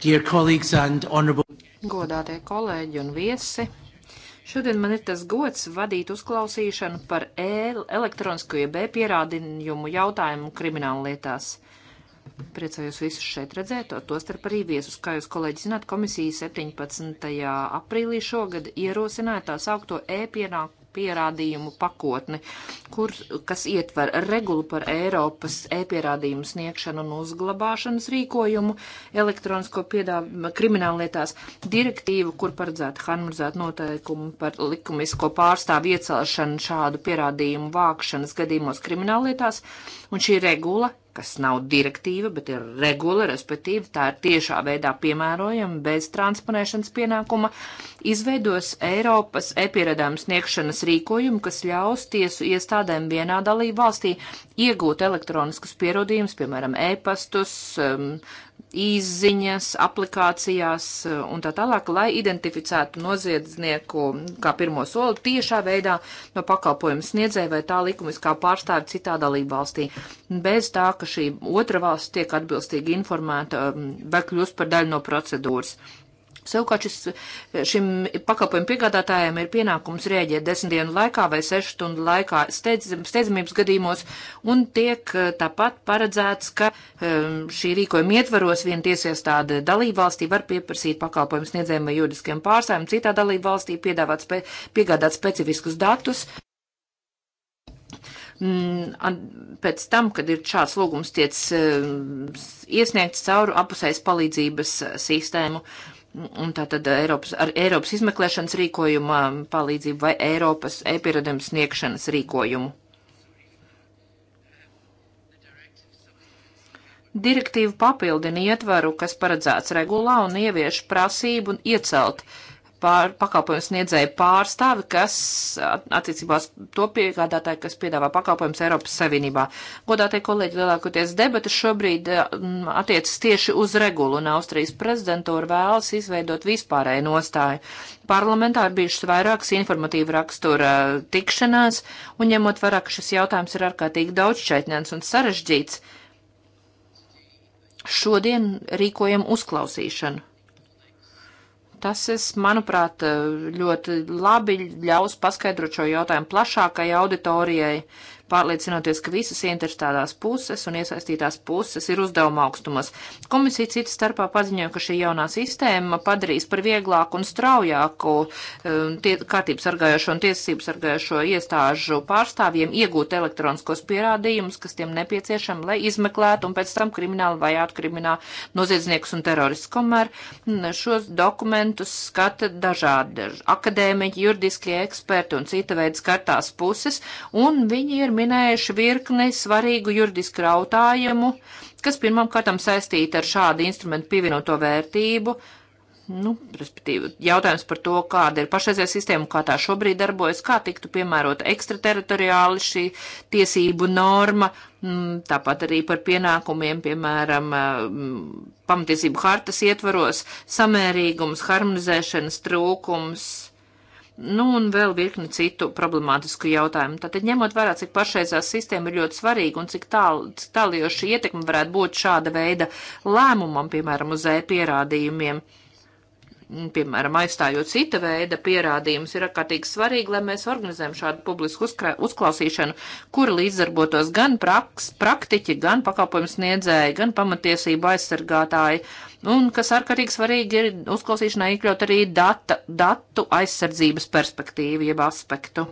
Dear colleagues and honorable. Godātie kolēģi un viesi. Šodien man ir tas gods vadīt uzklausīšanu par e elektronisko jeb e-pierādījumu jautājumu krimināllietās. Priecājos visus šeit redzēt, tostarp arī viesus. Kā jūs, kolēģi, zināt, komisija 17. aprīlī šogad ierosināja tā saukto e-pienākumu pierādījumu pakotni, kur, kas ietver regulu par Eiropas e-pierādījumu sniegšanu un uzglabāšanas rīkojumu elektronisko krimināllietās direktīvu, kur paredzēta harmonizēt noteikumu par likumisko pārstāvu iecelšanu šādu pierādījumu vākšanas gadījumos krimināllietās. lietās Un šī regula, kas nav direktīva, bet ir regula, respektīvi tā ir tiešā veidā piemērojama bez transponēšanas pienākuma, izveidos Eiropas e-pieredājumu sniegšanas rīkojumu, kas ļaus tiesu iestādēm vienā dalību valstī iegūt elektroniskus pierodījumus, piemēram, e-pastus, um, izziņas, aplikācijās e, un tā tālāk, lai identificētu noziedznieku kā pirmo soli tiešā veidā no pakalpojumu sniedzēja vai tā likumiskā pārstāve citā dalībvalstī. Bez tā, ka šī otra valsts tiek atbilstīgi informēta vai kļūst par daļu no procedūras. Savukārt šis, šim pakalpojumu piegādātājiem ir pienākums rēģēt desmit dienu laikā vai sešu stundu laikā steidz, steidzamības gadījumos, un tiek eh, tāpat paredzēts, ka ehm, šī rīkojuma ietvaros viena tiesiestāde dalībvalstī var pieprasīt pakalpojumu sniedzējiem vai juridiskiem pārstāvjiem, citā dalībvalstī piedāvāt spe, piegādāt specifiskus datus mm, pēc tam, kad ir šāds lūgums tiec ehm, iesniegts cauru apusējas palīdzības eh, sistēmu. Uh, Un tā tad Eiropas, ar Eiropas izmeklēšanas rīkojumā palīdzību vai Eiropas epidēmijas sniegšanas rīkojumu. Direktīva papildina ietvaru, kas paredzēts regulā un ievieš prasību un iecelt uh, pār, pakalpojumu sniedzēju pārstāvi, kas attiecībās to piegādātāju, kas piedāvā pakalpojumus Eiropas Savienībā. Godātie kolēģi, lielākoties debatas šobrīd eh, attiecas tieši uz regulu, un Austrijas prezidentūra vēlas izveidot vispārēju nostāju. Parlamentā ir bijušas vairākas informatīva rakstura eh, tikšanās, un ņemot vērā, ka šis jautājums ir ārkārtīgi daudzšķaitnēns un sarežģīts, šodien rīkojam uzklausīšanu Tas, es, manuprāt, ļoti labi ļaus paskaidrot šo jautājumu plašākai auditorijai, pārliecinoties, ka visas interesētās puses un iesaistītās puses ir uzdevuma augstumos. Komisija cita starpā paziņoja, ka šī jaunā sistēma padarīs par vieglāku un straujāku um, tie, kārtības sargājošo un tiesību sargājošo iestāžu pārstāvjiem iegūt elektroniskos pierādījumus, kas tiem nepieciešami, lai izmeklētu un pēc tam krimināli vajātu krimināli noziedzniekus un teroristus. Komēr mm, šos dokumentus skata dažādi akadēmiķi, juridiskie eksperti un cita veida skatās puses, un viņi ir minējuši virkni svarīgu juridisku jautājumu, kas pirmām kārtām saistīta ar šādu instrumentu pievienoto vērtību, nu, respektīvi, jautājums par to, kāda ir pašreizējā sistēma, kā tā šobrīd darbojas, kā tiktu piemērota ekstrateritoriāli šī tiesību norma, mm, tāpat arī par pienākumiem, piemēram, mm, pamatiesību hartas ietvaros, samērīgums, harmonizēšanas trūkums Nu, un vēl virkni citu problemātisku jautājumu. Tātad, ņemot vērā, cik pašreizā sistēma ir ļoti svarīga un cik tālieši ietekme varētu būt šāda veida lēmumam, piemēram, uz e-pierādījumiem. E piemēram, aizstājot cita veida pierādījumus, ir ārkārtīgi svarīgi, lai mēs organizējam šādu publisku uzklausīšanu, kur līdzdarbotos gan praks, praktiķi, gan pakalpojums sniedzēji, gan pamatiesību aizsargātāji. Un, kas ārkārtīgi svarīgi, ir uzklausīšanā iekļaut arī data, datu aizsardzības perspektīvu jeb aspektu.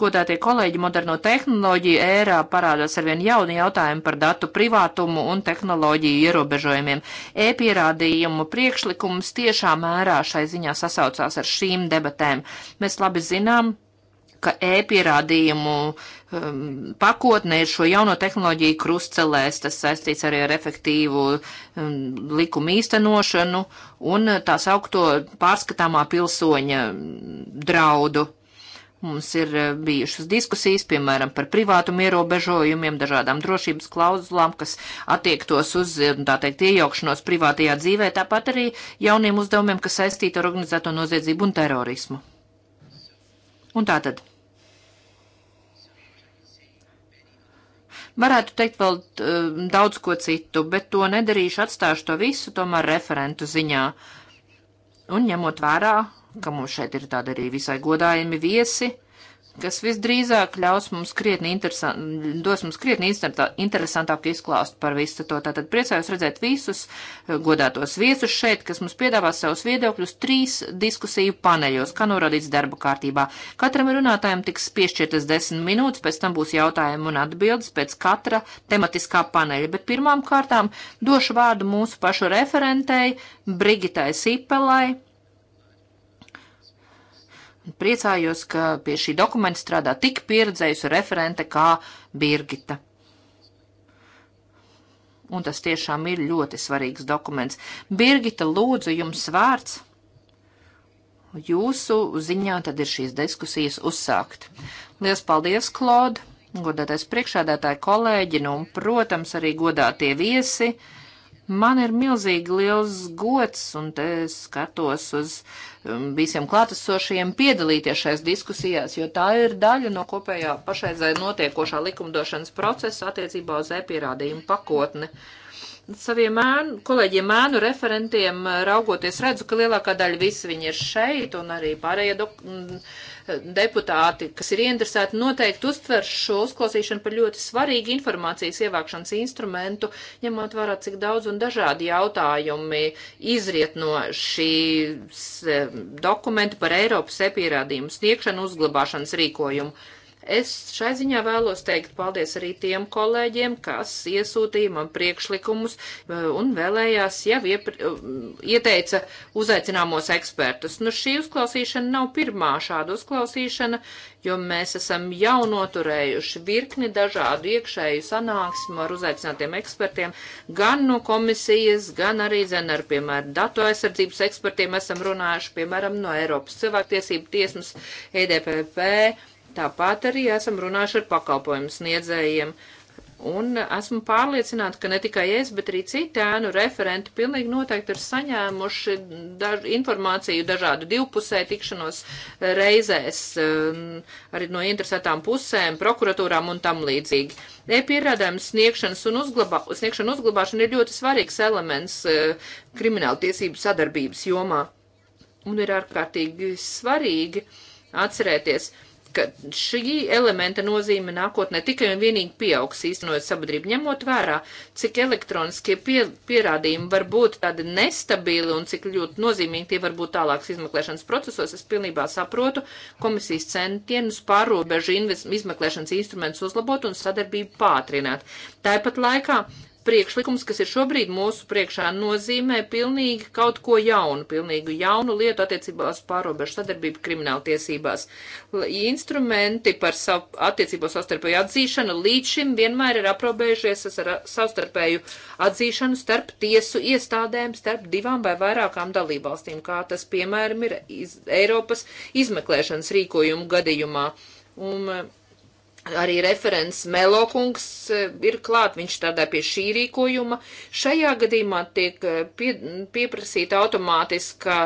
Godātie kolēģi, moderno tehnoloģiju ērā parādās arvien jauni jautājumi par datu privātumu un tehnoloģiju ierobežojumiem. E-pierādījumu priekšlikums tiešā mērā šai ziņā sasaucās ar šīm debatēm. Mēs labi zinām, ka e-pierādījumu um, pakotne ir šo jauno tehnoloģiju krustcelēs, tas saistīts arī ar efektīvu um, likumu īstenošanu un tā saukto pārskatāmā pilsoņa draudu. Mums ir eh, bijušas diskusijas, piemēram, par privātumu ierobežojumiem, dažādām drošības klauzulām, kas attiektos uz, eh, nu, tā teikt, iejaukšanos privātajā dzīvē, tāpat arī jauniem uzdevumiem, kas saistīti ar organizēto noziedzību un terorismu. Un tā tad. Varētu teikt vēl eh, daudz ko citu, bet to nedarīšu, atstāšu to visu tomēr referentu ziņā. Un ņemot vērā ka mums šeit ir tādi arī visai godājami viesi, kas visdrīzāk ļaus mums krietni interesanti, dos mums krietni interesantāk izklāst par visu to. Tātad priecājos redzēt visus eh, godātos viesus šeit, kas mums piedāvās savus viedokļus trīs diskusiju paneļos, kā norādīts darba kārtībā. Katram runātājam tiks piešķirtas desmit minūtes, pēc tam būs jautājumi un atbildes pēc katra tematiskā paneļa. Bet pirmām kārtām došu vārdu mūsu pašu referentei Brigitai Sipelai Priecājos, ka pie šī dokumenta strādā tik pieredzējusi referente kā Birgita. Un tas tiešām ir ļoti svarīgs dokuments. Birgita, lūdzu, jums vārds. Jūsu ziņā tad ir šīs diskusijas uzsākt. Lielas paldies, Klod, godātais priekšādātāji kolēģi, nu, un, protams, arī godātie viesi. Man ir milzīgi liels gods, un te skatos uz uh, Um, visiem klātesošajiem piedalīties šajās diskusijās, jo tā ir daļa no kopējā pašreizai notiekošā likumdošanas procesa attiecībā uz e-pierādījumu pakotni saviem mēnu, kolēģiem mēnu referentiem uh, raugoties, redzu, ka lielākā daļa visi viņi ir šeit, un arī pārējie dok deputāti, kas ir ieinteresēti, noteikti uztver šo uzklausīšanu par ļoti svarīgu informācijas ievākšanas instrumentu, ņemot vērā, cik daudz un dažādi jautājumi izriet no šīs eh, dokumenta par Eiropas epierādījumu sniegšanu uzglabāšanas rīkojumu. Es šai ziņā vēlos teikt paldies arī tiem kolēģiem, kas iesūtīja man priekšlikumus e, un vēlējās jau iepr... E, ieteica uzaicināmos ekspertus. Nu, šī uzklausīšana nav pirmā šāda uzklausīšana, jo mēs esam jau noturējuši virkni dažādu iekšēju sanāksmu ar uzaicinātiem ekspertiem, gan no komisijas, gan arī zen ar, piemēram, datu aizsardzības ekspertiem esam runājuši, piemēram, no Eiropas cilvēktiesību tiesmas, EDPP Tāpat arī esam runājuši ar pakalpojumu sniedzējiem. Un esmu pārliecināta, ka ne tikai es, bet arī citi ēnu referenti pilnīgi noteikti ir saņēmuši daž informāciju dažādu divpusē tikšanos reizēs, um, arī no interesētām pusēm, prokuratūrām un tam līdzīgi. E-pierādājums sniegšanas un uzglabā, sniegšana uzglabāšana ir ļoti svarīgs elements uh, krimināla tiesību sadarbības jomā. Un ir ārkārtīgi svarīgi atcerēties, ka šī elementa nozīme nākotnē tikai un vienīgi pieaugs īstenojot sabiedrību, ņemot vērā, cik elektroniskie pie, pierādījumi var būt tādi nestabili un cik ļoti nozīmīgi tie var būt tālākas izmeklēšanas procesos. Es pilnībā saprotu komisijas centienus pārobežu izmeklēšanas instrumentus uzlabot un sadarbību pātrināt. Tāpat laikā priekšlikums, kas ir šobrīd mūsu priekšā, nozīmē pilnīgi kaut ko jaunu, pilnīgi jaunu lietu attiecībās pārobežu sadarbību krimināltiesībās. Instrumenti par savu attiecību savstarpēju atzīšanu līdz šim vienmēr ir aprobežojušies ar savstarpēju atzīšanu starp tiesu iestādēm, starp divām vai vairākām dalībvalstīm, kā tas, piemēram, ir iz Eiropas izmeklēšanas rīkojumu gadījumā. Un, uh, Arī referents Melokungs e, ir klāt, viņš tādā pie šī rīkojuma. Šajā gadījumā tiek e, pie, pieprasīta automātiska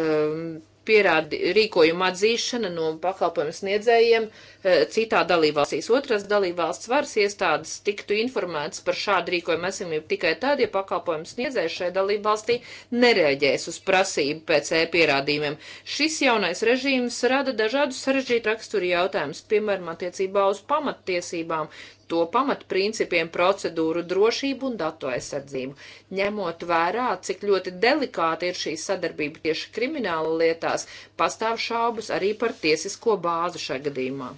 um, pierādi, rīkojuma atzīšana no pakalpojumu sniedzējiem e, citā dalībvalstīs. Otras dalībvalsts varas iestādes tiktu informētas par šādu rīkojumu esamību tikai tad, ja pakalpojumu sniedzējs šai dalībvalstī nereaģēs uz prasību pēc e-pierādījumiem. Šis jaunais režīms rada dažādus sarežģītu raksturu jautājumus, piemēram, attiecībā uz pamattiesībām, to pamatprincipiem procedūru drošību un datu aizsardzību, ņemot vērā, cik ļoti delikāta ir šī sadarbība tieši krimināla lietās, pastāv šaubas arī par tiesisko bāzu šajā gadījumā.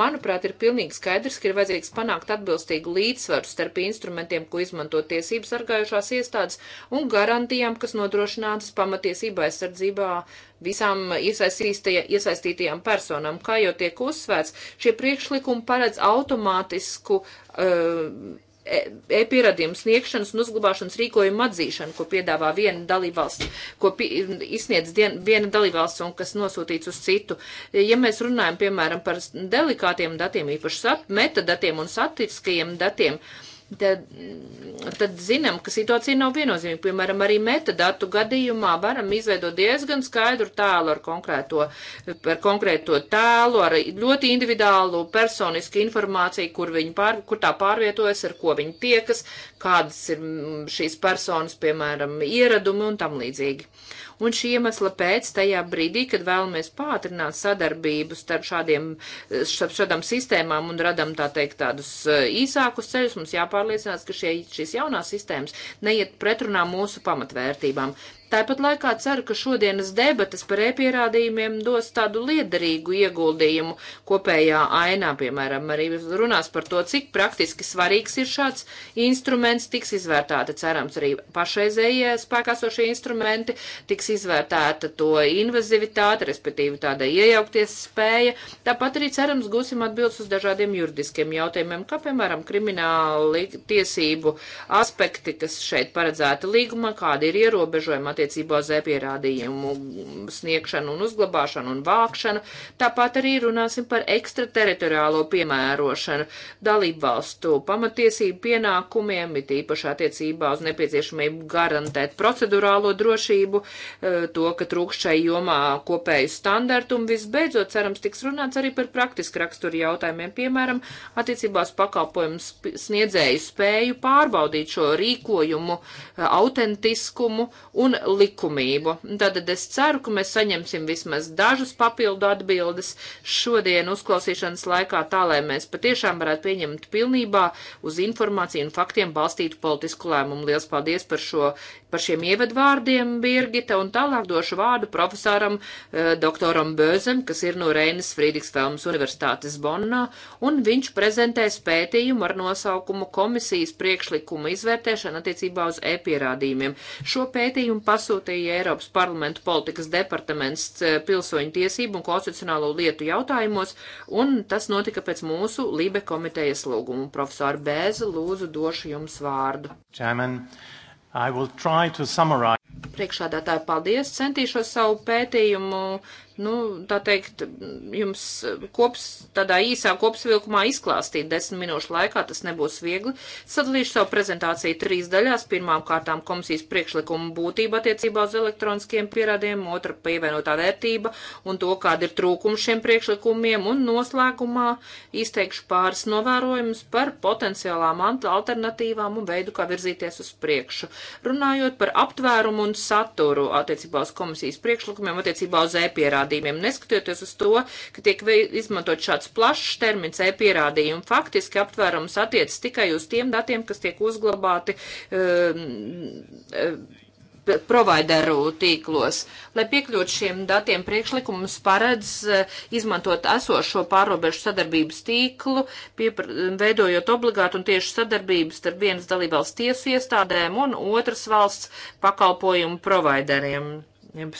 Manuprāt, ir pilnīgi skaidrs, ka ir vajadzīgs panākt atbilstīgu līdzsvaru starp instrumentiem, ko izmanto tiesības sargājušās iestādes, un garantijām, kas nodrošinātas pamatiesība aizsardzībā visām iesaistītajām personām. Kā jau tiek uzsvērts, šie priekšlikumi paredz automātisku uh, E, e-pierādījumu sniegšanas un uzglabāšanas rīkojumu atzīšanu, ko piedāvā viena dalībvalsts, ko izsniedz dien, viena dalībvalsts un kas nosūtīts uz citu. Ja mēs runājam, piemēram, par delikātiem datiem, īpaši sat, metadatiem un statiskajiem datiem, uh, tad, tad zinām, ka situācija nav viennozīmīga. Piemēram, arī metadatu gadījumā varam izveidot diezgan skaidru tēlu ar konkrēto, ar konkrēto tēlu, ar ļoti individuālu personisku informāciju, kur, pār, kur tā pārvietojas, ar ko viņi tiekas, kādas ir šīs personas, piemēram, ieradumi un tam līdzīgi un šī iemesla pēc tajā brīdī, kad vēlamies pātrināt sadarbību starp šādiem, šādām sistēmām un radam tā teikt tādus e, īsākus ceļus, mums jāpārliecinās, ka šie, šīs jaunās sistēmas neiet pretrunā mūsu pamatvērtībām. Tāpat laikā ceru, ka šodienas debatas par e-pierādījumiem dos tādu liederīgu ieguldījumu kopējā ainā, piemēram, arī runās par to, cik praktiski svarīgs ir šāds instruments, tiks izvērtāta, cerams, arī pašreizējie spēkāsošie instrumenti, tiks izvērtēta to invazivitāte, respektīvi tāda iejaukties spēja. Tāpat arī, cerams, gūsim atbildes uz dažādiem juridiskiem jautājumiem, kā, piemēram, krimināli tiesību aspekti, kas šeit paredzēta līguma, kāda ir ierobežojuma attiecībā uz e-pierādījumu sniegšanu un uzglabāšanu un vākšanu. Tāpat arī runāsim par ekstrateritoriālo piemērošanu dalību valstu pamatiesību pienākumiem, it īpaši attiecībā uz nepieciešamību garantēt procedurālo drošību, e, to, ka trūkst šai jomā kopēju standartu un visbeidzot, cerams, tiks runāts arī par praktisku raksturu jautājumiem, piemēram, attiecībās pakalpojumu sniedzēju spēju pārbaudīt šo rīkojumu e, autentiskumu un likumību. Tātad es ceru, ka mēs saņemsim vismaz dažus papildu atbildes šodien uzklausīšanas laikā, tā lai mēs patiešām varētu pieņemt pilnībā uz informāciju un faktiem balstītu politisku lēmumu. Lielas paldies par šo par šiem ievadvārdiem, Birgita, un tālāk došu vārdu profesoram eh, doktoram Bözem, kas ir no Reinas Frīdiksfelmas Universitātes Bonnā, un viņš prezentēs pētījumu ar nosaukumu Komisijas priekšlikuma izvērtēšana attiecībā uz e-pierādījumiem. Šo pētījumu pasūtīja Eiropas parlamentu politikas departaments eh, pilsoņu tiesību un konstitucionālo lietu jautājumos, un tas notika pēc mūsu Lībe komitejas lūgumu. Profesori Bēze, lūdzu, došu jums vārdu. Čēmen. Priekšādātāji, paldies! Centīšos savu pētījumu nu, tā teikt, jums kops, tādā īsā kopsvilkumā izklāstīt desmit minūšu laikā, tas nebūs viegli. Sadalīšu savu prezentāciju trīs daļās. Pirmām kārtām komisijas priekšlikuma būtība attiecībā uz elektroniskiem pierādījumiem, otra pievienotā vērtība un to, kāda ir trūkuma šiem priekšlikumiem, un noslēgumā izteikšu pāris novērojumus par potenciālām alternatīvām un veidu, kā virzīties uz priekšu. Runājot par aptvērumu un saturu attiecībā uz komisijas priekšlikumiem, attiecībā uz e-pierādījumiem pierādījumiem, neskatoties uz to, ka tiek izmantot šāds plašs termins e-pierādījumi. Faktiski aptvērums attiec tikai uz tiem datiem, kas tiek uzglabāti. Uh, uh, provideru tīklos. Lai piekļūtu šiem datiem, priekšlikums paredz eh, izmantot esošo pārobežu sadarbības tīklu, piepr, veidojot obligātu un tiešu sadarbības starp vienas dalībvalsts tiesu iestādēm un otras valsts pakalpojumu provideriem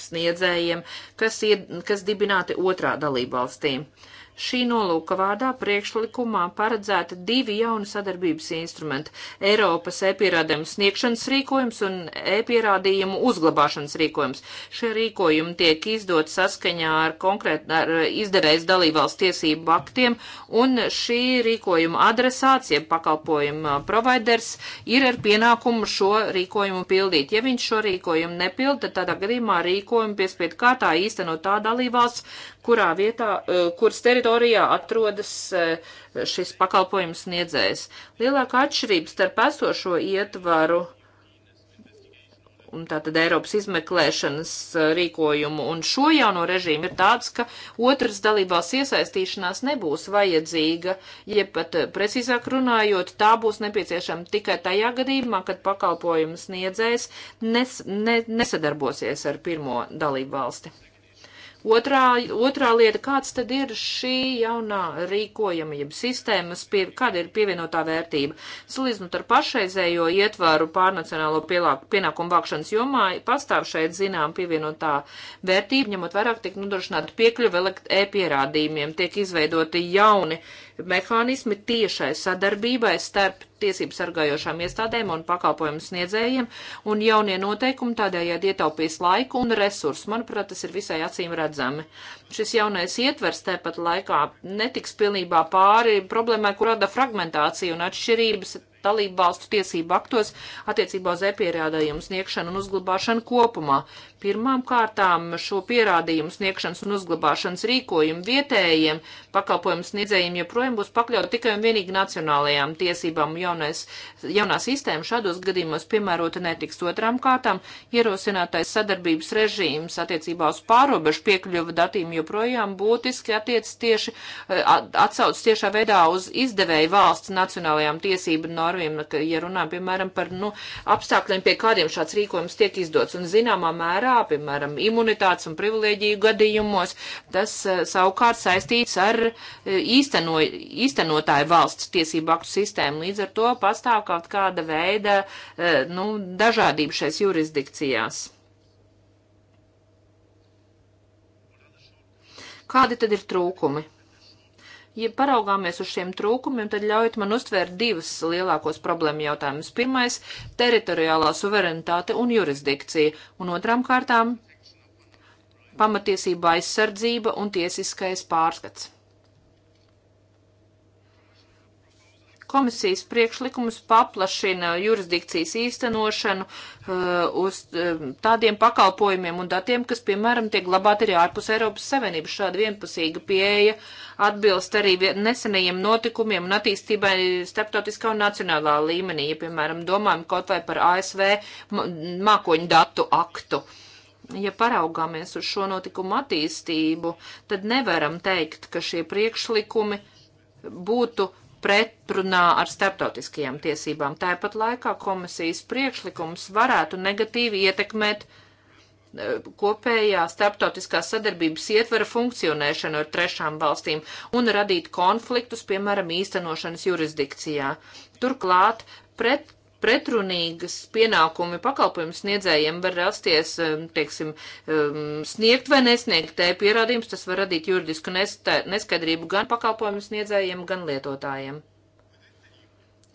sniedzējiem, kas, ir, kas dibināti otrā dalībvalstī. valstī. Šī nolūka vārdā priekšlikumā paredzēta divi jauni sadarbības instrumenti - Eiropas e-pierādījumu sniegšanas rīkojums un e-pierādījumu uzglabāšanas rīkojums. Šie rīkojumi tiek izdot saskaņā ar konkrēti ar izdevējas dalībvalsts tiesību aktiem, un šī rīkojuma adresāts, jeb pakalpojuma providers, ir ar pienākumu šo rīkojumu pildīt. Ja viņš šo rīkojumu nepilda, tad tādā gadījumā rīkojumu piespiedu kārtā īstenot tā dalībvalsts, kurā vietā, eh, kuras teritorijā atrodas eh, šis pakalpojums sniedzējs. Lielākā atšķirība starp esošo ietvaru un tātad Eiropas izmeklēšanas eh, rīkojumu un šo jauno režīmu ir tāds, ka otras dalībās iesaistīšanās nebūs vajadzīga, jeb pat precīzāk runājot, tā būs nepieciešama tikai tajā gadījumā, kad pakalpojums sniedzējs nes, ne, nesadarbosies ar pirmo dalību valsti. Otrā, otrā lieta, kāds tad ir šī jaunā rīkojama, jeb sistēmas, pie, kāda ir pievienotā vērtība? Salīdzinot ar pašreizējo ietvaru pārnacionālo pielāku, pienākumu vākšanas jomā, pastāv šeit zinām pievienotā vērtība, ņemot vairāk tiek nodrošināta piekļuva e-pierādījumiem, tiek izveidoti jauni mehānismi tiešai sadarbībai starp tiesību sargājošām iestādēm un pakalpojumu sniedzējiem, un jaunie noteikumi tādējādi ietaupīs laiku un resursus. Manuprāt, tas ir visai acīm redzami šis jaunais ietvers tepat laikā netiks pilnībā pāri problēmai, kur rada fragmentācija un atšķirības dalību valstu tiesību aktos attiecībā uz e-pierādījumu sniegšanu un uzglabāšanu kopumā. Pirmām kārtām šo pierādījumu sniegšanas un uzglabāšanas rīkojumu vietējiem pakalpojumu sniedzējiem joprojām būs pakļaut tikai un vienīgi nacionālajām tiesībām. Jaunais, jaunā sistēma šādos gadījumos piemērota netiks otrām kārtām. Ierosinātais sadarbības režīms attiecībā uz pārobežu piekļuvu datiem jautājumi joprojām būtiski attiec tieši, eh, atsauc tiešā veidā uz izdevēju valsts nacionālajām tiesību normiem, ja runājam, piemēram, par, nu, apstākļiem, pie kādiem šāds rīkojums tiek izdots. Un zināmā mērā, piemēram, imunitātes un privilēģiju gadījumos, tas eh, savukārt saistīts ar eh, īsteno, īstenotāju valsts tiesību aktu sistēmu. Līdz ar to pastāv kaut kāda veida, nu, dažādība šais jurisdikcijās. Kādi tad ir trūkumi? Ja paraugāmies uz šiem trūkumiem, tad ļaujiet man uztvērt divas lielākos problēmu jautājumus. Pirmais - teritoriālā suverenitāte un jurisdikcija, un otrām kārtām - pamatiesība aizsardzība un tiesiskais pārskats. Komisijas priekšlikums paplašina jurisdikcijas īstenošanu uh, uz uh, tādiem pakalpojumiem un datiem, kas, piemēram, tiek glabāti arī ārpus Eiropas Savienības. Šāda vienpusīga pieeja atbilst arī nesenajiem notikumiem un attīstībai starptautiskā un nacionālā līmenī, ja, piemēram, domājam kaut vai par ASV mākoņu datu aktu ja paraugāmies uz šo notikumu attīstību, tad nevaram teikt, ka šie priekšlikumi būtu pretrunā ar starptautiskajām tiesībām. Tāpat laikā komisijas priekšlikums varētu negatīvi ietekmēt e, kopējā starptautiskā sadarbības ietvara funkcionēšanu ar trešām valstīm un radīt konfliktus, piemēram, īstenošanas jurisdikcijā. Turklāt pret pretrunīgas pienākumi pakalpojumu sniedzējiem var rasties, um, teiksim, um, sniegt vai nesniegt te pierādījums, tas var radīt juridisku neskaidrību gan pakalpojumu sniedzējiem, gan lietotājiem.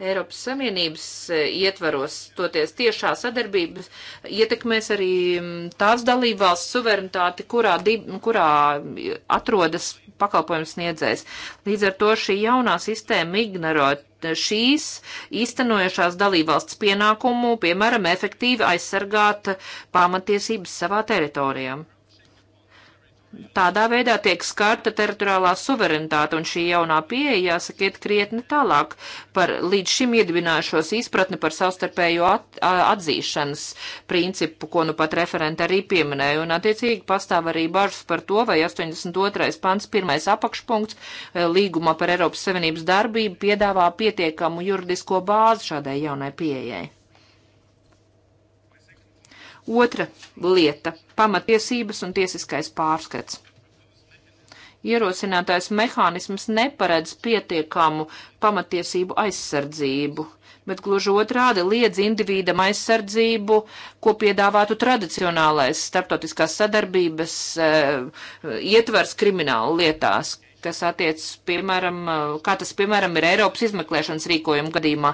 Eiropas Savienības eh, ietvaros, toties tiešā sadarbība ietekmēs arī mm, tās dalībvalsts suverenitāti, kurā, dib, kurā atrodas pakalpojums sniedzējs. Līdz ar to šī jaunā sistēma ignorot šīs īstenojušās dalībvalsts pienākumu, piemēram, efektīvi aizsargāt pamatiesības savā teritorijā. Tādā veidā tiek skarta teritoriālā suverenitāte, un šī jaunā pieeja, jāsaka, iet krietni tālāk par līdz šim iedibinājušos izpratni par savstarpējo at, atzīšanas principu, ko nu pat referenta arī pieminēja, un attiecīgi pastāv arī bažas par to, vai 82. pants, pirmais apakšpunkts e, līguma par Eiropas Savienības darbību piedāvā pietiekamu juridisko bāzi šādai jaunai pieejai. Otra lieta pamatiesības un tiesiskais pārskats. Ierosinātais mehānisms neparedz pietiekamu pamatiesību aizsardzību, bet gluži otrādi liedz individam aizsardzību, ko piedāvātu tradicionālais starptautiskās sadarbības e, ietvers kriminālu lietās, kas attiec, piemēram, eh, kā tas, piemēram, ir Eiropas izmeklēšanas rīkojuma gadījumā.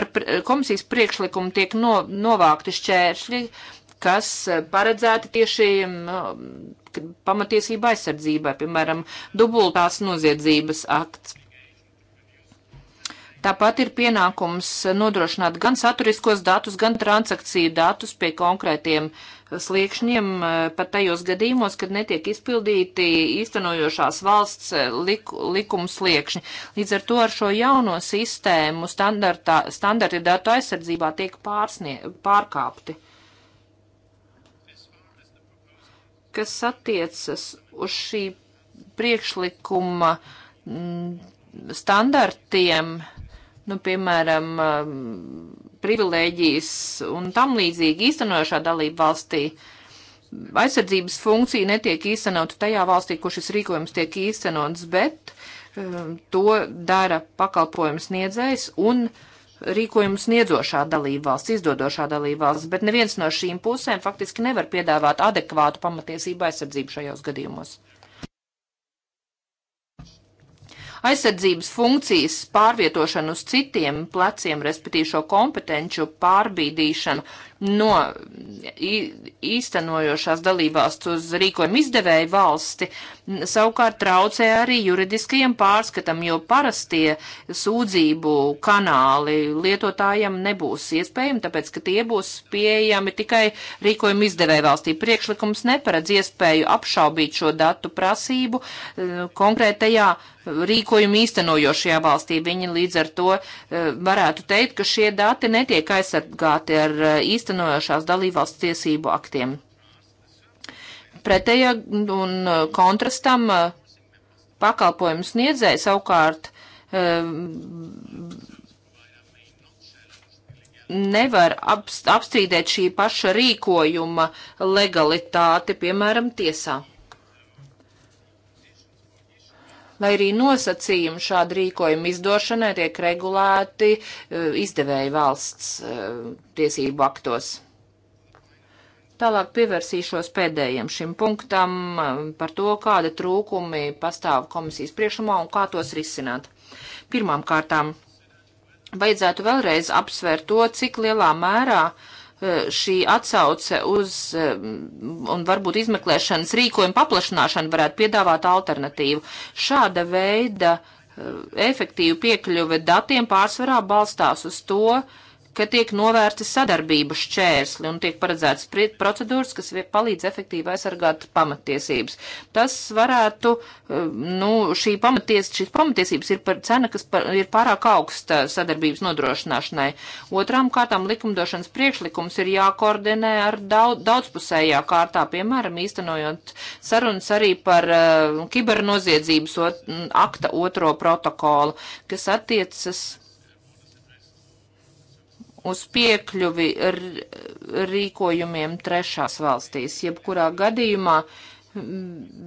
Ar komisijas priekšlikumu tiek no, novākti šķēršļi, kas paredzēti tieši mm, pamatiesība aizsardzībai, piemēram, dubultās noziedzības akts. Tāpat ir pienākums nodrošināt gan saturiskos datus, gan transakciju datus pie konkrētiem sliekšņiem, eh, pat tajos gadījumos, kad netiek izpildīti īstenojošās valsts eh, lik, likuma sliekšņi. Līdz ar to ar šo jauno sistēmu standarti datu aizsardzībā tiek pārsnie, pārkāpti. kas attiecas uz šī priekšlikuma mm, standartiem, nu, piemēram, mm, privilēģijas un tam līdzīgi īstenojošā dalība valstī, aizsardzības funkcija netiek īstenota tajā valstī, kur šis rīkojums tiek īstenots, bet mm, to dara pakalpojums niedzējs un uh, rīkojumu sniedzošā dalībvalsts, izdodošā dalībvalsts, bet neviens no šīm pusēm faktiski nevar piedāvāt adekvātu pamatiesību aizsardzību šajos gadījumos. Aizsardzības funkcijas pārvietošanu uz citiem pleciem, respektīvi šo kompetenču pārbīdīšanu, no īstenojošās dalībvalsts uz rīkojumu izdevēju valsti, savukārt traucē arī juridiskajam pārskatam, jo parastie sūdzību kanāli lietotājiem nebūs iespējami, tāpēc, ka tie būs pieejami tikai rīkojumu izdevēju valstī. Priekšlikums neparedz iespēju apšaubīt šo datu prasību konkrētajā rīkojumu īstenojošajā valstī. Viņi līdz ar to varētu teikt, ka šie dati netiek aizsargāti ar e, īstenojumu īstenojošās dalībvalsts tiesību aktiem. Pretējā un uh, kontrastam uh, pakalpojumu sniedzēja savukārt um, nevar apstrīdēt šī paša rīkojuma legalitāti, piemēram, tiesā lai arī nosacījumi šādu rīkojumu izdošanai tiek regulēti e, izdevēja valsts e, tiesību aktos. Tālāk pievērsīšos pēdējiem šim punktam e, par to, kāda trūkumi pastāv komisijas priekšumā un kā tos risināt. Pirmām kārtām vajadzētu vēlreiz apsvērt to, cik lielā mērā uh, E, šī atsauce uz e, un varbūt izmeklēšanas rīkojumu paplašināšanu varētu piedāvāt alternatīvu. Šāda veida e, efektīva piekļuve datiem pārsvarā balstās uz to, uh, ka tiek novērti sadarbības šķērsli un tiek paredzētas procedūras, kas palīdz efektīvi aizsargāt pamatiesības. Tas varētu, eh, nu, šī pamaties, šīs pamatiesības ir par cena, kas par, ir pārāk augsta sadarbības nodrošināšanai. Otrām kārtām likumdošanas priekšlikums ir jākoordinē ar daudz, daudzpusējā kārtā, piemēram, īstenojot sarunas arī par uh, kibernoziedzības ot, akta otro protokolu, kas attiecas uz piekļuvi rīkojumiem trešās valstīs. Jebkurā gadījumā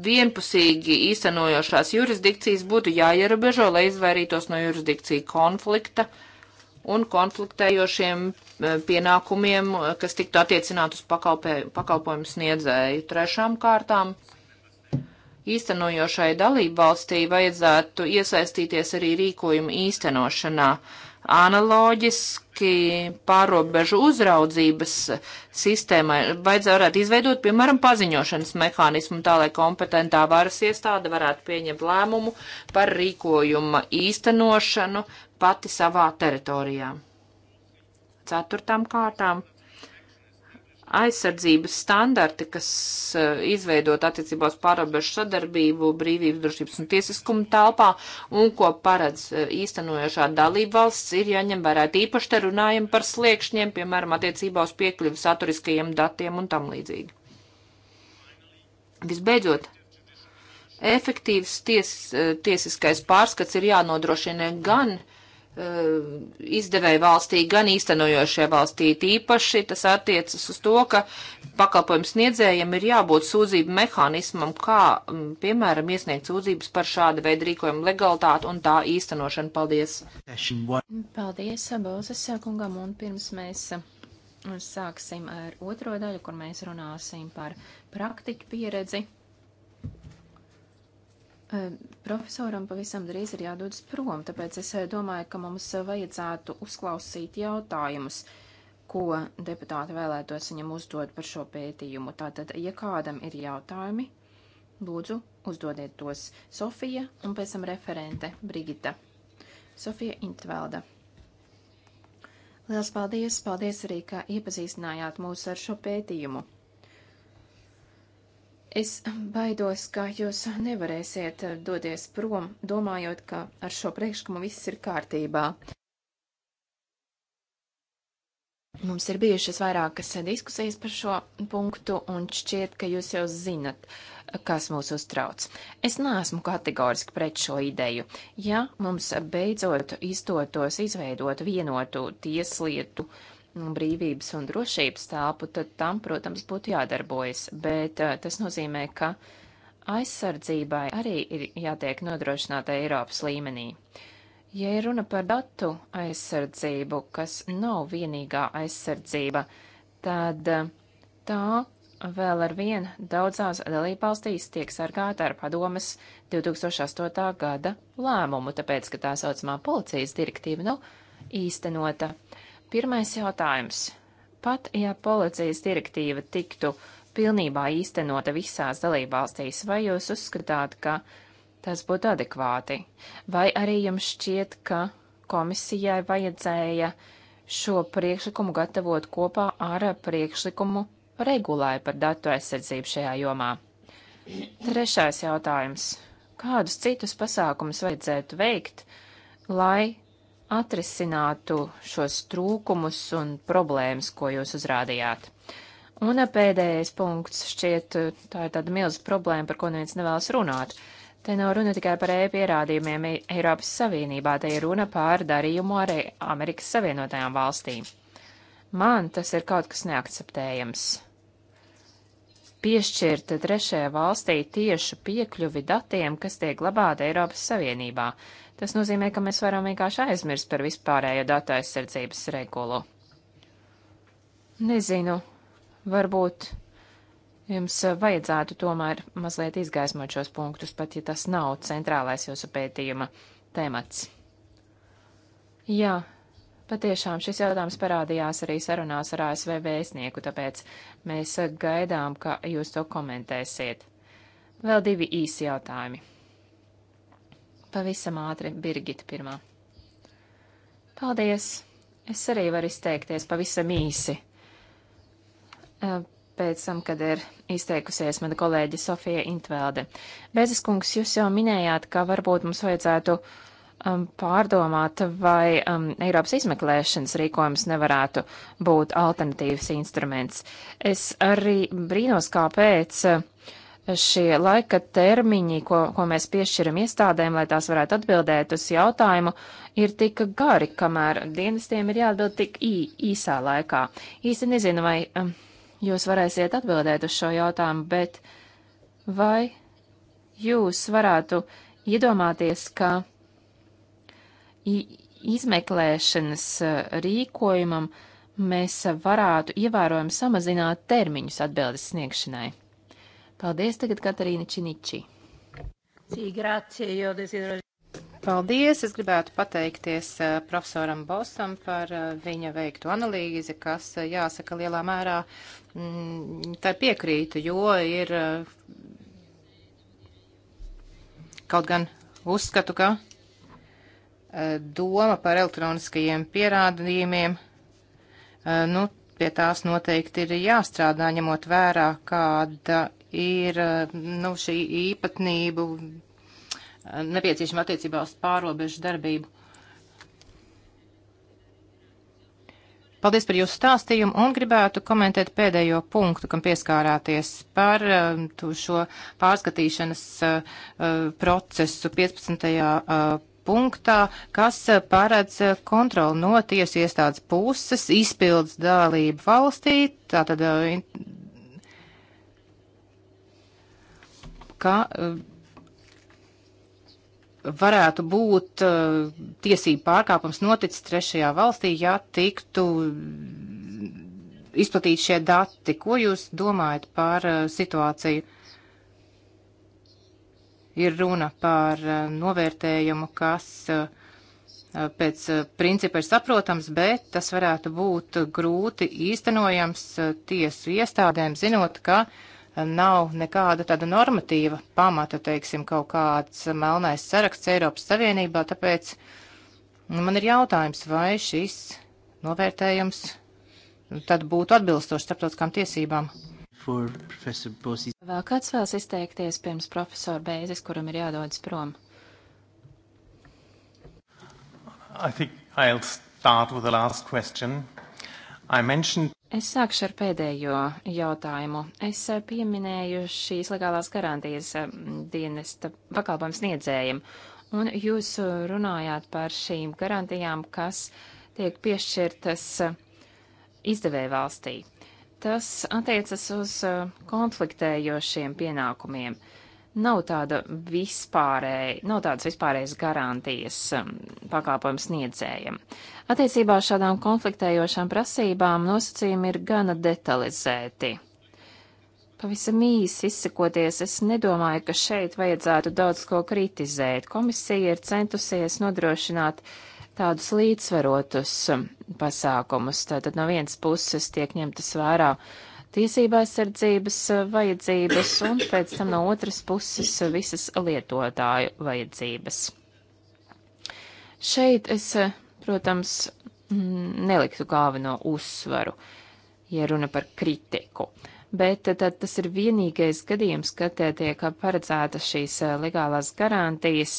vienpusīgi īstenojošās jurisdikcijas būtu jāierobežo, lai izvairītos no jurisdikcija konflikta un konfliktējošiem pienākumiem, kas tiktu attiecināt uz pakalpē, pakalpojumu sniedzēju. Trešām kārtām īstenojošai dalībvalstī vajadzētu iesaistīties arī rīkojuma īstenošanā analoģiski pārobežu uzraudzības sistēmai vajadzētu varētu izveidot, piemēram, paziņošanas mehānismu tā, lai kompetentā varas iestāde varētu pieņemt lēmumu par rīkojuma īstenošanu pati savā teritorijā. Ceturtām kārtām aizsardzības standarti, kas eh, izveidot attiecībā uz pārobežu sadarbību, brīvības, drošības un tiesiskuma telpā un ko paredz eh, īstenojošā dalība valsts, ir jāņem vērā īpaši te runājam par sliekšņiem, piemēram, attiecībā uz piekļuvi saturiskajiem datiem un tam līdzīgi. Visbeidzot, efektīvs ties, eh, tiesiskais pārskats ir jānodrošina gan uh, izdevēja valstī, gan īstenojošajā valstī. Tīpaši tas attiecas uz to, ka pakalpojums sniedzējiem ir jābūt sūdzību mehānismam, kā, piemēram, iesniegt sūdzības par šāda veida rīkojumu legalitāti un tā īstenošanu. Paldies! Paldies, Bozes kungam, un pirms mēs sāksim ar otro daļu, kur mēs runāsim par praktiķu pieredzi. Profesoram pavisam drīz ir jādodas prom, tāpēc es domāju, ka mums vajadzētu uzklausīt jautājumus, ko deputāti vēlētos viņam uzdot par šo pētījumu. Tātad, ja kādam ir jautājumi, lūdzu, uzdodiet tos Sofija un pēc tam referente Brigita. Sofija Intvelda. Liels paldies! Paldies arī, ka iepazīstinājāt mūs ar šo pētījumu! Es baidos, ka jūs nevarēsiet eh, doties prom, domājot, ka ar šo priekšlikumu viss ir kārtībā. Mums ir bijušas vairākas diskusijas par šo punktu, un šķiet, ka jūs jau zinat, kas mūs uztrauc. Es neesmu kategoriski pret šo ideju. Ja mums beidzot izdotos izveidot vienotu tieslietu uh, brīvības un drošības telpu, tad tam, protams, būtu jādarbojas. Bet tas nozīmē, ka aizsardzībai arī ir jātiek nodrošināta Eiropas līmenī. Ja ir runa par datu aizsardzību, kas nav vienīgā aizsardzība, tad tā vēl ar vienu daudzās dalībvalstīs tiek sargāta ar padomas 2008. gada lēmumu, tāpēc, ka tā saucamā policijas direktīva nav īstenota. Pirmais jautājums. Pat ja policijas direktīva tiktu pilnībā īstenota visās dalībvalstīs, vai jūs uzskatāt, ka tas būtu adekvāti? Vai arī jums šķiet, ka komisijai vajadzēja šo priekšlikumu gatavot kopā ar priekšlikumu regulai par datu aizsardzību šajā jomā? Trešais jautājums. Kādus citus pasākumus vajadzētu veikt, lai atrisinātu šos trūkumus un problēmas, ko jūs uzrādījāt. Un pēdējais punkts šķiet, tā ir tāda milza problēma, par ko neviens nevēlas runāt. Te nav runa tikai par e-pierādījumiem e- Eiropas Savienībā, te ir runa par darījumu arī e- Amerikas Savienotajām valstīm. Man tas ir kaut kas neakceptējams piešķirt trešajai valstī tiešu piekļuvi datiem, kas tiek glabāti Eiropas Savienībā. Tas nozīmē, ka mēs varam vienkārši aizmirst par vispārējo datu aizsardzības regulu. Nezinu, varbūt jums vajadzētu tomēr mazliet izgaismot šos punktus, pat ja tas nav centrālais jūsu pētījuma temats. Jā, Patiešām šis jautājums parādījās arī sarunās ar ASV vēstnieku, tāpēc mēs gaidām, ka jūs to komentēsiet. Vēl divi īsi jautājumi. Pavisam ātri, Birgita pirmā. Paldies! Es arī varu izteikties pavisam īsi. Pēc tam, kad ir izteikusies mana kolēģe Sofija Intvelde. Bezeskungs, jūs jau minējāt, ka varbūt mums vajadzētu uh, um, pārdomāt, vai um, Eiropas izmeklēšanas rīkojums nevarētu būt alternatīvs instruments. Es arī brīnos, kāpēc uh, šie laika termiņi, ko, ko mēs piešķiram iestādēm, lai tās varētu atbildēt uz jautājumu, ir tik gari, kamēr dienestiem ir jāatbild tik ī, īsā laikā. Īsti nezinu, vai um, jūs varēsiet atbildēt uz šo jautājumu, bet vai jūs varētu iedomāties, ka izmeklēšanas eh, rīkojumam mēs varētu ievērojami samazināt termiņus atbildes sniegšanai. Paldies tagad Katarīna Činiči. Paldies! Es gribētu pateikties eh, profesoram Bosam par eh, viņa veiktu analīzi, kas jāsaka lielā mērā mm, tā piekrītu, jo ir kaut gan uzskatu, ka doma par elektroniskajiem pierādījumiem, eh, nu, pie tās noteikti ir jāstrādā, ņemot vērā, kāda ir, eh, nu, šī īpatnību eh, nepieciešama attiecībā uz pārobežu darbību. Paldies par jūsu stāstījumu un gribētu komentēt pēdējo punktu, kam pieskārāties par šo pārskatīšanas procesu 15 punktā, kas eh, paredz eh, kontroli no tiesu iestādes puses, izpildes dalību valstī, tātad, eh, ka varētu būt tiesību pārkāpums noticis trešajā valstī, ja tiktu izplatīti šie dati. Ko jūs domājat par situāciju? ir runa par eh, novērtējumu, kas eh, pēc eh, principa ir saprotams, bet tas varētu būt grūti īstenojams tiesu iestādēm, zinot, ka nav nekāda tāda normatīva pamata, teiksim, kaut kāds melnais saraksts Eiropas Savienībā, tāpēc nu, man ir jautājums, vai šis novērtējums tad būtu atbilstoši starptautiskām tiesībām. Vēl kāds vēlas izteikties pirms profesora Bēzes, kuram ir jādodas prom? I think I'll start with the last question. I mentioned Es sākšu ar pēdējo jautājumu. Es eh, pieminēju šīs legālās garantijas eh, dienesta pakalpojumu sniedzējiem, un jūs eh, runājāt par šīm garantijām, kas tiek piešķirtas izdevēja valstī. Tas attiecas uz uh, konfliktējošiem pienākumiem. Nav tāda vispārēja, nav tādas vispārējas garantijas um, pakāpojums sniedzējiem. Attiecībā uz šādām konfliktējošām prasībām nosacījumi ir gana detalizēti. Pavisam īsi izsakoties, es nedomāju, ka šeit vajadzētu daudz ko kritizēt. Komisija ir centusies nodrošināt uh, tādus līdzsvarotus um, pasākumus. Tātad no vienas puses tiek ņemtas vērā tiesībā aizsardzības uh, vajadzības un pēc tam no otras puses uh, visas lietotāju vajadzības. Šeit es, uh, protams, mm, neliktu galveno uzsvaru, ja runa par kritiku bet tad tas ir vienīgais gadījums, kad tiek paredzētas šīs legālās garantijas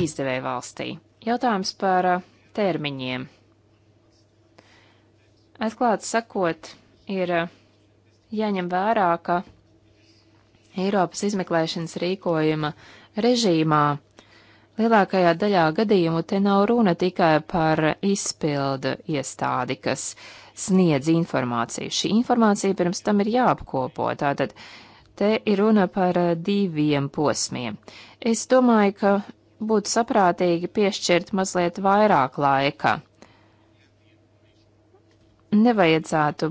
izdevēja valstī. Jautājums par uh, termiņiem. Atklāt sakot, ir uh, jāņem vērā, ka Eiropas izmeklēšanas rīkojuma režīmā lielākajā daļā gadījumu te nav runa tikai par izpildu iestādi, kas sniedz informāciju. Šī informācija pirms tam ir jāapkopo, tātad te ir runa par uh, diviem posmiem. Es domāju, ka būtu saprātīgi piešķirt mazliet vairāk laika. Nevajadzētu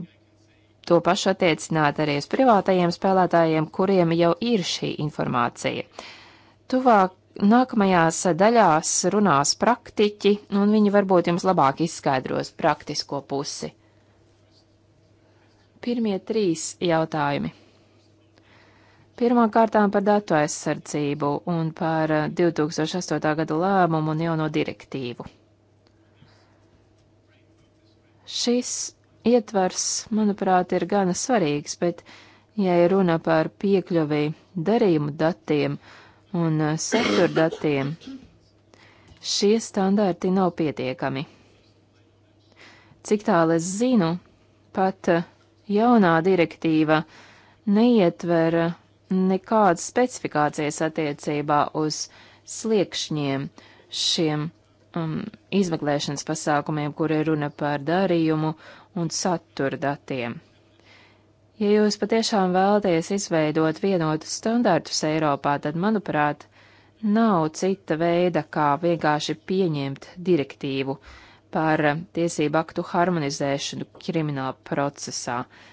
to pašu attiecināt arī uz privātajiem spēlētājiem, kuriem jau ir šī informācija. Tuvāk nākamajās daļās runās praktiķi, un viņi varbūt jums labāk izskaidros praktisko pusi. Pirmie trīs jautājumi. Pirmkārtām par datu aizsardzību un par 2008. Eh, gada lēmumu un jauno direktīvu. Šis ietvars, manuprāt, ir gana svarīgs, bet, ja ir runa par piekļuvi darījumu datiem un eh, sektoru datiem, šie standarti nav pietiekami. Cik tālu es zinu, pat eh, jaunā direktīva neietver nekādas specifikācijas attiecībā uz sliekšņiem šiem um, izmeklēšanas pasākumiem, kur ir runa par darījumu un satura datiem. Ja jūs patiešām vēlaties izveidot vienotus standartus Eiropā, tad, manuprāt, nav cita veida, kā vienkārši pieņemt direktīvu par tiesību aktu harmonizēšanu krimināla procesā. Uh,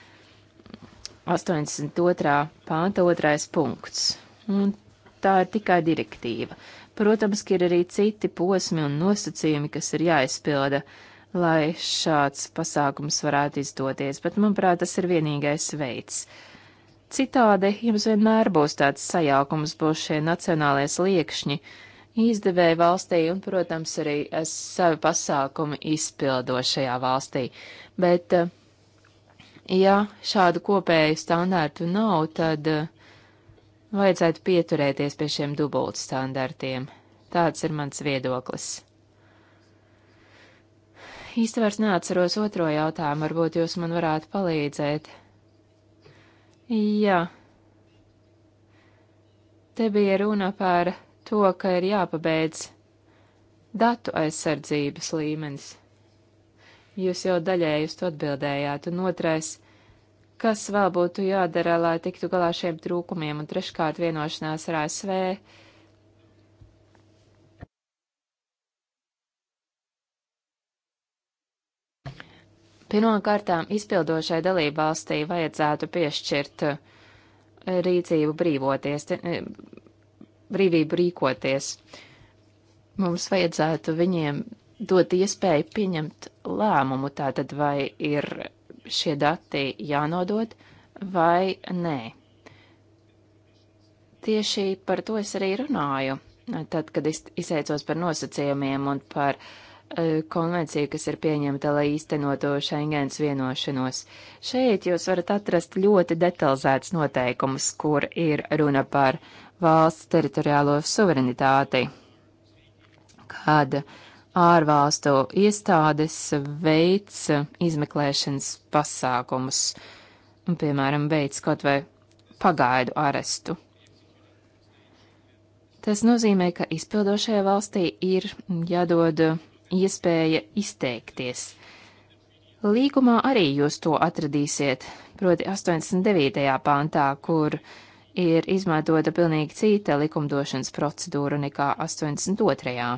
82. pānta otrais punkts. Un tā ir tikai direktīva. Protams, ka ir arī citi posmi un nosacījumi, kas ir jāizpilda, lai šāds pasākums varētu izdoties, bet, manuprāt, tas ir vienīgais veids. Citādi jums vienmēr būs tāds sajaukums, būs šie nacionālie sliekšņi, izdevēja valstī un, protams, arī savi pasākumi izpildošajā valstī. Bet uh, Ja šādu kopēju standārtu nav, tad eh, vajadzētu pieturēties pie šiem dubult standartiem. Tāds ir mans viedoklis. Īsti vairs neatceros otro jautājumu, varbūt jūs man varētu palīdzēt. Jā. Te bija runa par to, ka ir jāpabeidz datu aizsardzības līmenis. Jūs jau daļēji uz to atbildējāt, un otrais, kas vēl būtu jādara, lai tiktu galā šiem trūkumiem, un treškārt vienošanās ar ASV. Pirmkārtām izpildošai dalībvalstī vajadzētu piešķirt eh, rīcību brīvoties, eh, brīvību rīkoties. Mums vajadzētu viņiem dod iespēju pieņemt lēmumu tātad, vai ir šie dati jānodod vai nē. Tieši par to es arī runāju, tad, kad es izteicos par nosacījumiem un par uh, konvenciju, kas ir pieņemta, lai īstenotu Schengens vienošanos. Šeit jūs varat atrast ļoti detalizētas noteikumus, kur ir runa par valsts teritoriālo suverenitāti, kad uh, ārvalstu iestādes veic izmeklēšanas pasākumus, un, piemēram, veic kaut vai pagaidu arestu. Tas nozīmē, ka izpildošajai valstī ir jādod iespēja izteikties. Līgumā arī jūs to atradīsiet, proti 89. pāntā, kur ir izmantota pilnīgi cita likumdošanas procedūra nekā 82.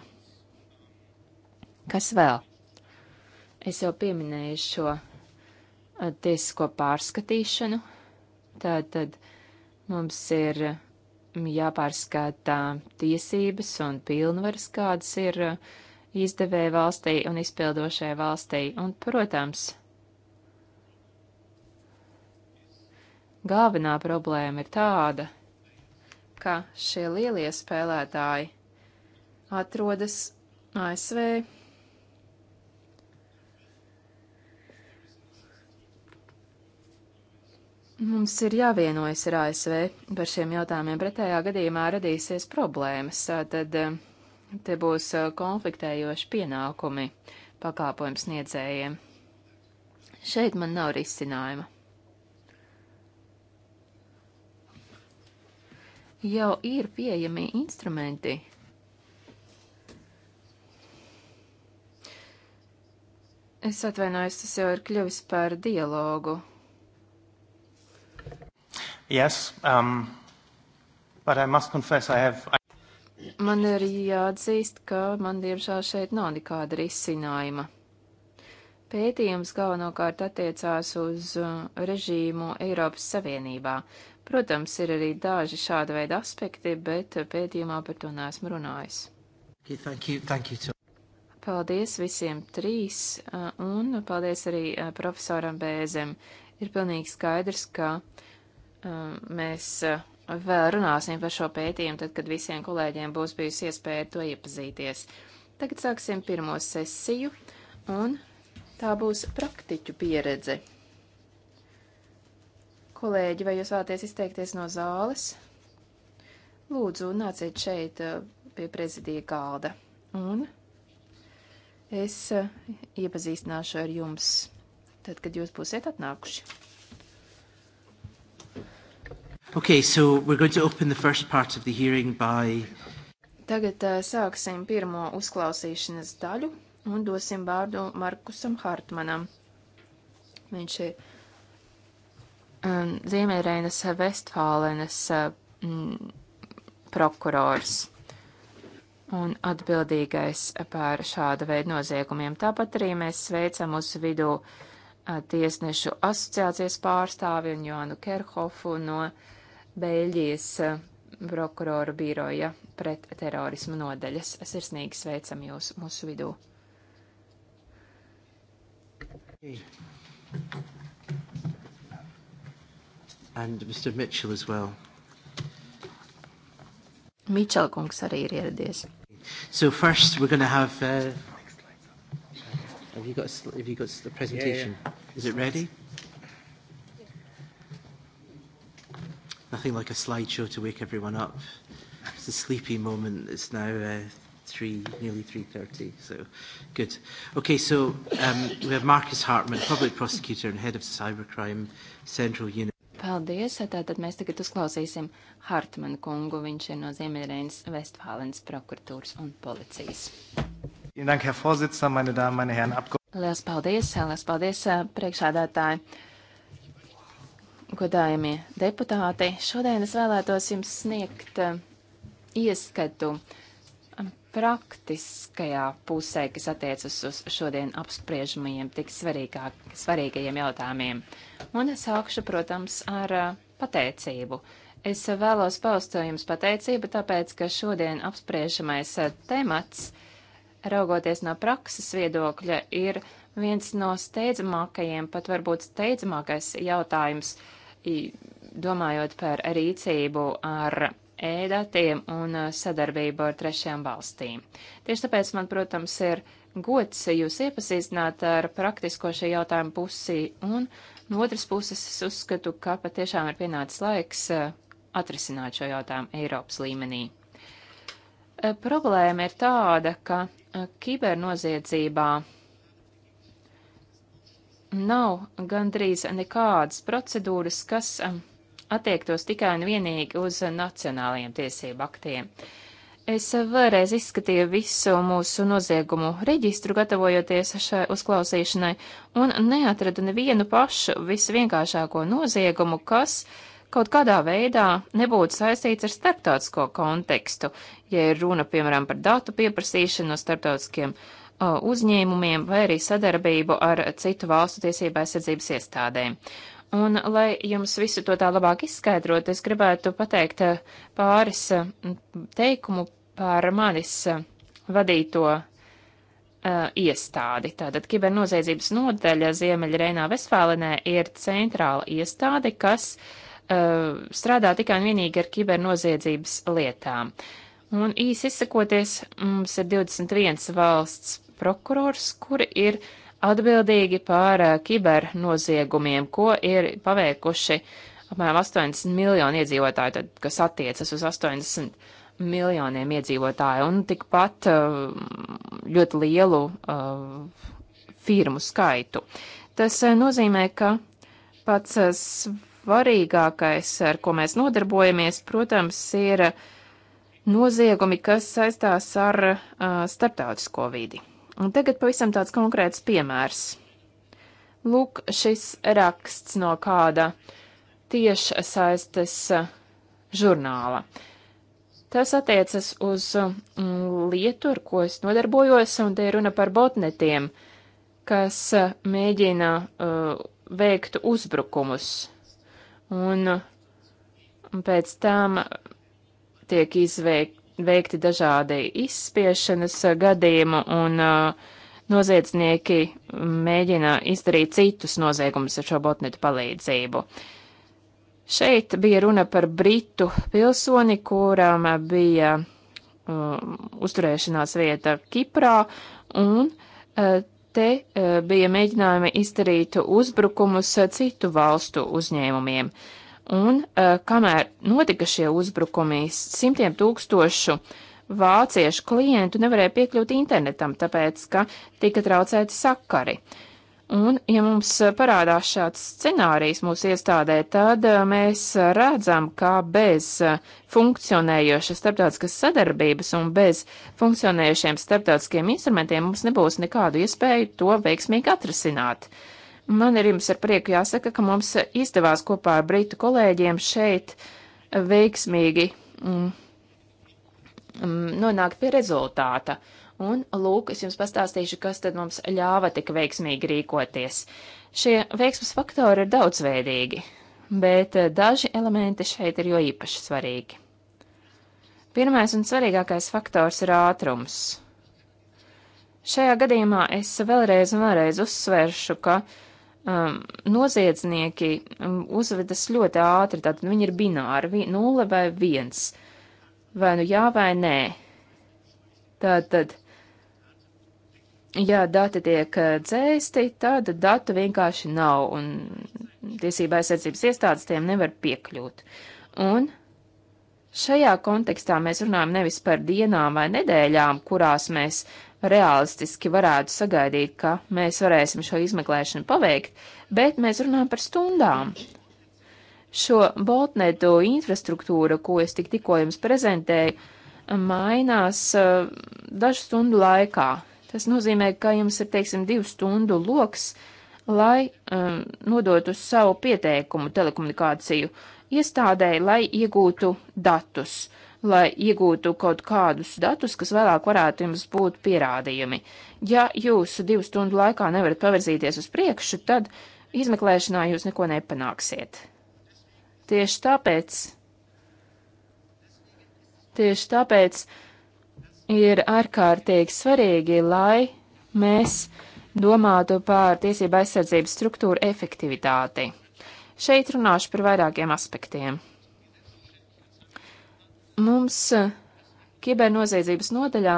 Kas vēl? Es jau pieminēju šo eh, tiesisko pārskatīšanu. Tātad mums ir mm, jāpārskatā tiesības un pilnvaras, kādas ir eh, izdevēja valstī un izpildošajā valstī. Un, protams, galvenā problēma ir tāda, ka šie lielie spēlētāji atrodas ASV Mums ir jāvienojas ar ASV par šiem jautājumiem, pretējā gadījumā radīsies problēmas. Tad te būs konfliktējoši pienākumi pakāpojums sniedzējiem. Šeit man nav risinājuma. Jau ir pieejami instrumenti. Es atvainojos, tas jau ir kļuvis par dialogu Yes, um, but I must confess I have... I... Man ir jāatzīst, ka man diemžēl šeit nav nekāda risinājuma. Pētījums galvenokārt attiecās uz uh, režīmu Eiropas Savienībā. Protams, ir arī daži šāda veida aspekti, bet pētījumā par to neesmu runājis. Okay, thank you, thank you too. Paldies visiem trīs, uh, un paldies arī uh, profesoram Bēzem. Ir pilnīgi skaidrs, ka uh, Um, mēs uh, vēl runāsim par šo pētījumu, tad, kad visiem kolēģiem būs bijusi iespēja to iepazīties. Tagad sāksim pirmo sesiju, un tā būs praktiķu pieredze. Kolēģi, vai jūs vēlaties izteikties no zāles? Lūdzu, nāciet šeit uh, pie prezidija galda, un es uh, iepazīstināšu ar jums, tad, kad jūs būsiet atnākuši. Okay, so we're going to open the first part of the hearing by... Tagad uh, sāksim pirmo uzklausīšanas daļu un dosim vārdu Markusam Hartmanam. Viņš ir um, Ziemeļreinas Vestfālenes um, prokurors un atbildīgais par šāda veida noziegumiem. Tāpat arī mēs sveicam uz vidu uh, tiesnešu asociācijas pārstāvi un Joanu Kerhofu no uh, Bēļģijas eh, prokuroru biroja pret terorismu nodaļas. Sirsnīgi sveicam jūs mūsu vidū. And Mr. Mitchell as well. Mitchell kungs arī ir ieradies. So first we're going to have. Uh, have you got? Have you got the presentation? Yeah, yeah. Is it ready? Slides. Nothing like a slideshow to wake everyone up. It's a sleepy moment. It's now uh, three, nearly 3.30, so good. Okay, so um, we have Marcus Hartman, Public Prosecutor and Head of Cybercrime Central Unit. Paldies, tātad mēs tagad uzklausīsim Hartmanu kungu, viņš ir no Ziemeļreinas Vestfālens prokuratūras un policijas. Dank, Herr Vorsitzender, meine Damen, meine Herren Abgeordneten. Lielas paldies, lielas paldies, eh, priekšādātāji godājamie deputāti, šodien es vēlētos jums sniegt eh, ieskatu eh, praktiskajā pusē, kas attiecas uz šodien apspriežamajiem tik svarīgā, svarīgajiem jautājumiem. Un es sākšu, protams, ar eh, pateicību. Es vēlos paust jums pateicību, tāpēc, ka šodien apspriežamais temats raugoties no prakses viedokļa, ir viens no steidzamākajiem, pat varbūt steidzamākais jautājums, domājot par rīcību ar ēdatiem un sadarbību ar trešajām valstīm. Tieši tāpēc man, protams, ir gods jūs iepazīstināt ar praktisko šī jautājuma pusi, un no otras puses es uzskatu, ka patiešām ir pienācis laiks atrisināt šo jautājumu Eiropas līmenī. Problēma ir tāda, ka kibernoziedzībā nav gandrīz nekādas procedūras, kas um, attiektos tikai un vienīgi uz nacionālajiem tiesību aktiem. Es uh, vēlreiz izskatīju visu mūsu noziegumu reģistru, gatavojoties šai uzklausīšanai, un neatradu nevienu pašu visvienkāršāko noziegumu, kas uh, kaut kādā veidā nebūtu saistīts ar starptautisko kontekstu, ja ir runa, piemēram, par datu pieprasīšanu no starptautiskiem uh, uzņēmumiem vai arī sadarbību ar citu valstu tiesībā aizsardzības iestādēm. Un, lai jums visu to tā labāk izskaidrot, es gribētu pateikt uh, pāris uh, teikumu par manis uh, vadīto uh, iestādi. Tātad kibernoziedzības nodaļa Ziemeļreinā Vesfālinē ir centrāla iestāde, kas uh, Eh, strādā tikai un vienīgi ar kibernoziedzības lietām. Un īsi izsakoties, mums ir 21 valsts prokurors, kuri ir atbildīgi par eh, kibernoziegumiem, ko ir paveikuši apmēram 80 miljoni iedzīvotāji, tad, kas attiecas uz 80 miljoniem iedzīvotāju, un tikpat eh, ļoti lielu firmu skaitu. Tas nozīmē, ka pats svarīgākais, ar ko mēs nodarbojamies, protams, ir noziegumi, kas saistās ar uh, starptautisko vidi. Un tagad pavisam tāds konkrēts piemērs. Lūk, šis raksts no kāda tieša saistes žurnāla. Tas attiecas uz mm, lietu, ar ko es nodarbojos, un te ir runa par botnetiem, kas mēģina uh, veikt uzbrukumus un, un pēc tam tiek izveikti dažādi izspiešanas gadījumi, un uh, noziedznieki mēģina izdarīt citus noziegumus ar šo botnetu palīdzību. Šeit bija runa par britu pilsoni, kuram bija uh, uzturēšanās vieta Kiprā, un uh, Te eh, bija mēģinājumi izdarīt uzbrukumus eh, citu valstu uzņēmumiem. Un eh, kamēr notika šie uzbrukumi, simtiem tūkstošu vāciešu klientu nevarēja piekļūt internetam, tāpēc, ka tika traucēti sakari. Uh, Un, ja mums eh, parādās šāds scenārijs mūsu iestādē, tad eh, mēs redzam, kā bez eh, funkcionējošas starptautiskas sadarbības un bez funkcionējošiem starptautiskiem instrumentiem mums nebūs nekādu iespēju to veiksmīgi atrasināt. Man ir jums ar prieku jāsaka, ka mums izdevās kopā ar britu kolēģiem šeit veiksmīgi mm, mm nonākt pie rezultāta. Uh, Un, lūk, es jums pastāstīšu, kas tad mums ļāva tik veiksmīgi rīkoties. Šie veiksmas faktori ir daudzveidīgi, bet eh, daži elementi šeit ir jo īpaši svarīgi. Pirmais un svarīgākais faktors ir ātrums. Šajā gadījumā es vēlreiz un vēlreiz uzsveršu, ka um, noziedznieki um, uzvedas ļoti ātri, tātad viņi ir bināri, vi, nulle vai viens, vai nu jā vai nē. Tātad ja dati tiek eh, dzēsti, tad datu vienkārši nav, un tiesībā aizsardzības iestādes tiem nevar piekļūt. Un šajā kontekstā mēs runājam nevis par dienām vai nedēļām, kurās mēs realistiski varētu sagaidīt, ka mēs varēsim šo izmeklēšanu paveikt, bet mēs runājam par stundām. Šo botnetu infrastruktūru, ko es tik tikko jums prezentēju, mainās uh, dažu stundu laikā. Tas nozīmē, ka jums ir, teiksim, divu stundu loks, lai um, nodotu savu pieteikumu telekomunikāciju iestādē, lai iegūtu datus, lai iegūtu kaut kādus datus, kas vēlāk varētu jums būt pierādījumi. Ja jūs divu stundu laikā nevarat pavirzīties uz priekšu, tad izmeklēšanā jūs neko nepanāksiet. Tieši tāpēc, tieši tāpēc ir ārkārtīgi svarīgi, lai mēs domātu par tiesību aizsardzības struktūru efektivitāti. Šeit runāšu par vairākiem aspektiem. Mums eh, kibernoziedzības nodaļā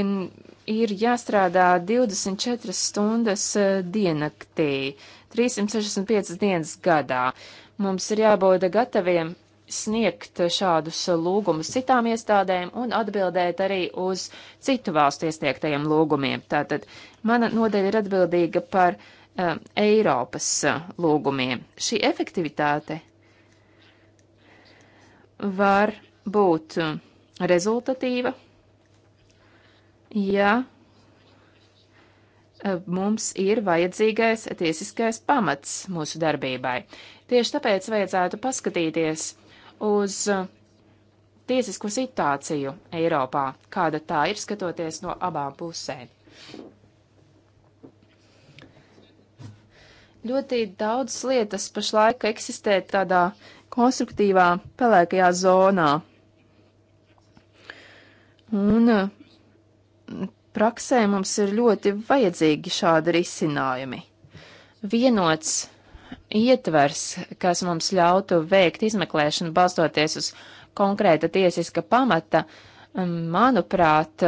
ir, ir jāstrādā 24 stundas eh, diennaktī, 365 dienas gadā. Mums ir jābūt gataviem sniegt šādus lūgumus citām iestādēm un atbildēt arī uz citu valstu iesniegtajiem lūgumiem. Tātad mana nodeļa ir atbildīga par um, Eiropas uh, lūgumiem. Šī efektivitāte var būt eh, rezultatīva, ja mums ir vajadzīgais tiesiskais pamats mūsu darbībai. Tieši tāpēc vajadzētu paskatīties, uh, uz uh, tiesisko situāciju Eiropā, kāda tā ir skatoties no abām pusēm. Ļoti daudz lietas pašlaik eksistē tādā konstruktīvā pelēkajā zonā. Un uh, praksē mums ir ļoti vajadzīgi šādi risinājumi. Vienots ietvers, kas mums ļautu veikt izmeklēšanu balstoties uz konkrēta tiesiska pamata, um, manuprāt,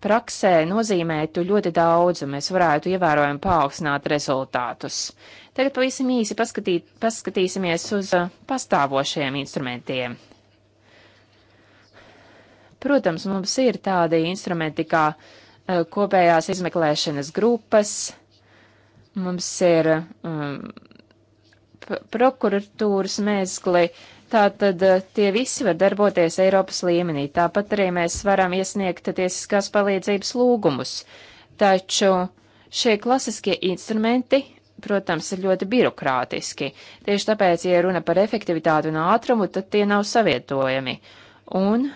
praksē nozīmētu ļoti daudz, un mēs varētu ievērojami paaugstināt rezultātus. Tagad pavisam īsi paskatīt, paskatīsimies uz uh, pastāvošajiem instrumentiem. Protams, mums ir tādi instrumenti kā uh, kopējās izmeklēšanas grupas, mums ir um, prokuratūras mēzglī. Tātad eh, tie visi var darboties Eiropas līmenī. Tāpat arī mēs varam iesniegt tiesiskās palīdzības lūgumus. Taču šie klasiskie instrumenti, protams, ir ļoti birokrātiski. Tieši tāpēc, ja runa par efektivitāti un ātrumu, tad tie nav savietojami. Un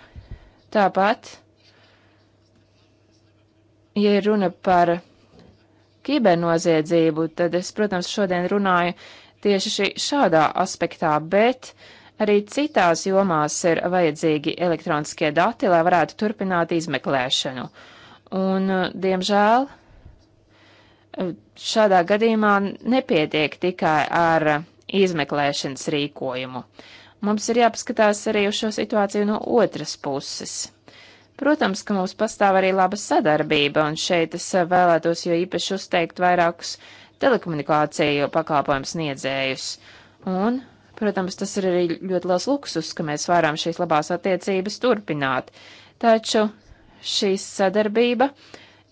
tāpat, ja runa par kibernoziedzību, tad es, protams, šodien runāju tieši šādā aspektā, bet arī citās jomās ir vajadzīgi elektroniskie dati, lai varētu turpināt izmeklēšanu. Un, uh, diemžēl, uh, šādā gadījumā nepietiek tikai ar izmeklēšanas rīkojumu. Mums ir jāpaskatās arī uz šo situāciju no otras puses. Protams, ka mums pastāv arī laba sadarbība, un šeit es uh, vēlētos jo īpaši uzteikt vairākus uh, telekomunikāciju pakāpojumu sniedzējus. Un, protams, tas ir arī ļoti liels luksus, ka mēs varam šīs labās attiecības turpināt. Taču šī sadarbība,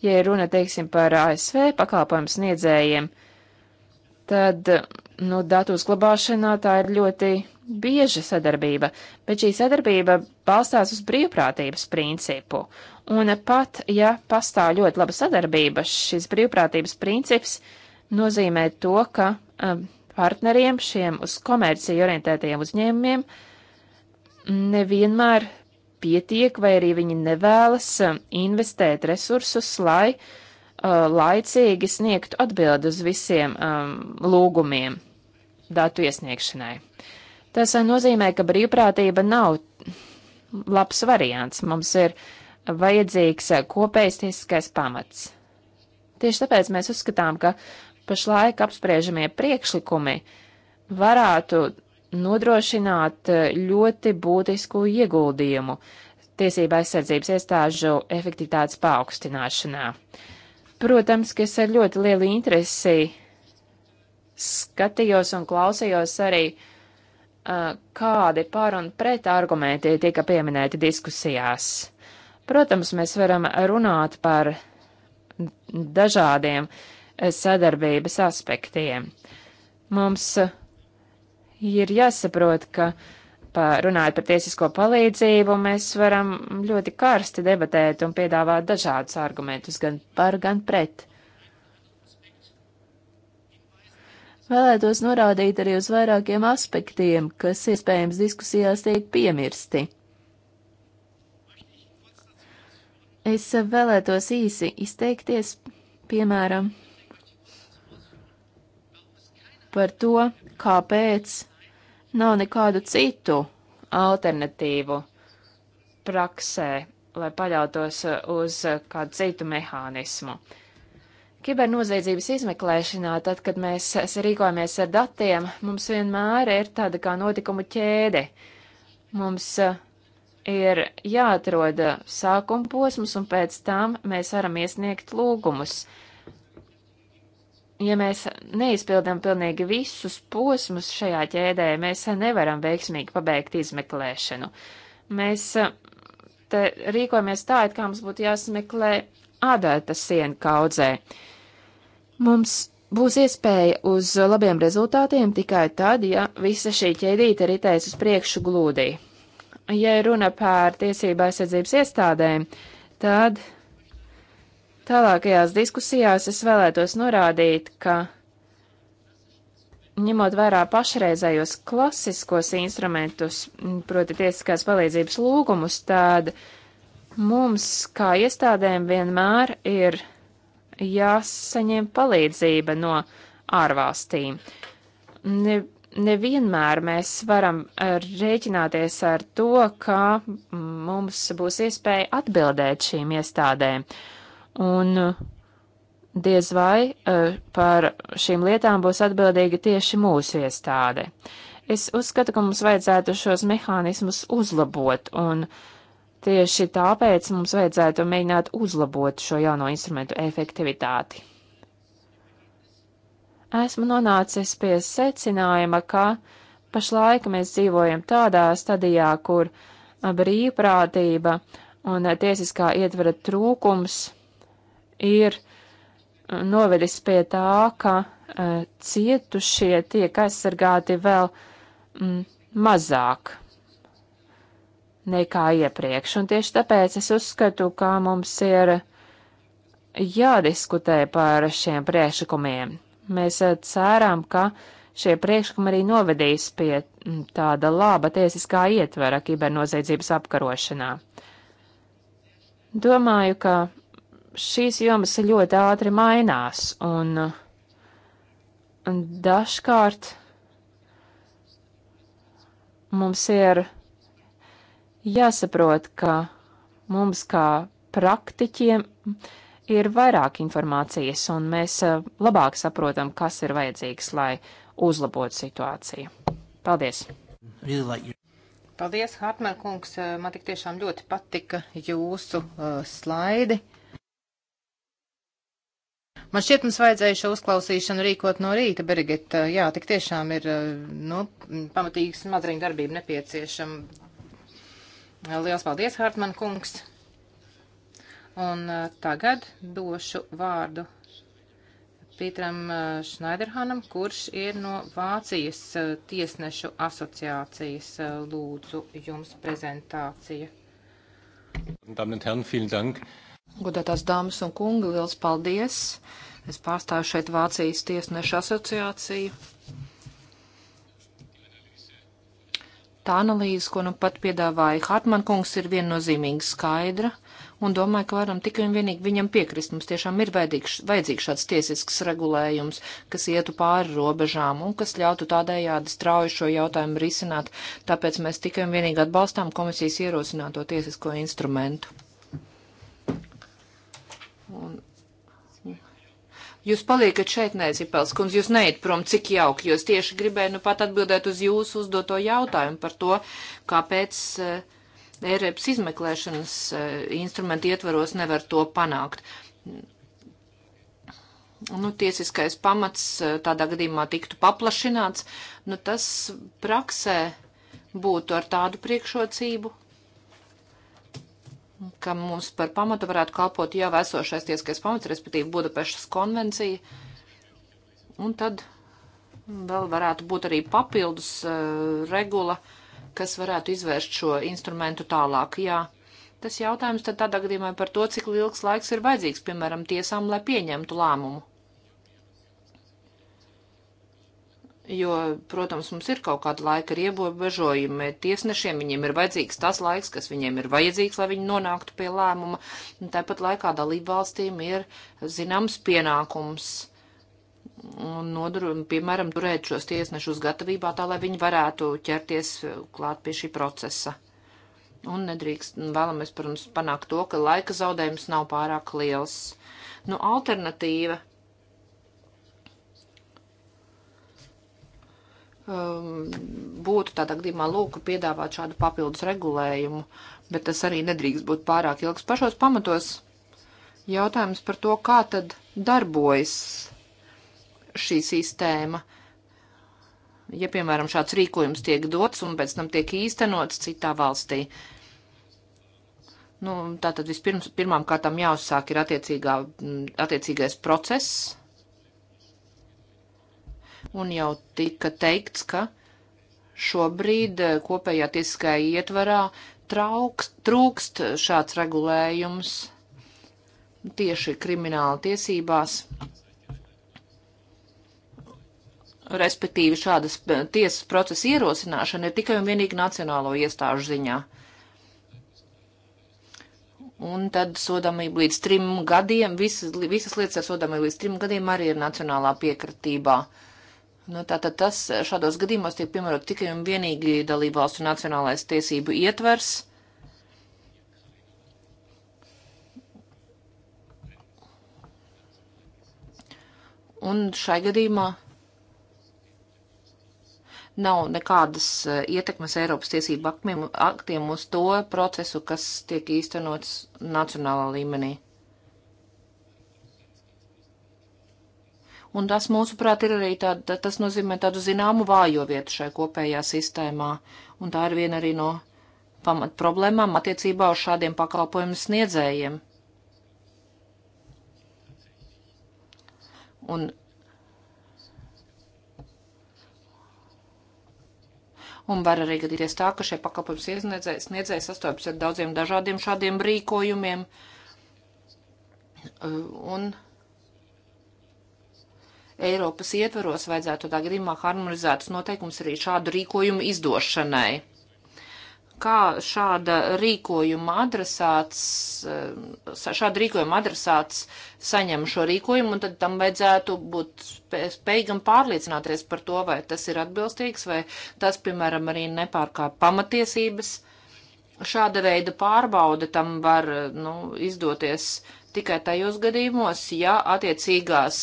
ja runa, teiksim, par ASV pakāpojumu sniedzējiem, tad, nu, datu uzglabāšanā tā ir ļoti bieža sadarbība, bet šī sadarbība balstās uz brīvprātības principu. Un pat, ja pastāv ļoti laba sadarbība, šis brīvprātības princips nozīmē to, ka um, partneriem, šiem uz komerciju orientētajiem uzņēmumiem, nevienmēr pietiek, vai arī viņi nevēlas um, investēt resursus, lai uh, laicīgi sniegtu atbildi uz visiem um, lūgumiem datu iesniegšanai. Tas uh, nozīmē, ka brīvprātība nav labs variants. Mums ir vajadzīgs uh, kopējs tiesiskais pamats. Tieši tāpēc mēs uzskatām, ka pašlaik apspriežamie priekšlikumi varētu nodrošināt eh, ļoti būtisku ieguldījumu tiesība aizsardzības iestāžu efektivitātes paaugstināšanā. Protams, ka es ar ļoti lielu interesi skatījos un klausījos arī, eh, kādi par un pret argumenti tika pieminēti diskusijās. Protams, mēs varam runāt par dažādiem uh, sadarbības aspektiem. Mums eh, ir jāsaprot, ka runājot par tiesisko palīdzību, mēs varam ļoti karsti debatēt un piedāvāt dažādus argumentus gan par, gan pret. Vēlētos norādīt arī uz vairākiem aspektiem, kas iespējams diskusijās tiek piemirsti. Es eh, vēlētos īsi izteikties, piemēram, par to, kāpēc nav nekādu citu alternatīvu praksē, lai paļautos uz kādu citu mehānismu. Kibernoziedzības izmeklēšanā, tad, kad mēs rīkojamies ar datiem, mums vienmēr ir tāda kā notikumu ķēde. Mums uh, ir jāatrod sākuma posms, un pēc tam mēs varam iesniegt lūgumus. Uh, ja mēs neizpildam pilnīgi visus posmus šajā ķēdē, mēs nevaram veiksmīgi pabeigt izmeklēšanu. Mēs eh, te rīkojamies tā, it kā mums būtu jāsmeklē adata sienu kaudzē. Mums būs iespēja uz labiem rezultātiem tikai tad, ja visa šī ķēdīte ritēs uz priekšu glūdī. Ja runa par tiesību aizsardzības iestādēm, tad Tālākajās diskusijās es vēlētos norādīt, ka ņemot vērā pašreizējos klasiskos instrumentus, proti tiesiskās palīdzības lūgumus, tad mums kā iestādēm vienmēr ir jāsaņem palīdzība no ārvalstīm. Ne, nevienmēr mēs varam eh, rēķināties ar to, ka mums būs iespēja atbildēt šīm iestādēm. Uh, un uh, diez vai uh, par šīm lietām būs atbildīga tieši mūsu iestāde. Es uzskatu, ka mums vajadzētu šos mehānismus uzlabot, un tieši tāpēc mums vajadzētu mēģināt uzlabot šo jauno instrumentu efektivitāti. Esmu nonācis pie secinājuma, ka pašlaik mēs dzīvojam tādā stadijā, kur brīvprātība un tiesiskā ietvara trūkums ir uh, novedis pie tā, ka uh, cietušie tiek aizsargāti vēl mm, mazāk nekā iepriekš. Un tieši tāpēc es uzskatu, ka mums ir jādiskutē par šiem priekšlikumiem. Mēs uh, cerām, ka šie priekšlikumi arī novedīs pie mm, tāda laba tiesiskā ietvera kibernoziedzības apkarošanā. Domāju, ka šīs jomas ļoti ātri mainās, un, un dažkārt mums ir jāsaprot, ka mums kā praktiķiem ir vairāk informācijas, un mēs eh, labāk saprotam, kas ir vajadzīgs, lai uzlabotu situāciju. Paldies! Paldies, Hartmann kungs! Man tik tiešām ļoti patika jūsu uh, slaidi. Man šķiet, mums vajadzēja šo uzklausīšanu rīkot no rīta, Berigita. Eh, jā, tik tiešām ir eh, nu, pamatīgs mazriņu darbība nepieciešama. Eh, liels paldies, Hartman kungs. Un tagad došu vārdu Pītram Šnaiderhanam, kurš ir no Vācijas tiesnešu asociācijas. Lūdzu, jums prezentācija. Damen un Herren, vielen Dank. Godātās dāmas un kungi, liels paldies! Es pārstāvu šeit Vācijas tiesnešu asociāciju. Tā analīze, ko nu pat piedāvāja Hartman kungs, ir viennozīmīgi skaidra, un domāju, ka varam tikai un vienīgi viņam piekrist. Mums tiešām ir vajadzīgs, vajadzīgs šāds tiesisks regulējums, kas ietu pāri robežām un kas ļautu tādējādi strauji šo jautājumu risināt. Tāpēc mēs tikai un vienīgi atbalstām komisijas ierosināto tiesisko instrumentu. Jūs paliekat šeit, nē, Cipels kundze, jūs neiet prom, cik jauki, jo es tieši gribēju nu pat atbildēt uz jūsu uzdoto jautājumu par to, kāpēc uh, Eiropas izmeklēšanas uh, eh, instrumenti ietvaros nevar to panākt. Nu, tiesiskais pamats uh, tādā gadījumā tiktu paplašināts, nu tas praksē būtu ar tādu priekšrocību, ka mums par pamatu varētu kalpot jau esošais tieskais pamats, respektīvi Budapešas konvencija. Un tad vēl varētu būt arī papildus uh, regula, kas varētu izvērst šo instrumentu tālāk. Jā, tas jautājums tad tādā gadījumā par to, cik ilgs laiks ir vajadzīgs, piemēram, tiesām, lai pieņemtu lēmumu. Jo, protams, mums ir kaut kāda laika ierobežojumi tiesnešiem, viņiem ir vajadzīgs tas laiks, kas viņiem ir vajadzīgs, lai viņi nonāktu pie lēmuma. Un tāpat laikā dalību valstīm ir zināms pienākums nodru, piemēram, turēt šos tiesnešus gatavībā tā, lai viņi varētu ķerties klāt pie šī procesa. Un nedrīkst, vēlamies, protams, panākt to, ka laika zaudējums nav pārāk liels. Nu, alternatīva um, būtu tādā gadījumā lūk piedāvāt šādu papildus regulējumu, bet tas arī nedrīkst būt pārāk ilgs. Pašos pamatos jautājums par to, kā tad darbojas šī sistēma. Ja, piemēram, šāds rīkojums tiek dots un pēc tam tiek īstenots citā valstī, nu, tā tad vispirms, pirmām kārtām jāuzsāk ir attiecīgā, attiecīgais process, un jau tika teikts, ka šobrīd eh, kopējā tiesiskajā ietvarā traukst, trūkst šāds regulējums tieši krimināla tiesībās. Respektīvi, šādas eh, tiesas procesa ierosināšana ir tikai un vienīgi nacionālo iestāžu ziņā. Un tad sodamība līdz trim gadiem, visas, visas lietas ar sodamību līdz trim gadiem arī ir nacionālā piekritībā. Uh, Nu, tātad tas eh, šādos gadījumos tiek piemērot tikai un vienīgi dalībvalstu nacionālais tiesību ietvers. Un šai gadījumā nav nekādas eh, ietekmes Eiropas tiesību aktiem uz to procesu, kas tiek īstenots nacionālā līmenī. un tas, mūsuprāt, ir arī tāda, tas nozīmē tādu zināmu vājo vietu šai kopējā sistēmā, un tā ir viena arī no pamat problēmām attiecībā uz šādiem pakalpojumu sniedzējiem. Un Un var arī gadīties tā, ka šie pakalpojumi sniedzēji sastopas ar daudziem dažādiem šādiem rīkojumiem. Un, Eiropas ietvaros vajadzētu tā gadījumā harmonizētus noteikumus arī šādu rīkojumu izdošanai. Kā šāda rīkojuma adresāts, eh, šāda rīkojuma adresāts saņem šo rīkojumu, un tad tam vajadzētu būt spējīgam pārliecināties par to, vai tas ir atbilstīgs, vai tas, piemēram, arī nepārkāp pamatiesības. Šāda veida pārbauda tam var eh, nu, izdoties uh, tikai tajos gadījumos, ja attiecīgās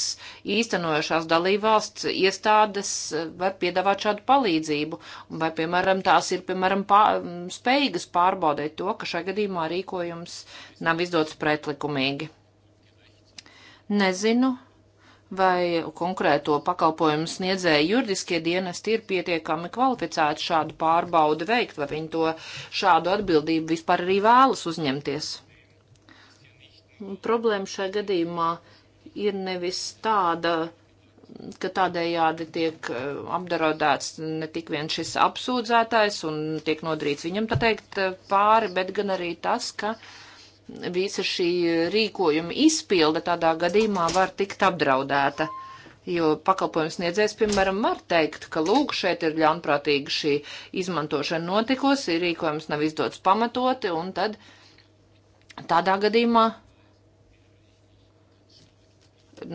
īstenojošās dalībvalsts iestādes eh, var piedāvāt šādu palīdzību, vai, piemēram, tās ir, piemēram, pā, spējīgas pārbaudēt to, ka šajā gadījumā rīkojums nav izdots pretlikumīgi. Nezinu, vai konkrēto pakalpojumu sniedzēju juridiskie dienesti ir pietiekami kvalificēti šādu pārbaudu veikt, vai viņi to šādu atbildību vispār arī vēlas uzņemties problēma šajā gadījumā ir nevis tāda, ka tādējādi tiek eh, apdarodēts ne tik vien šis apsūdzētājs un tiek nodarīts viņam, tā teikt, eh, pāri, bet gan arī tas, ka visa šī rīkojuma izpilde tādā gadījumā var tikt apdraudēta. Jo pakalpojums sniedzējs, piemēram, var teikt, ka lūk, šeit ir ļaunprātīga šī izmantošana notikusi, rīkojums nav izdots pamatoti, un tad tādā gadījumā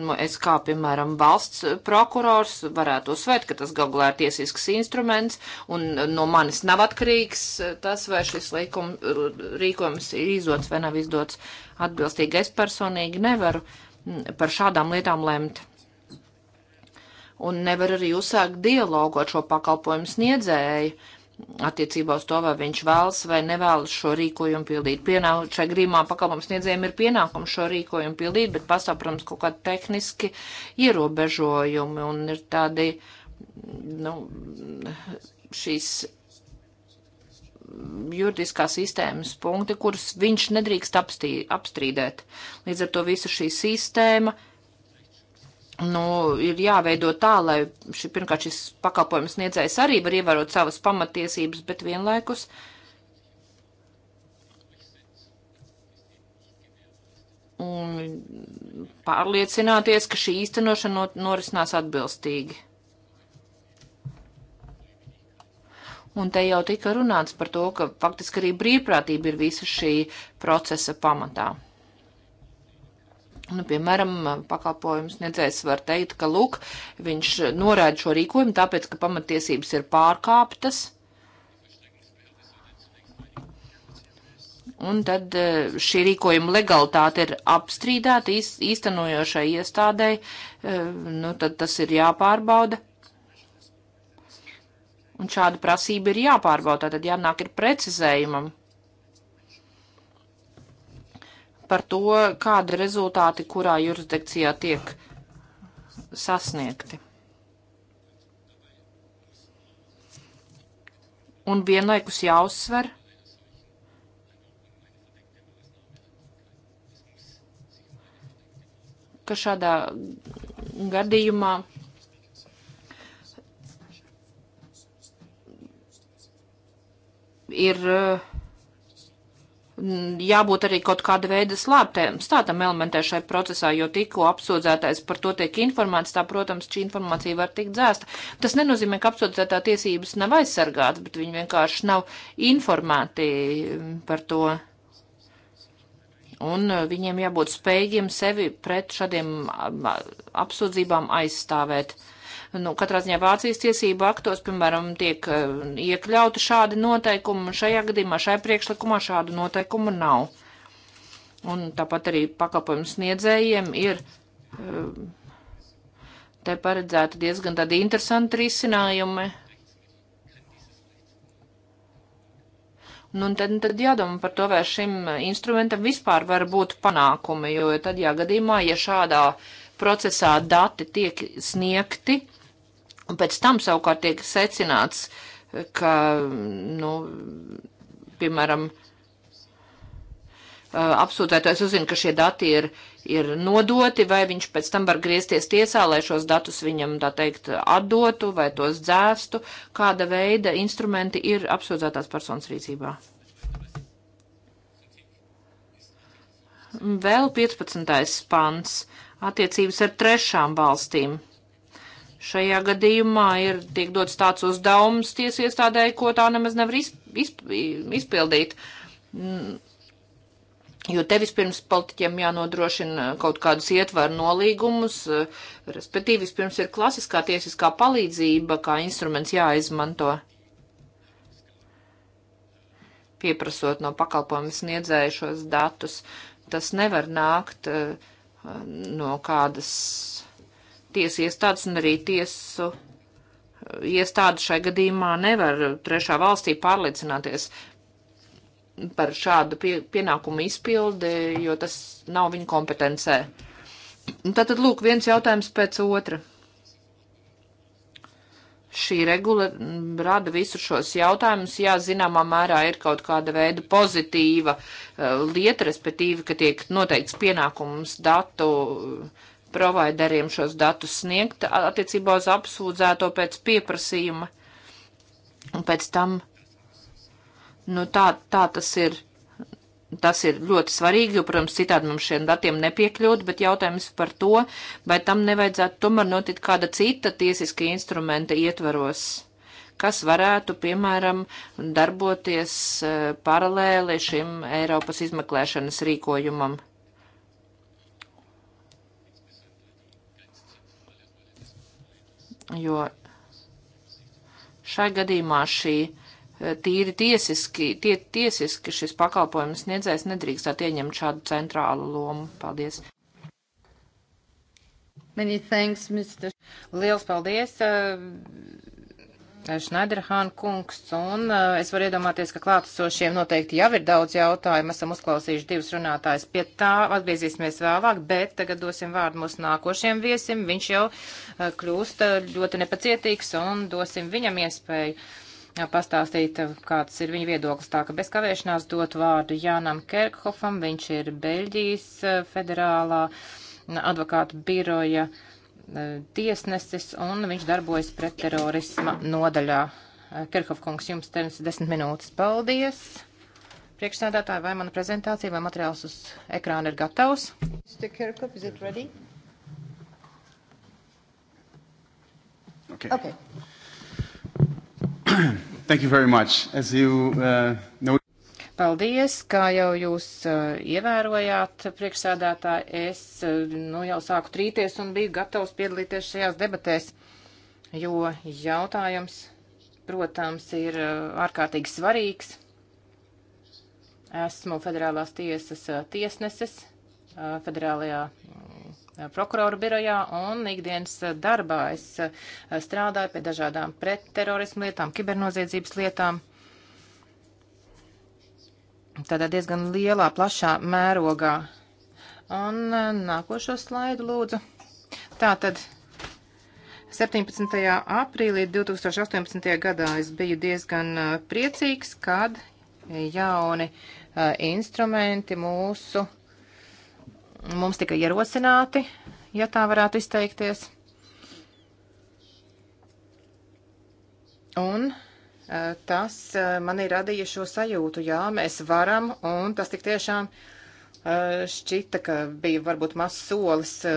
Nu, es kā, piemēram, valsts prokurors varētu uzsvērt, ka tas galvā ir tiesisks instruments un no manis nav atkarīgs eh, tas, vai šis likum, rīkojums ir izdots vai nav izdots atbilstīgi. Es personīgi nevaru mm, par šādām lietām lemt. Un nevar arī uzsākt dialogu ar šo pakalpojumu sniedzēju attiecībā uz to, vai viņš vēlas vai nevēlas šo rīkojumu pildīt. Pienāk, šai grīmā pakalpojums sniedzējiem ir pienākums šo rīkojumu pildīt, bet pastāv, protams, kaut kādi tehniski ierobežojumi un ir tādi, nu, šīs juridiskās sistēmas punkti, kurus viņš nedrīkst apstī, apstrīdēt. Līdz ar to visa šī sistēma nu, ir jāveido tā, lai šī, pirmkārt šis pakalpojums sniedzējs arī var ievērot savas pamatiesības, bet vienlaikus. Un pārliecināties, ka šī īstenošana not, norisinās atbilstīgi. Un te jau tika runāts par to, ka faktiski arī brīvprātība ir visa šī procesa pamatā. Nu, piemēram, pakalpojums nedzēs var teikt, ka, lūk, viņš norāda šo rīkojumu, tāpēc, ka pamatiesības ir pārkāptas. Un tad e, šī rīkojuma legalitāte ir apstrīdēta īstenojošai iestādēji, e, nu, tad tas ir jāpārbauda. Un šāda prasība ir jāpārbauda, tad jānāk ir precizējumam par to, kādi rezultāti kurā jurisdikcijā tiek sasniegti. Un vienlaikus jāuzsver, ka šādā gadījumā ir uh, Mm, jābūt arī kaut kāda veida slāptēm, stātam elementē šai procesā, jo tikko apsūdzētais par to tiek informēts, tā, protams, šī informācija var tikt dzēsta. Tas nenozīmē, ka apsūdzētā tiesības nav aizsargātas, bet viņi vienkārši nav informēti mm, par to. Un mm, viņiem jābūt spējīgiem sevi pret šādiem apsūdzībām aizstāvēt. Uh, Nu, katrā ziņā Vācijas tiesību aktos, piemēram, tiek eh, iekļauti šādi noteikumi, un šajā gadījumā, šajā priekšlikumā šādu noteikumu nav. Un tāpat arī pakalpojumu sniedzējiem ir eh, te paredzēti diezgan tādi interesanti risinājumi. Nu, un tad, tad jādomā par to, vai šim instrumentam vispār var būt panākumi, jo tad jāgadījumā, ja šādā procesā dati tiek sniegti, uh, Un pēc tam savukārt tiek secināts, ka, nu, piemēram, apsūdzētais uzzina, ka šie dati ir, ir nodoti, vai viņš pēc tam var griezties tiesā, lai šos datus viņam, tā teikt, atdotu vai tos dzēstu, kāda veida instrumenti ir apsūdzētās personas rīcībā. Vēl 15. pants - attiecības ar trešām valstīm. Šajā gadījumā ir tiek dots tāds uzdevums tiesu iestādēji, ko tā nemaz nevar izp, izp, izpildīt. Mm. Jo te vispirms politiķiem jānodrošina kaut kādus ietvaru nolīgumus, respektīvi vispirms ir klasiskā tiesiskā palīdzība, kā instruments jāizmanto. Pieprasot no pakalpojumu sniedzēju šos datus, tas nevar nākt eh, no kādas tiesu iestādes un arī tiesu eh, iestādi šai gadījumā nevar trešā valstī pārliecināties par šādu pie, pienākumu izpildi, jo tas nav viņa kompetencē. Tātad, lūk, viens jautājums pēc otra. Šī regula rada visus šos jautājumus, jā, zināmā mērā ir kaut kāda veida pozitīva uh, lieta, respektīvi, ka tiek noteikts pienākums datu uh, provideriem šos datus sniegt attiecībā uz apsūdzēto pēc pieprasījuma. Un pēc tam, nu tā, tā tas ir. Tas ir ļoti svarīgi, jo, protams, citādi mums šiem datiem nepiekļūt, bet jautājums par to, vai tam nevajadzētu tomēr notikt kāda cita tiesiska instrumenta ietvaros kas varētu, piemēram, darboties e, paralēli šim Eiropas izmeklēšanas rīkojumam. jo šai gadījumā šī e, tīri tiesiski, tie, tiesiski šis pakalpojums sniedzējs nedrīkstētu ieņemt šādu centrālu lomu. Paldies! Many thanks, Mr. Liels paldies! Uh Šnaiderhāna kungs, un uh, es varu iedomāties, ka klātesošiem noteikti jau ir daudz jautājumu. Esam uzklausījuši divus runātājus. Pie tā atgriezīsimies vēlāk, bet tagad dosim vārdu mūsu nākošiem viesim. Viņš jau uh, kļūst uh, ļoti nepacietīgs, un dosim viņam iespēju uh, pastāstīt, uh, kāds ir viņa viedoklis. Tā ka bez kavēšanās dot vārdu Jānam Kerkhofam, viņš ir Beļģijas uh, federālā advokāta biroja. Uh, Eh, tiesnesis un viņš darbojas pret terorisma nodaļā. Eh, Kirchhoffkungs, jums tenis desmit minūtes. Paldies! Priekšsēdētāji, vai mana prezentācija vai materiāls uz ekrāna ir gatavs? Kirkup, is it ready? Okay. okay. Thank you very much. As you uh, know... Paldies, kā jau jūs uh, ievērojāt, priekšsēdētāji, es uh, nu, jau sāku trīties un biju gatavs piedalīties šajās debatēs, jo jautājums, protams, ir uh, ārkārtīgi svarīgs. Esmu federālās tiesas tiesneses federālajā mm, prokuroru birojā un ikdienas darbā es strādāju pie dažādām pretterorismu lietām, kibernoziedzības lietām tādā diezgan lielā, plašā mērogā. Un e, nākošo slaidu lūdzu. Tātad 17. aprīlī 2018. gadā es biju diezgan e, priecīgs, kad jauni uh, instrumenti mūsu, mums tika ierosināti, ja tā varētu izteikties. Un uh, tas e, man ir radījis šo sajūtu, jā, mēs varam, un tas tik tiešām e, šķita, ka bija varbūt mazs solis e,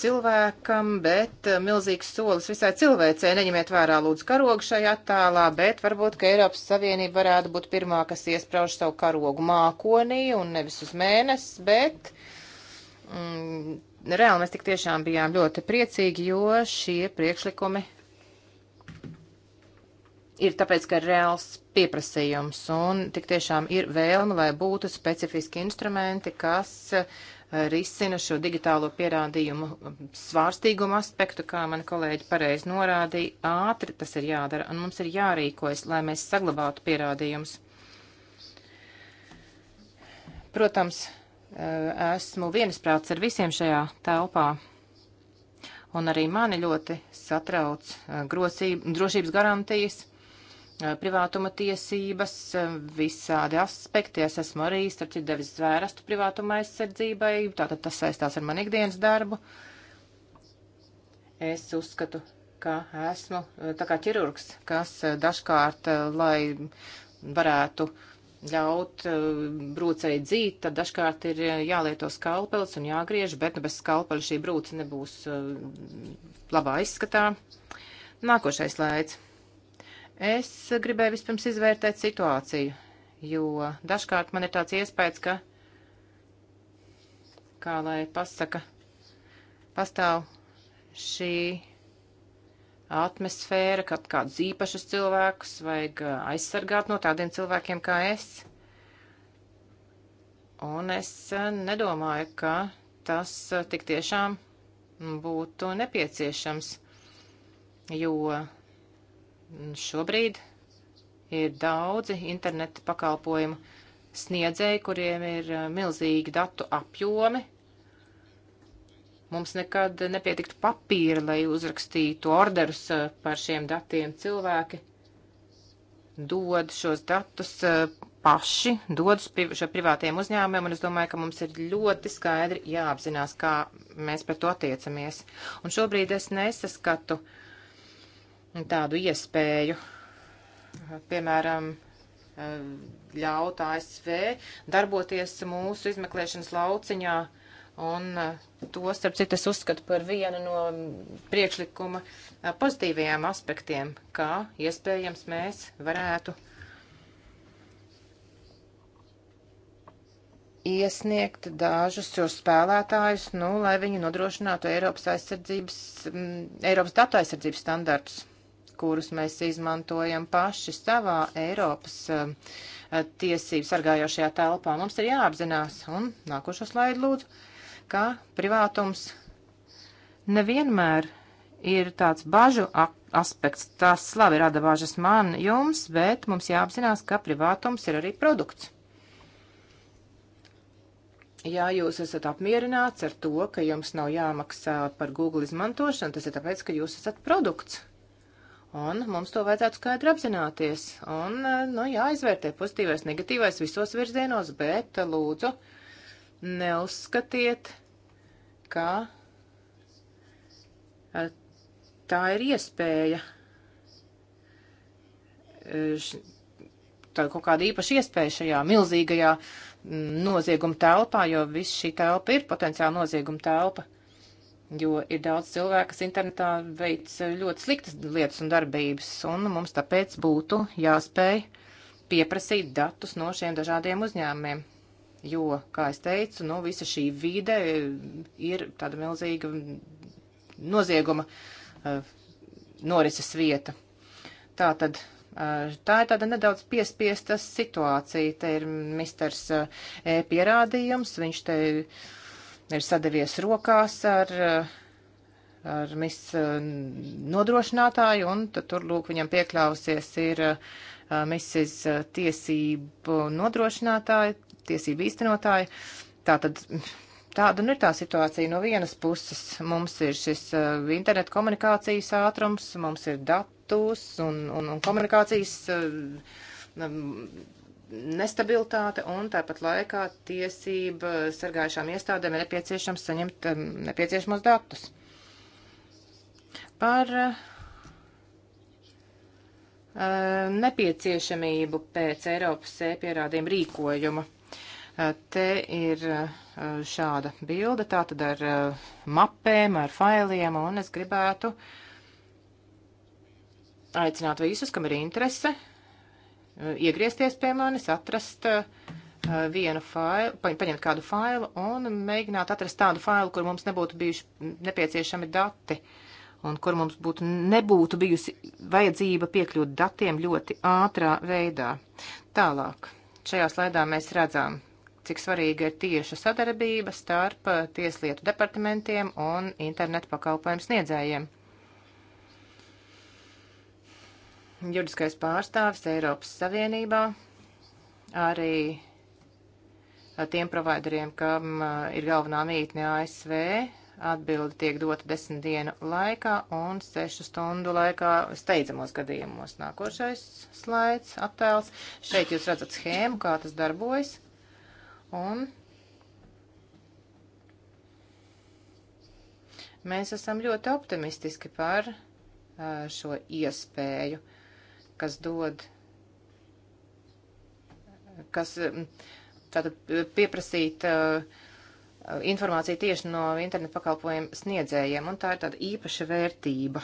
cilvēkam, bet milzīgs solis visai cilvēcei. Neņemiet vērā lūdzu karogu šajā attēlā, bet varbūt, ka Eiropas Savienība varētu būt pirmā, kas iesprauž savu karogu mākonī un nevis uz mēnesi, bet. Mm, Reāli mēs tik tiešām bijām ļoti priecīgi, jo šie priekšlikumi ir tāpēc, ka ir reāls pieprasījums un tik tiešām ir vēlme, lai būtu specifiski instrumenti, kas eh, risina šo digitālo pierādījumu um, svārstīgumu aspektu, kā man kolēģi pareizi norādīja, ātri tas ir jādara un mums ir jārīkojas, lai mēs saglabātu pierādījumus. Protams, eh, esmu vienisprāts ar visiem šajā telpā. Un arī mani ļoti satrauc eh, grosība, drošības garantijas Eh, privātuma tiesības, eh, visādi aspekti. Es esmu arī, starp citu, devis zvērstu privātuma aizsardzībai, tātad tas saistās ar man ikdienas darbu. Es uzskatu, ka esmu eh, tā kā ķirurgs, kas dažkārt, lai varētu ļaut brūcei dzīt, tad dažkārt ir jālieto skalpels un jāgriež, bet nu, bez skalpeļa šī brūce nebūs labā izskatā. Nākošais laids. Es gribēju vispirms izvērtēt situāciju, jo dažkārt man ir tāds iespējas, ka, kā lai pasaka, pastāv šī atmosfēra, kad kādus īpašus cilvēkus vajag aizsargāt no tādiem cilvēkiem kā es. Un es nedomāju, ka tas tik tiešām būtu nepieciešams, jo Šobrīd ir daudzi interneta pakalpojumu sniedzēji, kuriem ir eh, milzīgi datu apjomi. Mums nekad nepietiktu papīra, lai uzrakstītu orderus eh, par šiem datiem. Cilvēki dod šos datus eh, paši, dod šo privātiem uzņēmumiem, un es domāju, ka mums ir ļoti skaidri jāapzinās, kā mēs pret to attiecamies. Un šobrīd es nesaskatu uh, tādu iespēju, piemēram, ļaut ASV darboties mūsu izmeklēšanas lauciņā, un to, starp citu, es uzskatu par vienu no priekšlikuma pozitīvajiem aspektiem, kā iespējams mēs varētu iesniegt dažus šos spēlētājus, nu, lai viņi nodrošinātu Eiropas aizsardzības, mm, Eiropas datu aizsardzības standartus kurus mēs izmantojam paši savā Eiropas uh, tiesību sargājošajā telpā. Mums ir jāapzinās, un nākošo slaidu lūdzu, ka privātums nevienmēr ir tāds bažu aspekts. Tas labi rada bažas man, jums, bet mums jāapzinās, ka privātums ir arī produkts. Ja jūs esat apmierināts ar to, ka jums nav jāmaksā par Google izmantošanu, tas ir tāpēc, ka jūs esat produkts. Un mums to vajadzētu skaidri apzināties. Un, eh, nu, jāizvērtē pozitīvais, negatīvais visos virzienos, bet eh, lūdzu neuzskatiet, ka eh, tā ir iespēja. Tā ir kaut kāda īpaša iespēja šajā milzīgajā mm, nozieguma telpā, jo viss šī telpa ir potenciāla nozieguma telpa jo ir daudz cilvēku, kas internetā veic ļoti sliktas lietas un darbības, un mums tāpēc būtu jāspēj pieprasīt datus no šiem dažādiem uzņēmumiem. Jo, kā es teicu, nu, visa šī vide ir tāda milzīga nozieguma eh, norises vieta. Tā tad eh, Tā ir tāda nedaudz piespiesta situācija. Te ir misters eh, E pierādījums, viņš te ir ir sadavies rokās ar, ar mis eh, nodrošinātāju, un tad tur, lūk, viņam piekļāvusies ir eh, misis eh, tiesību nodrošinātāja, tiesību īstenotāja. Tātad Tāda nu ir tā situācija. No vienas puses mums ir šis uh, internetu komunikācijas ātrums, mums ir datus un, un, un komunikācijas uh, nestabilitāte un tāpat laikā tiesība sargājušām iestādēm ir nepieciešams saņemt nepieciešamos datus. Par eh, nepieciešamību pēc Eiropas e-pierādījuma rīkojuma. Eh, te ir eh, šāda bilde, tā tad ar mapēm, ar failiem, un es gribētu aicināt visus, kam ir interese, Eh, iegriezties pie manis, atrast eh, vienu failu, paņemt kādu failu un mēģināt atrast tādu failu, kur mums nebūtu bijuši nepieciešami dati un kur mums būtu, nebūtu bijusi vajadzība piekļūt datiem ļoti ātrā veidā. Tālāk, šajā slaidā mēs redzam, cik svarīga ir tieša sadarbība starp tieslietu departamentiem un internetu pakalpojumu sniedzējiem. juridiskais pārstāvis Eiropas Savienībā arī tiem provideriem, kam ir galvenā mītne ASV, atbildi tiek dota desmit dienu laikā un sešu stundu laikā steidzamos gadījumos. Nākošais slaids, attēls. Šeit jūs redzat schēmu, kā tas darbojas. Un mēs esam ļoti optimistiski par šo iespēju kas dod, kas mm, tātad pieprasīt uh, informāciju tieši no internetu pakalpojumu sniedzējiem, un tā ir tāda īpaša vērtība.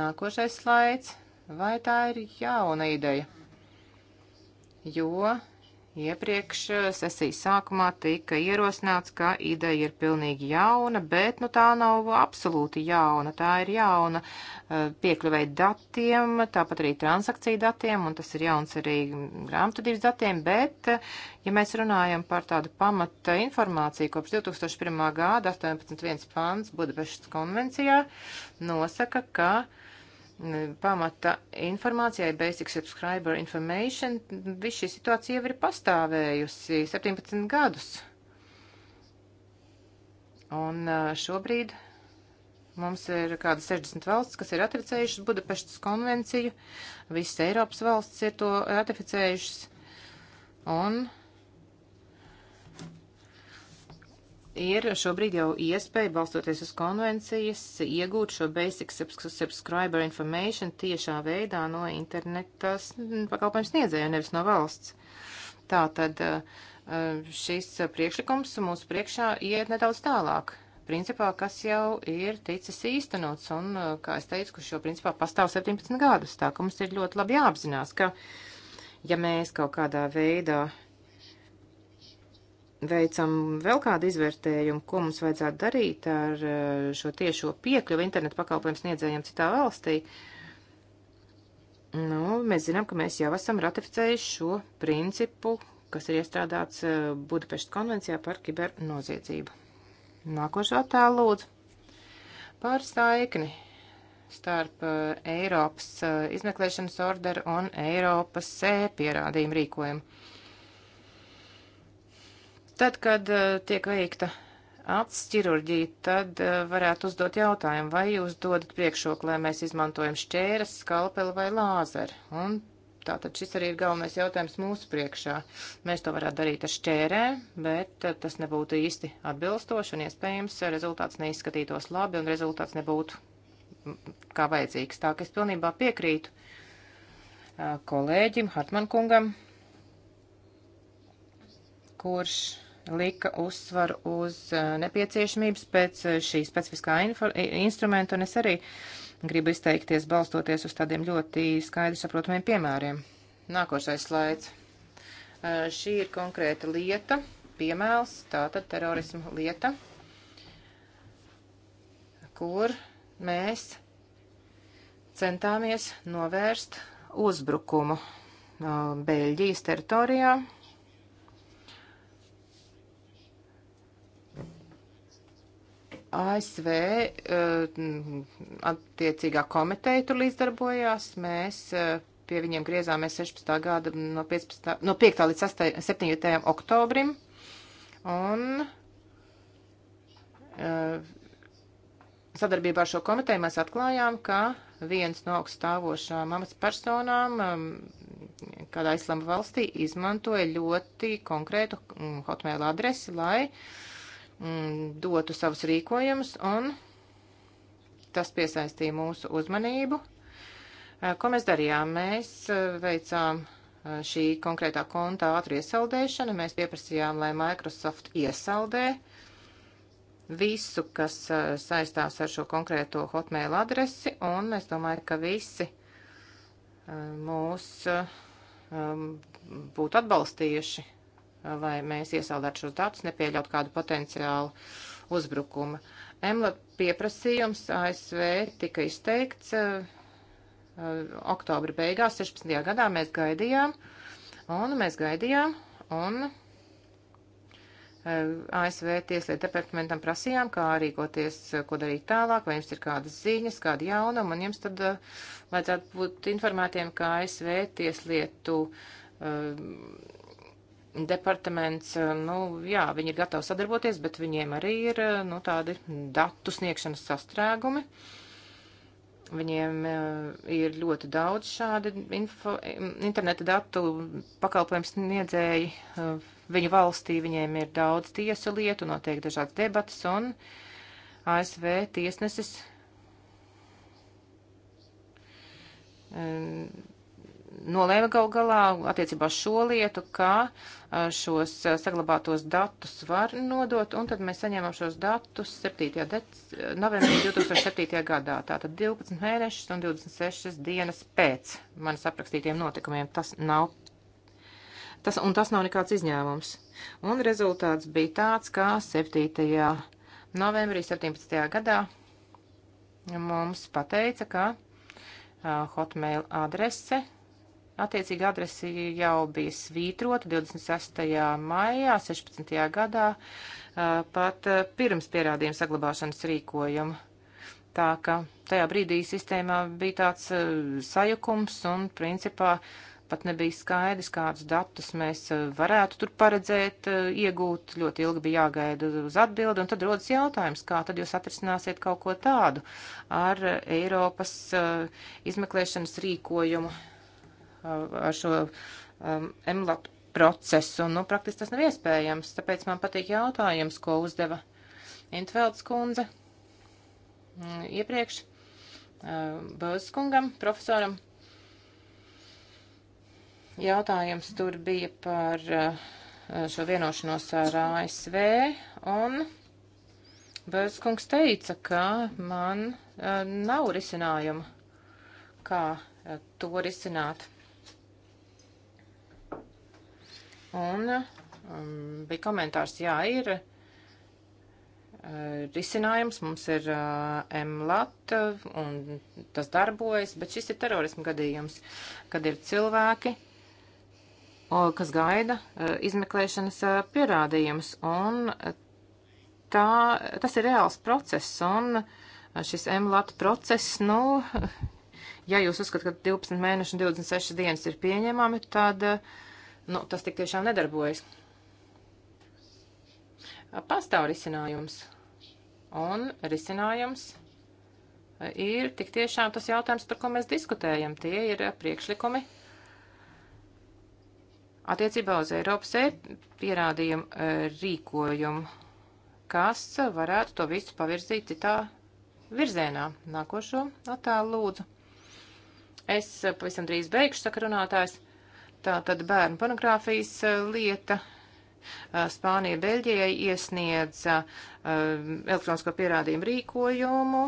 Nākošais slaids. Vai tā ir jauna ideja? Jo Iepriekš eh, sesijas sākumā tika ierosināts, ka ideja ir pilnīgi jauna, bet nu, tā nav absolūti jauna. Tā ir jauna eh, piekļuvei datiem, tāpat arī transakciju datiem, un tas ir jauns arī grāmatvedības datiem, bet, eh, ja mēs runājam par tādu pamata informāciju, kopš 2001. gada 18.1. pants Budapeštas konvencijā nosaka, ka pamata informācijai, basic subscriber information, viss šī situācija jau ir pastāvējusi 17 gadus. Un šobrīd mums ir kāda 60 valsts, kas ir ratificējušas Budapeštas konvenciju, visas Eiropas valsts ir to ratificējušas. Un ir šobrīd jau iespēja, balstoties uz konvencijas, iegūt šo basic subscriber information tiešā veidā no interneta pakalpojums sniedzēja, nevis no valsts. Tā tad eh, eh, šis priekšlikums mūsu priekšā iet nedaudz tālāk. Principā, kas jau ir ticis īstenots, un, eh, kā es teicu, kurš jau principā pastāv 17 gadus, tā ka mums ir ļoti labi jāapzinās, ka, ja mēs kaut kādā veidā veicam vēl kādu izvērtējumu, ko mums vajadzētu darīt ar eh, šo tiešo piekļuvu internetu pakalpojumu sniedzējiem citā valstī. Nu, mēs zinām, ka mēs jau esam ratificējuši šo principu, kas ir iestrādāts eh, Budapeštas konvencijā par kibernoziedzību. Nākošo attēlu lūdzu. Par saikni starp eh, Eiropas izmeklēšanas orderu un Eiropas sē pierādījumu rīkojumu. Tad, kad eh, tiek veikta acis ķirurģija, tad eh, varētu uzdot jautājumu, vai jūs dodat priekšroku, lai mēs izmantojam šķēres, skalpeli vai lāzeri. Un tātad šis arī ir galvenais jautājums mūsu priekšā. Mēs to varētu darīt ar šķērēm, bet eh, tas nebūtu īsti atbilstoši un iespējams rezultāts neizskatītos labi un rezultāts nebūtu kā vajadzīgs. Tā ka es pilnībā piekrītu kolēģim Hartman kungam, kurš lika uzsvaru uz eh, nepieciešamības pēc eh, šī specifiskā instrumenta, un es arī gribu izteikties balstoties uz tādiem ļoti skaidri saprotamiem piemēriem. Nākošais slaids. Eh, šī ir konkrēta lieta, piemēls, tātad terorismu lieta, kur mēs centāmies novērst uzbrukumu Beļģijas teritorijā ASV eh, attiecīgā komiteja tur līdzdarbojās. Mēs eh, pie viņiem griezāmies 16. gada no, 15, no 5. līdz 6, 7. oktobrim. Un eh, sadarbībā ar šo komiteju mēs atklājām, ka viens no augststāvošām amatspersonām kādā islama valstī izmantoja ļoti konkrētu mm, hotmail adresi, lai uh, Mm, dotu savus rīkojumus, un tas piesaistīja mūsu uzmanību. Eh, ko mēs darījām? Mēs eh, veicām eh, šī konkrētā konta ātru iesaldēšanu. Mēs pieprasījām, lai Microsoft iesaldē visu, kas saistās ar šo konkrēto hotmail adresi, un es domāju, ka visi mūs būtu atbalstījuši lai mēs iesaldētu šos datus, nepieļaut kādu potenciālu uzbrukumu. Emla pieprasījums ASV tika izteikts uh, oktobra beigās 16. gadā. Mēs gaidījām, un mēs gaidījām, un uh, eh, ASV tieslietu departamentam prasījām, kā rīkoties, ko darīt tālāk, vai jums ir kādas ziņas, kāda jaunuma, un jums tad uh, vajadzētu būt informētiem, kā ASV tieslietu uh, departaments, eh, nu, jā, viņi ir gatavi sadarboties, bet viņiem arī ir, eh, nu, tādi datu sniegšanas sastrēgumi. Viņiem eh, ir ļoti daudz šādi info, interneta datu pakalpojums sniedzēji. Viņu valstī viņiem ir daudz tiesu lietu, notiek dažādas debatas, un ASV tiesnesis nolēma gal galā attiecībā uz šo lietu, kā šos saglabātos datus var nodot, un tad mēs saņēmām šos datus 7. Dec, novembrī 2007. gadā, tātad 12 mēnešus un 26 dienas pēc manis aprakstītiem notikumiem. Tas nav, tas, un tas nav nekāds izņēmums. Un rezultāts bija tāds, kā 7. novembrī 17. gadā mums pateica, ka uh, hotmail adrese Attiecīgi adresi jau bija svītrota 26. maijā 16. gadā, pat pirms pierādījuma saglabāšanas rīkojuma. Tā ka tajā brīdī sistēmā bija tāds sajukums un principā pat nebija skaidrs, kādus datus mēs varētu tur paredzēt, iegūt. Ļoti ilgi bija jāgaida uz atbildi, un tad rodas jautājums, kā tad jūs atrisināsiet kaut ko tādu ar Eiropas izmeklēšanas rīkojumu ar šo MLAP procesu, un, nu, praktiski tas nav iespējams, tāpēc man patīk jautājums, ko uzdeva Intvelds kundze iepriekš Bozes kungam, profesoram. Jautājums tur bija par šo vienošanos ar ASV, un Bozes kungs teica, ka man nav risinājuma, kā to risināt. Un um, bija komentārs, jā, ir uh, risinājums, mums ir uh, MLAT uh, un tas darbojas, bet šis ir terorismu gadījums, kad ir cilvēki, uh, kas gaida uh, izmeklēšanas uh, pierādījumus. Un uh, tā, tas ir reāls process un uh, šis MLAT process, nu, ja jūs uzskatāt, ka 12 mēneši un 26 dienas ir pieņemami, tad. Uh, Nu, tas tik tiešām nedarbojas. Pastāv risinājums. Un risinājums ir tik tiešām tas jautājums, par ko mēs diskutējam. Tie ir priekšlikumi attiecībā uz Eiropas e pierādījumu rīkojumu, kas varētu to visu pavirzīt citā virzienā. Nākošo attēlu lūdzu. Es pavisam drīz beigšu, saka runātājs. Tā tad bērnu pornogrāfijas uh, lieta. Uh, Spānija Beļģijai iesniedza uh, elektronisko pierādījumu rīkojumu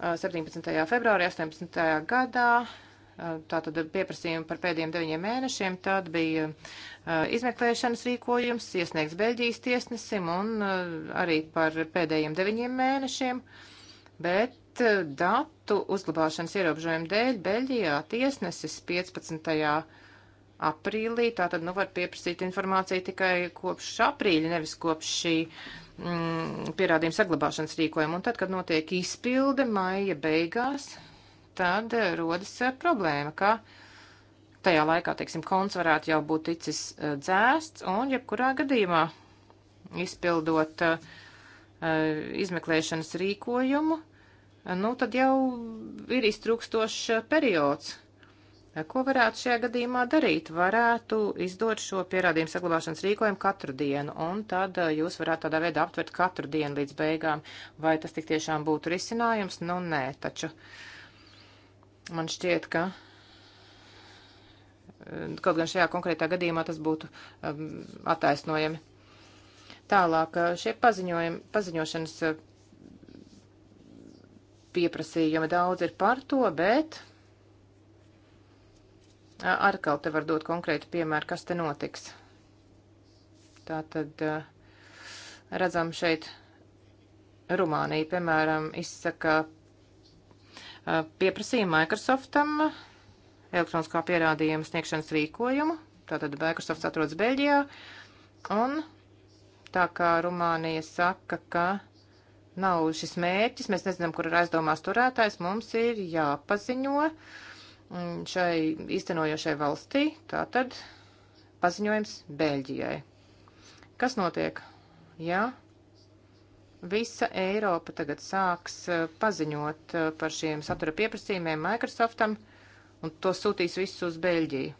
17. februārī 18. gadā. Tātad pieprasījumu par pēdējiem deviņiem mēnešiem, tad bija izmeklēšanas rīkojums, iesniegts Beļģijas tiesnesim un arī par pēdējiem deviņiem mēnešiem. Uh, bet eh, datu uzglabāšanas ierobežojumu dēļ Beļģijā tiesnesis 15. aprīlī, tātad nu var pieprasīt informāciju tikai kopš aprīļa, nevis kopš šī mm, pierādījuma saglabāšanas rīkojuma. Un tad, kad notiek izpilde maija beigās, tad eh, rodas eh, problēma, ka tajā laikā, teiksim, konts varētu jau būt ticis dzēsts, un jebkurā gadījumā izpildot uh, Eh, izmeklēšanas rīkojumu, eh, nu tad jau ir iztrūkstošs eh, periods. Ko varētu šajā gadījumā darīt? Varētu izdot šo pierādījumu saglabāšanas rīkojumu katru dienu, un tad jūs varētu tādā veidā aptvert katru dienu līdz beigām. Vai tas tik tiešām būtu risinājums? Nu, nē, taču man šķiet, ka. Kaut gan šajā konkrētā gadījumā tas būtu um, attaisnojami. Tālāk šie paziņošanas pieprasījumi daudz ir par to, bet atkal te var dot konkrētu piemēru, kas te notiks. Tā tad redzam šeit Rumānija, piemēram, izsaka pieprasījumu Microsoftam elektroniskā pierādījuma sniegšanas rīkojumu. Tātad Microsoft atrodas Beļģijā un tā kā Rumānija saka, ka nav šis mērķis, mēs nezinām, kur ir aizdomās turētājs, mums ir jāpaziņo mm, šai īstenojošai valstī, tātad paziņojums Bēļģijai. Kas notiek? Jā, visa Eiropa tagad sāks eh, paziņot eh, par šiem satura pieprasījumiem Microsoftam un to sūtīs visus uz Bēļģiju.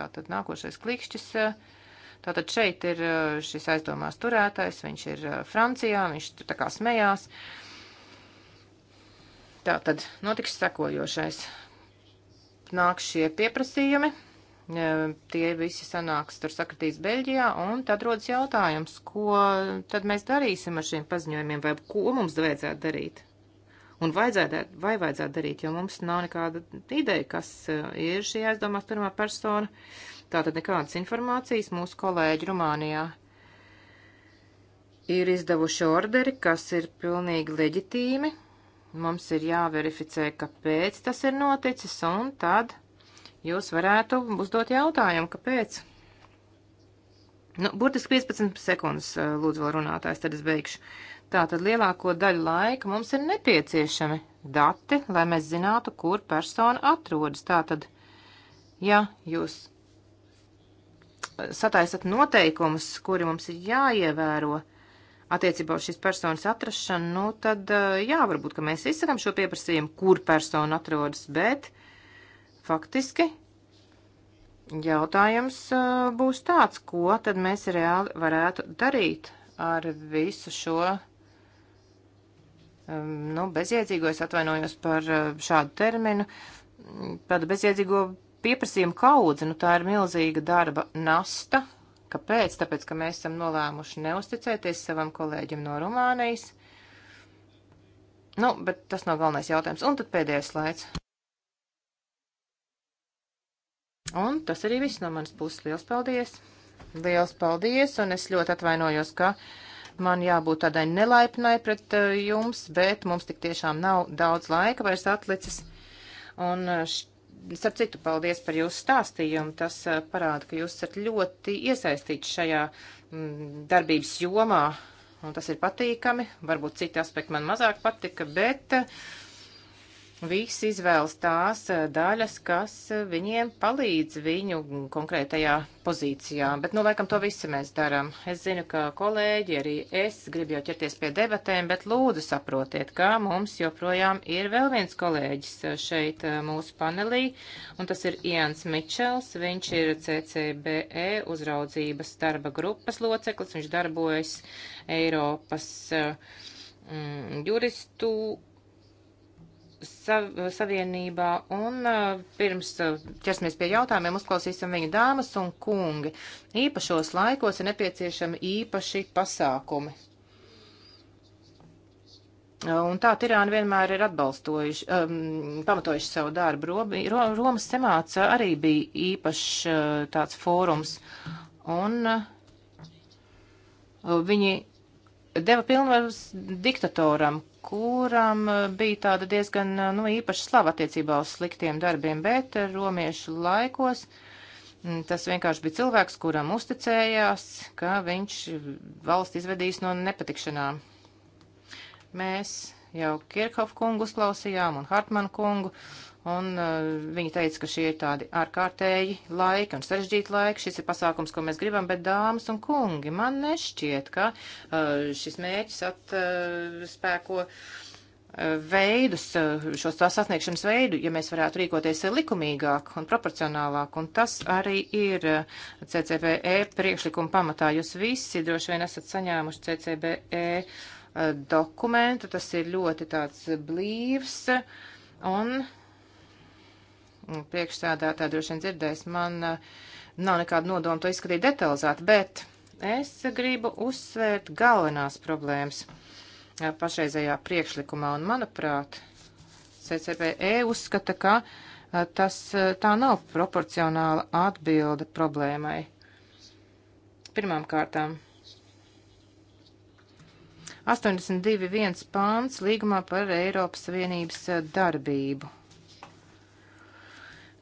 Tātad nākošais klikšķis. Uh, Tātad šeit ir šis aizdomās turētais, viņš ir Francijā, viņš tur tā kā smējās. Tātad notiks sekojošais. Nāk šie pieprasījumi, tie visi sanāks tur sakritīs Beļģijā, un tad rodas jautājums, ko tad mēs darīsim ar šiem paziņojumiem, vai ko mums vajadzētu darīt? Un vajadzētu, vai vajadzētu darīt, jo mums nav nekāda ideja, kas ir šī aizdomās pirmā persona. Uh, Tātad nekādas informācijas mūsu kolēģi Rumānijā ir izdevuši orderi, kas ir pilnīgi leģitīmi. Mums ir jāverificē, kāpēc tas ir noticis, un tad jūs varētu uzdot jautājumu, kāpēc. Nu, burtiski 15 sekundes, eh, lūdzu, vēl runātājs, tad es beigšu. Tātad lielāko daļu laika mums ir nepieciešami dati, lai mēs zinātu, kur persona atrodas. Tātad, ja jūs sataisat noteikumus, kuri mums ir jāievēro attiecībā uz šīs personas atrašanu, nu tad eh, jā, varbūt, ka mēs izsakam šo pieprasījumu, kur persona atrodas, bet faktiski jautājums eh, būs tāds, ko tad mēs reāli varētu darīt ar visu šo ehm, nu, bezjēdzīgo, es atvainojos par eh, šādu terminu, mm, tādu bezjēdzīgo pieprasījuma kaudze, nu tā ir milzīga darba nasta. Kāpēc? Tāpēc, ka mēs esam nolēmuši neusticēties savam kolēģim no Rumānijas. Nu, bet tas nav galvenais jautājums. Un tad pēdējais slaids. Un tas arī viss no manas puses. Liels paldies! Liels paldies! Un es ļoti atvainojos, ka man jābūt tādai nelaipnai pret eh, jums, bet mums tik tiešām nav daudz laika vairs atlicis. Un eh, šķiet, Starp citu, paldies par jūsu stāstījumu. Tas eh, parāda, ka jūs esat ļoti iesaistīts šajā mm, darbības jomā, un tas ir patīkami. Varbūt citi aspekti man mazāk patika, bet uh, Visi izvēlas tās eh, daļas, kas eh, viņiem palīdz viņu konkrētajā pozīcijā. Bet, nu, laikam, to visi mēs darām. Es zinu, ka kolēģi, arī es gribu jau ķerties pie debatēm, bet lūdzu saprotiet, ka mums joprojām ir vēl viens kolēģis eh, šeit mūsu panelī, un tas ir Ians Mičels. Viņš ir CCBE uzraudzības darba grupas loceklis. Viņš darbojas Eiropas mm, juristu sav, Savienībā. Un pirms ķersimies pie jautājumiem, uzklausīsim viņu dāmas un kungi. Īpašos laikos ir nepieciešami īpaši pasākumi. Un tā tirāni vienmēr ir atbalstojuši, um, pamatojuši savu darbu. Robi, Ro, Romas semāca arī bija īpašs uh, tāds fórums. Un uh, viņi deva pilnvaras diktatoram, kuram eh, bija tāda diezgan eh, nu, īpaša slava attiecībā uz sliktiem darbiem, bet eh, romiešu laikos mm, tas vienkārši bija cilvēks, kuram uzticējās, ka viņš valsts izvedīs no nepatikšanām. Mēs jau Kirchhoff kungu uzklausījām un Hartmanu kungu. Uh, Un uh, viņi teica, ka šie ir tādi ārkārtēji laiki un sarežģīti laiki. Šis ir pasākums, ko mēs gribam, bet dāmas un kungi, man nešķiet, ka uh, šis mēģis atspēko. Uh, uh, veidus, uh, šos tā sasniegšanas veidu, ja mēs varētu rīkoties likumīgāk un proporcionālāk. Un tas arī ir uh, CCBE priekšlikuma pamatā. Jūs visi droši vien esat saņēmuši CCBE dokumentu. Tas ir ļoti tāds blīvs un priekšsēdētāji droši vien dzirdēs, man uh, nav nekāda nodoma to izskatīt detalizēti, bet es gribu uzsvērt galvenās problēmas uh, pašreizējā priekšlikumā, un manuprāt, CCPE uzskata, ka uh, tas tā nav proporcionāla atbilde problēmai. Pirmām kārtām. 82.1 pāns līgumā par Eiropas Savienības darbību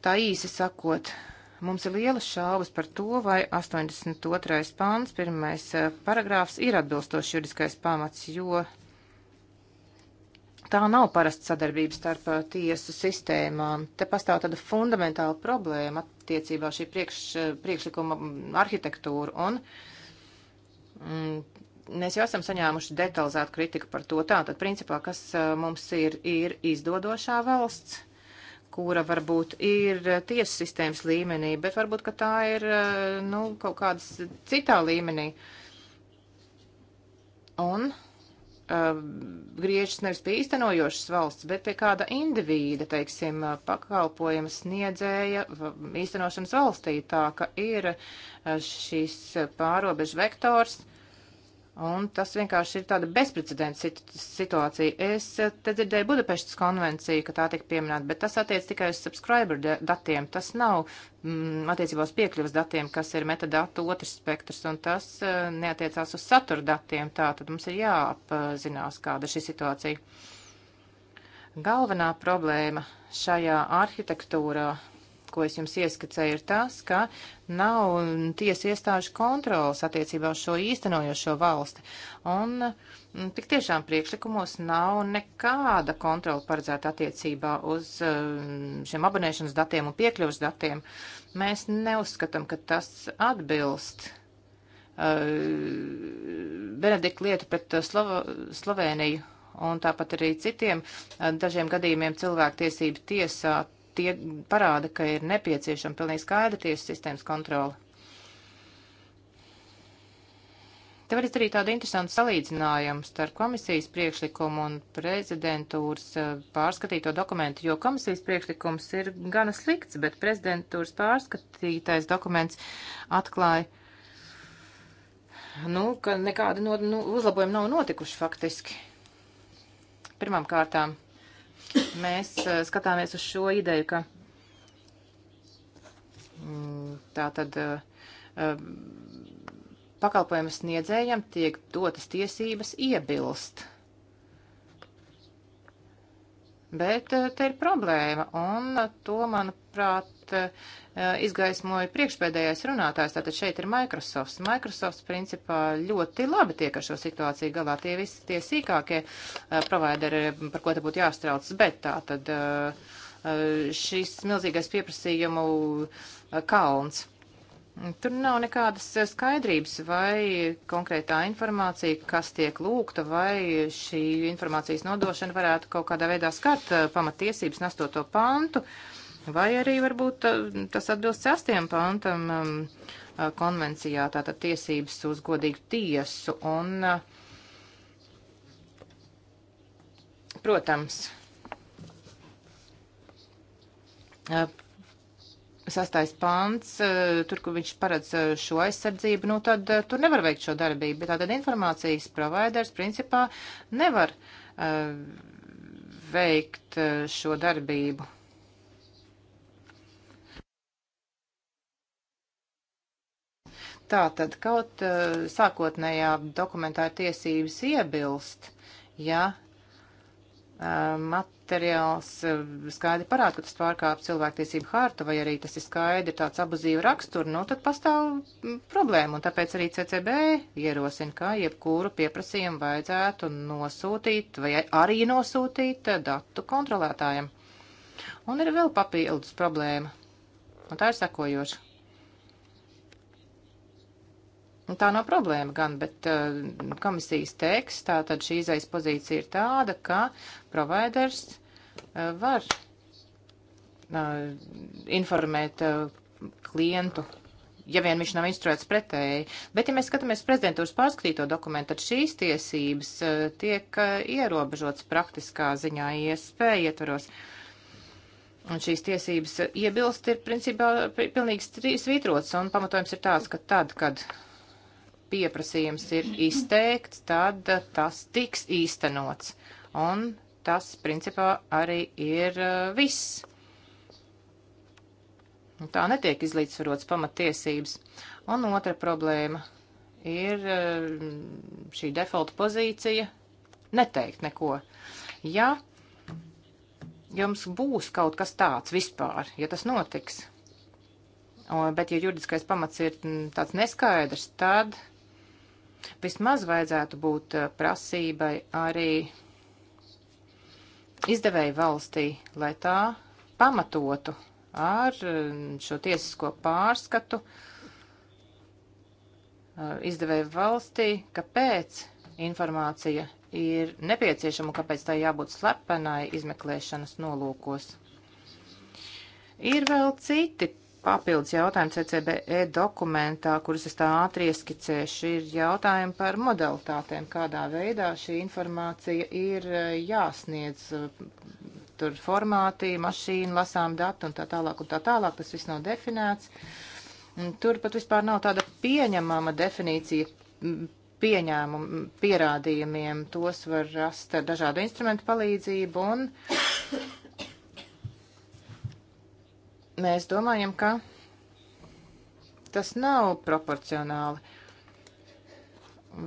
Tā īsi sakot, mums ir lielas šaubas par to, vai 82. pāns, pirmais eh, paragrāfs ir atbilstošs juridiskais pamats, jo tā nav parasta sadarbība starp eh, tiesu sistēmām. Te pastāv tāda fundamentāla problēma attiecībā šī priekš, eh, priekšlikuma mm, arhitektūra, un mm, mēs jau esam saņēmuši detalizētu kritiku par to. Tātad, principā, kas mums ir, ir izdodošā valsts kura varbūt ir tiesas sistēmas līmenī, bet varbūt, ka tā ir eh, nu, kaut kādas citā līmenī. Un uh, griežas nevis pie īstenojošas valsts, bet pie kāda indivīda, teiksim, pakalpojuma sniedzēja īstenošanas valstī, tā ka ir eh, šis pārobežu vektors. Uh, Un tas vienkārši ir tāda bezprecedenta situācija. Es eh, te dzirdēju Budapeštas konvenciju, ka tā tika pieminēta, bet tas attiec tikai uz subscriber datiem. Tas nav mm, attiecībā uz piekļuvas datiem, kas ir metadatu otrs spektrs, un tas uh, neatiecās uz satura datiem. Tā tad mums ir jāapzinās, kāda šī situācija. Galvenā problēma šajā arhitektūrā ko es jums ieskicēju, ir tas, ka nav tiesa iestāžu kontrolas attiecībā uz šo īstenojošo valsti. Un mm, tik tiešām priekšlikumos nav nekāda kontrola paredzēta attiecībā uz mm, šiem abonēšanas datiem un piekļuvas datiem. Mēs neuzskatām, ka tas atbilst. Uh, eh, Benedikta lieta pret eh, Slova, Sloveniju un tāpat arī citiem eh, dažiem gadījumiem cilvēktiesību tiesā tie parāda, ka ir nepieciešama pilnīgi skaidra tiesu sistēmas kontrola. Te var izdarīt tādu interesantu salīdzinājumu starp komisijas priekšlikumu un prezidentūras eh, pārskatīto dokumentu, jo komisijas priekšlikums ir gana slikts, bet prezidentūras pārskatītais dokuments atklāja, nu, ka nekāda no, nu, uzlabojuma nav notikuši faktiski. Pirmām kārtām mēs eh, skatāmies uz šo ideju, ka mm, tā tad eh, eh, pakalpojumu sniedzējiem tiek dotas tiesības iebilst Bet eh, te ir problēma, un to, manuprāt, eh, izgaismoja priekšpēdējais runātājs. Tātad šeit ir Microsofts. Microsofts, principā, ļoti labi tiek ar šo situāciju galā. Tie visi tie sīkākie eh, provideri, par ko te būtu jāstrauc. Bet tātad šis milzīgais pieprasījumu kalns. Tur nav nekādas eh, skaidrības, vai konkrētā informācija, kas tiek lūgta, vai šī informācijas nodošana varētu kaut kādā veidā skart eh, pamatiesības nastoto pantu, vai arī varbūt eh, tas atbilst sastiem pantam um, konvencijā, tātad tiesības uz godīgu tiesu. Un, protams, sastais pants, eh, tur, kur viņš paredz eh, šo aizsardzību, nu tad eh, tur nevar veikt šo darbību, bet tātad informācijas providers principā nevar uh, veikt šo darbību. Tātad kaut uh, sākotnējā dokumentā ir tiesības iebilst, ja materiāls skaidri parāda, ka tas pārkāp cilvēktiesību hartu, vai arī tas ir skaidri tāds abuzīvu raksturu, nu tad pastāv problēma, un tāpēc arī CCB ierosina, ka jebkuru pieprasījumu vajadzētu nosūtīt, vai arī nosūtīt datu kontrolētājiem. Un ir vēl papildus problēma, un tā ir sekojoša. Nu, tā nav problēma gan, bet uh, komisijas teksts, tā tad šī izais pozīcija ir tāda, ka providers uh, var uh, informēt uh, klientu, ja vien viņš nav instruēts pretēji. Bet, ja mēs skatāmies prezidentūras pārskatīto dokumentu, tad šīs tiesības uh, tiek uh, ierobežotas praktiskā ziņā ISP ietvaros. Uh, Un šīs tiesības iebilst ir principā pilnīgi svītrots, un pamatojums ir tāds, ka tad, kad pieprasījums ir izteikts, tad tas tiks īstenots. Un tas, principā, arī ir uh, viss. Un tā netiek izlīdzsvarots pamatiesības. Un otra problēma ir uh, šī default pozīcija neteikt neko. Ja jums būs kaut kas tāds vispār, ja tas notiks, bet ja juridiskais pamats ir mm, tāds neskaidrs, tad Vismaz vajadzētu būt eh, prasībai arī izdevēju valstī, lai tā pamatotu ar eh, šo tiesisko pārskatu eh, izdevēju valstī, kāpēc informācija ir nepieciešama un kāpēc tā jābūt slepenai izmeklēšanas nolūkos. Ir vēl citi papildus jautājumi CCBE dokumentā, kurus es tā ātri ieskicēšu, ir jautājumi par modalitātēm, kādā veidā šī informācija ir e, jāsniedz. E, tur formāti, mašīna, lasām dati un tā tālāk un tā tālāk, tas viss nav definēts. Tur pat vispār nav tāda pieņemama definīcija pieņēmumu pierādījumiem. Tos var rast ar dažādu instrumentu palīdzību un Mēs domājam, ka tas nav proporcionāli.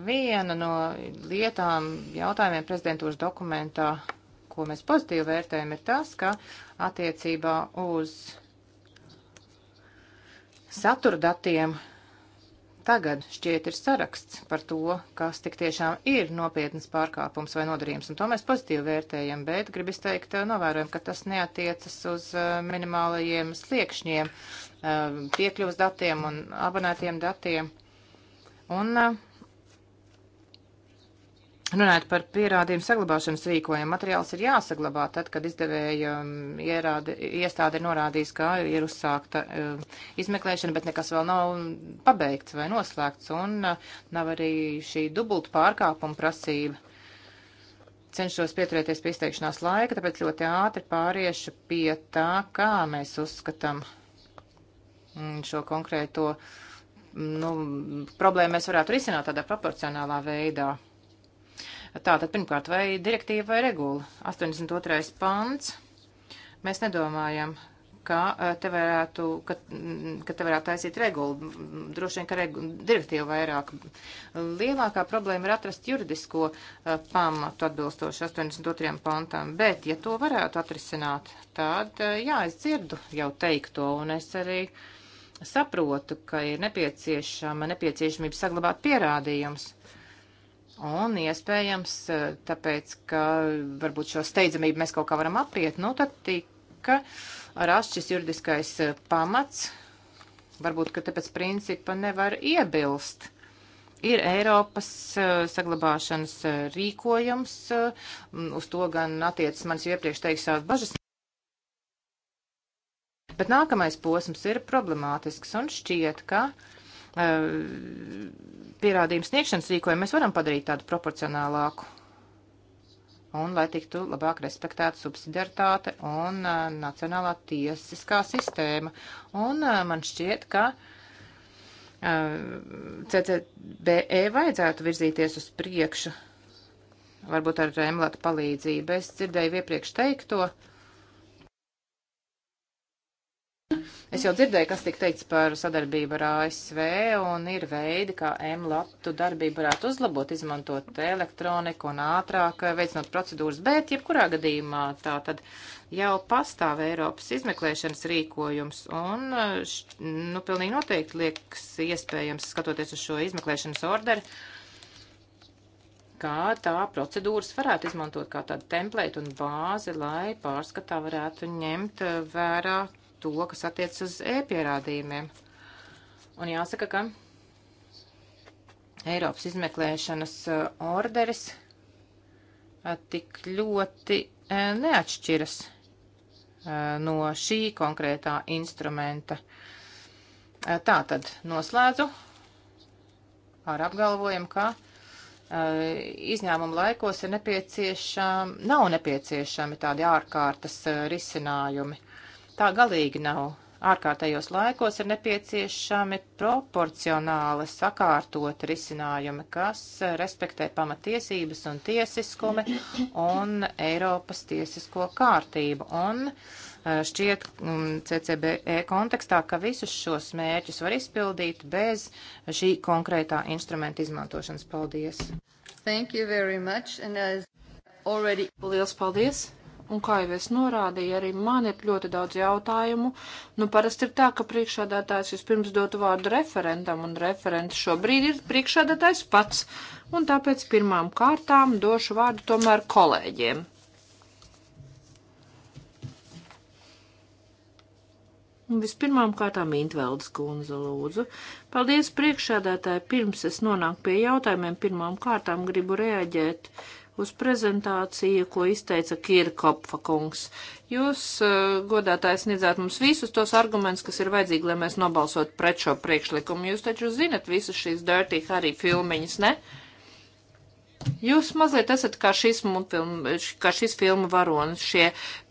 Viena no lietām, jautājumiem prezidentūras dokumentā, ko mēs pozitīvi vērtējam, ir tas, ka attiecībā uz satura datiem tagad šķiet ir saraksts par to, kas tik tiešām ir nopietnas pārkāpums vai nodarījums, un to mēs pozitīvi vērtējam, bet grib izteikt novērojumu, ka tas neatiecas uz minimālajiem sliekšņiem, piekļuvas datiem un abonētiem datiem. Un uh, Runājot par pierādījumu saglabāšanas rīkojumu, materiāls ir jāsaglabā tad, kad izdevēja um, ierādi, iestāde ir norādījusi, kā ir uzsākta um, izmeklēšana, bet nekas vēl nav pabeigts vai noslēgts, un uh, nav arī šī dubulta pārkāpuma prasība. Cenšos pieturēties pie izteikšanās laika, tāpēc ļoti ātri pāriešu pie tā, kā mēs uzskatām mm, šo konkrēto mm, nu, problēmu mēs varētu risināt tādā proporcionālā veidā. Tātad, pirmkārt, vai direktīva vai regula? 82. pants. Mēs nedomājam, ka e, te varētu, ka, ka te varētu taisīt regulu. Droši vien, ka regu, direktīva vairāk. Lielākā problēma ir atrast juridisko uh, pamatu atbilstoši 82. pantam, bet, ja to varētu atrisināt, tad, uh, jā, es dzirdu jau teikto, un es arī saprotu, ka ir nepieciešama nepieciešamība saglabāt pierādījumus. Un iespējams, eh, tāpēc, ka varbūt šo steidzamību mēs kaut kā varam apriet, nu tad tika rasts šis juridiskais eh, pamats. Varbūt, ka tāpēc principa nevar iebilst ir Eiropas uh, saglabāšanas uh, rīkojums, uh, uz to gan attiecas manas iepriekš teiksās bažas. Bet nākamais posms ir problemātisks un šķiet, ka uh, Eh, pierādījumu sniegšanas rīkojumu mēs varam padarīt tādu proporcionālāku. Un lai tiktu labāk respektēta subsidiaritāte un uh, nacionālā tiesiskā sistēma. Un uh, man šķiet, ka uh, CCBE vajadzētu virzīties uz priekšu, varbūt ar Remlata palīdzību. Es dzirdēju iepriekš teikto. Uh, Es jau dzirdēju, kas tika teikts par sadarbību ar ASV, un ir veidi, kā M-latu darbību varētu uzlabot, izmantot elektroniku un ātrāk veicinot procedūras, bet jebkurā gadījumā tā tad jau pastāv Eiropas izmeklēšanas rīkojums, un, nu, pilnīgi noteikti liekas iespējams, skatoties uz šo izmeklēšanas orderi, kā tā procedūras varētu izmantot kā tādu templētu un bāzi, lai pārskatā varētu ņemt vērā to, kas attiec uz e-pierādījumiem. Un jāsaka, ka Eiropas izmeklēšanas uh, orderis uh, tik ļoti uh, neatšķiras no šī konkrētā instrumenta. Tā tad noslēdzu ar apgalvojumu, ka izņēmuma laikos ir nepieciešami, nav nepieciešami tādi ārkārtas risinājumi tā galīgi nav. Ārkārtējos laikos ir nepieciešami proporcionāli sakārtot risinājumi, kas respektē pamatiesības un tiesiskumi un Eiropas tiesisko kārtību. Un eh, šķiet mm, CCBE kontekstā, ka visus šos mērķus var izpildīt bez šī konkrētā instrumenta izmantošanas. Paldies! Thank you very much and as already. Liels paldies! Un kā jau es norādīju, arī man ir ļoti daudz jautājumu. Nu, parasti ir tā, ka priekšādātājs vispirms dotu vārdu referentam, un referents šobrīd ir priekšādātājs pats. Un tāpēc pirmām kārtām došu vārdu tomēr kolēģiem. Un vispirmām kārtām Intveldes kundze lūdzu. Paldies priekšādātāji, pirms es nonāku pie jautājumiem, pirmām kārtām gribu reaģēt uz prezentāciju, ko izteica Kirkopfa kungs. Jūs, eh, godātājs, sniedzāt mums visus tos argumentus, kas ir vajadzīgi, lai mēs nobalsot pret šo priekšlikumu. Jūs taču zinat visas šīs Dirty Harry filmiņas, ne? Uh, Jūs mazliet esat kā šis, filmu, kā šis filmu varonis. Šie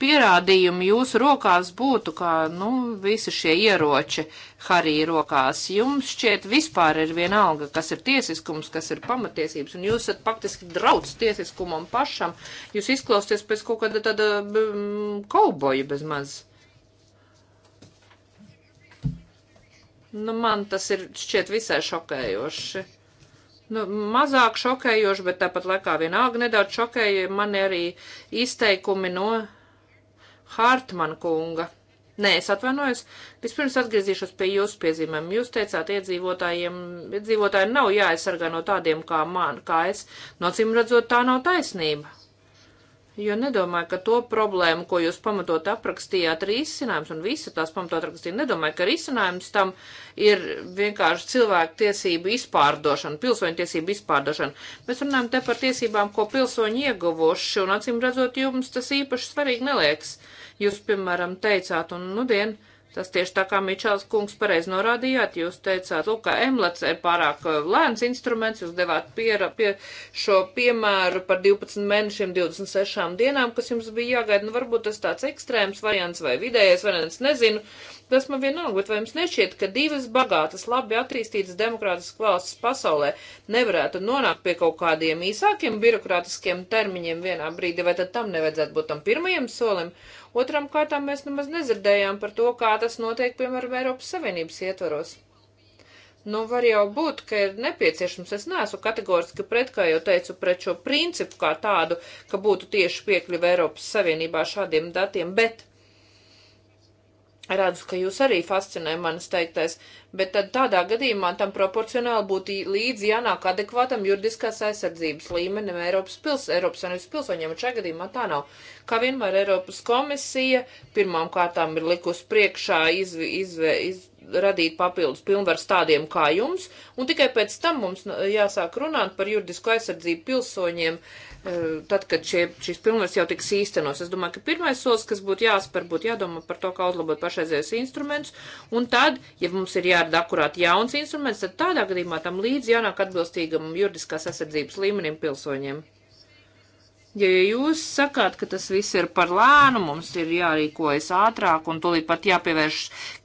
pierādījumi jūsu rokās būtu kā, nu, visi šie ieroči Harī rokās. Jums šķiet vispār ir vienalga, kas ir tiesiskums, kas ir pamatiesības, un jūs esat faktiski draudz tiesiskumam pašam. Jūs izklausties pēc kaut kāda tāda mm, kauboja bez maz. Nu, man tas ir šķiet visai šokējoši nu, mazāk šokējoši, bet tāpat laikā vienalga nedaudz šokēja mani arī izteikumi no Hartmana kunga. Nē, es atvainojos. Vispirms atgriezīšos pie jūsu piezīmēm. Jūs teicāt, iedzīvotājiem, iedzīvotāji nav jāaizsargā no tādiem kā man, kā es. Nocīm redzot, tā nav taisnība. Jo nedomāju, ka to problēmu, ko jūs pamatot aprakstījāt, ir izcinājums, un visi tās pamatot aprakstīja, nedomāju, ka risinājums tam ir vienkārši cilvēku tiesību izpārdošana, pilsoņu tiesību izpārdošana. Mēs runājam te par tiesībām, ko pilsoņi ieguvuši, un acīm redzot, jums tas īpaši svarīgi neliekas. Jūs, piemēram, teicāt, un nudien. Nu, Tas tieši tā kā Mičels kungs pareiz norādījāt, jūs teicāt, lūk, ka emlets ir pārāk eh, lēns instruments, jūs devāt piera, pie šo piemēru par 12 mēnešiem 26 dienām, kas jums bija jāgaida, nu varbūt tas tāds ekstrēms variants vai vidējais variants, nezinu, tas man vienalga, bet vai jums nešķiet, ka divas bagātas, labi attīstītas demokrātiskas valsts pasaulē nevarētu nonākt pie kaut kādiem īsākiem birokrātiskiem termiņiem vienā brīdī, vai tad tam nevajadzētu būt tam pirmajam solim? Otram kārtām mēs nemaz nezirdējām par to, kā tas notiek, piemēram, Eiropas Savienības ietvaros. Nu, var jau būt, ka ir nepieciešams, es neesmu kategoriski pret, kā jau teicu, pret šo principu kā tādu, ka būtu tieši piekļuva Eiropas Savienībā šādiem datiem, bet Redzu, ka jūs arī fascinē manas teiktais, bet tad tādā gadījumā tam proporcionāli būtu līdzi jānāk adekvātam juridiskās aizsardzības līmenim Eiropas, pils, Eiropas Savienības pilsoņiem, un šajā gadījumā tā nav. Kā vienmēr Eiropas komisija pirmām kārtām ir likus priekšā izve, izve, iz, radīt papildus pilnvars tādiem kā jums, un tikai pēc tam mums jāsāk runāt par juridisko aizsardzību pilsoņiem. Uh, tad, kad šie, šis pilnvars jau tiks īstenos. Es domāju, ka pirmais solis, kas būtu jāspēr, būtu jādomā par to, kā uzlabot pašreizējos instrumentus, un tad, ja mums ir jārada akurāt jauns instruments, tad tādā gadījumā tam līdz jānāk atbilstīgam juridiskās aizsardzības līmenim pilsoņiem. Ja jūs sakāt, ka tas viss ir par lēnu, mums ir jārīkojas ātrāk un tūlīt pat jāpievērš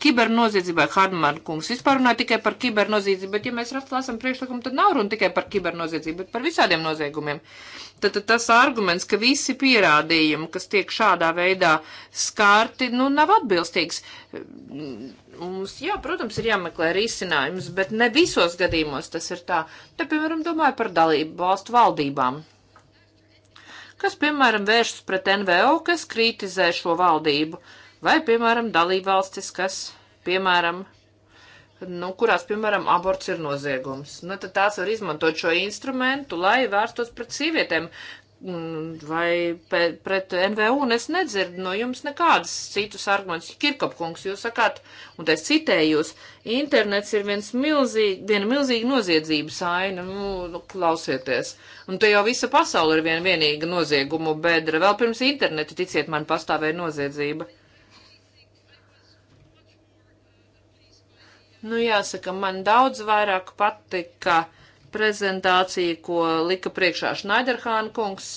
kibernoziedzībai, Hardman kungs vispār runāja tikai par kibernoziedzību, bet ja mēs lasām priekšlikumu, tad nav runa tikai par kibernoziedzību, bet par visādiem noziegumiem. Tad, tad tas arguments, ka visi pierādījumi, kas tiek šādā veidā skārti, nu, nav atbilstīgs. Mums, jā, protams, ir jāmeklē risinājums, bet ne visos gadījumos tas ir tā. Te, piemēram, domāju par dalību valstu valdībām kas, piemēram, vēršas pret NVO, kas kritizē šo valdību, vai, piemēram, dalībvalstis, kas, piemēram, nu, kurās, piemēram, aborts ir noziegums. Nu, tad tās var izmantot šo instrumentu, lai vērstos pret sievietēm, Mm, vai pret, pret NVU, un es nedzirdu no jums nekādas citus argumentus. Kirkopkungs, jūs sakāt, un es citēju jūs, internets ir viens milzīgi, viena milzīga noziedzības aina, nu, nu, klausieties. Un te jau visa pasaule ir viena vienīga noziegumu bedra. Vēl pirms interneta, ticiet man, pastāvēja noziedzība. Nu, jāsaka, man daudz vairāk patika. Ka prezentācija, ko lika priekšā Šnaiderhāna kungs.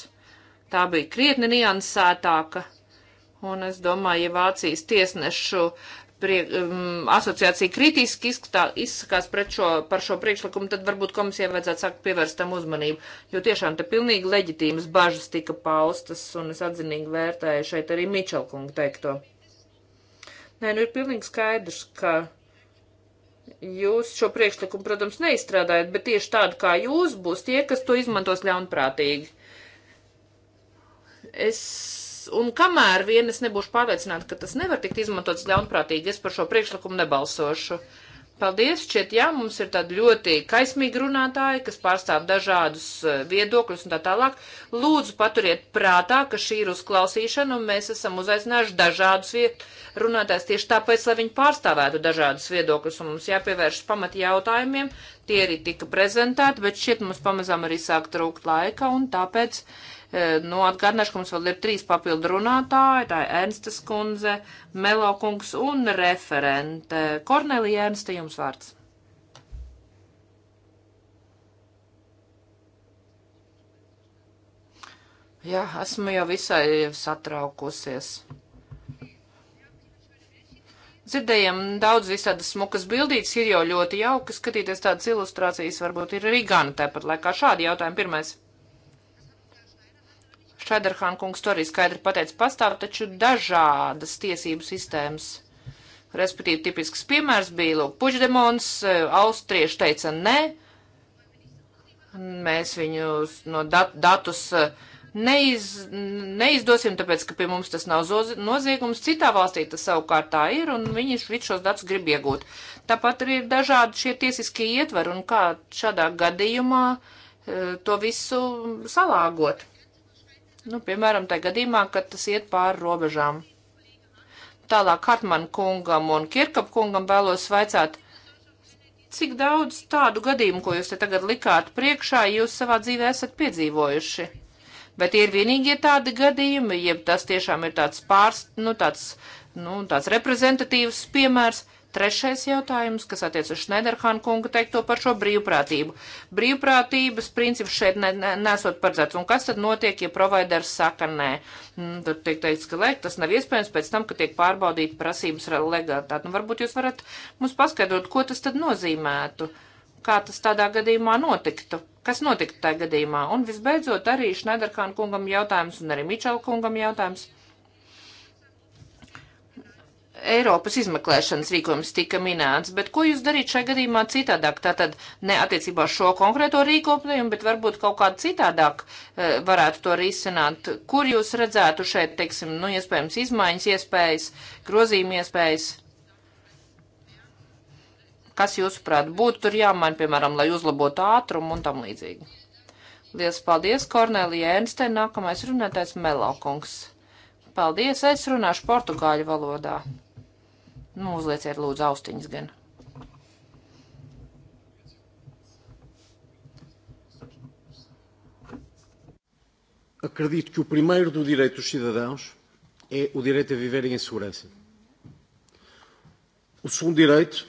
Tā bija krietni niansētāka. Un es domāju, ja Vācijas tiesnešu prie, um, asociācija kritiski izskatā, izsakās pret šo, par šo priekšlikumu, tad varbūt komisijai vajadzētu sākt pievērst tam uzmanību, jo tiešām te pilnīgi leģitīmas bažas tika paustas, un es atzinīgi vērtēju šeit arī Mičelkungu teikto. Nē, nu ir pilnīgi skaidrs, ka Jūs šo priekšlikumu, protams, neizstrādājat, bet tieši tādi kā jūs būs tie, kas to izmantos ļaunprātīgi. Es un kamēr vien es nebūšu pārliecināta, ka tas nevar tikt izmantots ļaunprātīgi, es par šo priekšlikumu nebalsošu. Uh, Paldies, šķiet, jā, mums ir tādi ļoti kaismīgi runātāji, kas pārstāv dažādus eh, viedokļus un tā tālāk. Lūdzu, paturiet prātā, ka šī ir uzklausīšana un mēs esam uzaicinājuši dažādus viet runātājs tieši tāpēc, lai viņi pārstāvētu dažādus viedokļus un mums jāpievērš pamat jautājumiem. Tie arī tika prezentēti, bet šķiet mums pamazām arī sāk trūkt laika un tāpēc E, nu, atgādināšu, ka mums vēl ir trīs papildu runātāji, tā ir Ernstas kundze, Melo kungs un referente. Kornelija Ernsta, jums vārds. Jā, esmu jau visai satraukusies. Dzirdējām daudz visādas smukas bildītas, ir jau ļoti jauki skatīties tādas ilustrācijas, varbūt ir arī gan tāpat laikā šādi jautājumi. Pirmais. Šaidarhāna kungs to arī skaidri pateica, pastāv taču dažādas tiesību sistēmas. Respektīvi, tipisks piemērs bija Lūk Puģdemons, e, austrieši teica nē, mēs viņus no dat datus e, neiz, neizdosim, tāpēc, ka pie mums tas nav noziegums. Citā valstī tas savukārt tā ir, un viņi visu šos datus grib iegūt. Tāpat arī ir dažādi šie tiesiskie ietvari, un kā šādā gadījumā e, to visu salāgot. Nu, piemēram, tajā gadījumā, kad tas iet pāri robežām. Tālāk Hartman kungam un Kirkap kungam vēlos vaicāt, cik daudz tādu gadījumu, ko jūs te tagad likāt priekšā, jūs savā dzīvē esat piedzīvojuši? Bet ir vienīgie tādi gadījumi, jeb tas tiešām ir tāds pārst, nu, tāds, nu, tāds reprezentatīvs piemērs. Trešais jautājums, kas attiec uz Šneiderhānu kunga teikto par šo brīvprātību. Brīvprātības princips šeit ne, ne, nesot paredzēts. Un kas tad notiek, ja providers saka nē? Mm, tad tiek teikts, ka lēk, tas nav iespējams pēc tam, ka tiek pārbaudīta prasības legalitāte. Nu, varbūt jūs varat mums paskaidrot, ko tas tad nozīmētu kā tas tādā gadījumā notiktu, kas notiktu tajā gadījumā. Un visbeidzot arī Šneiderkāna kungam jautājums un arī Mičela kungam jautājums. Eiropas izmeklēšanas rīkojums tika minēts, bet ko jūs darīt šajā gadījumā citādāk? Tātad ne attiecībā uz šo konkrēto rīkojumu, bet varbūt kaut kā citādāk eh, varētu to risināt. Kur jūs redzētu šeit, teiksim, nu, iespējams izmaiņas iespējas, grozījuma iespējas? Kas jūsuprāt būtu tur jāmaina, piemēram, lai uzlabotu ātrumu un tam līdzīgi? Lielas paldies, Kornelija Ernste, nākamais runātājs Melokungs. Paldies, es runāšu portugāļu valodā. Nu, uzlieciet lūdzu austiņas gan. Acredito que o primeiro do direito dos cidadãos é o direito a viverem em segurança. O segundo direito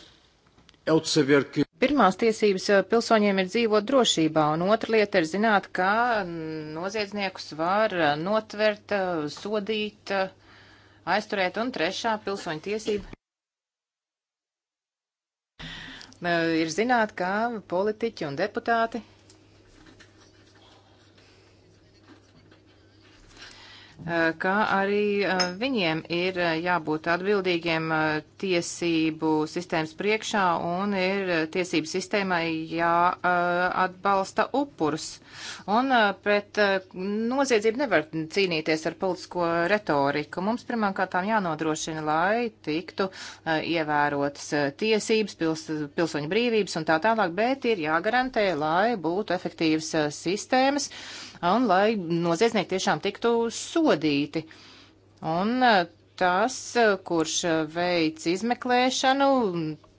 é o de saber que. Pirmās tiesības eh, pilsoņiem ir dzīvot drošībā, un otra lieta ir zināt, kā noziedzniekus var eh, notvert, eh, sodīt, aizturēt, un trešā pilsoņa tiesība Eh, ir zināt, kā politiķi un deputāti Eh, ka arī eh, viņiem ir eh, jābūt atbildīgiem tiesību sistēmas priekšā un ir tiesību sistēmai jāatbalsta upurs. Un pret noziedzību nevar cīnīties ar politisko retoriku. Mums pirmkārtām jānodrošina, lai tiktu ievērotas tiesības, pils, pilsoņu brīvības un tā tālāk, bet ir jāgarantē, lai būtu efektīvas sistēmas. Uh, un lai noziedznieki tiešām tiktu sodīti. Un eh, tas, eh, kurš eh, veic izmeklēšanu,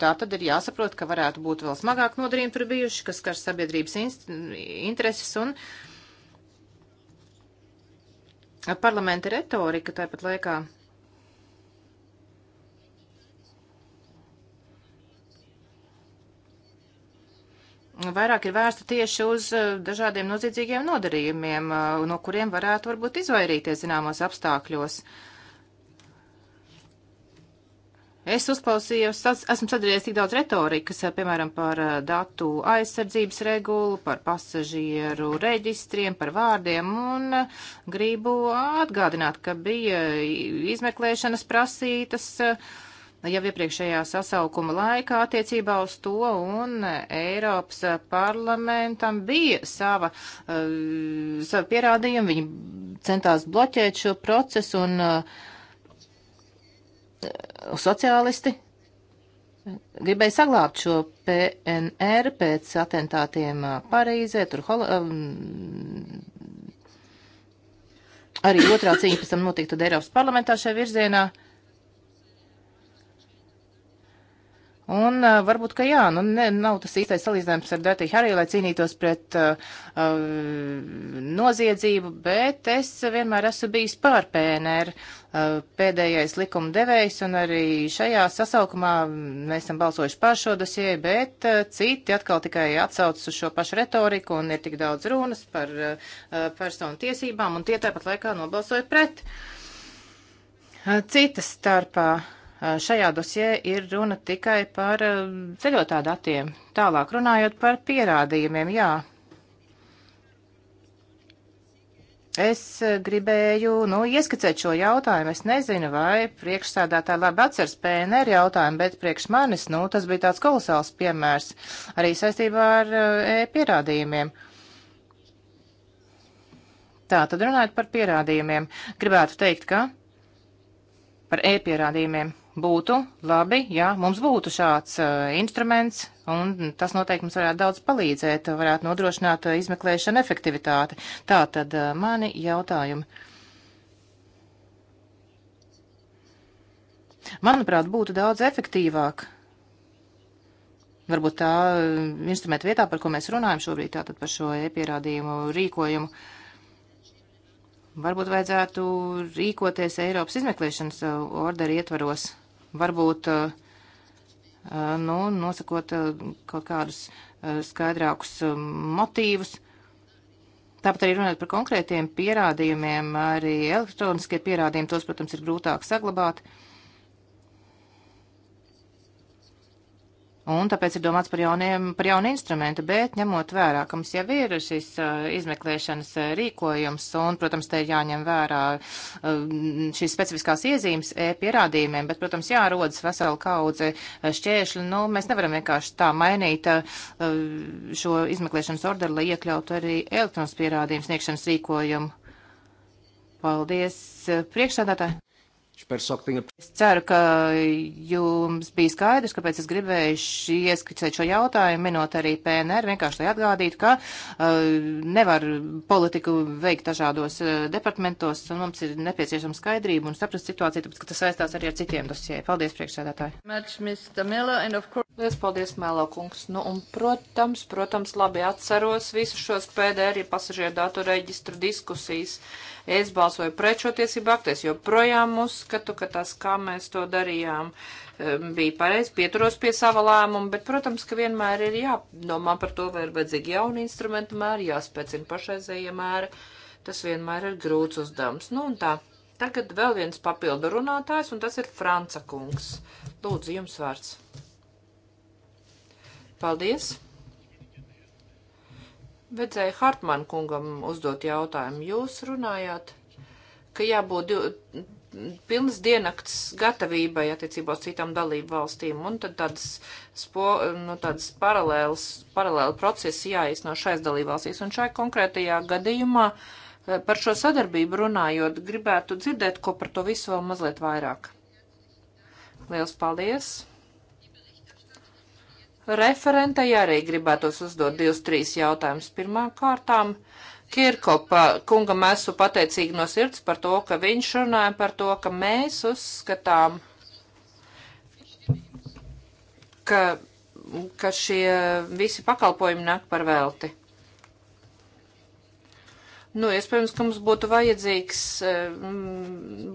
tā tad ir jāsaprot, ka varētu būt vēl smagāk nodarījumi tur bijuši, kas skar sabiedrības intereses un parlamenta retorika tāpat laikā vairāk ir vērsta tieši uz eh, dažādiem noziedzīgiem nodarījumiem, eh, no kuriem varētu varbūt izvairīties zināmos apstākļos. Es uzklausīju, esmu sadarījies tik daudz retorikas, eh, piemēram, par datu aizsardzības regulu, par pasažieru reģistriem, par vārdiem, un gribu atgādināt, ka bija izmeklēšanas prasītas uh, jau iepriekšējā sasaukuma laikā attiecībā uz to, un Eiropas parlamentam bija sava, uh, sava pierādījuma, viņi centās bloķēt šo procesu, un uh, sociālisti gribēja saglābt šo PNR pēc atentātiem eh, Parīzē, tur Hol um, arī otrā cīņa pēc tam notika tad Eiropas parlamentā šajā virzienā. Uh, Un uh, varbūt, ka jā, nu ne, nav tas īstais salīdzinājums ar Dētiju Hariju, lai cīnītos pret uh, uh, noziedzību, bet es vienmēr esmu bijis pār PNR uh, pēdējais likuma devējs, un arī šajā sasaukumā mēs esam balsojuši pār šo dosie, bet uh, citi atkal tikai atsaucas uz šo pašu retoriku, un ir tik daudz runas par uh, personu tiesībām, un tie tāpat laikā nobalsoja pret. Uh, citas starpā. Uh, Eh, šajā dosjē ir runa tikai par eh, ceļotā datiem. Tālāk runājot par pierādījumiem, jā. Es eh, gribēju, nu, ieskicēt šo jautājumu. Es nezinu, vai priekšsādātāji labi atceras PNR jautājumu, bet priekš manis, nu, tas bija tāds kolosāls piemērs arī saistībā ar e, pierādījumiem. Tā, tad runājot par pierādījumiem, gribētu teikt, ka par e-pierādījumiem būtu labi, ja mums būtu šāds uh, instruments, un tas noteikti mums varētu daudz palīdzēt, varētu nodrošināt uh, izmeklēšanu efektivitāti. Tā tad uh, mani jautājumi. Manuprāt, būtu daudz efektīvāk. Varbūt tā uh, instrumenta vietā, par ko mēs runājam šobrīd, tātad par šo e-pierādījumu rīkojumu. Varbūt vajadzētu rīkoties Eiropas izmeklēšanas uh, orderi ietvaros varbūt, eh, eh, nu, nosakot eh, kaut kādus skaidrākus motīvus. Tāpat arī runāt par konkrētiem pierādījumiem, arī elektroniskie pierādījumi, tos, protams, ir grūtāk saglabāt. Uh, Un tāpēc ir domāts par, jauniem, par jaunu instrumentu, bet ņemot vērā, ka mums jau ir šis uh, izmeklēšanas uh, rīkojums, un, protams, te ir jāņem vērā uh, šīs specifiskās iezīmes e pierādījumiem, bet, protams, jārodas vesela kaudze uh, šķēršļi. Nu, mēs nevaram vienkārši tā mainīt uh, uh, šo izmeklēšanas orderu, lai iekļautu arī elektronas pierādījumu sniegšanas rīkojumu. Paldies, priekšsēdētāji! Es ceru, ka jums bija skaidrs, kāpēc es gribēju ieskicēt šo jautājumu, minot arī PNR, vienkārši lai atgādītu, ka uh, nevar politiku veikt dažādos uh, departamentos, un mums ir nepieciešama skaidrība un saprast situāciju, tāpēc, ka tas saistās arī ar citiem dosijiem. Paldies, priekšsēdētāji. Lielas paldies, Mēlo kungs. Nu, un, protams, protams, labi atceros visus šos PDR, ja pasažieru datu reģistru diskusijas. Uh, Es balsoju pret šo tiesību aktu, es joprojām uzskatu, ka tas, kā mēs to darījām, bija pareizi, pieturos pie sava lēmuma, bet, protams, ka vienmēr ir jādomā par to, vai ir vajadzīgi jauni instrumentu mēri, jāspēcina pašreizējie mēri. Tas vienmēr ir grūts uzdevums. Nu un tā. Tagad vēl viens papildu runātājs, un tas ir Franca kungs. Lūdzu, jums vārds. Paldies! Vedzēja Hartman kungam uzdot jautājumu. Jūs runājāt, ka jābūt div, pilnas dienakts gatavībai attiecībā uz citām dalību valstīm, un tad tādas, spo, nu, tādas paralēlas, paralēli procesi jāizno šais dalību valstīs. Un šai konkrētajā gadījumā eh, par šo sadarbību runājot, gribētu dzirdēt, ko par to visu vēl mazliet vairāk. Liels paldies! Referentai arī gribētos uzdot divus, trīs jautājumus. Pirmā kārtām Kirkopa kungam esmu pateicīgi no sirds par to, ka viņš runāja par to, ka mēs uzskatām, ka, ka šie visi pakalpojumi nāk par velti. Nu, iespējams, ka mums būtu vajadzīgs, eh,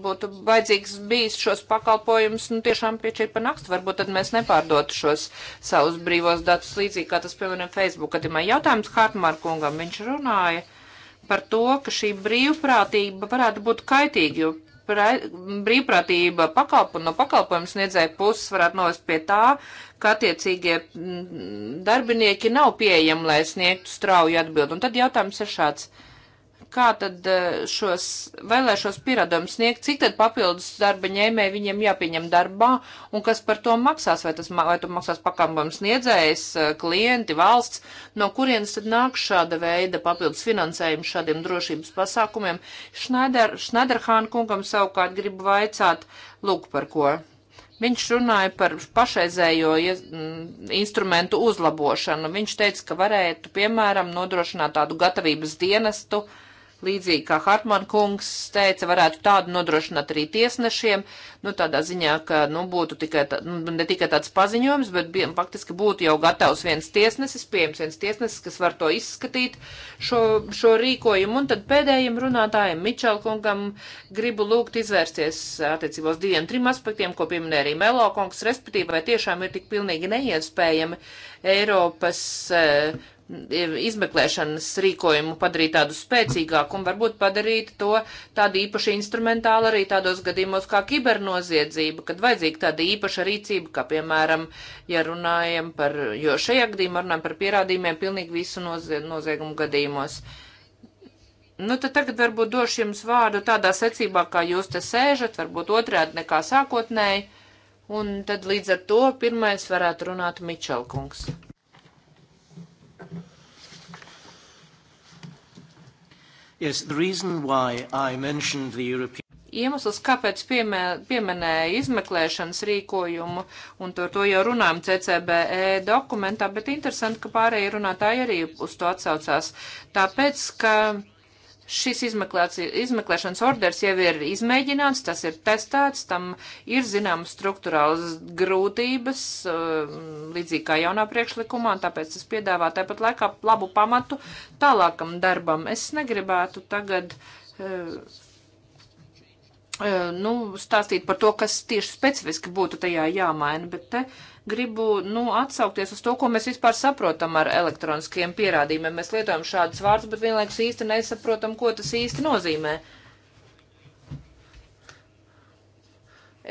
būtu vajadzīgs bijis šos pakalpojumus, nu, tiešām piešķirt pa nakti. Varbūt tad mēs nepārdotu šos savus brīvos datus līdzīgi, kā tas, piemēram, Facebook gadījumā. Jautājums Hartmārkungam, viņš runāja par to, ka šī brīvprātība varētu būt kaitīga, jo brīvprātība pakalpo, no pakalpojumu sniedzēja puses varētu novest pie tā, ka attiecīgie darbinieki nav pieejami, lai sniegtu strauju atbildi. Un tad jautājums ir šāds. Uh, kā tad eh, šos vēlēšos pierādījumus sniegt, cik tad papildus darba ņēmēji viņiem jāpieņem darbā un kas par to maksās, vai tas vai to maksās pakalpojums sniedzējs, eh, klienti, valsts, no kurienes tad nāk šāda veida papildus finansējums šādiem drošības pasākumiem. Šnaider, Šnaiderhāna kungam savukārt gribu vaicāt, lūk par ko. Viņš runāja par pašreizējo mm, instrumentu uzlabošanu. Viņš teica, ka varētu, piemēram, nodrošināt tādu gatavības dienestu uh, līdzīgi kā Hartman kungs teica, varētu tādu nodrošināt arī tiesnešiem, nu tādā ziņā, ka, nu, būtu tikai, tā, nu, ne tikai tāds paziņojums, bet bija, faktiski būtu jau gatavs viens tiesnesis, pieejams viens tiesnesis, kas var to izskatīt šo, šo rīkojumu, un tad pēdējiem runātājiem Mičel kungam gribu lūgt izvērsties attiecībos diviem, trim aspektiem, ko pieminēja arī Melo kungs, respektīvi, vai tiešām ir tik pilnīgi neiespējami Eiropas uh, izmeklēšanas rīkojumu padarīt tādu spēcīgāku un varbūt padarīt to tādu īpašu instrumentālu arī tādos gadījumos kā kibernoziedzība, kad vajadzīga tāda īpaša rīcība, kā piemēram, ja runājam par, jo šajā gadījumā runājam par pierādījumiem pilnīgi visu noziegumu gadījumos. Nu, tad tagad varbūt došu jums vārdu tādā secībā, kā jūs te sēžat, varbūt otrādi nekā sākotnēji, un tad līdz ar to pirmais varētu runāt Mičelkungs. Yes, the reason why I mentioned the European iemesls, kāpēc piemē, pieminēja izmeklēšanas rīkojumu, un to, to jau runājam CCBE dokumentā, bet interesanti, ka pārējie runātāji arī uz to atsaucās. Tāpēc, ka Šis izmeklēšanas orders jau ir izmēģināts, tas ir testēts, tam ir zināmas struktūrāls grūtības, uh, līdzīgi kā jaunā priekšlikumā, un tāpēc tas piedāvā tāpat laikā labu pamatu tālākam darbam. Es negribētu tagad uh, uh, nu, stāstīt par to, kas tieši specifiski būtu tajā jāmaina, bet te gribu nu, atsaukties uz to, ko mēs vispār saprotam ar elektroniskiem pierādījumiem. Mēs lietojam šādus vārdus, bet vienlaikus īsti nesaprotam, ko tas īsti nozīmē.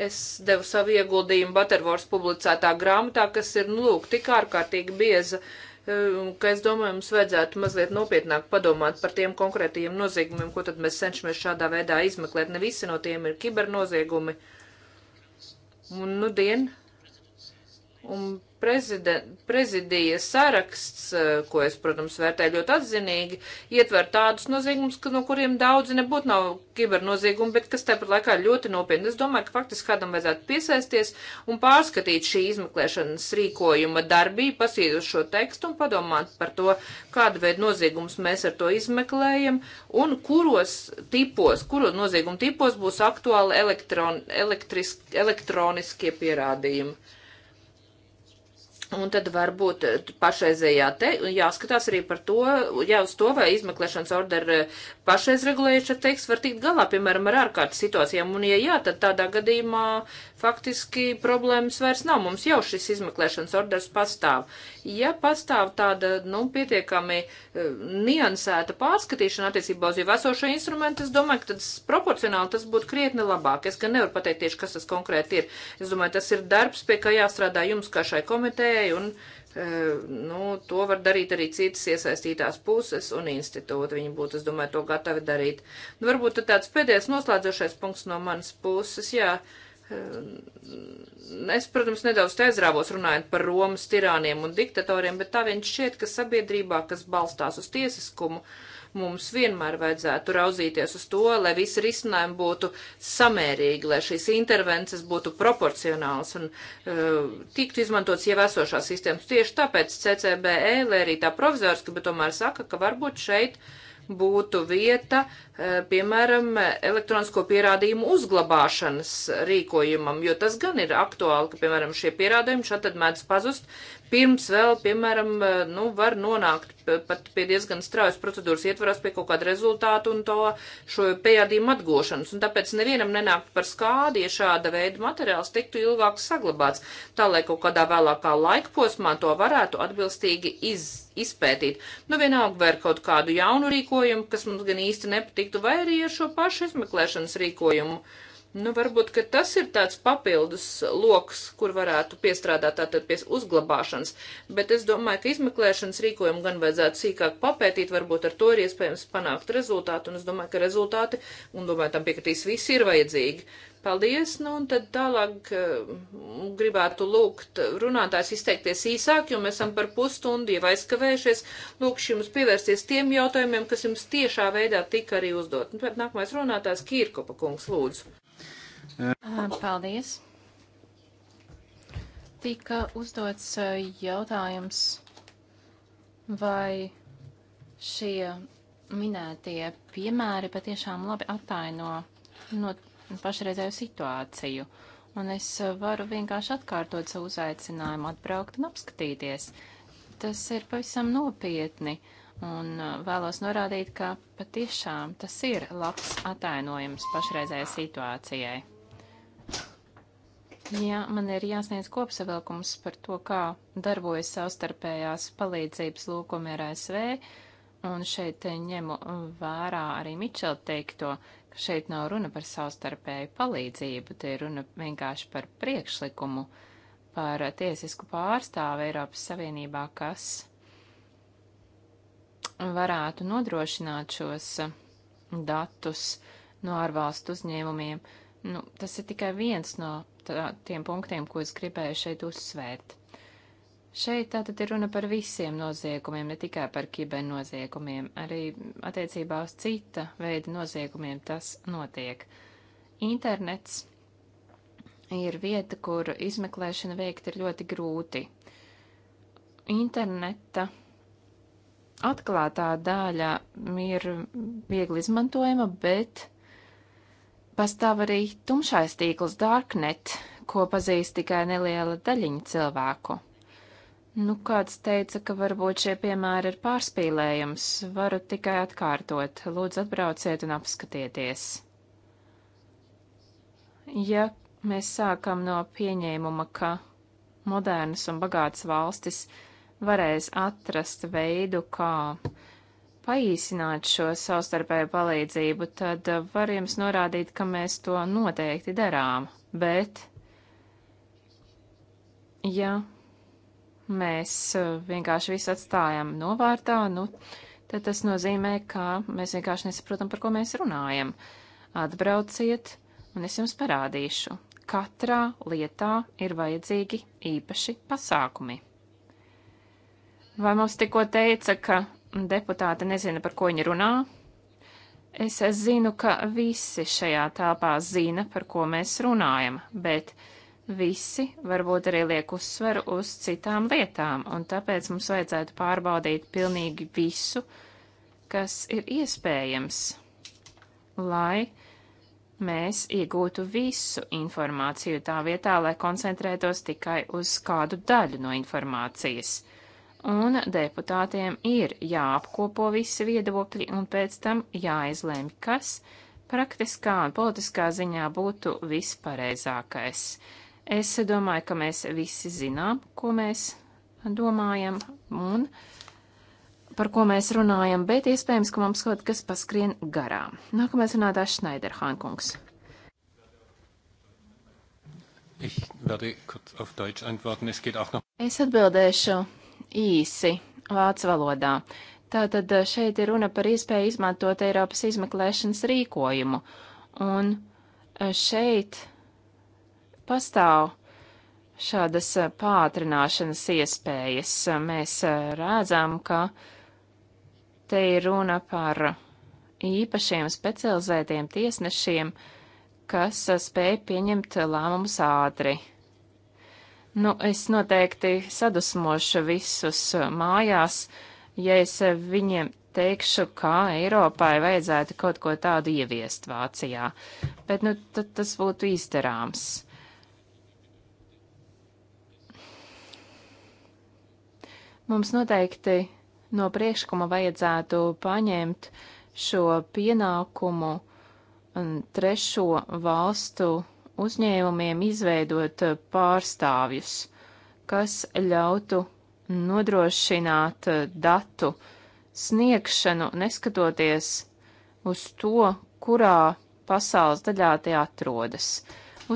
Es devu savu ieguldījumu Buttervors publicētā grāmatā, kas ir, nu, lūk, tik ārkārtīgi bieza, um, ka es domāju, mums vajadzētu mazliet nopietnāk padomāt par tiem konkrētajiem noziegumiem, ko tad mēs cenšamies šādā veidā izmeklēt. Ne visi no tiem ir kibernoziegumi. Un, nu, dien, Un prezidija saraksts, eh, ko es, protams, vērtēju ļoti atzinīgi, ietver tādus noziegumus, no kuriem daudzi nebūtu nav kibernoziegumi, bet kas tāpat laikā ir ļoti nopietni. Es domāju, ka faktiski kādam vajadzētu piesaisties un pārskatīt šī izmeklēšanas rīkojuma darbību, pasīt uz šo tekstu un padomāt par to, kādu veidu noziegumus mēs ar to izmeklējam un kuros tipos, kuro noziegumu tipos būs aktuāli elektron, elektrisk, elektroniskie pierādījumi. Un tad varbūt eh, pašreizējā te jāskatās arī par to, jā, uz to, vai izmeklēšanas ordera eh, pašreiz regulējuša teiks var tikt galā, piemēram, ar ārkārtas situācijām. Un, ja jā, tad tādā gadījumā faktiski problēmas vairs nav. Mums jau šis izmeklēšanas orders pastāv. Ja pastāv tāda, nu, pietiekami eh, niansēta pārskatīšana attiecībā uz jau esošo instrumentu, es domāju, ka tas proporcionāli tas būtu krietni labāk. Es gan nevaru pateikt tieši, kas tas konkrēti ir. Es domāju, tas ir darbs, pie kā jāstrādā jums kā šai komitejai iespēja, un e, nu, to var darīt arī citas iesaistītās puses un institūti. Viņi būtu, es domāju, to gatavi darīt. Nu, varbūt tāds pēdējais noslēdzošais punkts no manas puses, jā. E, es, protams, nedaudz aizrāvos runājot par Romas tirāniem un diktatoriem, bet tā viņš šķiet, ka sabiedrībā, kas balstās uz tiesiskumu, uh, Mums vienmēr vajadzētu raudzīties uz to, lai visi risinājumi būtu samērīgi, lai šīs intervences būtu proporcionāls un uh, tiktu izmantots jau esošās sistēmas. Tieši tāpēc CCBE, lai arī tā provizoriski, bet tomēr saka, ka varbūt šeit būtu vieta, eh, piemēram, elektronisko pierādījumu uzglabāšanas rīkojumam, jo tas gan ir aktuāli, ka, piemēram, šie pierādījumi šādi mēdz pazust, pirms vēl, piemēram, eh, nu, var nonākt pat pie diezgan straujas procedūras ietvaros pie kaut kāda rezultātu un to šo pējādījumu atgošanas. Un tāpēc nevienam nenāk par skādi, ja šāda veida materiāls tiktu ilgāk saglabāts, tā lai kaut kādā vēlākā laika posmā to varētu atbilstīgi iz, izpētīt. Nu, vienalga vai ar kaut kādu jaunu rīkojumu, kas mums gan īsti nepatiktu, vai arī ar šo pašu izmeklēšanas rīkojumu. Uh, Nu, varbūt, ka tas ir tāds papildus loks, kur varētu piestrādāt tātad pie uzglabāšanas, bet es domāju, ka izmeklēšanas rīkojumu gan vajadzētu sīkāk papētīt, varbūt ar to ir iespējams panākt rezultātu, un es domāju, ka rezultāti, un domāju, tam piekritīs visi ir vajadzīgi. Paldies, nu un tad tālāk eh, gribētu lūgt runātājs izteikties īsāk, jo mēs esam par pusstundu jau aizkavējušies. Lūkšu jums pievērsties tiem jautājumiem, kas jums tiešā veidā tika arī uzdot. Nu, tad nākamais runātājs Kīrkopa kungs, lūdzu. Ah, paldies. Tika uzdots eh, jautājums, vai šie minētie piemēri patiešām labi attaino no pašreizēju situāciju. Un es varu vienkārši atkārtot savu uzaicinājumu atbraukt un apskatīties. Tas ir pavisam nopietni. Un uh, vēlos norādīt, ka patiešām tas ir labs atainojums pašreizējai situācijai. Jā, man ir jāsniedz kopsavilkums par to, kā darbojas savstarpējās palīdzības lūkumi ar ASV, un šeit ņemu vērā arī Mičela teikto, Šeit nav runa par savstarpēju palīdzību, te ir runa vienkārši par priekšlikumu, par tiesisku pārstāvu Eiropas Savienībā, kas varētu nodrošināt šos datus no ārvalstu uzņēmumiem. Nu, tas ir tikai viens no tā, tiem punktiem, ko es gribēju šeit uzsvērt. Šeit tātad ir runa par visiem noziegumiem, ne tikai par kibernoziegumiem, arī attiecībā uz cita veida noziegumiem tas notiek. Internets ir vieta, kur izmeklēšana veikt ir ļoti grūti. Interneta atklātā daļa ir viegli izmantojama, bet pastāv arī tumšais tīkls Darknet, ko pazīst tikai neliela daļiņa cilvēku. Nu, kāds teica, ka varbūt šie piemēri ir pārspīlējums. Varu tikai atkārtot. Lūdzu, atbrauciet un apskatieties. Ja mēs sākam no pieņēmuma, ka modernas un bagātas valstis varēs atrast veidu, kā paīsināt šo savstarpēju palīdzību, tad uh, var jums norādīt, ka mēs to noteikti darām. Bet, ja mēs eh, vienkārši visu atstājam novārtā, nu, tad tas nozīmē, ka mēs vienkārši nesaprotam, par ko mēs runājam. Atbrauciet, un es jums parādīšu. Katrā lietā ir vajadzīgi īpaši pasākumi. Vai mums tikko teica, ka deputāte nezina, par ko viņa runā? Es zinu, ka visi šajā telpā zina, par ko mēs runājam, bet visi varbūt arī liek uzsveru uz citām lietām, un tāpēc mums vajadzētu pārbaudīt pilnīgi visu, kas ir iespējams, lai mēs iegūtu visu informāciju tā vietā, lai koncentrētos tikai uz kādu daļu no informācijas. Un deputātiem ir jāapkopo visi viedokļi un pēc tam jāizlēm, kas praktiskā un politiskā ziņā būtu vispareizākais. Es domāju, ka mēs visi zinām, ko mēs domājam un par ko mēs runājam, bet iespējams, ka mums kaut kas paskrien garām. Nākamais runātājs Šneiderhankungs. Es atbildēšu īsi vācu valodā. Tātad eh, šeit ir runa par iespēju izmantot Eiropas izmeklēšanas rīkojumu. Un eh, šeit pastāv šādas eh, pātrināšanas iespējas. Mēs eh, redzam, ka te ir runa par īpašiem specializētiem tiesnešiem, kas eh, spēj pieņemt lēmumus ātri. Nu, es noteikti sadusmošu visus mājās, ja es viņiem teikšu, kā Eiropai vajadzētu kaut ko tādu ieviest Vācijā. Bet, nu, tad tas būtu izdarāms. Mums noteikti no priekšlikuma vajadzētu paņemt šo pienākumu trešo valstu uzņēmumiem izveidot pārstāvjus, kas ļautu nodrošināt datu sniegšanu, neskatoties uz to, kurā pasaules daļā tie atrodas.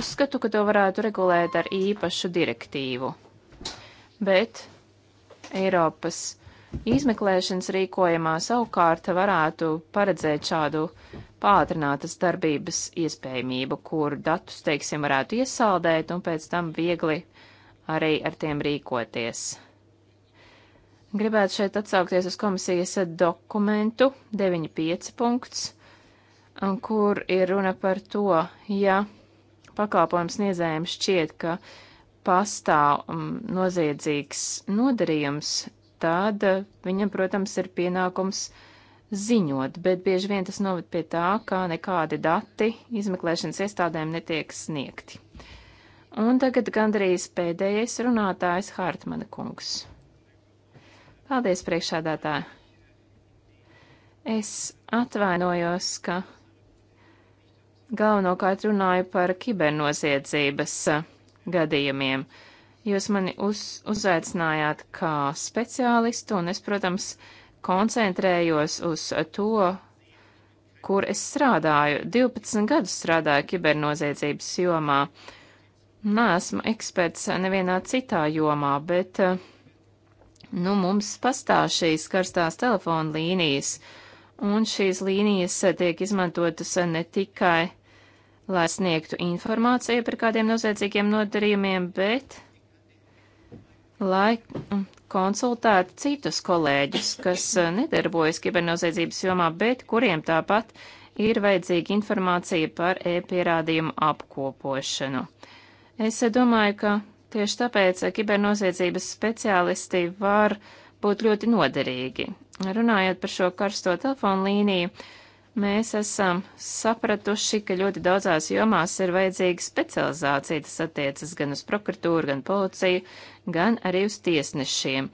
Uzskatu, ka to varētu regulēt ar īpašu direktīvu. Bet Eiropas izmeklēšanas rīkojumā savukārt varētu paredzēt šādu pātrinātas darbības iespējamību, kur datus, teiksim, varētu iesaldēt un pēc tam viegli arī ar tiem rīkoties. Gribētu šeit atsaukties uz komisijas dokumentu 9.5. punkts, kur ir runa par to, ja pakalpojums sniedzējiem šķiet, ka uh, pastāv um, noziedzīgs nodarījums, tad uh, viņam, protams, ir pienākums ziņot, bet bieži vien tas noved pie tā, ka nekādi dati izmeklēšanas iestādēm netiek sniegti. Un tagad gandrīz pēdējais runātājs Hartmana kungs. Paldies, priekšādātāji! Es atvainojos, ka galvenokārt runāju par kibernoziedzības gadījumiem. Jūs mani uz, uzaicinājāt kā speciālistu, un es, protams, koncentrējos uz to, kur es strādāju. 12 gadus strādāju kibernoziedzības jomā. Nesmu eksperts nevienā citā jomā, bet, nu, mums pastāv šīs karstās telefona līnijas, un šīs līnijas tiek izmantotas ne tikai lai sniegtu informāciju par kādiem noziedzīgiem nodarījumiem, bet lai konsultētu citus kolēģus, kas eh, nedarbojas kibernoziedzības jomā, bet kuriem tāpat ir vajadzīga informācija par e-pierādījumu apkopošanu. Es eh, domāju, ka tieši tāpēc eh, kibernoziedzības speciālisti var būt ļoti noderīgi. Runājot par šo karsto telefonu līniju, uh, Mēs esam sapratuši, ka ļoti daudzās jomās ir vajadzīga specializācija. Tas attiecas gan uz prokuratūru, gan policiju, gan arī uz tiesnešiem.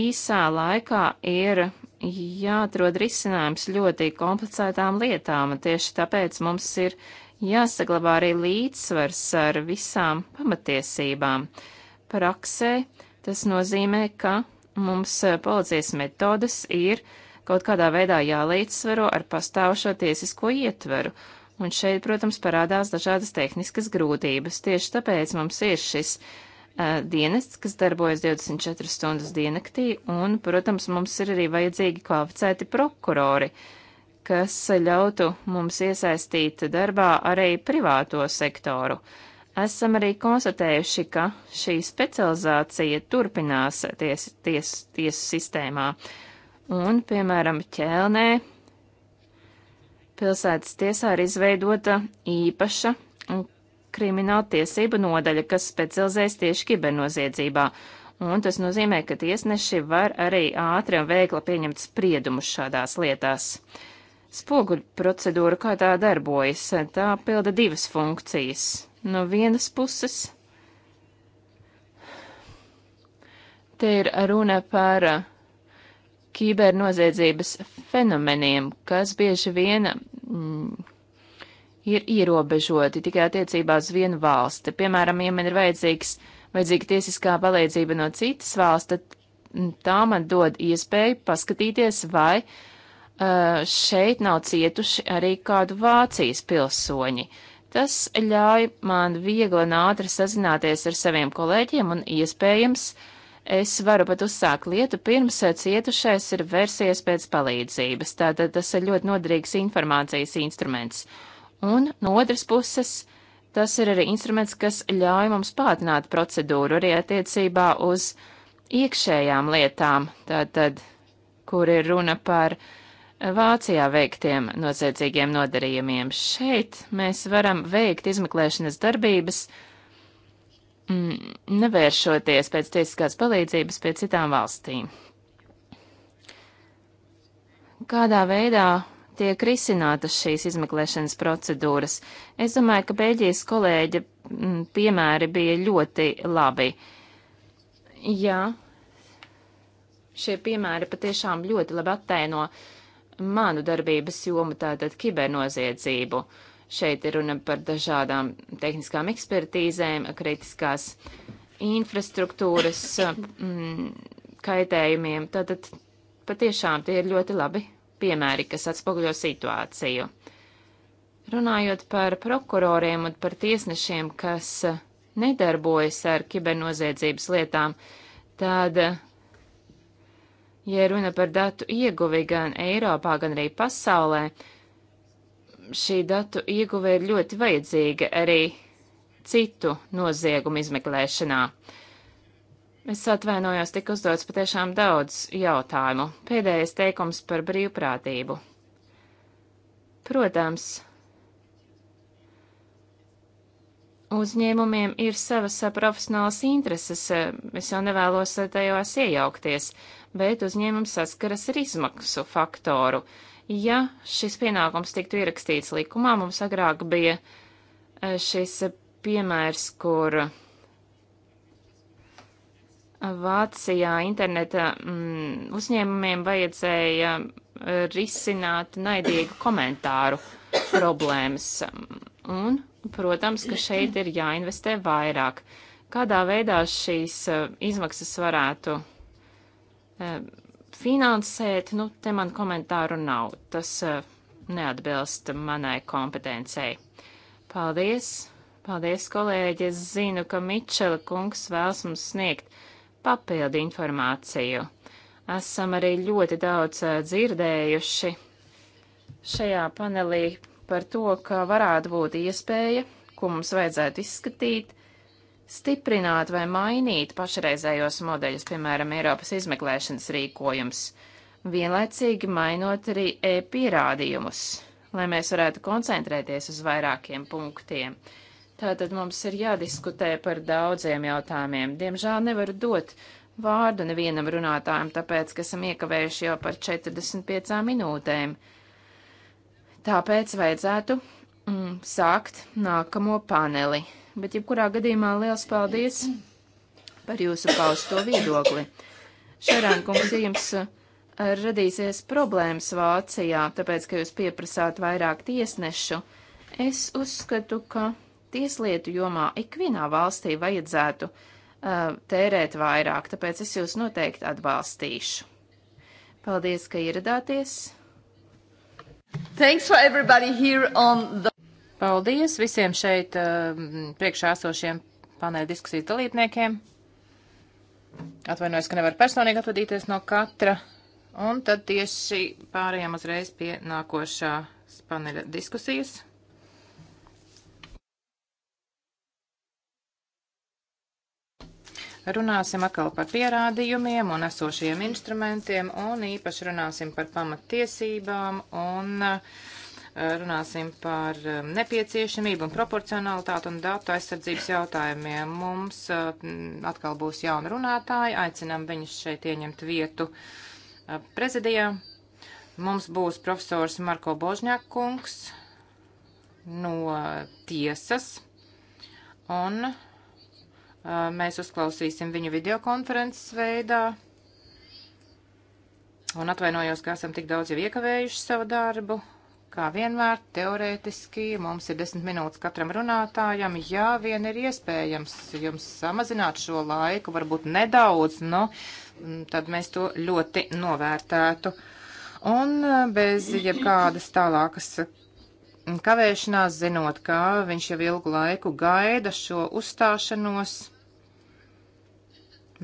Īsā laikā ir jāatrod risinājums ļoti komplicētām lietām, un tieši tāpēc mums ir jāsaglabā arī līdzsvars ar visām pamatiesībām. Praksē tas nozīmē, ka mums policijas metodas ir kaut kādā veidā jālīdzsvaro ar pastāvošo tiesisko ietveru. Un šeit, protams, parādās dažādas tehniskas grūtības. Tieši tāpēc mums ir šis uh, dienests, kas darbojas 24 stundas diennaktī, un, protams, mums ir arī vajadzīgi kvalificēti prokurori, kas ļautu mums iesaistīt darbā arī privāto sektoru. Esam arī konstatējuši, ka šī specializācija turpinās tiesu ties, ties sistēmā. Uh, Un, piemēram, ķēlnē pilsētas tiesā ir izveidota īpaša krimināla tiesība nodaļa, kas specializējas tieši kibernoziedzībā. Un tas nozīmē, ka tiesneši var arī ātri un veikli pieņemt spriedumus šādās lietās. Spoguļu procedūra kā tā darbojas, tā pilda divas funkcijas. No vienas puses te ir runa par kibernoziedzības fenomeniem, kas bieži vien mm, ir ierobežoti tikai attiecībā uz vienu valsti. Piemēram, ja man ir vajadzīgs, vajadzīga tiesiskā palīdzība no citas valsts, tad mm, tā man dod iespēju paskatīties, vai uh, šeit nav cietuši arī kādu Vācijas pilsoņi. Tas ļauj man viegli un ātri sazināties ar saviem kolēģiem un iespējams uh, es varu pat uzsākt lietu pirms cietušais ir vērsies pēc palīdzības. Tātad tas ir ļoti noderīgs informācijas instruments. Un no otras puses, tas ir arī instruments, kas ļauj mums pātrināt procedūru arī attiecībā uz iekšējām lietām, tātad, kur ir runa par Vācijā veiktiem noziedzīgiem nodarījumiem. Šeit mēs varam veikt izmeklēšanas darbības, uh, mm, nevēršoties pēc tiesiskās palīdzības pie citām valstīm. Kādā veidā tiek risinātas šīs izmeklēšanas procedūras? Es domāju, ka Beļģijas kolēģa mm, piemēri bija ļoti labi. Jā, šie piemēri patiešām ļoti labi attaino manu darbības jomu, tātad kibernoziedzību. Uh, Šeit ir runa par dažādām tehniskām ekspertīzēm, kritiskās infrastruktūras mm, kaitējumiem. Tātad patiešām tie ir ļoti labi piemēri, kas atspoguļo situāciju. Runājot par prokuroriem un par tiesnešiem, kas nedarbojas ar kibernoziedzības lietām, tad, ja runa par datu ieguvi gan Eiropā, gan arī pasaulē, šī datu ieguve ir ļoti vajadzīga arī citu noziegumu izmeklēšanā. Es atvainojos, tik uzdots patiešām daudz jautājumu. Pēdējais teikums par brīvprātību. Protams, uzņēmumiem ir savas profesionālas intereses, es jau nevēlos tajos iejaukties, bet uzņēmums saskaras ar izmaksu faktoru. Uh, Ja šis pienākums tiktu ierakstīts likumā, mums agrāk bija e, šis piemērs, kur Vācijā interneta mm, uzņēmumiem vajadzēja risināt naidīgu komentāru problēmas. Un, protams, ka šeit ir jāinvestē vairāk. Kādā veidā šīs e, izmaksas varētu e, finansēt, nu, te man komentāru nav. Tas uh, neatbilst manai kompetencei. Paldies! Paldies, kolēģi! Es zinu, ka Mičela kungs vēlas mums sniegt papildu informāciju. Esam arī ļoti daudz uh, dzirdējuši šajā panelī par to, ka varētu būt iespēja, ko mums vajadzētu izskatīt, stiprināt vai mainīt pašreizējos modeļus, piemēram, Eiropas izmeklēšanas rīkojums, vienlaicīgi mainot arī e-pierādījumus, lai mēs varētu koncentrēties uz vairākiem punktiem. Tātad mums ir jādiskutē par daudziem jautājumiem. Diemžēl nevaru dot vārdu nevienam runātājam, tāpēc, ka esam iekavējuši jau par 45 minūtēm. Tāpēc vajadzētu mm, sākt nākamo paneli bet jebkurā gadījumā liels paldies par jūsu pausto viedokli. Šarānkungs, ja jums eh, radīsies problēmas Vācijā, tāpēc, ka jūs pieprasāt vairāk tiesnešu, es uzskatu, ka tieslietu jomā ikvienā valstī vajadzētu uh, tērēt vairāk, tāpēc es jūs noteikti atbalstīšu. Paldies, ka ieradāties! Thanks for everybody here on the Paldies visiem šeit ehm, priekšā esošiem paneļa diskusijas dalībniekiem. Atvainojos, ka nevaru personīgi atvadīties no katra. Un tad tieši pārējām uzreiz pie nākošā paneļa diskusijas. Runāsim atkal par pierādījumiem un esošiem instrumentiem, un īpaši runāsim par pamattiesībām un uh, runāsim par um, nepieciešamību un proporcionalitātu un datu aizsardzības jautājumiem. Mums uh, atkal būs jauna runātāja, aicinām viņus šeit ieņemt vietu uh, prezidijā. Mums būs profesors Marko Božņakungs no uh, tiesas, un mēs uzklausīsim viņu videokonferences veidā. Un atvainojos, ka esam tik daudz jau iekavējuši savu darbu. Kā vienmēr, teorētiski mums ir desmit minūtes katram runātājam, ja vien ir iespējams jums samazināt šo laiku, varbūt nedaudz, nu, tad mēs to ļoti novērtētu. Un eh, bez jebkādas tālākas kavēšanās, zinot, ka viņš jau ilgu laiku gaida šo uzstāšanos,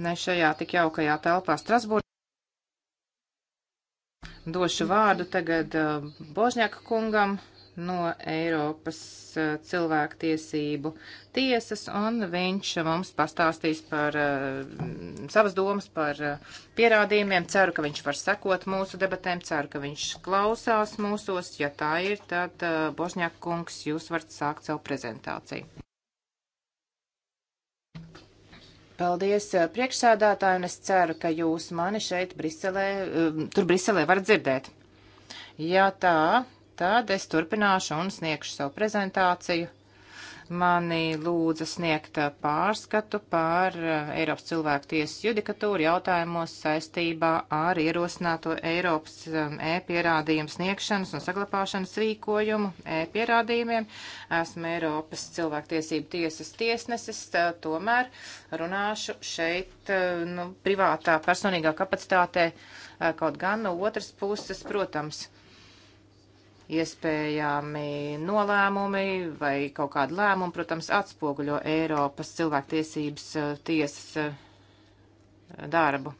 ne šajā tik jaukajā telpā Strasbūrā. Došu vārdu tagad uh, Božņaka kungam no Eiropas uh, cilvēktiesību tiesas, un viņš mums pastāstīs par uh, savas domas par pierādījumiem. Ceru, ka viņš var sekot mūsu debatēm, ceru, ka viņš klausās mūsos. Ja tā ir, tad Božņaka kungs, jūs varat sākt savu prezentāciju. Paldies eh, priekšsādātāju, un es ceru, ka jūs mani šeit Briselē, eh, tur Briselē varat dzirdēt. Ja tā, tad es turpināšu un sniegšu savu prezentāciju mani lūdza sniegt uh, pārskatu par uh, Eiropas cilvēku tiesu judikatūru jautājumos saistībā ar ierosināto Eiropas um, e-pierādījumu sniegšanas un saglabāšanas rīkojumu e-pierādījumiem. Esmu Eiropas cilvēku tiesību tiesas tiesnesis, uh, tomēr runāšu šeit nu, privātā personīgā kapacitātē. Kaut gan no otras puses, protams, iespējami nolēmumi vai kaut kāda lēmuma, protams, atspoguļo Eiropas cilvēktiesības eh, tiesas eh, darbu.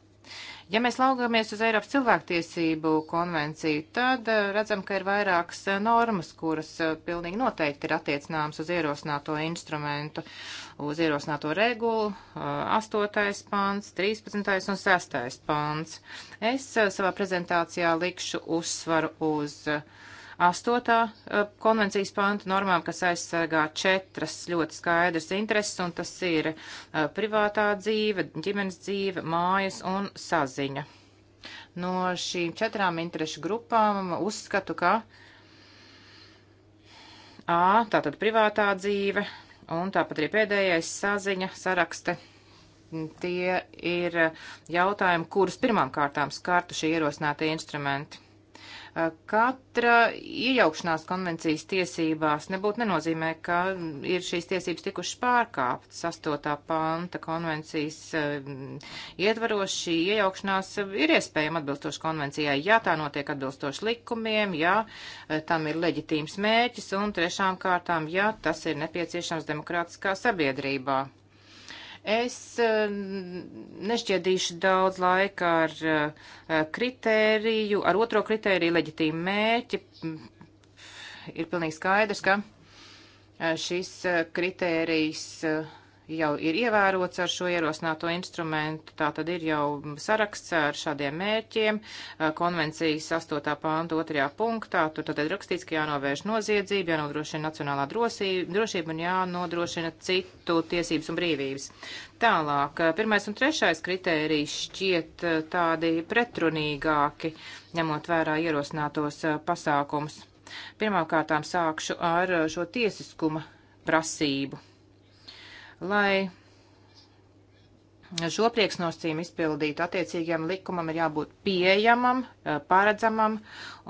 Ja mēs laugamies uz Eiropas cilvēktiesību konvenciju, tad eh, redzam, ka ir vairākas normas, kuras pilnīgi noteikti ir attiecināmas uz ierosināto instrumentu, uz ierosināto regulu, 8. pants, 13. un 6. pants. Es savā prezentācijā likšu uzsvaru uz uh, astotā eh, konvencijas panta normām, kas aizsargā četras ļoti skaidras intereses, un tas ir eh, privātā dzīve, ģimenes dzīve, mājas un saziņa. No šīm četrām interešu grupām uzskatu, ka A, tātad privātā dzīve, un tāpat arī pēdējais saziņa sarakste tie ir eh, jautājumi, kurus pirmām kārtām skartu šie ierosinātie instrumenti. Katra iejaukšanās konvencijas tiesībās nebūtu nenozīmē, ka ir šīs tiesības tikušas pārkāptas. 8. panta konvencijas eh, ietvaros šī iejaukšanās ir iespējama atbilstoši konvencijai, ja tā notiek atbilstoši likumiem, ja eh, tam ir leģitīms mērķis un trešām kārtām, ja tas ir nepieciešams demokrātiskā sabiedrībā. Es eh, nešķiedīšu daudz laika ar eh, kritēriju, ar otro kritēriju leģitīmu mērķi. Mm, ir pilnīgi skaidrs, ka eh, šis kritērijs jau ir ievērots ar šo ierosināto instrumentu. Tā tad ir jau saraksts ar šādiem mērķiem. Konvencijas 8. pānta 2. punktā tur tad ir rakstīts, ka jānovērš noziedzība, jānodrošina nacionālā drosība, drošība un jānodrošina citu tiesības un brīvības. Tālāk, pirmais un trešais kritērijs šķiet tādi pretrunīgāki, ņemot vērā ierosinātos pasākums. Pirmkārtām sākšu ar šo tiesiskuma prasību lai šo priekšnosacījumu izpildītu attiecīgajam likumam ir jābūt pieejamam, eh, paredzamam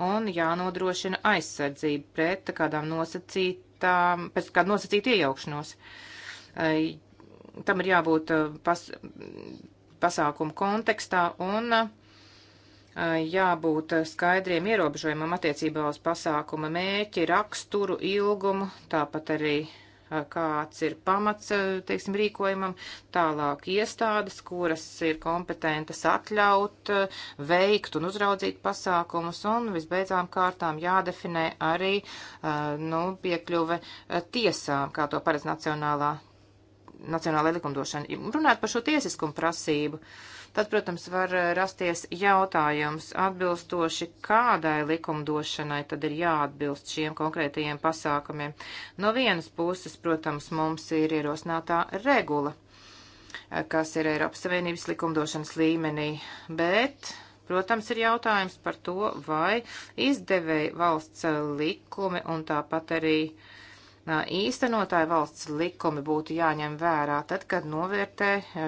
un jānodrošina aizsardzība pret kādām nosacītām, pēc kāda nosacīta iejaukšanos. Eh, tam ir jābūt eh, pas, pasākumu kontekstā un jābūt skaidriem ierobežojumam attiecībā uz pasākuma mēķi, raksturu, ilgumu, tāpat arī uh, kāds ir pamats, teiksim, rīkojumam, tālāk iestādes, kuras ir kompetentas atļaut, veikt un uzraudzīt pasākumus, un visbeidzām kārtām jādefinē arī, nu, piekļuve tiesām, kā to paredz nacionālā, nacionālai likumdošana. Runāt par šo tiesiskumu prasību. Uh, tad, protams, var eh, rasties jautājums atbilstoši kādai likumdošanai tad ir jāatbilst šiem konkrētajiem pasākumiem. No vienas puses, protams, mums ir ierosinātā regula, eh, kas ir Eiropas Savienības likumdošanas līmenī, bet Protams, ir jautājums par to, vai izdevēja valsts eh, likumi un tāpat arī īstenotāju valsts likumi būtu jāņem vērā, tad, kad novērtē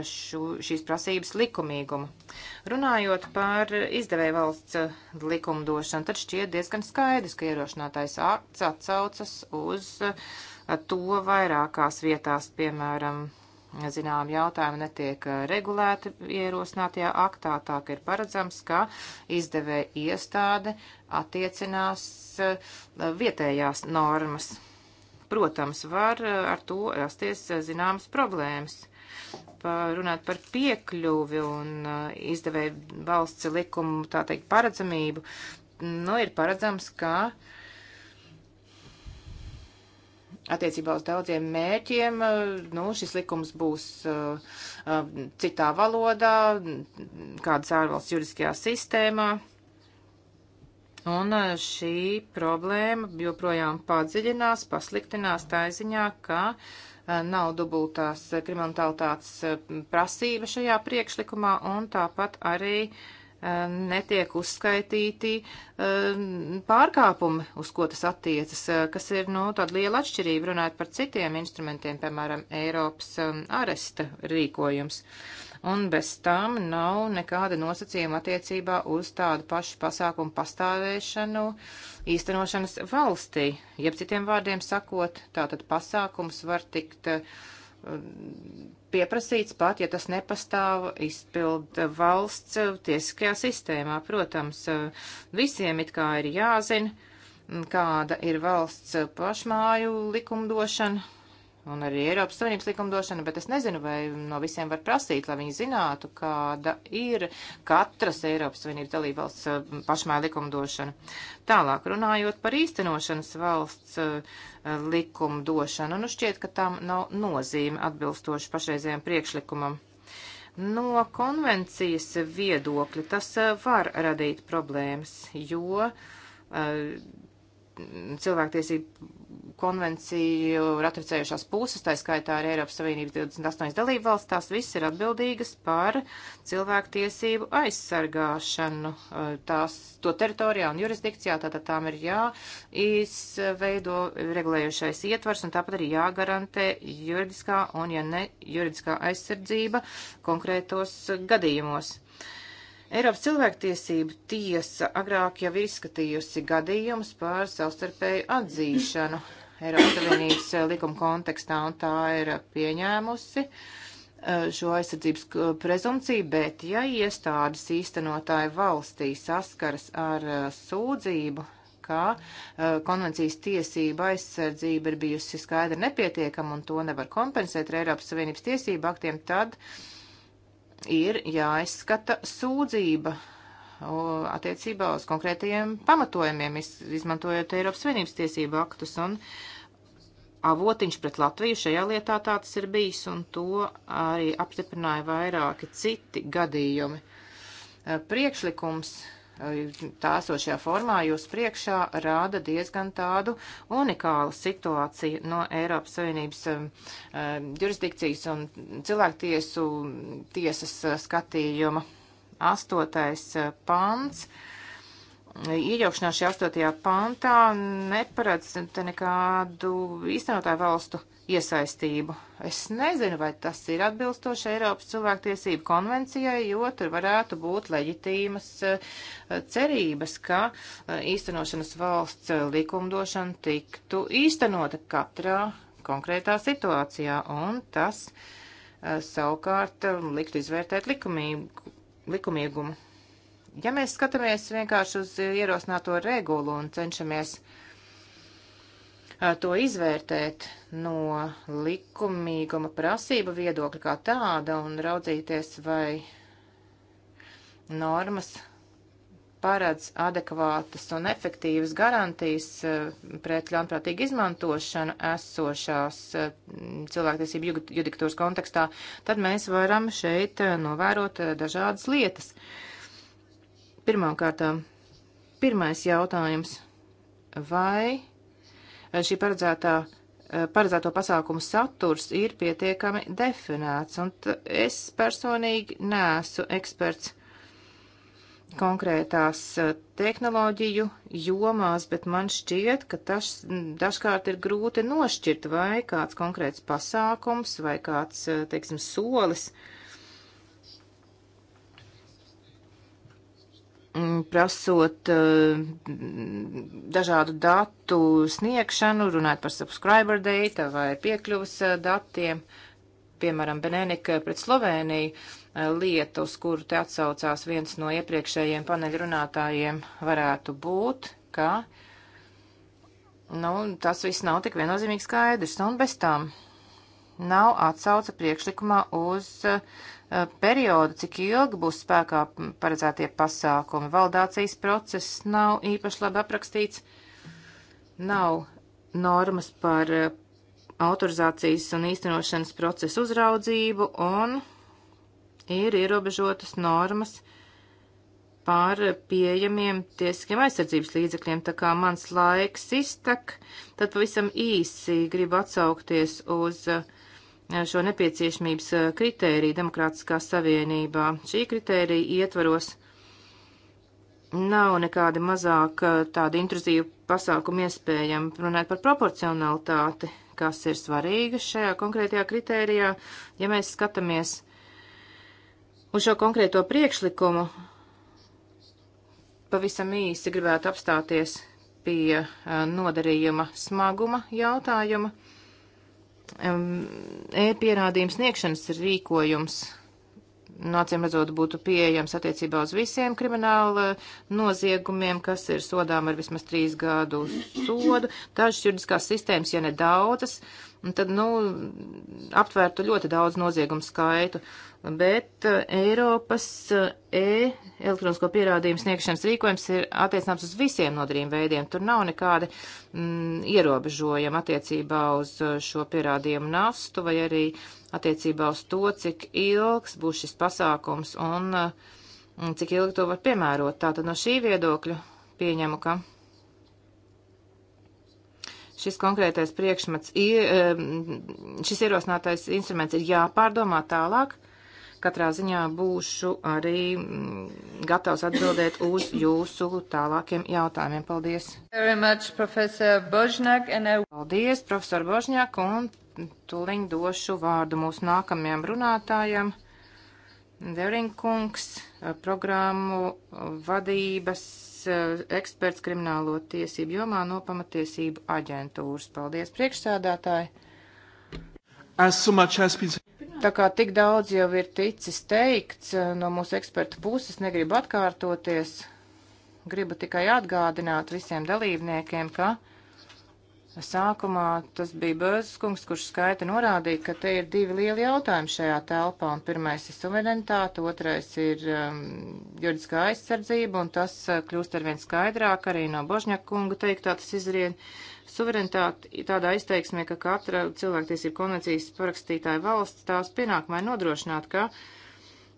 šu, šīs prasības likumīgumu. Runājot par izdevēju valsts likumdošanu, tad šķiet diezgan skaidrs, ka ierošinātais akts atsaucas uz to vairākās vietās, piemēram, zinām jautājumi netiek regulēti ierosinātajā aktā, tā ka ir paredzams, ka izdevē iestāde attiecinās vietējās normas protams, var eh, ar to rasties eh, zināmas problēmas. Par, runāt par piekļuvi un eh, izdevēju valsts likumu, tā teikt, paredzamību, nu, ir paredzams, ka attiecībā uz daudziem mērķiem, nu, šis likums būs uh, uh, citā valodā, kādas ārvalsts juridiskajā sistēmā. Uh, Un eh, šī problēma joprojām padziļinās, pasliktinās tā ziņā, ka eh, nav dubultās kriminalitātes eh, prasība šajā priekšlikumā, un tāpat arī uh, netiek uzskaitīti pārkāpumi, uz ko tas attiecas, kas ir, nu, tāda liela atšķirība runājot par citiem instrumentiem, piemēram, Eiropas aresta rīkojums. Uh, un bez tam nav nekāda nosacījuma attiecībā uz tādu pašu pasākumu pastāvēšanu īstenošanas valstī. Jeb citiem vārdiem sakot, tātad pasākums var tikt eh, pieprasīts pat, ja tas nepastāv izpilda valsts eh, tiesiskajā sistēmā. Protams, eh, visiem it kā ir jāzina, kāda ir valsts pašmāju likumdošana, un arī Eiropas Savienības likumdošana, bet es nezinu, vai no visiem var prasīt, lai viņi zinātu, kāda ir katras Eiropas Savienības dalībvalsts eh, pašmāja likumdošana. Tālāk runājot par īstenošanas valsts eh, likumdošanu, nu šķiet, ka tam nav nozīme atbilstoši pašreizējiem priekšlikumam. No konvencijas viedokļa tas eh, var radīt problēmas, jo cilvēktiesību konvenciju ratificējušās puses, tā skaitā arī Eiropas Savienības 28 dalību valsts, tās viss ir atbildīgas par cilvēktiesību aizsargāšanu uh, tās, to teritorijā un jurisdikcijā, tātad tām ir jāizveido regulējušais ietvars un tāpat arī jāgarantē juridiskā un, ja ne, juridiskā aizsardzība konkrētos gadījumos. Eiropas cilvēktiesība tiesa agrāk jau ir izskatījusi gadījumus par savstarpēju atzīšanu Eiropas Savienības eh, likuma kontekstā, un tā ir pieņēmusi eh, šo aizsardzības eh, prezumciju, bet ja iestādes īstenotāji valstī saskaras ar sūdzību, ka konvencijas tiesība aizsardzība ir bijusi skaidri nepietiekama un to nevar kompensēt ar Eiropas Savienības tiesību aktiem, tad ir jāizskata sūdzība attiecībā uz konkrētajiem pamatojumiem, izmantojot Eiropas Savienības tiesību aktus. Un avotiņš pret Latviju šajā lietā tāds ir bijis, un to arī apstiprināja vairāki citi gadījumi. E, priekšlikums e, tā esošajā formā jūs priekšā rāda diezgan tādu unikālu situāciju no Eiropas Savienības um, jurisdikcijas un cilvēktiesu tiesas skatījuma astotais eh, pants. Iejaukšanās šajā astotajā pantā neparedz te nekādu īstenotāju valstu iesaistību. Es nezinu, vai tas ir atbilstoši Eiropas cilvēktiesību konvencijai, jo tur varētu būt leģitīmas eh, cerības, ka eh, īstenošanas valsts likumdošana tiktu īstenota katrā konkrētā situācijā, un tas savukārt liktu izvērtēt likumību likumīgumu. Ja mēs skatāmies vienkārši uz ierosināto regulu un cenšamies eh, to izvērtēt no likumīguma prasība viedokļa kā tāda un raudzīties, vai normas paredz adekvātas un efektīvas garantijas eh, pret ļaunprātīgu izmantošanu esošās eh, cilvēktiesību judikatūras kontekstā, tad mēs varam šeit eh, novērot dažādas lietas. Pirmkārt, pirmais jautājums. Vai šī paredzētā paredzēto pasākumu saturs ir pietiekami definēts, un es personīgi nesu eksperts konkrētās eh, tehnoloģiju jomās, bet man šķiet, ka tas dažkārt ir grūti nošķirt, vai kāds konkrēts pasākums vai kāds, eh, teiksim, solis mm, prasot eh, dažādu datu sniegšanu, runāt par subscriber data vai piekļuvas datiem, piemēram, Benenika pret Sloveniju Eh, lieta, uz kuru te atsaucās viens no iepriekšējiem paneļrunātājiem, varētu būt, ka nu, tas viss nav tik viennozīmīgi skaidrs. Un bez tām nav atsauca priekšlikumā uz uh, periodu, cik ilgi būs spēkā paredzētie pasākumi. Valdācijas process nav īpaši labi aprakstīts, nav normas par uh, autorizācijas un īstenošanas procesu uzraudzību un ir ierobežotas normas pār pieejamiem tiesiskiem aizsardzības līdzekļiem, tā kā mans laiks iztek, tad pavisam īsi gribu atsaukties uz uh, šo nepieciešamības uh, kritēriju Demokrātiskā savienībā. Šī kritērija ietvaros nav nekādi mazāk uh, tādi intruzīvi pasākumi iespējami. Runājot par proporcionalitāti, kas ir svarīga šajā konkrētajā kritērijā, ja mēs skatāmies Un šo konkrēto priekšlikumu pavisam īsi gribētu apstāties pie nodarījuma smaguma jautājuma. E-pierādījums sniegšanas rīkojums nāciem nu, redzot, būtu pieejams attiecībā uz visiem krimināla noziegumiem, kas ir sodām ar vismaz trīs gadu sodu. Dažas juridiskās sistēmas, ja ne daudzas, uh, un tad, nu, aptvērtu ļoti daudz noziegumu skaitu. Bet uh, Eiropas uh, e elektronisko pierādījumu sniegšanas rīkojums ir attiecināms uz visiem nodarījuma veidiem. Tur nav nekāda mm, ierobežojuma attiecībā uz uh, šo pierādījumu nastu vai arī attiecībā uz to, cik ilgs būs šis pasākums un, un cik ilgi to var piemērot. Tātad no šī viedokļa pieņemu, ka šis konkrētais priekšmets, ir, šis ierosinātais instruments ir jāpārdomā tālāk. Katrā ziņā būšu arī mm, gatavs atbildēt uz jūsu tālākiem jautājumiem. Paldies! Much, professor Božņāk, I... Paldies, profesor Božņāk, un tuliņ došu vārdu mūsu nākamajam runātājam. Devrinkungs, programmu vadības Uh, eksperts kriminālo tiesību jomā no pamatiesību aģentūras. Paldies, priekšsādātāji! Tā kā tik daudz jau ir ticis teikts uh, no mūsu eksperta puses, negribu atkārtoties. Gribu tikai atgādināt visiem dalībniekiem, ka sākumā tas bija Bēzes kurš skaita norādīja, ka te ir divi lieli jautājumi šajā telpā, un pirmais ir suverenitāte, otrais ir um, juridiskā aizsardzība, un tas uh, kļūst arvien skaidrāk arī no Božņaka kunga teiktā tas izrien. Suverenitāte tādā izteiksmē, ka katra cilvēktiesību konvencijas parakstītāja valsts tās pienākumai nodrošināt, ka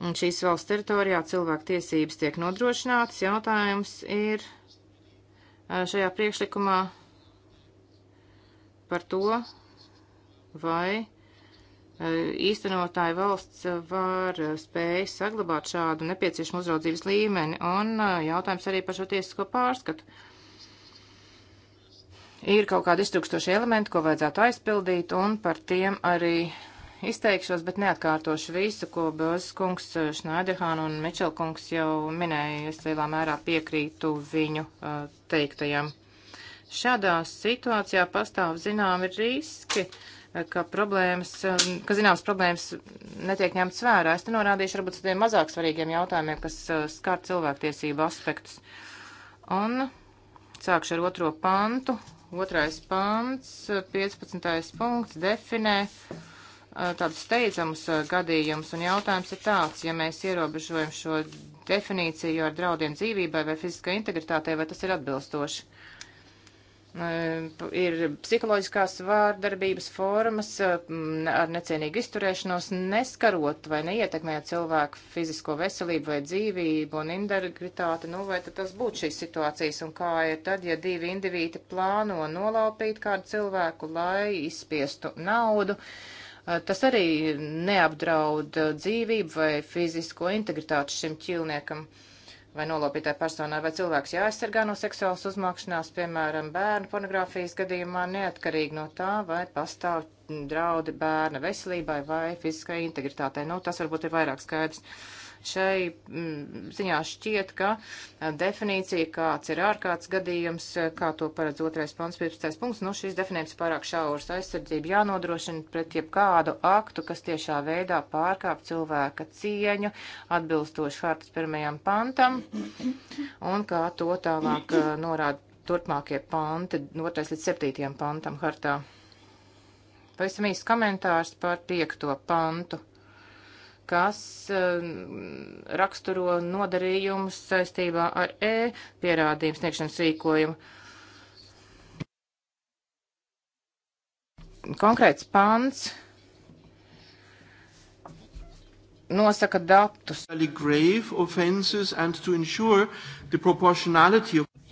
un mm, šīs valsts teritorijā cilvēku tiesības tiek nodrošinātas. Jautājums ir uh, šajā priekšlikumā par to, vai e, īstenotāja valsts var e, spēj saglabāt šādu nepieciešamu uzraudzības līmeni, un e, jautājums arī par šo tiesisko pārskatu. Ir kaut kādi iztrukstošie elementi, ko vajadzētu aizpildīt, un par tiem arī izteikšos, bet neatkārtošu visu, ko Bozes kungs, Šnaiderhāna un Mičel kungs jau minēja. Es lielā mērā piekrītu viņu teiktajam. Šādā situācijā pastāv zināmi riski, ka problēmas, ka zināmas problēmas netiek ņemtas vērā. Es te norādīšu varbūt tādiem mazāk svarīgiem jautājumiem, kas uh, skar cilvēktiesību aspektus. Un sākšu ar otro pantu. Otrais pants, 15. punkts, definē uh, tādus steidzamus uh, gadījumus, un jautājums ir tāds, ja mēs ierobežojam šo definīciju ar draudiem dzīvībai vai fiziskai integritātei, vai tas ir atbilstoši ir psiholoģiskās vārdarbības formas ar necienīgu izturēšanos, neskarot vai neietekmējot cilvēku fizisko veselību vai dzīvību un integritāti, nu vai tad tas būtu šīs situācijas un kā ir tad, ja divi indivīti plāno nolaupīt kādu cilvēku, lai izspiestu naudu. Tas arī neapdraud dzīvību vai fizisko integritāti šim ķilniekam. Uh, vai nolopītai personai vai cilvēks jāaizsargā no seksuālas uzmākšanās, piemēram, bērnu pornogrāfijas gadījumā, neatkarīgi no tā, vai pastāv draudi bērna veselībai vai fiziskai integritātei. Nu, tas varbūt ir vairāk skaidrs. Šai mm, ziņā šķiet, ka definīcija, kāds ir ārkārtas gadījums, kā to paredz otrais pants, 15. punkts, nu šīs definējums pārāk šauras aizsardzību jānodrošina pret jebkādu aktu, kas tiešā veidā pārkāp cilvēka cieņu atbilstoši hartas pirmajam pantam un kā to tālāk norāda turpmākie panti, otrais līdz septītajam pantam hartā. Pavisam īsts komentārs par piekto pantu kas eh, raksturo nodarījumus saistībā ar E pierādījumu sniegšanas rīkojumu. Konkrēts pants nosaka datus.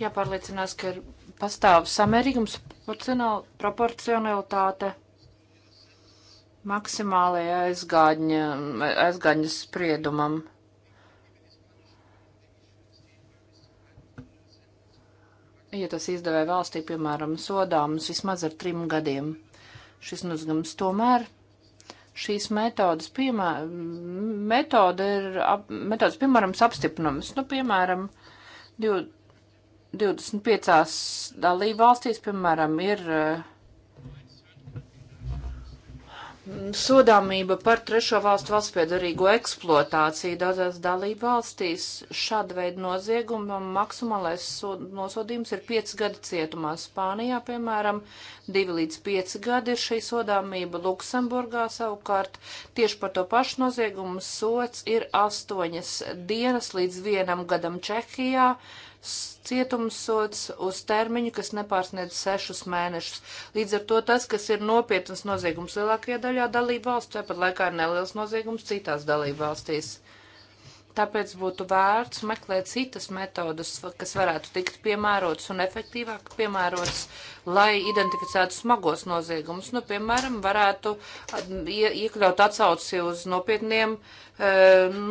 Jāpārliecinās, ka pastāv samērīgums, proporcionalitāte maksimālajai aizgādņa, aizgādņas spriedumam. Ja tas izdevē valstī, piemēram, sodāms vismaz ar trim gadiem, šis nozgums tomēr šīs metodas, piemē, metoda ir, ap, metodas, piemēram, apstiprinums, nu, piemēram, 25 dalību valstīs, piemēram, ir uh, sodāmība par trešo valstu valstspiedarīgo eksploatāciju daudzās dalību valstīs. Šāda veida noziegumam maksimālais nosodījums ir 5 gadi cietumā. Spānijā, piemēram, 2 līdz 5 gadi ir šī sodāmība. Luksemburgā savukārt tieši par to pašu noziegumu sots ir 8 dienas līdz 1 gadam Čehijā cietumsots uz termiņu, kas nepārsniedz sešus mēnešus. Līdz ar to tas, kas ir nopietnas noziegums lielākajā daļā dalību valsts, tāpat laikā ir neliels noziegums citās dalību valstīs. Tāpēc būtu vērts meklēt citas metodas, kas varētu tikt piemērotas un efektīvāk piemērotas, lai identificētu smagos noziegumus. Nu, piemēram, varētu iekļaut atsauci uz nopietniem e,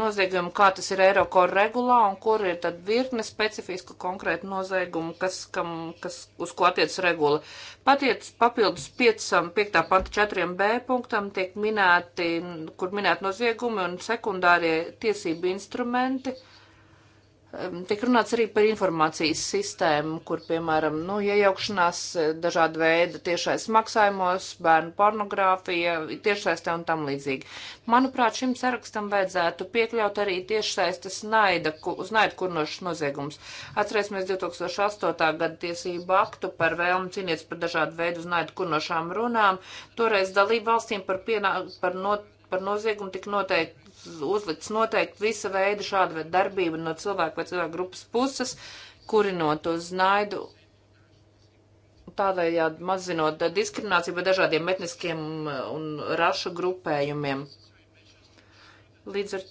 noziegumu, kā tas ir Eirokor regulā un kur ir tad virkne specifiska konkrēta nozieguma, kas, kam, kas, uz ko attiec regula. Patiec papildus 5, 5. panta 4b punktam tiek minēti, kur minēti noziegumi un sekundārie tiesību instrumenti. Uh, Tiek runāts arī par informācijas sistēmu, kur, piemēram, nu, iejaukšanās e, dažāda veida tiešais maksājumos, bērnu pornogrāfija, tiešsaistē un tam līdzīgi. Manuprāt, šim sarakstam vajadzētu piekļaut arī tiešsaistes naida, uz naida kurnošas noziegums. Atcerēsimies 2008. gada tiesību aktu par vēlmu cīnīties par dažādu veidu uz naida kurnošām runām. Toreiz dalību valstīm par, pienā, par not par noziegumu tika noteikti uzlikts noteikti visa veida šāda veida darbība no cilvēku vai cilvēku grupas puses, kurinot uz naidu, tādējādi mazinot diskrimināciju par dažādiem etniskiem uh, un rašu grupējumiem. Līdz ar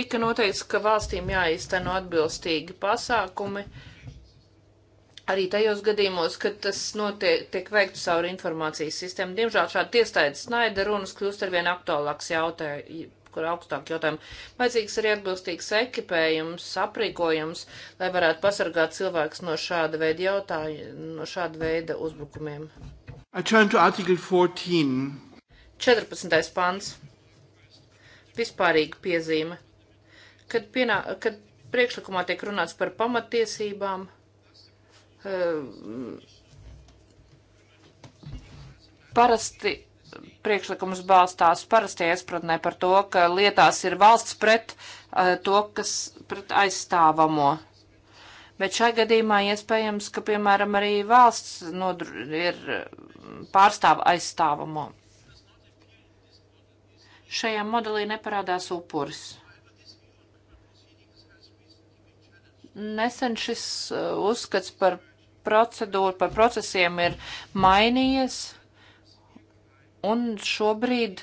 tika noteikts, ka valstīm jāizteno atbilstīgi pasākumi. Arī tajos gadījumos, kad tas notiek, tiek veikts caur informācijas sistēmu, diemžēl šāda tiestājas snaida runas kļūst arvien aktuālāks jautājums kur augstāk jautājumu. Vajadzīgs arī atbilstīgs ekipējums, aprīkojums, lai varētu pasargāt cilvēks no šāda veida jautājumu, no šāda veida uzbrukumiem. 14. 14. pants. Vispārīga piezīme. Kad, pienā, kad priekšlikumā tiek runāts par pamatiesībām, eh, parasti priekšlikums balstās parasti iespratnē par to, ka lietās ir valsts pret uh, to, kas pret aizstāvamo. Bet šai gadījumā iespējams, ka, piemēram, arī valsts nodru, ir mm, pārstāva aizstāvamo. Šajā modelī neparādās upuris. Nesen šis eh, uzskats par procedūru, par procesiem ir mainījies. Un šobrīd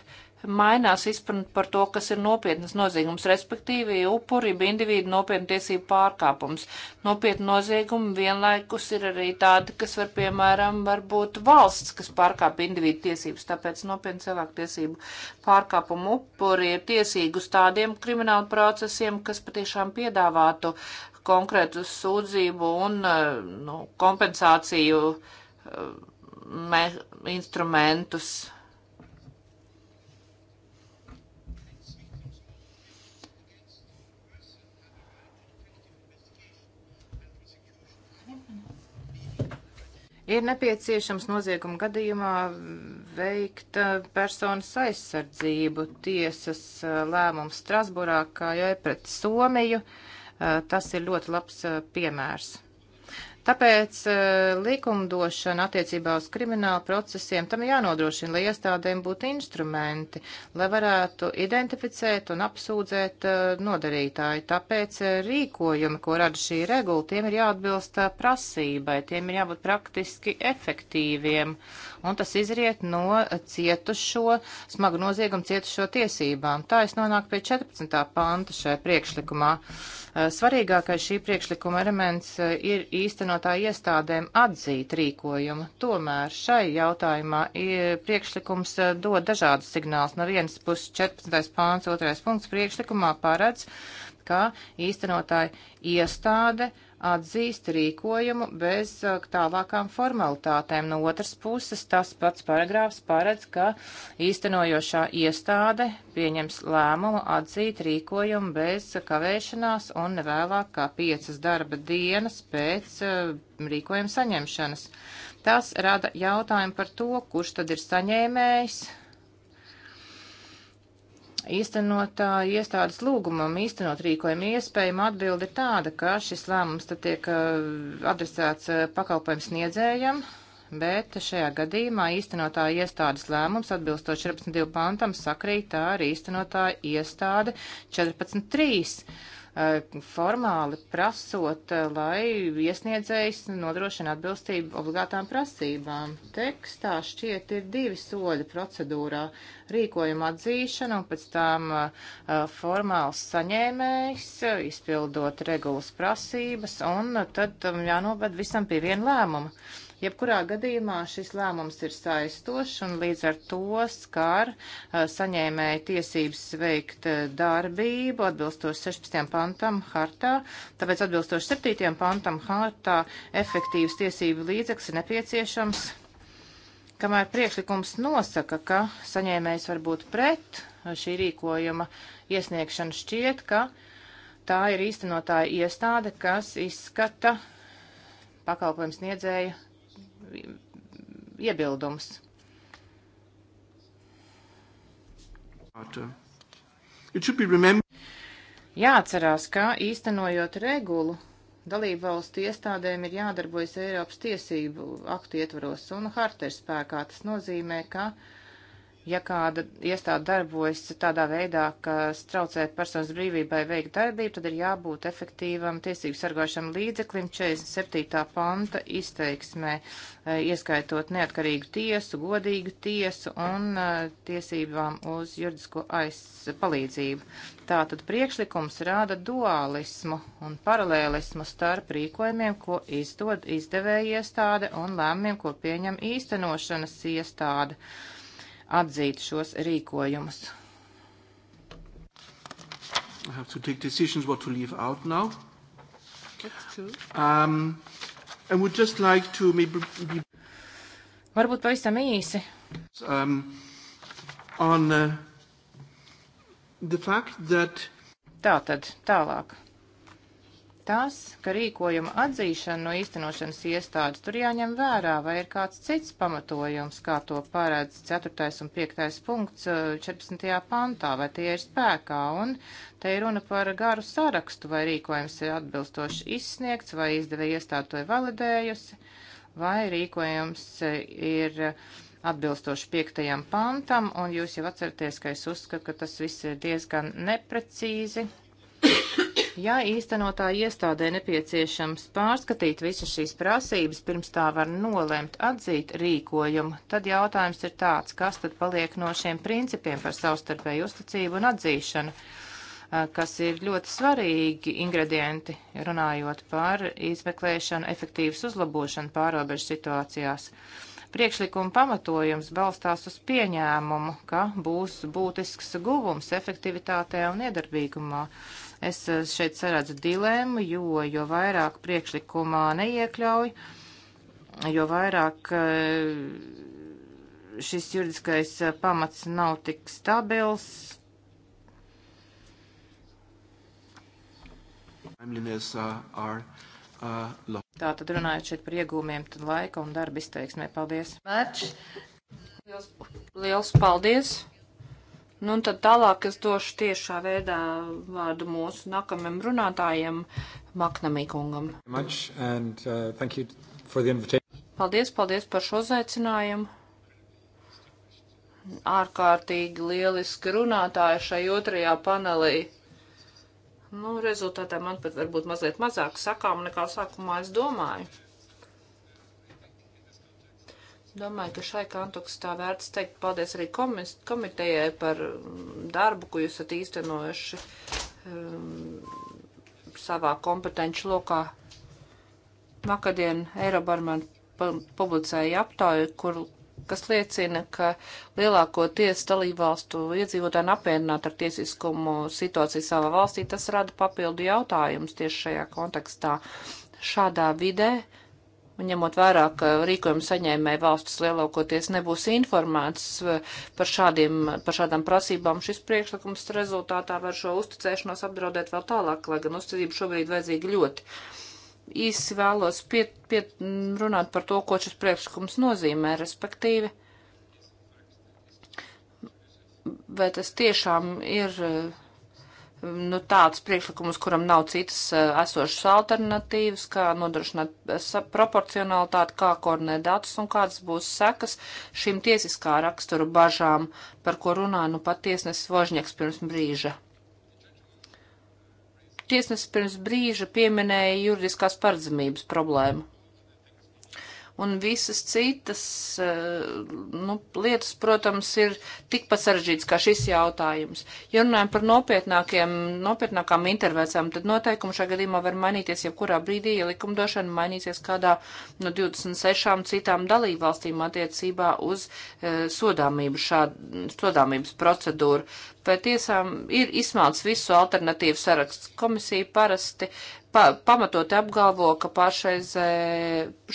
mainās izpratne par to, kas ir nopietnas noziegums, respektīvi upuri bija individu nopietnu tiesību pārkāpums. Nopietni noziegumi vienlaikus ir arī tādi, kas var, piemēram, varbūt valsts, kas pārkāp individu tiesības, tāpēc nopietnu cilvēku tiesību pārkāpumu upuri ir tiesīgi uz tādiem kriminālu procesiem, kas patiešām piedāvātu konkrētu sūdzību un nu, kompensāciju eh, me, instrumentus Ir nepieciešams nozieguma gadījumā veikt eh, personas aizsardzību. Tiesas eh, lēmums Strasburā, kā jau pret Somiju, eh, tas ir ļoti labs piemērs. Tāpēc eh, likumdošana attiecībā uz kriminālu procesiem tam jānodrošina, lai iestādēm būtu instrumenti, lai varētu identificēt un apsūdzēt eh, nodarītāju. Tāpēc eh, rīkojumi, ko rada šī regula, tiem ir jāatbilst prasībai, tiem ir jābūt praktiski efektīviem. Uh, un tas izriet no cietušo, smagu noziegumu cietušo tiesībām. Tā es nonāku pie 14. panta šajā priekšlikumā. Eh, svarīgākais šī priekšlikuma elements eh, ir īstenotā iestādēm atzīt rīkojumu. Tomēr šai jautājumā eh, priekšlikums dod dažādus signālus. No vienas puses 14. pāns, otrais punkts priekšlikumā paredz, ka īstenotāja iestāde uh, atzīst rīkojumu bez uh, tālākām formalitātēm. No otras puses, tas pats paragrāfs paredz, ka īstenojošā iestāde pieņems lēmumu atzīt rīkojumu bez kavēšanās un nevēlāk kā piecas darba dienas pēc uh, rīkojuma saņemšanas. Tas rada jautājumu par to, kurš tad ir saņēmējs īstenotāja iestādes lūgumam īstenot rīkojumu iespējama atbilde ir tāda, ka šis lēmums tad tiek uh, adresēts uh, pakalpojums sniedzējam, bet šajā gadījumā īstenotāja iestādes lēmums atbilstoši 14.2 pantam sakrīt ar īstenotāja iestāde 14.3 Eh, formāli prasot, eh, lai iesniedzējs nodrošina atbilstību obligātām prasībām. Tekstā šķiet ir divi soļi procedūrā - rīkojuma atzīšana un pēc tam eh, formāls saņēmējs, izpildot regulas prasības, un tad jānovad visam pie viena lēmuma. Jebkurā gadījumā šis lēmums ir saistošs un līdz ar to skar saņēmēja tiesības veikt darbību atbilstoši 16. pantam hartā, tāpēc atbilstoši 7. pantam hartā efektīvs tiesību līdzeklis ir nepieciešams kamēr priekšlikums nosaka, ka saņēmējs var būt pret šī rīkojuma iesniegšanu, šķiet, ka tā ir īstenotāja iestāde, kas izskata pakalpojums niedzēja iebildums. Jāatcerās, ka īstenojot regulu, dalību valstu iestādēm ir jādarbojas Eiropas tiesību aktu ietvaros un harta ir spēkā. Tas nozīmē, ka uh, ja kāda iestāde darbojas tādā veidā, ka straucē personas brīvībai veikt darbību, tad ir jābūt efektīvam tiesību sargājušam līdzeklim 47. panta izteiksmē, eh, ieskaitot neatkarīgu tiesu, godīgu tiesu un eh, tiesībām uz juridisko aizpalīdzību. Tātad priekšlikums rāda dualismu un paralēlismu starp rīkojumiem, ko izdod izdevēja iestāde un lēmumiem, ko pieņem īstenošanas iestāde atzīt šos rīkojumus. I have to take decisions what to leave out now. That's true. Um, I would just like to maybe. Be... Varbūt pavisam īsi. Um, on uh, the fact that. Tātad, tālāk tas, ka rīkojuma atzīšana no īstenošanas iestādes tur jāņem vērā, vai ir kāds cits pamatojums, kā to paredz 4. un 5. punkts 14. Eh, pantā, vai tie ir spēkā, un te ir runa par garu sarakstu, vai rīkojums ir atbilstoši izsniegts, vai izdevēja iestāde to ir validējusi, vai rīkojums eh, ir atbilstoši 5. pantam, un jūs jau atceraties, ka es uzskatu, ka tas viss ir diezgan neprecīzi. Ja īstenotā iestādē nepieciešams pārskatīt visas šīs prasības, pirms tā var nolemt atzīt rīkojumu, tad jautājums ir tāds, kas tad paliek no šiem principiem par savstarpēju uzticību un atzīšanu, kas ir ļoti svarīgi ingredienti, runājot par izmeklēšanu, efektīvas uzlabošanu pārobežu situācijās. Priekšlikuma pamatojums balstās uz pieņēmumu, ka būs būtisks guvums efektivitātē un iedarbīgumā. Uh, Es eh, šeit saredzu dilēmu, jo, jo vairāk priekšlikumā neiekļauj, jo vairāk eh, šis juridiskais eh, pamats nav tik stabils. Uh, uh, Tā tad runājot šeit par iegūmiem, tad laika un darba izteiksmē. Paldies! Mērķis! Liels, liels paldies! Nu, un tad tālāk es došu tiešā veidā vārdu mūsu nākamajam runātājiem, Maknamī kungam. And, uh, paldies, paldies par šo zaicinājumu. Ārkārtīgi lieliski runātāji šai otrajā panelī. Nu, rezultātā man pat varbūt mazliet mazāk sakām nekā sākumā es domāju. Domāju, ka šai kontekstā vērts teikt paldies arī komis, komitejai par mm, darbu, ko jūs esat īstenojuši um, savā kompetenci lokā. Vakardien Eirobarman publicēja aptauju, kur, kas liecina, ka lielāko tiesu dalībvalstu iedzīvotāju apvienot ar tiesiskumu situāciju savā valstī, tas rada papildu jautājumus tieši šajā kontekstā. Šādā vidē uh, Un ņemot vērā, ka rīkojuma saņēmēja valsts lielākoties nebūs informēts eh, par, šādiem, par šādām prasībām, šis priekšlikums rezultātā var šo uzticēšanos apdraudēt vēl tālāk, lai gan uzticība šobrīd vajadzīga ļoti. Īsi vēlos piet, piet, runāt par to, ko šis priekšlikums nozīmē, respektīvi vai tas tiešām ir eh, nu, tāds priekšlikums, kuram nav citas eh, esošas alternatīvas, kā nodrošināt eh, proporcionalitāti, kā koordinēt datus un kādas būs sekas šīm tiesiskā rakstura bažām, par ko runā nu pat tiesnesis Vožņieks pirms brīža. Tiesnesis pirms brīža pieminēja juridiskās paredzamības problēmu un visas citas eh, nu, lietas, protams, ir tikpat sarežģītas kā šis jautājums. Ja runājam par nopietnākām intervencijām, tad noteikumi šajā gadījumā var mainīties jebkurā brīdī, ja likumdošana mainīsies kādā no 26 citām dalībvalstīm attiecībā uz eh, sodāmību, šādu sodāmības procedūru. Vai tiesām ir izsmelts visu alternatīvu saraksts? Komisija parasti pa, pamatot apgalvo, ka pašreiz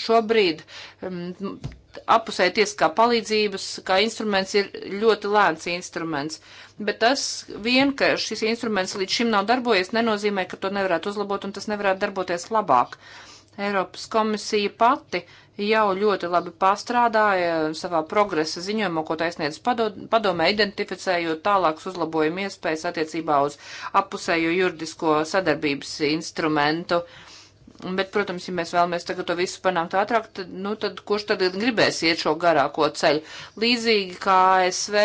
šobrīd um, mm, apusēja tiesiskā palīdzības, kā instruments ir ļoti lēns instruments. Bet tas vien, ka šis instruments līdz šim nav darbojies, nenozīmē, ka to nevarētu uzlabot un tas nevarētu darboties labāk. Uh, Eiropas komisija pati jau ļoti labi pastrādāja savā progresa ziņojumā, ko taisniedz padomē, identificējot tālākus uzlabojumu iespējas attiecībā uz apusējo juridisko sadarbības instrumentu. Bet, protams, ja mēs vēlamies tagad to visu panākt ātrāk, tad, nu, tad kurš tad gribēs iet šo garāko ceļu? Līdzīgi kā ASV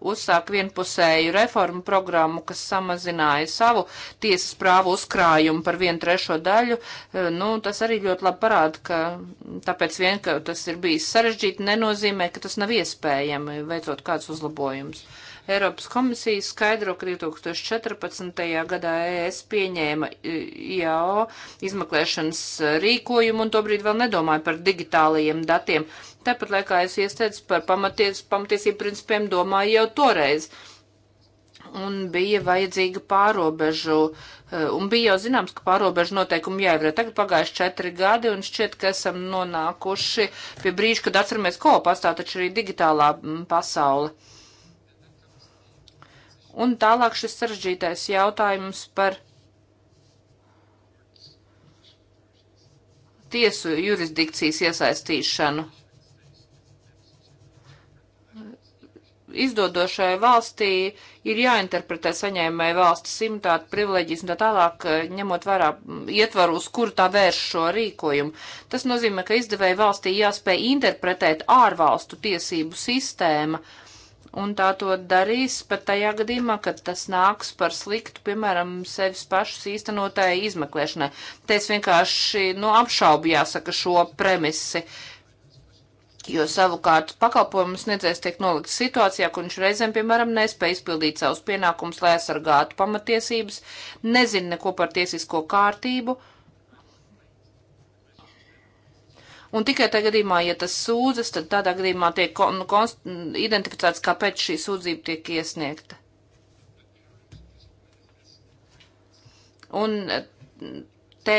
uzsāk vienpusēju reformu programmu, kas samazināja savu tiesas prāvu uzkrājumu par vienu trešo daļu, e, nu, tas arī ļoti labi parāda, ka tāpēc vien, ka tas ir bijis sarežģīti, nenozīmē, ka tas nav iespējami veicot kāds uzlabojums. Eiropas komisija skaidro, ka 2014. gadā ES pieņēma IAO izmeklēšanas rīkojumu un tobrīd vēl nedomāja par digitālajiem datiem. Tāpat laikā es iesteicu par pamaties, pamatiesību principiem domāju jau toreiz. Un bija vajadzīga pārobežu, eh, un bija jau zināms, ka pārobežu noteikumi jāievēro. Tagad pagājuši četri gadi, un šķiet, ka esam nonākuši pie brīža, kad atceramies, ko pastāv taču arī digitālā mm, pasaule. Un tālāk šis sarežģītais jautājums par tiesu jurisdikcijas iesaistīšanu. izdodošai valstī ir jāinterpretē saņēmēji valsts simtāti, privileģijas un tā tālāk, eh, ņemot vērā mm, ietvaru, uz kur tā vērš šo rīkojumu. Tas nozīmē, ka izdevēja valstī jāspēj interpretēt ārvalstu tiesību sistēma, un tā to darīs pat tajā gadījumā, kad tas nāks par sliktu, piemēram, sevis pašas īstenotāja izmeklēšanai. Te es vienkārši, nu, apšaubu, jāsaka, šo premisi. Uh, jo savukārt pakalpojumu sniedzējs tiek nolikts situācijā, kur viņš reizēm, piemēram, nespēja izpildīt savus pienākumus, lai aizsargātu pamatiesības, nezina neko par tiesisko kārtību. Un tikai tajā gadījumā, ja tas sūdzas, tad tādā gadījumā tiek kon, nu, konst, identificēts, kāpēc šī sūdzība tiek iesniegta. Un te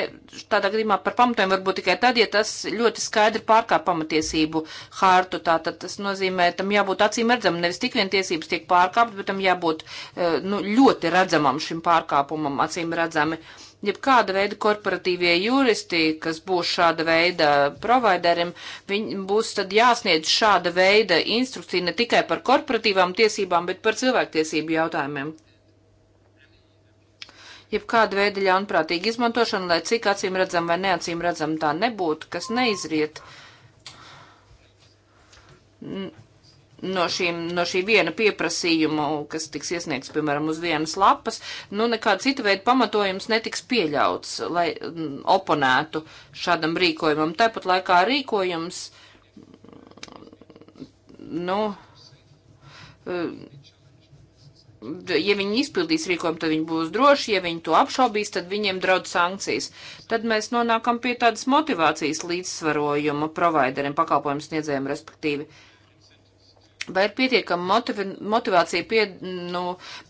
tādā gadījumā par pamatiem var būt tikai tad, ja tas ļoti skaidri pārkāp pamatiesību hārtu. Tātad tas nozīmē, tam jābūt acīm redzamam. Nevis tik vien tiesības tiek pārkāpt, bet tam jābūt eh, nu, ļoti redzamam šim pārkāpumam, acīm redzami. Jebkāda veida korporatīvie juristi, kas būs šāda veida providerim, viņi būs tad jāsniedz šāda veida instrukcija ne tikai par korporatīvām tiesībām, bet par cilvēktiesību jautājumiem jebkāda veida ļaunprātīga izmantošana, lai cik acīm redzam vai neacīm redzam tā nebūtu, kas neizriet no, šīm, no šī viena pieprasījuma, kas tiks iesniegts, piemēram, uz vienas lapas, nu nekāda cita veida pamatojums netiks pieļauts, lai oponētu šādam rīkojumam. Tāpat laikā rīkojums, nu, ja viņi izpildīs rīkojumu, tad viņi būs droši, ja viņi to apšaubīs, tad viņiem draud sankcijas. Tad mēs nonākam pie tādas motivācijas līdzsvarojuma provideriem, pakalpojumu sniedzējiem, respektīvi. Vai ir pietiekama motiv motivācija, pie, nu,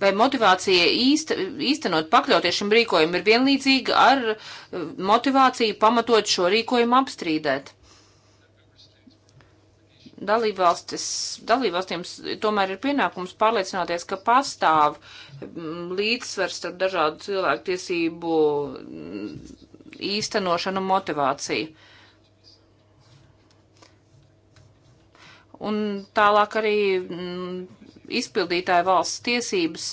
vai motivācija īsta, īstenot pakļauties šim rīkojumam ir vienlīdzīga ar eh, motivāciju pamatot šo rīkojumu apstrīdēt? dalībvalstīm tomēr ir pienākums pārliecināties, ka pastāv mm, līdzsvers starp dažādu cilvēku tiesību mm, īstenošanu un motivāciju. Un tālāk arī m, mm, izpildītāja valsts tiesības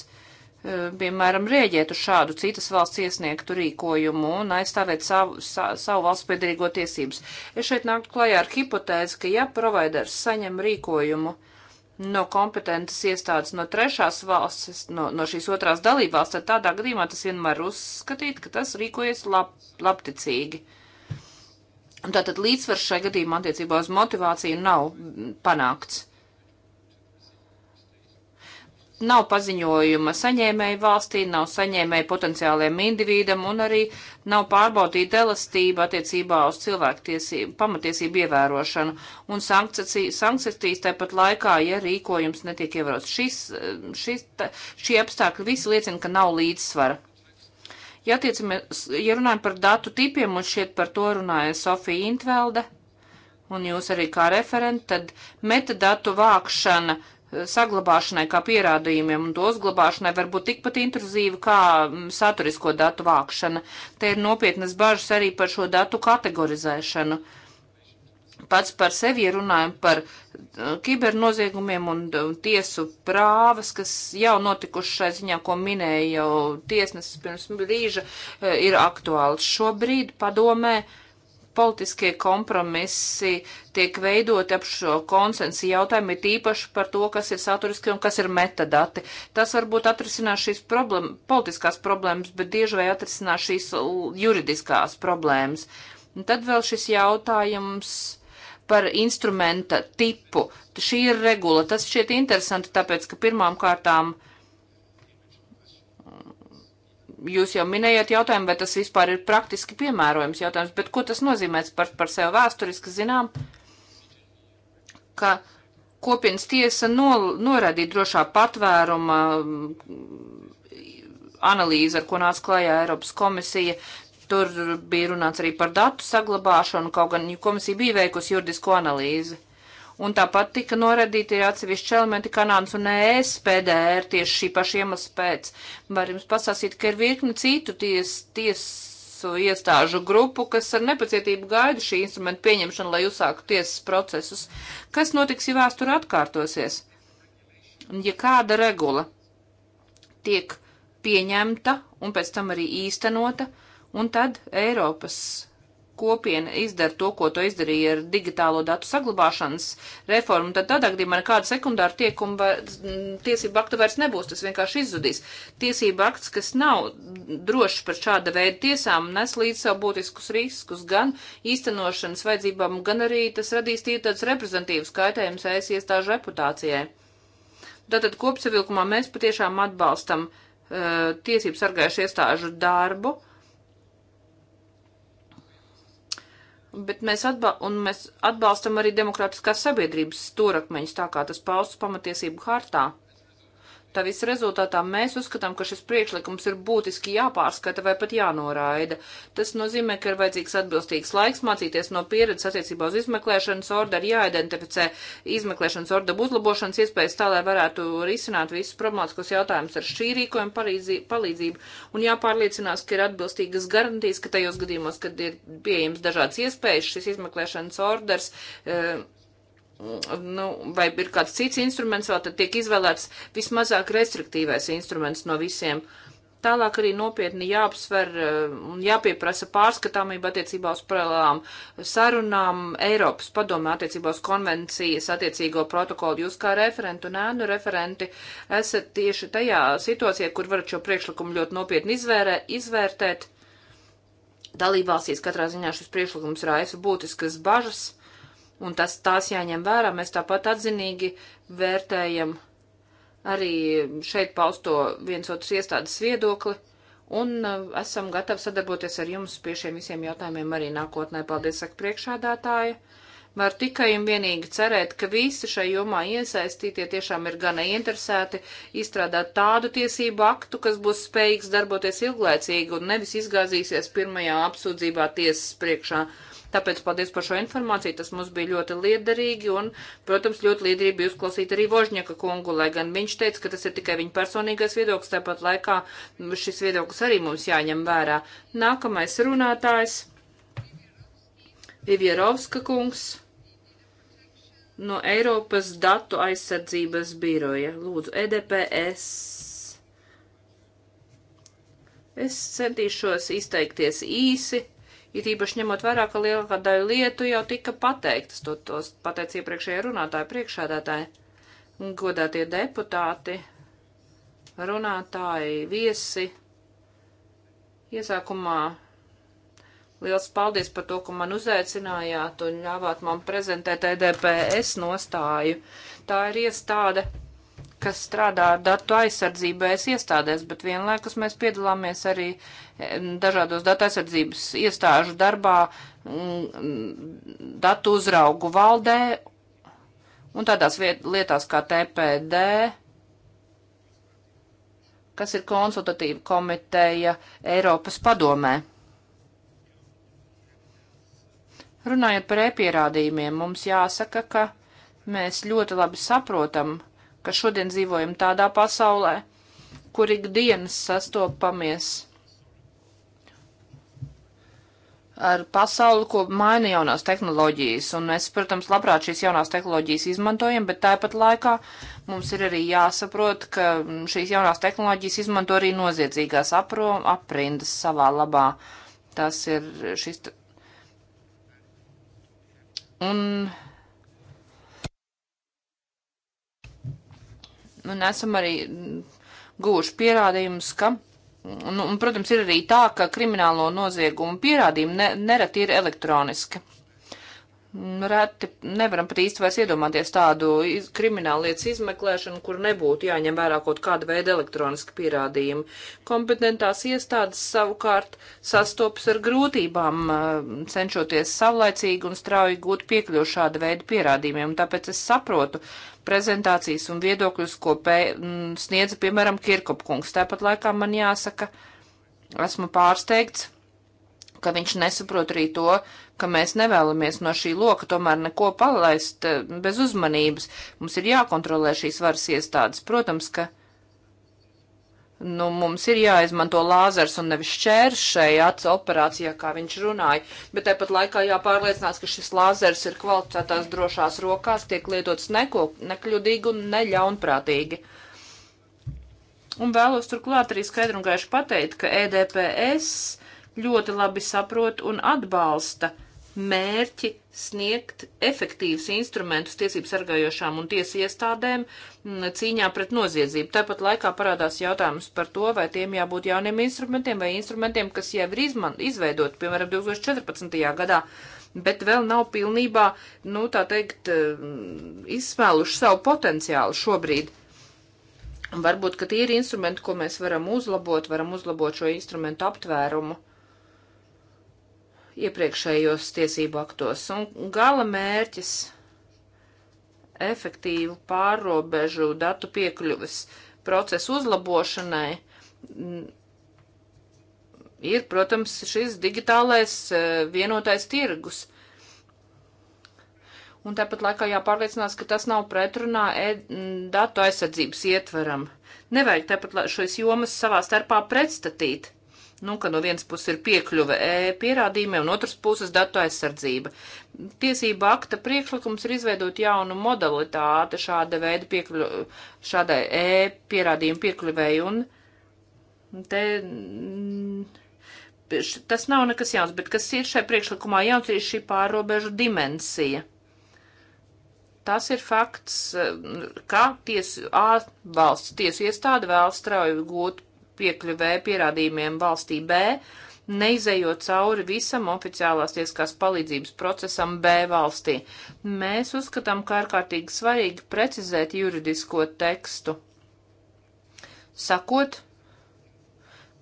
Eh, piemēram, rēģēt uz šādu citas valsts iesniegtu rīkojumu un aizstāvēt savu, sa, savu valsts piedarīgo tiesības. Es šeit nāktu klajā ar hipotēzi, ka ja providers saņem rīkojumu no kompetentas iestādes no trešās valsts, no, no šīs otrās dalībvalsts, tad tādā gadījumā tas vienmēr uzskatīt, ka tas rīkojas lab, labticīgi. Un tātad līdzsvars šai gadījumā attiecībā uz motivāciju nav panākts. Nav paziņojuma saņēmēju valstī, nav saņēmēju potenciāliem individam un arī nav pārbaudīta elastība attiecībā uz cilvēktiesību, pamatiesību ievērošanu un sankcijas tāpat laikā, ja rīkojums netiek ievērots. Šis, šis, šie apstākļi visi liecina, ka nav līdzsvara. Ja, ja runājam par datu tipiem, un šeit par to runāja Sofija Intvelde, un jūs arī kā referenti, tad metadatu vākšana saglabāšanai, kā pierādījumiem un to uzglabāšanai var būt tikpat intruzīva kā mm, saturisko datu vākšana. Te ir nopietnas bažas arī par šo datu kategorizēšanu pats par sevi runājam par mm, kibernoziegumiem un mm, tiesu prāvas, kas jau notikuši šai ziņā, ko minēja jau tiesnesis pirms brīža, eh, ir aktuāls šobrīd padomē. Uh, politiskie kompromisi tiek veidoti ap šo konsensu jautājumu, ir īpaši par to, kas ir saturiski un kas ir metadati. Tas varbūt atrisinās šīs problēma, politiskās problēmas, bet dieži vai atrisinās šīs juridiskās problēmas. Un tad vēl šis jautājums par instrumenta tipu. Šī ir regula. Tas šķiet interesanti, tāpēc, ka pirmām kārtām uh, Jūs jau minējāt jautājumu, vai tas vispār ir praktiski piemērojams jautājums, bet ko tas nozīmē par, par sevi vēsturiski zinām, ka kopienas tiesa no, norādīja drošā patvēruma mm, analīze, ar ko nāca klajā Eiropas komisija, tur bija runāts arī par datu saglabāšanu, kaut gan komisija bija veikusi juridisko analīzi un tāpat tika noradīti ir atsevišķi elementi Kanādas un ES PDR tieši šī paša iemesla pēc. Var jums pasāstīt, ka ir virkni citu ties, tiesu iestāžu grupu, kas ar nepacietību gaida šī instrumenta pieņemšanu, lai uzsāktu tiesas procesus. Kas notiks, ja vēsture atkārtosies? Ja kāda regula tiek pieņemta un pēc tam arī īstenota, un tad Eiropas kopiena izdara to, ko to izdarīja ar digitālo datu saglabāšanas reformu, tad tādā gadījumā nekāda sekundāra tiekuma mm, tiesība akta vairs nebūs, tas vienkārši izzudīs. Tiesība akts, kas nav drošs par šāda veida tiesām, nes līdz savu būtiskus riskus gan īstenošanas vajadzībām, gan arī tas radīs tie tāds reprezentatīvs kaitējums ES iestāžu reputācijai. Tātad kopsavilkumā mēs patiešām atbalstam uh, tiesību sargājušu iestāžu darbu. Uh, bet mēs, atba un mēs atbalstam arī demokrātiskās sabiedrības stūrakmeņus, tā kā tas paustas pamatiesību hartā. Tā visa rezultātā mēs uzskatām, ka šis priekšlikums ir būtiski jāpārskata vai pat jānoraida. Tas nozīmē, ka ir vajadzīgs atbilstīgs laiks mācīties no pieredzes attiecībā uz izmeklēšanas orderu, jāidentificē izmeklēšanas orderu uzlabošanas iespējas tā, lai varētu risināt visus problemātiskos jautājumus ar šī rīkojuma palīdzību un jāpārliecinās, ka ir atbilstīgas garantijas, ka tajos gadījumos, kad ir pieejams dažādas iespējas, šis izmeklēšanas orders. Uh, e nu, vai ir kāds cits instruments, vēl tad tiek izvēlēts vismazāk restriktīvais instruments no visiem. Tālāk arī nopietni jāapsver eh, un jāpieprasa pārskatāmība attiecībā uz paralēlām sarunām Eiropas padomē attiecībā uz konvencijas attiecīgo protokolu. Jūs kā referentu un ēnu referenti esat tieši tajā situācijā, kur varat šo priekšlikumu ļoti nopietni izvērē, izvērtēt. Dalībvalstīs katrā ziņā šis priekšlikums raisa būtiskas bažas Un tas tās jāņem vērā. Mēs tāpat atzinīgi vērtējam arī šeit pausto viens otrs iestādes viedokli. Un uh, esam gatavi sadarboties ar jums pie šiem visiem jautājumiem arī nākotnē. Paldies, saka priekšādātāja. Var tikai un vienīgi cerēt, ka visi šai jomā iesaistītie tiešām ir gana interesēti izstrādāt tādu tiesību aktu, kas būs spējīgs darboties ilglaicīgi un nevis izgāzīsies pirmajā apsūdzībā tiesas priekšā. Tāpēc paldies par šo informāciju, tas mums bija ļoti liederīgi un, protams, ļoti liederīgi bija uzklausīt arī Vožņaka kungu, lai gan viņš teica, ka tas ir tikai viņa personīgais viedoklis, tāpat laikā šis viedoklis arī mums jāņem vērā. Nākamais runātājs. Vivierovska kungs no Eiropas datu aizsardzības biroja. Lūdzu, EDPS. Es centīšos izteikties īsi, It īpaši ņemot vērā, ka lielākā daļa lietu jau tika pateiktas, to, tos pateica iepriekšējie runātāji, priekšādātāji, godātie deputāti, runātāji, viesi. Iesākumā liels paldies par to, ka man uzaicinājāt un ļāvāt man prezentēt EDPS nostāju. Tā ir iestāde kas strādā ar datu aizsardzībēs iestādēs, bet vienlaikus mēs piedalāmies arī uh, dažādos datu aizsardzības iestāžu darbā, mm, datu uzraugu valdē un tādās viet, lietās kā TPD, kas ir konsultatīva komiteja Eiropas padomē. Runājot par e-pierādījumiem, mums jāsaka, ka mēs ļoti labi saprotam, ka šodien dzīvojam tādā pasaulē, kur ikdienas sastopamies ar pasauli, ko maina jaunās tehnoloģijas. Un mēs, protams, labprāt šīs jaunās tehnoloģijas izmantojam, bet tāpat laikā mums ir arī jāsaprot, ka šīs jaunās tehnoloģijas izmanto arī noziedzīgās apro, aprindas savā labā. Tas ir šis. Un un esam arī gūši pierādījumus, ka Nu, un, protams, ir arī tā, ka kriminālo noziegumu pierādījumi ne, nereti ir elektroniski. Reti nevaram pat īsti vairs iedomāties tādu iz, kriminālu lietas izmeklēšanu, kur nebūtu jāņem vērā kaut kāda veida elektroniski pierādījumi. Kompetentās iestādes savukārt sastopas ar grūtībām, cenšoties savlaicīgi un strauji gūt piekļuvu šāda veida pierādījumiem. Tāpēc es saprotu prezentācijas un viedokļus, ko pē, sniedza, piemēram, Kirkopkungs. Tāpat laikā man jāsaka, esmu pārsteigts, ka viņš nesaprot arī to, ka mēs nevēlamies no šī loka tomēr neko palaist eh, bez uzmanības. Mums ir jākontrolē šīs varas iestādes. Protams, ka Nu, mums ir jāizmanto lāzers un nevis šķērs šajā acu operācijā, kā viņš runāja, bet tāpat laikā jāpārliecinās, ka šis lāzers ir kvalificētās drošās rokās, tiek lietots neko, nekļūdīgi un neļaunprātīgi. Un vēlos turklāt arī skaidru un gaišu pateikt, ka EDPS ļoti labi saprot un atbalsta mērķi sniegt efektīvus instrumentus tiesību sargājošām un tiesu iestādēm mm, cīņā pret noziedzību. Tāpat laikā parādās jautājums par to, vai tiem jābūt jauniem instrumentiem vai instrumentiem, kas jau ir izman, izveidoti, piemēram, 2014. gadā, bet vēl nav pilnībā, nu, tā teikt, mm, izsmēluši savu potenciālu šobrīd. Varbūt, ka tie ir instrumenti, ko mēs varam uzlabot, varam uzlabot šo instrumentu aptvērumu iepriekšējos tiesību aktos. Un gala mērķis - efektīvu pārrobežu datu piekļuves procesu uzlabošanai ir, protams, šis digitālais e, vienotais tirgus. Un tāpat laikā jāpārliecinās, ka tas nav pretrunā e datu aizsardzības ietveram. Nevajag tāpat šīs jomas savā starpā pretstatīt nu, ka no vienas puses ir piekļuve e pierādījumiem, un otras puses datu aizsardzība. Tiesība akta priekšlikums ir izveidot jaunu modalitāti šāda veida piekļu, šādai e pierādījumu piekļuvēju, un te. Mm, tas nav nekas jauns, bet kas ir šajā priekšlikumā jauns, ir šī pārobežu dimensija. Tas ir fakts, mm, ka tiesu, A, valsts tiesu iestāde vēl strauji gūt piekļuvēja pierādījumiem valstī B, neizējot cauri visam oficiālās tieskās palīdzības procesam B valstī. Mēs uzskatām, ka ārkārtīgi svarīgi precizēt juridisko tekstu. Sakot,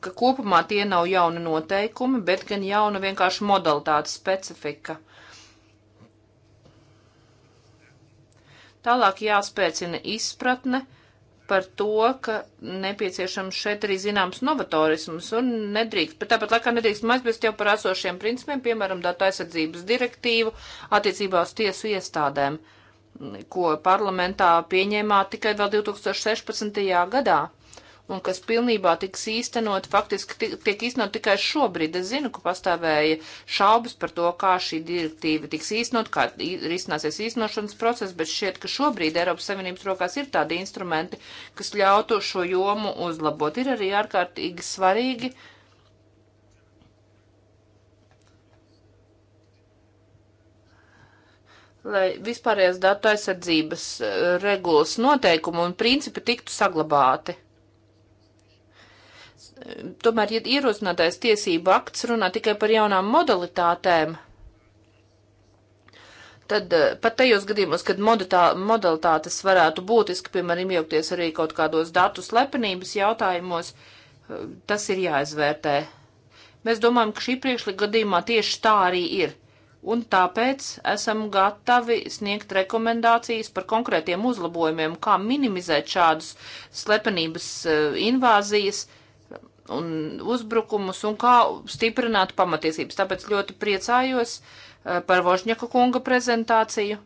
ka kopumā tie nav jauni noteikumi, bet gan jauna vienkārši modalitātes specifika. Tālāk jāspēcina izpratne par to, ka nepieciešams šeit arī zināms novatorisms un nedrīkst, bet tāpat laikā nedrīkst maizbēst jau par esošiem principiem, piemēram, datu aizsardzības direktīvu attiecībā uz tiesu iestādēm, ko parlamentā pieņēmā tikai vēl 2016. gadā un kas pilnībā tiks īstenot, faktiski tiek īstenot tikai šobrīd. Es zinu, ka pastāvēja šaubas par to, kā šī direktīva tiks īstenot, kā risināsies īstenošanas process, bet šķiet, ka šobrīd Eiropas Savienības rokās ir tādi instrumenti, kas ļautu šo jomu uzlabot. Ir arī ārkārtīgi svarīgi. lai vispārējās datu aizsardzības eh, regulas noteikumi un principi tiktu saglabāti tomēr ja ierosinātais tiesību akts runā tikai par jaunām modalitātēm, tad eh, pat tajos gadījumos, kad moditā, modalitātes varētu būtiski, piemēram, iejaukties arī kaut kādos datu slepenības jautājumos, eh, tas ir jāizvērtē. Mēs domājam, ka šī priekšlikuma tieši tā arī ir un tāpēc esam gatavi sniegt rekomendācijas par konkrētiem uzlabojumiem, kā minimizēt šādus slepenības eh, invāzijas, uh, un uzbrukumus un kā stiprināt pamatiesības. Tāpēc ļoti priecājos eh, par Vožņaka kunga prezentāciju.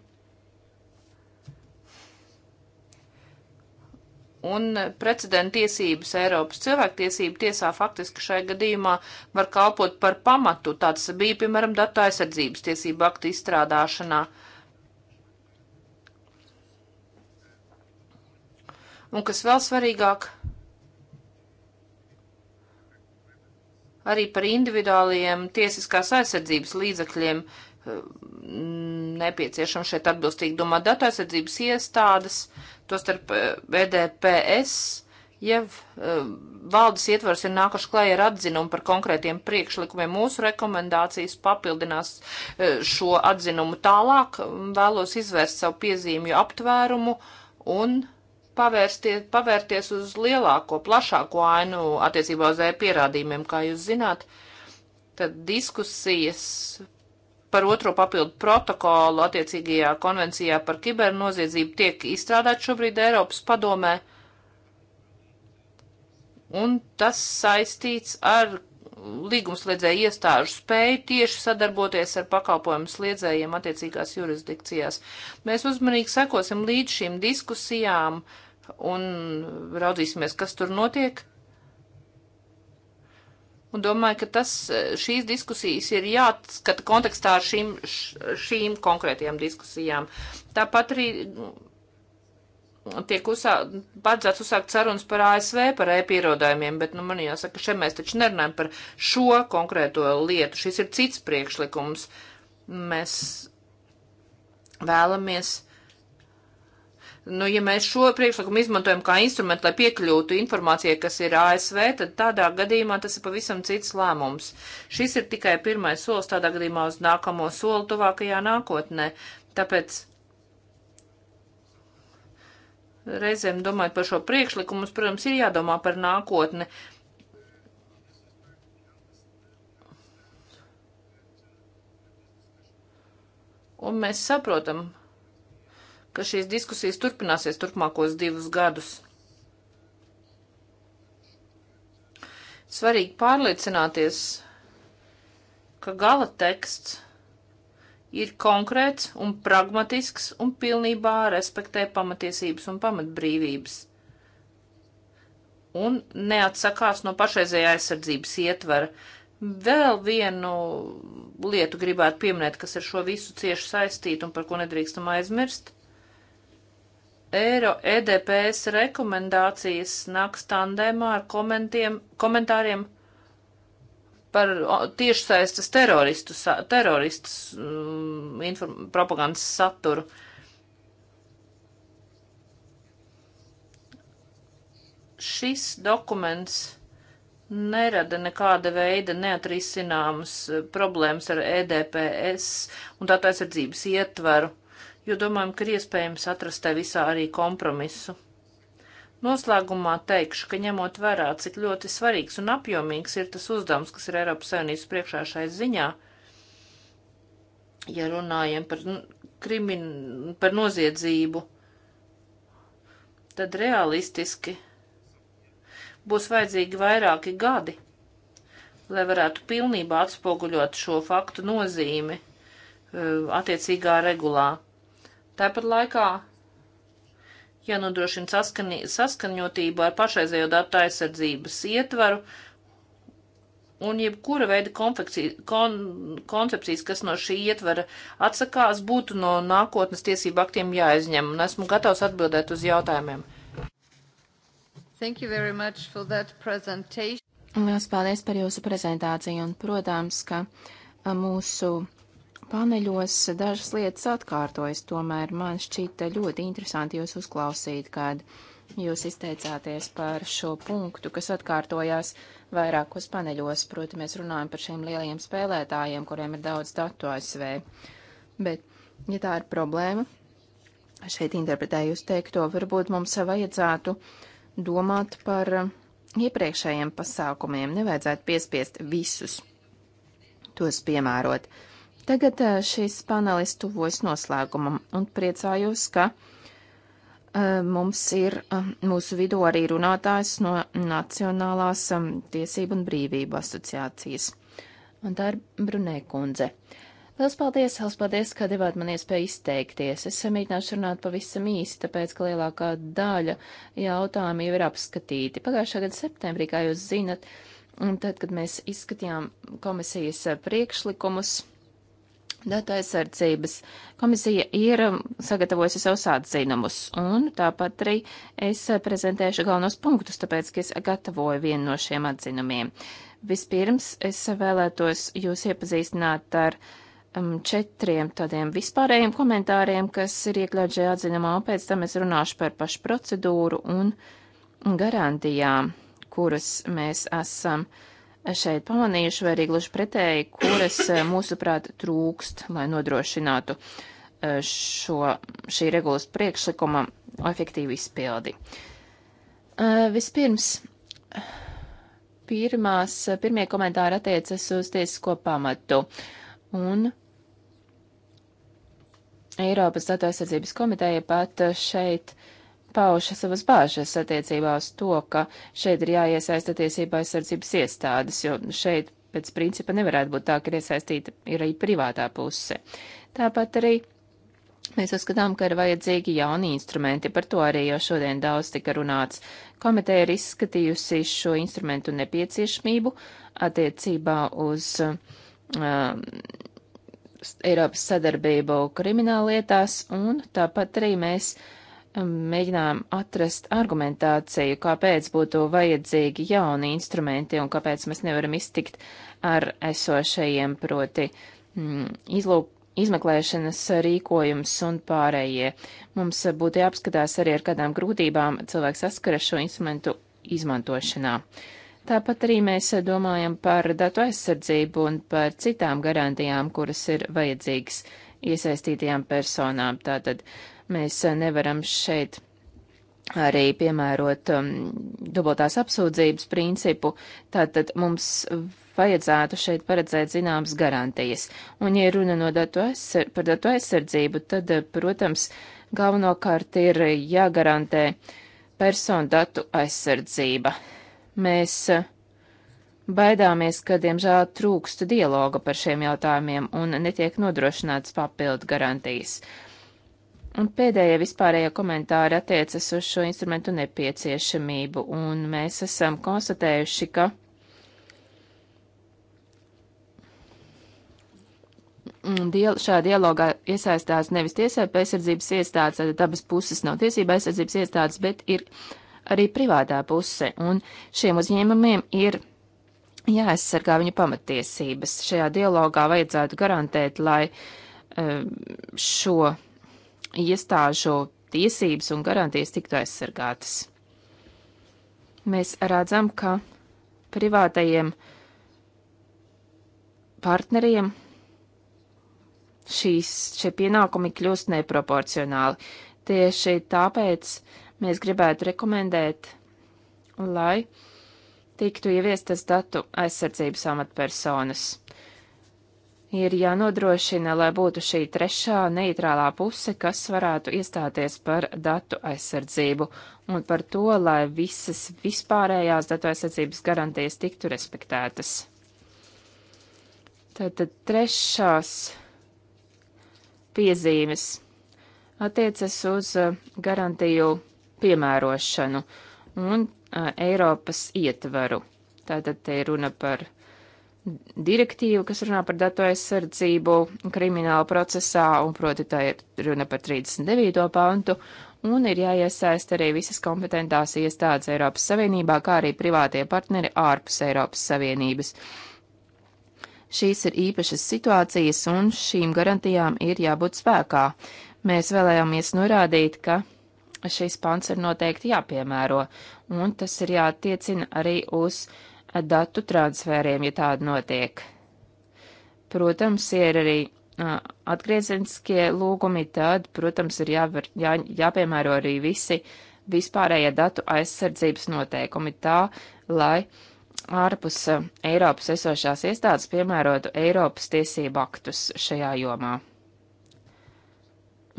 Un precedenta tiesības Eiropas cilvēktiesību tiesā faktiski šai gadījumā var kalpot par pamatu. Tāds bija, piemēram, datu aizsardzības tiesību aktu izstrādāšanā. Un kas vēl svarīgāk, arī par individuāliem tiesiskās aizsardzības līdzakļiem eh, nepieciešams šeit atbilstīgi domāt datu aizsardzības iestādes, tostarp BDPS, eh, ja eh, valdes ietvars ir nākuši klēja ar atzinumu par konkrētiem priekšlikumiem, mūsu rekomendācijas papildinās šo atzinumu tālāk, vēlos izvērst savu piezīmju aptvērumu un pavērties uz lielāko, plašāko ainu attiecībā uz e-pierādījumiem, kā jūs zināt, tad diskusijas par otro papildu protokolu attiecīgajā konvencijā par kibernoziedzību tiek izstrādāt šobrīd Eiropas padomē, un tas saistīts ar līgumslēdzēju iestāžu spēju tieši sadarboties ar pakalpojumu sliedzējiem attiecīgās jurisdikcijās. Mēs uzmanīgi sekosim līdz šīm diskusijām, uh, un raudzīsimies, kas tur notiek. Un domāju, ka tas, šīs diskusijas ir jāatskata kontekstā ar šīm, šīm konkrētajām diskusijām. Tāpat arī nu, tiek uzsā, paredzēts uzsākt sarunas par ASV, par e-pierādājumiem, bet, nu, man jāsaka, šeit mēs taču nerunājam par šo konkrēto lietu. Šis ir cits priekšlikums. Mēs vēlamies Nu, ja mēs šo priekšlikumu izmantojam kā instrumentu, lai piekļūtu informācijai, kas ir ASV, tad tādā gadījumā tas ir pavisam cits lēmums. Šis ir tikai pirmais solis tādā gadījumā uz nākamo soli tuvākajā nākotnē. Tāpēc reizēm domājot par šo priekšlikumu, mums, protams, ir jādomā par nākotni. Un mēs saprotam, ka šīs diskusijas turpināsies turpmākos divus gadus. Svarīgi pārliecināties, ka gala teksts ir konkrēts un pragmatisks un pilnībā respektē pamatiesības un pamatbrīvības un neatsakās no pašreizējā aizsardzības ietvara. Vēl vienu lietu gribētu pieminēt, kas ar šo visu cieši saistīta un par ko nedrīkstam aizmirst. Eiro EDPS rekomendācijas nāks tandēmā ar komentāriem par tiešsaistes teroristu, teroristus um, mm, propagandas saturu. Šis dokuments nerada nekāda veida neatrisināmas eh, problēmas ar EDPS un tātad aizsardzības ietveru jo domājam, ka ir iespējams atrast te visā arī kompromisu. Noslēgumā teikšu, ka ņemot vērā, cik ļoti svarīgs un apjomīgs ir tas uzdevums, kas ir Eiropas Savienības priekšā šai ziņā, ja runājam par, krimin, par noziedzību, tad realistiski būs vajadzīgi vairāki gadi, lai varētu pilnībā atspoguļot šo faktu nozīmi eh, attiecīgā regulā. Tāpat laikā jānodrošina ja saskani, saskaņotība ar pašreizējo datu aizsardzības ietvaru un jebkura veida kon, koncepcijas, kas no šī ietvara atsakās, būtu no nākotnes tiesību aktiem jāizņem, un esmu gatavs atbildēt uz jautājumiem. Thank you very much for that presentation. Lielas paldies par jūsu prezentāciju, un, protams, ka mūsu paneļos dažas lietas atkārtojas, tomēr man šķita ļoti interesanti jūs uzklausīt, kad jūs izteicāties par šo punktu, kas atkārtojās vairākos paneļos. Proti, mēs runājam par šiem lielajiem spēlētājiem, kuriem ir daudz datu ASV. Bet, ja tā ir problēma, šeit interpretēju jūs teikto, varbūt mums vajadzētu domāt par iepriekšējiem pasākumiem. Nevajadzētu piespiest visus tos piemērot. Uh, Tagad šis panelis tuvojas noslēgumam un priecājos, ka mums ir mūsu vidū arī runātājs no Nacionālās tiesību un brīvību asociācijas. Un tā ir Brunē kundze. Liels paldies, liels paldies, ka devāt man iespēju izteikties. Es samīģināšu runāt pavisam īsi, tāpēc, ka lielākā daļa jautājumu jau ir apskatīti. Pagājušā gada septembrī, kā jūs zinat, tad, kad mēs izskatījām komisijas priekšlikumus, Datu aizsardzības komisija ir um, sagatavojusi savus atzinumus, un tāpat arī es uh, prezentēšu galvenos punktus, tāpēc, ka es gatavoju vienu no šiem atzinumiem. Vispirms es vēlētos jūs iepazīstināt ar um, četriem tādiem vispārējiem komentāriem, kas ir iekļauts šajā atzinumā, un pēc tam es runāšu par pašu procedūru un garantijām, kuras mēs esam uh, šeit pamanījuši, vai arī gluži pretēji, kuras eh, mūsuprāt trūkst, lai nodrošinātu eh, šo, šī regulas priekšlikuma efektīvu izpildi. Eh, vispirms, pirmās, pirmie komentāri attiecas uz tiesisko pamatu. Un Eiropas datu aizsardzības komiteja pat šeit uh, pauž savas bāžas attiecībā uz to, ka šeit ir jāiesaista tiesība aizsardzības iestādes, jo šeit pēc principa nevarētu būt tā, ka ir iesaistīta ir arī privātā puse. Tāpat arī Mēs uzskatām, ka ir vajadzīgi jauni instrumenti, par to arī jau šodien daudz tika runāts. Komiteja ir izskatījusi šo instrumentu nepieciešamību attiecībā uz um, Eiropas sadarbību krimināllietās, un tāpat arī mēs mēģinām atrast argumentāciju, kāpēc būtu vajadzīgi jauni instrumenti un kāpēc mēs nevaram iztikt ar esošajiem, proti mm, izlūk, izmeklēšanas rīkojums un pārējie. Mums būtu jāapskatās arī ar kādām grūtībām cilvēks saskaras šo instrumentu izmantošanā. Tāpat arī mēs domājam par datu aizsardzību un par citām garantijām, kuras ir vajadzīgas iesaistītajām personām. Tātad Mēs eh, nevaram šeit arī piemērot um, dubultās apsūdzības principu, tātad mums vajadzētu šeit paredzēt zināmas garantijas. Un, ja runa no datu aizsar, par datu aizsardzību, tad, eh, protams, galvenokārt ir jāgarantē personu datu aizsardzība. Mēs eh, baidāmies, ka, diemžēl, trūkst dialoga par šiem jautājumiem un netiek nodrošināts papildu garantijas. Uh, Un pēdējie vispārējie komentāri attiecas uz šo instrumentu nepieciešamību, un mēs esam konstatējuši, ka dial šajā dialogā iesaistās nevis tiesība aizsardzības iestādes, tad abas puses nav tiesība aizsardzības iestādes, bet ir arī privātā puse, un šiem uzņēmumiem ir jāaizsargā viņu pamatiesības. Šajā dialogā vajadzētu garantēt, lai eh, šo iestāžu tiesības un garantijas tiktu aizsargātas. Mēs redzam, ka privātajiem partneriem šīs, šie pienākumi kļūst neproporcionāli. Tieši tāpēc mēs gribētu rekomendēt, lai tiktu ieviestas datu aizsardzības amatpersonas ir jānodrošina, lai būtu šī trešā neitrālā puse, kas varētu iestāties par datu aizsardzību un par to, lai visas vispārējās datu aizsardzības garantijas tiktu respektētas. Tātad trešās piezīmes attiecas uz uh, garantiju piemērošanu un uh, Eiropas ietvaru. Tātad te ir runa par direktīvu, kas runā par datu aizsardzību krimināla procesā, un proti tā ir runa par 39. pantu, un ir jāiesaist arī visas kompetentās iestādes Eiropas Savienībā, kā arī privātie partneri ārpus Eiropas Savienības. Šīs ir īpašas situācijas, un šīm garantijām ir jābūt spēkā. Mēs vēlējāmies norādīt, ka šis pants ir noteikti jāpiemēro, un tas ir jātiecina arī uz uh, datu transfēriem, ja tāda notiek. Protams, ir arī uh, atgriezeniskie lūgumi, tad, protams, ir jāvar, jā, jāpiemēro arī visi vispārējie datu aizsardzības noteikumi tā, lai ārpus uh, Eiropas esošās iestādes piemērotu Eiropas tiesību aktus šajā jomā.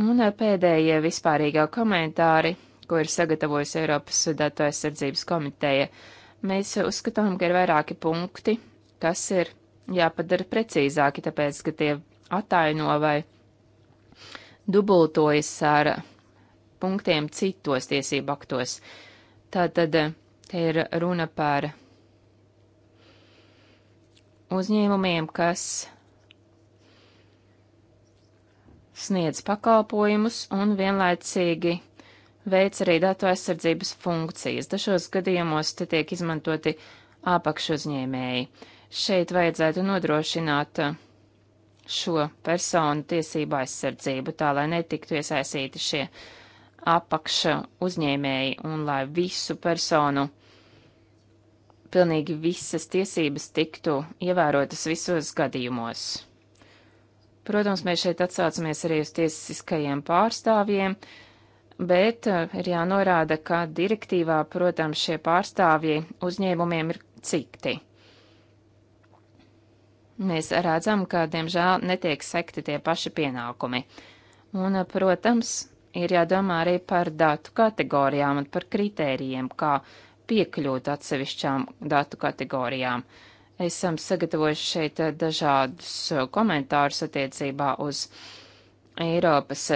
Un pēdējie vispārīgā komentāri, ko ir sagatavojusi Eiropas datu aizsardzības komiteja. Uh, Mēs uzskatām, ka ir vairāki punkti, kas ir jāpadara precīzāki, tāpēc, ka tie ataino vai dubultojas ar punktiem citos tiesību aktos. Tātad eh, te ir runa par uzņēmumiem, kas sniedz pakalpojumus un vienlaicīgi veic arī datu aizsardzības funkcijas. Dažos gadījumos te tiek izmantoti apakšuzņēmēji. Šeit vajadzētu nodrošināt uh, šo personu tiesību aizsardzību, tā lai netiktu iesaistīti šie apakša uzņēmēji un lai visu personu, pilnīgi visas tiesības tiktu ievērotas visos gadījumos. Protams, mēs šeit atsaucamies arī uz tiesiskajiem pārstāvjiem, uh, Bet eh, ir jānorāda, ka direktīvā, protams, šie pārstāvji uzņēmumiem ir cikti. Mēs redzam, ka, diemžēl, netiek sekti tie paši pienākumi. Un, eh, protams, ir jādomā arī par datu kategorijām un par kritērijiem, kā piekļūt atsevišķām datu kategorijām. Esam sagatavojuši šeit eh, dažādus komentārus attiecībā uz Eiropas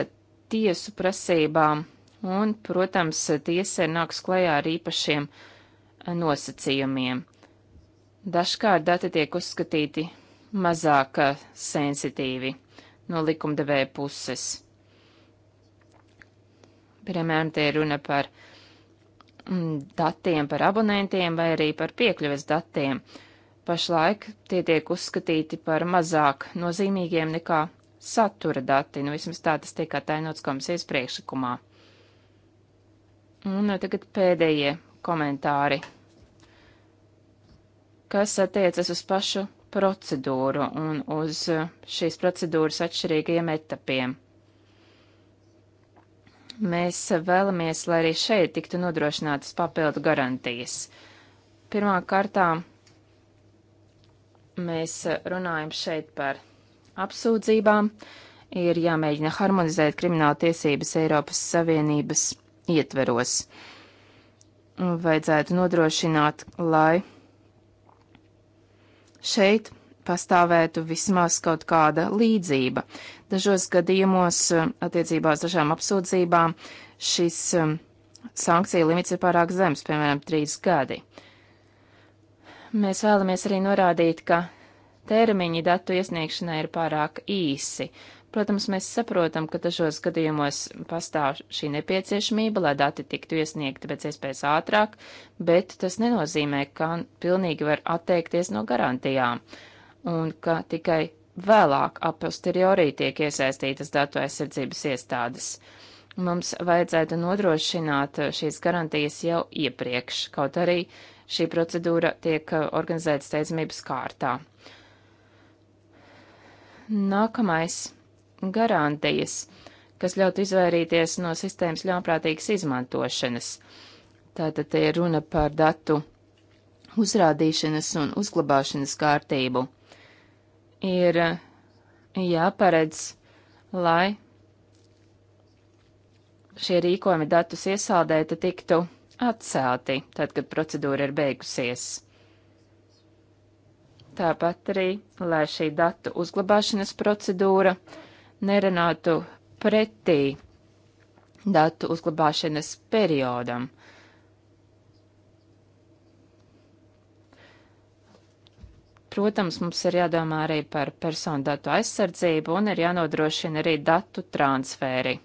tiesu prasībām, un, protams, tiesa ir nāks klajā ar īpašiem eh, nosacījumiem. Dažkārt dati tiek uzskatīti mazāk eh, sensitīvi no likumdevēja puses. Piemēram, te ir runa par mm, datiem par abonentiem vai arī par piekļuves datiem. Pašlaik tie tiek uzskatīti par mazāk nozīmīgiem nekā satura dati, nu vismaz tā tas tika atainots komisijas priekšlikumā. Un nu, tagad pēdējie komentāri, kas attiecas uz pašu procedūru un uz uh, šīs procedūras atšķirīgajiem etapiem. Mēs vēlamies, lai arī šeit tiktu nodrošinātas papildu garantijas. Pirmā kārtā mēs runājam šeit par apsūdzībām ir jāmēģina harmonizēt krimināla tiesības Eiropas Savienības ietveros. Vajadzētu nodrošināt, lai šeit pastāvētu vismaz kaut kāda līdzība. Dažos gadījumos attiecībā uz dažām apsūdzībām šis um, sankcija limits ir pārāk zems, piemēram, trīs gadi. Mēs vēlamies arī norādīt, ka termiņi datu iesniegšanai ir pārāk īsi. Protams, mēs saprotam, ka dažos gadījumos pastāv šī nepieciešamība, lai dati tiktu iesniegti pēc iespējas ātrāk, bet tas nenozīmē, ka pilnīgi var atteikties no garantijām un ka tikai vēlāk a posteriori tiek iesaistītas datu aizsardzības iestādes. Mums vajadzētu nodrošināt uh, šīs garantijas jau iepriekš, kaut arī šī procedūra tiek uh, organizēta steidzamības kārtā. Nākamais - garantijas, kas ļautu izvairīties no sistēmas ļaunprātīgas izmantošanas. Tātad te ir runa par datu uzrādīšanas un uzglabāšanas kārtību. Ir jāparedz, lai šie rīkojumi datus iesaldēti tiktu atcelti, tad, kad procedūra ir beigusies tāpat arī, lai šī datu uzglabāšanas procedūra nerunātu pretī datu uzglabāšanas periodam. Protams, mums ir jādomā arī par personu datu aizsardzību un ir jānodrošina arī datu transferi.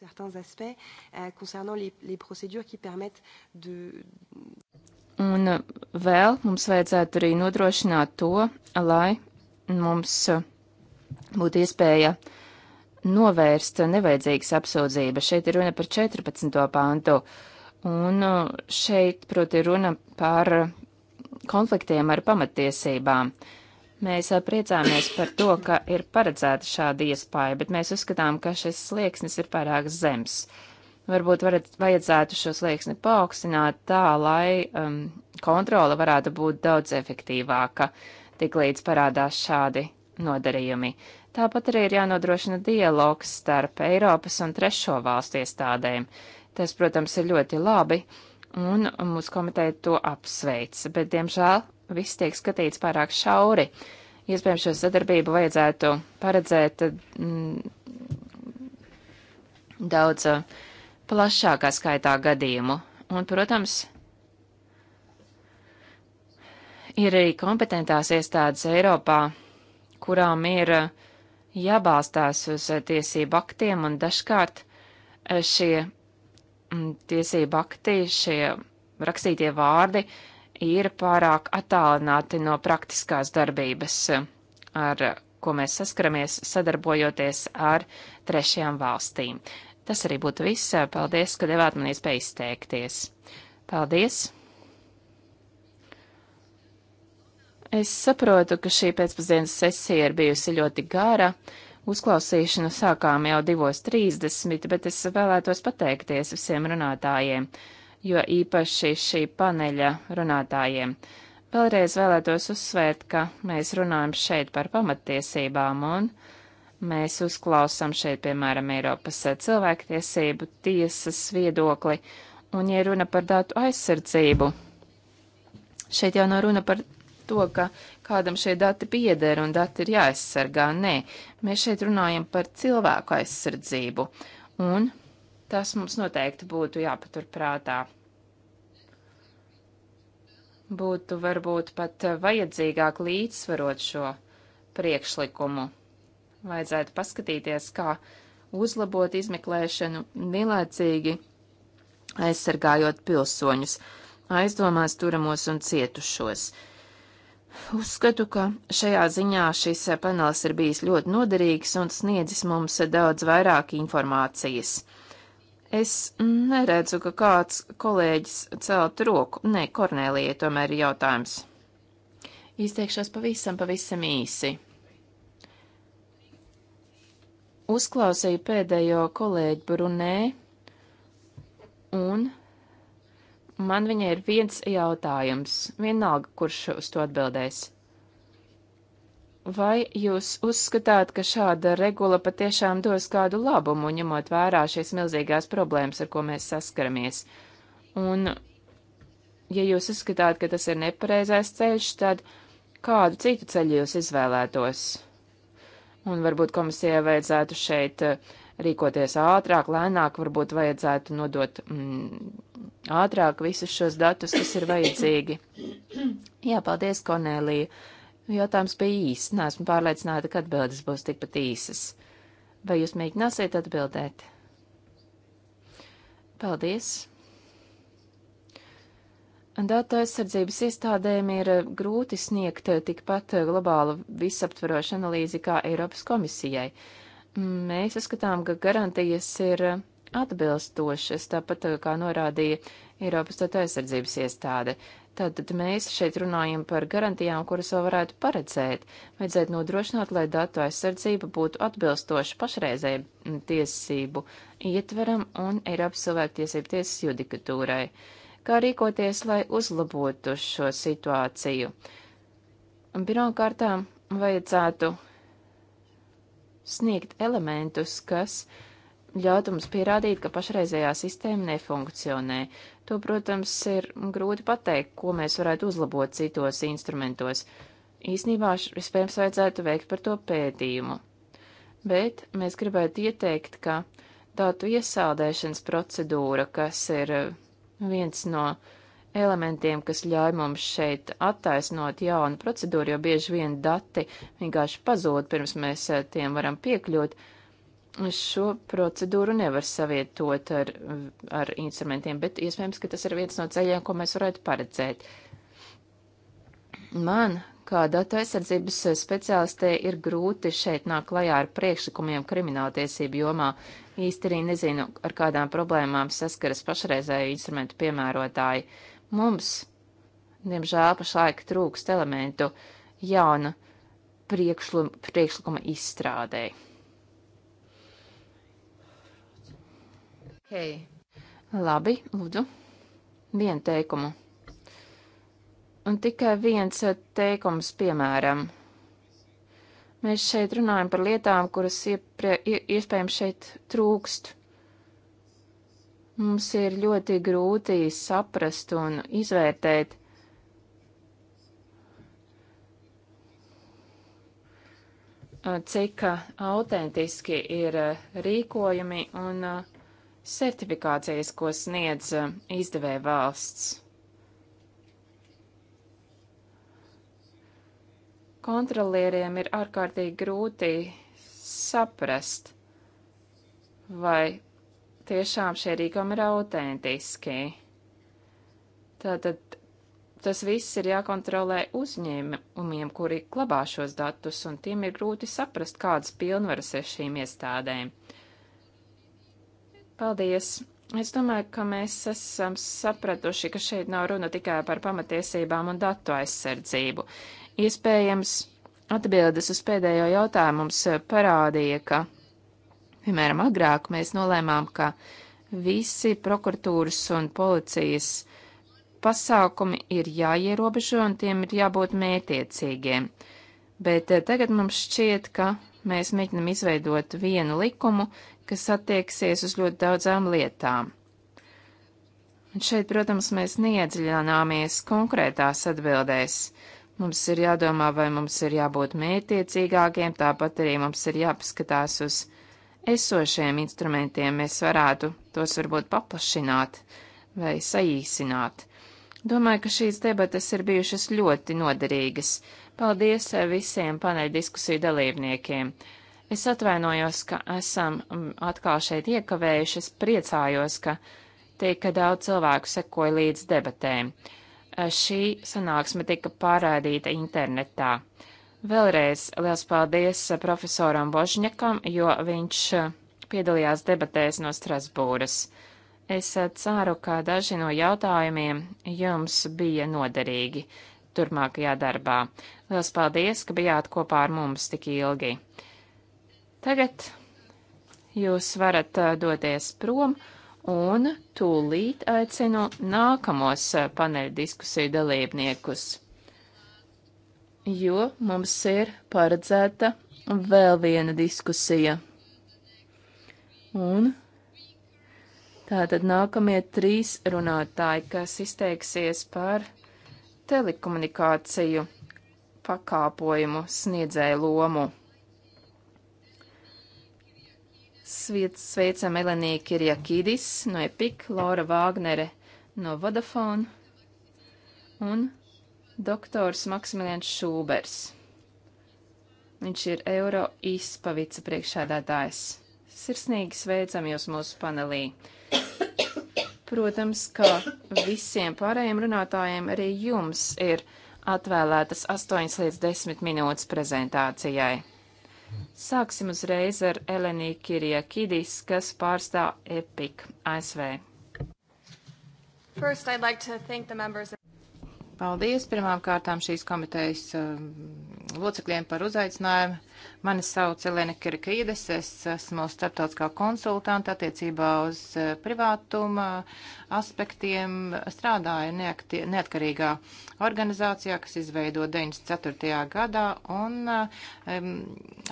Certains aspects euh, concernant les, les procédures qui permettent de, Un vēl mums vajadzētu arī nodrošināt to, lai mums būtu iespēja novērst nevajadzīgas apsūdzības. Šeit ir runa par 14. pāntu. Un šeit, proti, runa par konfliktiem ar pamatiesībām. Mēs priecāmies par to, ka ir paredzēta šāda iespēja, bet mēs uzskatām, ka šis slieksnis ir pārāk zems. Uh, Varbūt varat, vajadzētu šo slieksni paaugstināt tā, lai um, kontrole varētu būt daudz efektīvāka, tik līdz parādās šādi nodarījumi. Tāpat arī ir jānodrošina dialogs starp Eiropas un trešo valstu iestādēm. Tas, protams, ir ļoti labi, un mūsu komiteja to apsveic, bet, diemžēl, viss tiek skatīts pārāk šauri. Iespējams, šo sadarbību vajadzētu paredzēt mm, daudz uh, plašākā skaitā gadījumu. Un, protams, ir arī kompetentās iestādes Eiropā, kurām ir eh, jābalstās uz eh, tiesību aktiem, un dažkārt eh, šie mm, tiesību akti, šie rakstītie vārdi ir pārāk attālināti no praktiskās darbības, ar ko mēs saskaramies sadarbojoties ar trešajām valstīm. Tas arī būtu viss. Paldies, ka devāt man iespēju izteikties. Paldies! Es saprotu, ka šī pēcpusdienas sesija ir bijusi ļoti gara. Uzklausīšanu sākām jau 2.30, bet es vēlētos pateikties visiem runātājiem, jo īpaši šī paneļa runātājiem. Vēlreiz vēlētos uzsvērt, ka mēs runājam šeit par pamatiesībām un. Mēs uzklausām šeit, piemēram, Eiropas eh, cilvēktiesību tiesas viedokli, un, ja runa par datu aizsardzību, šeit jau nav runa par to, ka kādam šie dati pieder un dati ir jāaizsargā. Nē, mēs šeit runājam par cilvēku aizsardzību, un tas mums noteikti būtu jāpatur prātā. Būtu varbūt pat eh, vajadzīgāk līdzsvarot šo priekšlikumu. Vajadzētu paskatīties, kā uzlabot izmeklēšanu vienlaicīgi aizsargājot pilsoņus, aizdomās turamos un cietušos. Uzskatu, ka šajā ziņā šis panels ir bijis ļoti noderīgs un sniedzis mums daudz vairāk informācijas. Es neredzu, ka kāds kolēģis celt roku. Nē, Kornēlijai tomēr ir jautājums. Izteikšos pavisam, pavisam īsi uzklausīju pēdējo kolēģi Brunē, un man viņai ir viens jautājums, vienalga, kurš uz to atbildēs. Vai jūs uzskatāt, ka šāda regula patiešām dos kādu labumu, ņemot vērā šīs milzīgās problēmas, ar ko mēs saskaramies? Un, ja jūs uzskatāt, ka tas ir nepareizais ceļš, tad kādu citu ceļu jūs izvēlētos? Un varbūt komisijai vajadzētu šeit eh, rīkoties ātrāk, lēnāk, varbūt vajadzētu nodot mm, ātrāk visus šos datus, kas ir vajadzīgi. Jā, paldies, Konēlija. Jautājums bija īsts. Nesmu pārliecināta, ka atbildes būs tikpat īsas. Vai jūs mēģināsiet atbildēt? Paldies! Data aizsardzības iestādēm ir eh, grūti sniegt eh, tikpat eh, globālu visaptverošu analīzi kā Eiropas komisijai. Mēs uzskatām, ka garantijas ir atbilstošas, tāpat kā norādīja Eiropas data aizsardzības iestāde. Tātad mēs šeit runājam par garantijām, kuras vēl varētu paredzēt. Vajadzētu nodrošināt, lai datu aizsardzība būtu atbilstoša pašreizējai tiesību ietveram un Eiropas cilvēktiesību tiesas judikatūrai. Uh, kā rīkoties, lai uzlabotu šo situāciju. Pirmkārtām vajadzētu sniegt elementus, kas ļautu mums pierādīt, ka pašreizējā sistēma nefunkcionē. To, protams, ir grūti pateikt, ko mēs varētu uzlabot citos instrumentos. Īsnībā vispirms vajadzētu veikt par to pētījumu. Bet mēs gribētu ieteikt, ka datu iesaldēšanas procedūra, kas ir viens no elementiem, kas ļauj mums šeit attaisnot jaunu procedūru, jo bieži vien dati vienkārši pazūd, pirms mēs eh, tiem varam piekļūt. Šo procedūru nevar savietot ar, ar instrumentiem, bet iespējams, ka tas ir viens no ceļiem, ko mēs varētu paredzēt. Man, kā datu aizsardzības eh, speciālistē, ir grūti šeit nāk klajā ar priekšlikumiem krimināltiesību jomā, Īsti arī nezinu, ar kādām problēmām saskaras pašreizēju instrumentu piemērotāji. Mums, diemžēl, pašlaik trūkst elementu jauna priekšlu, priekšlikuma izstrādē. Hei! Labi, lūdzu, vienu teikumu. Un tikai viens teikums, piemēram, Mēs šeit runājam par lietām, kuras ieprie, iespējams šeit trūkst. Mums ir ļoti grūti saprast un izvērtēt. cik autentiski ir uh, rīkojumi un uh, certifikācijas, ko sniedz uh, izdevēja valsts. kontrolieriem ir ārkārtīgi grūti saprast, vai tiešām šie rīkumi ir autentiski. Tātad tas viss ir jākontrolē uzņēmumiem, kuri glabā šos datus, un tiem ir grūti saprast, kādas pilnvaras ir šīm iestādēm. Paldies! Es domāju, ka mēs esam sapratuši, ka šeit nav runa tikai par pamatiesībām un datu aizsardzību. Iespējams, atbildes uz pēdējo jautājumu mums eh, parādīja, ka, piemēram, agrāk mēs nolēmām, ka visi prokuratūras un policijas pasākumi ir jāierobežo un tiem ir jābūt mētiecīgiem. Bet eh, tagad mums šķiet, ka mēs mēģinam izveidot vienu likumu, kas attieksies uz ļoti daudzām lietām. Un šeit, protams, mēs neiedziļināmies konkrētās atbildēs. Uh, Mums ir jādomā, vai mums ir jābūt mērķtiecīgākiem, tāpat arī mums ir jāpaskatās uz esošiem instrumentiem. Mēs varētu tos varbūt paplašināt vai saīsināt. Domāju, ka šīs debatas ir bijušas ļoti noderīgas. Paldies visiem paneļa diskusiju dalībniekiem. Es atvainojos, ka esam mm, atkal šeit iekavējušies, priecājos, ka tika daudz cilvēku sekoja līdz debatēm. Eh, šī sanāksme tika pārādīta internetā. Vēlreiz liels paldies eh, profesoram Božņakam, jo viņš eh, piedalījās debatēs no Strasbūras. Es ceru, ka daži no jautājumiem jums bija noderīgi turpmākajā darbā. Liels paldies, ka bijāt kopā ar mums tik ilgi. Tagad jūs varat doties prom un tūlīt aicinu nākamos eh, paneļa diskusiju dalībniekus, jo mums ir paredzēta vēl viena diskusija. Un tātad nākamie trīs runātāji, kas izteiksies par telekomunikāciju pakāpojumu sniedzēju lomu. Sveicam Eleniju Kirjakīdis no EPIK, Laura Vāgnere no Vodafone un doktors Maksimilians Šūbers. Viņš ir Eiro izpavica priekšādātājs. Sirsnīgi sveicam jūs mūsu panelī. Protams, ka visiem pārējiem runātājiem arī jums ir atvēlētas 8 līdz 10 minūtes prezentācijai. Sāksim uzreiz ar Elenī Kirija Kidis, kas pārstāv EPIC ASV. First, I'd like to thank the members of... Paldies pirmām kārtām šīs komitejas um, locekļiem par uzaicinājumu. Mani sauc Elena Kirkīdes, es esmu starptautiskā konsultanta attiecībā uz e, privātuma e, aspektiem. Strādāju neakti, neatkarīgā organizācijā, kas izveido 94. gadā un um,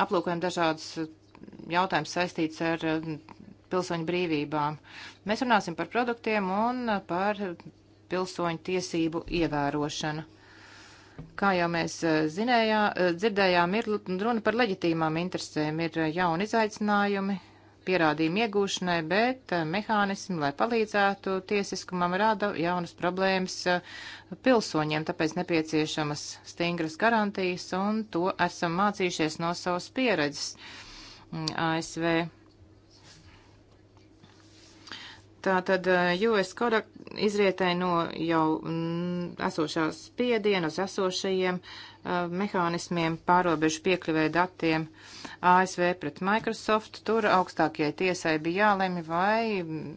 aplūkojam dažādus jautājumus saistīts ar pilsoņu brīvībām. Mēs runāsim par produktiem un par pilsoņu tiesību ievērošanu. Kā jau mēs eh, zinējā, eh, dzirdējām, ir runa par leģitīmām interesēm, ir eh, jauni izaicinājumi pierādījumu iegūšanai, bet mehānismi, lai palīdzētu tiesiskumam, rada jaunas problēmas pilsoņiem, tāpēc nepieciešamas stingras garantijas, un to esam mācījušies no savas pieredzes mm, ASV Tātad eh, US kodak izrietēja no jau mm, esošās spiediena uz esošajiem uh, mehānismiem pārobežu piekļuvēja datiem ASV pret Microsoft. Tur augstākajai tiesai bija jālemj, vai mm,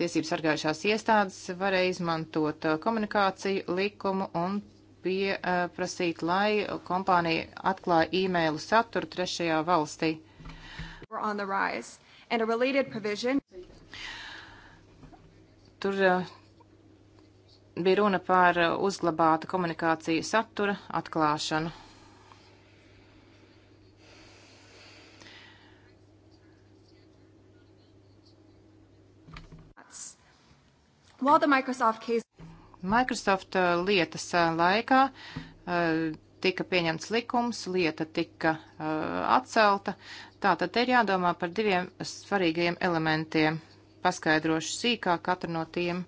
tiesības sargājušās iestādes varēja izmantot uh, komunikāciju likumu un pieprasīt, uh, lai kompānija atklāja e-mailu saturu trešajā valstī. Tur eh, bija runa par eh, uzglabāta komunikācija satura atklāšanu. Microsoft eh, lietas laikā tika pieņemts likums, lieta tika atcelta. Tātad te ir jādomā par diviem svarīgiem elementiem paskaidrošu sīkāk katru no tiem.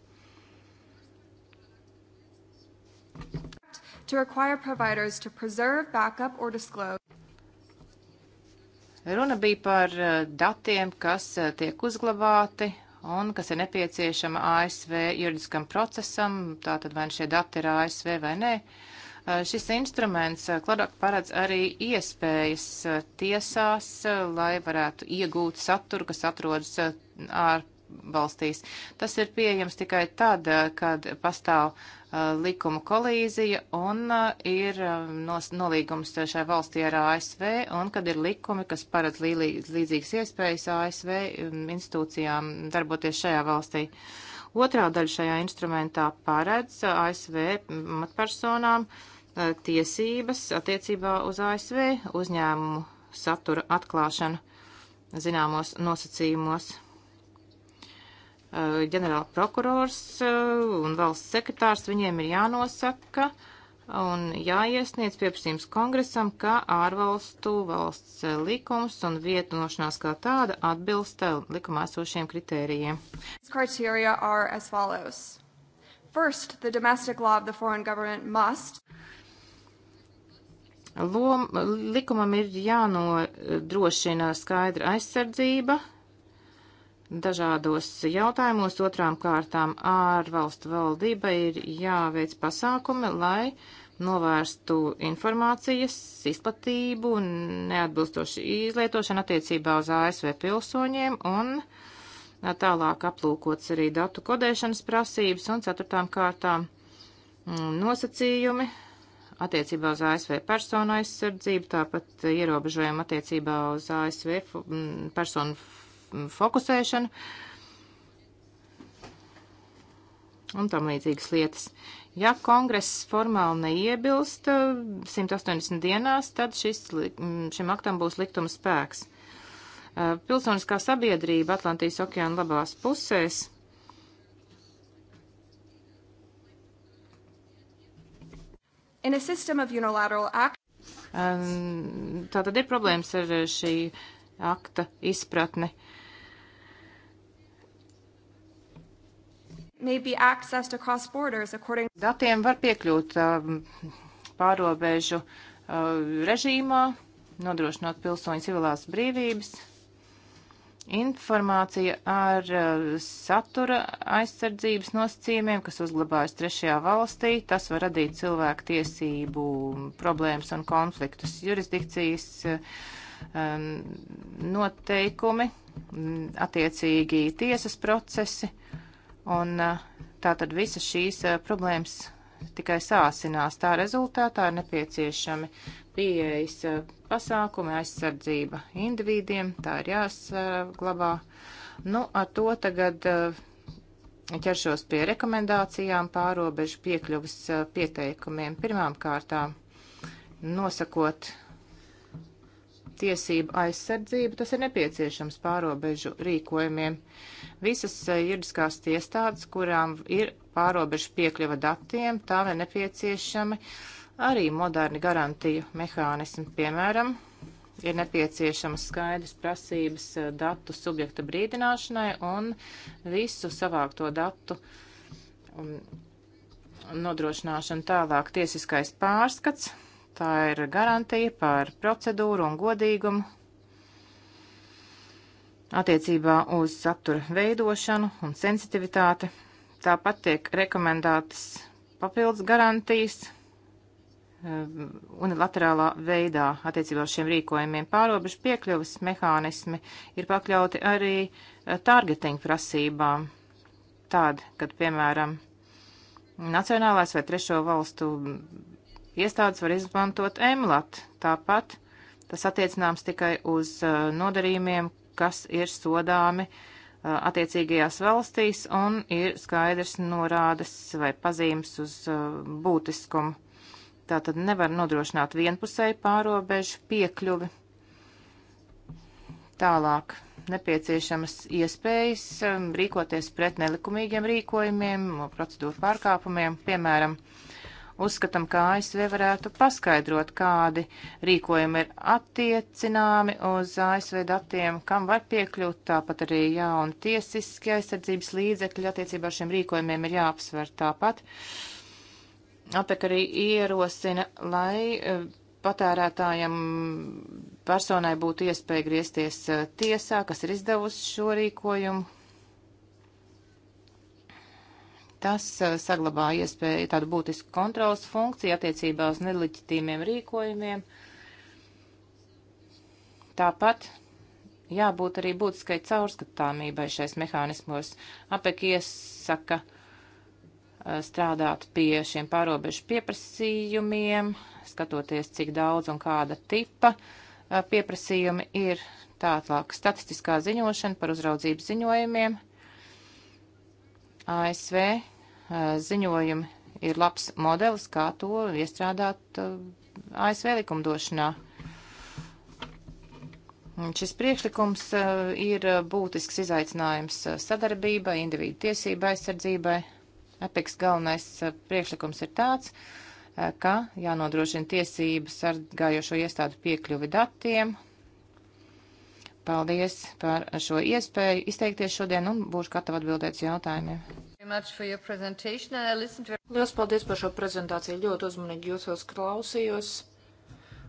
To require providers to preserve, backup or disclose. Runa bija par uh, datiem, kas uh, tiek uzglabāti un kas ir nepieciešama ASV juridiskam procesam, tātad vai nu šie dati ir ASV vai nē. Uh, šis instruments Kladak paredz arī iespējas tiesās, lai varētu iegūt saturu, kas atrodas ārpus valstīs. Tas ir pieejams tikai tad, eh, kad pastāv eh, likuma kolīzija un eh, ir nos, nolīgums šai valstī ar ASV un kad ir likumi, kas paredz līdzīgas iespējas ASV mm, institūcijām darboties šajā valstī. Otrā daļa šajā instrumentā paredz ASV mm, matpersonām tiesības attiecībā uz ASV uzņēmumu satura atklāšanu zināmos nosacījumos. Eh, ģenerāla prokurors eh, un valsts sekretārs, viņiem ir jānosaka un jāiesniedz pieprasījums kongresam, ka ārvalstu valsts likums un vietnošanās kā tāda atbilst eh, likumā esošiem kritērijiem. First, the domestic law of the foreign government must Lom, likumam ir jānodrošina skaidra aizsardzība dažādos jautājumos. Otrām kārtām ārvalstu valdība ir jāveic pasākumi, lai novērstu informācijas izplatību un neatbilstoši izlietošanu attiecībā uz ASV pilsoņiem un tālāk aplūkots arī datu kodēšanas prasības un ceturtām kārtām mm, nosacījumi attiecībā uz ASV personu aizsardzību, tāpat ierobežojumi attiecībā uz ASV mm, personu Mm, fokusēšanu un tam līdzīgas lietas. Ja kongress formāli neiebilst 180 eh, dienās, tad šis, mm, šim aktam būs liktuma spēks. Eh, pilsoniskā sabiedrība Atlantijas okeāna labās pusēs In a system of unilateral act. Um, tā tad ir problēmas ar šī akta izpratni. Uh, Datiem var piekļūt um, pārobežu uh, režīmā, nodrošinot pilsoņu civilās brīvības. Informācija ar uh, satura aizsardzības nosacījumiem, kas uzglabājas trešajā valstī, tas var radīt cilvēku tiesību problēmas un konfliktus. Jurisdikcijas uh, um, noteikumi, mm, attiecīgi tiesas procesi. Un eh, tātad visas šīs eh, problēmas tikai sāsinās. Tā rezultātā ir nepieciešami pieejas eh, pasākumi, aizsardzība individiem, tā ir jāsaglabā. Nu, ar to tagad ķeršos pie rekomendācijām pārobežu piekļuvas pieteikumiem. Pirmām kārtām nosakot tiesību aizsardzību, tas ir nepieciešams pārobežu rīkojumiem. Uh, Visas eh, juridiskās tiestādes, kurām ir pārobežu piekļuva datiem, tām ir nepieciešami arī moderni garantiju mehānismi, piemēram, ir nepieciešamas skaidrs prasības eh, datu subjekta brīdināšanai un visu savākto datu um, nodrošināšanu tālāk tiesiskais pārskats. Tā ir garantija par procedūru un godīgumu, attiecībā uz satura veidošanu un sensitivitāti. Tāpat tiek rekomendētas papildus garantijas um, unilaterālā veidā attiecībā uz šiem rīkojumiem. Pārobežu piekļuvas mehānismi ir pakļauti arī uh, targeting prasībām. Tādi, kad, piemēram, nacionālais vai trešo valstu iestādes var izmantot emlat. Tāpat tas attiecināms tikai uz uh, nodarījumiem, kas ir sodāmi uh, attiecīgajās valstīs un ir skaidrs norādes vai pazīmes uz uh, būtiskumu. Tātad nevar nodrošināt vienpusēju pārobežu piekļuvi. Tālāk nepieciešamas iespējas um, rīkoties pret nelikumīgiem rīkojumiem, procedūru pārkāpumiem, piemēram, uh, Uzskatām, ka ASV varētu paskaidrot, kādi rīkojumi ir attiecināmi uz ASV datiem, kam var piekļūt, tāpat arī jauni tiesiski aizsardzības līdzekļi attiecībā ar šiem rīkojumiem ir jāapsver tāpat. APEC arī ierosina, lai eh, patērētājam personai būtu iespēja griezties eh, tiesā, kas ir izdevusi šo rīkojumu Tas uh, saglabā iespēju tādu būtisku kontrolas funkciju attiecībā uz neleģitīmiem rīkojumiem. Tāpat jābūt arī būtiskai caurskatāmībai šais mehānismos. APEK iesaka uh, strādāt pie šiem pārobežu pieprasījumiem, skatoties, cik daudz un kāda tipa uh, pieprasījumi ir tālāk statistiskā ziņošana par uzraudzības ziņojumiem. ASV Eh, ziņojumi ir labs modelis, kā to iestrādāt eh, ASV likumdošanā. Šis priekšlikums eh, ir būtisks izaicinājums sadarbībai, individu tiesību aizsardzībai. EPIKS galvenais priekšlikums ir tāds, ka jānodrošina tiesības sargājošo iestādu piekļuvi datiem. Paldies par šo iespēju izteikties šodien un būšu gatava atbildēt uz jautājumiem. Lielas paldies par šo prezentāciju. Ļoti uzmanīgi jūsos klausījos.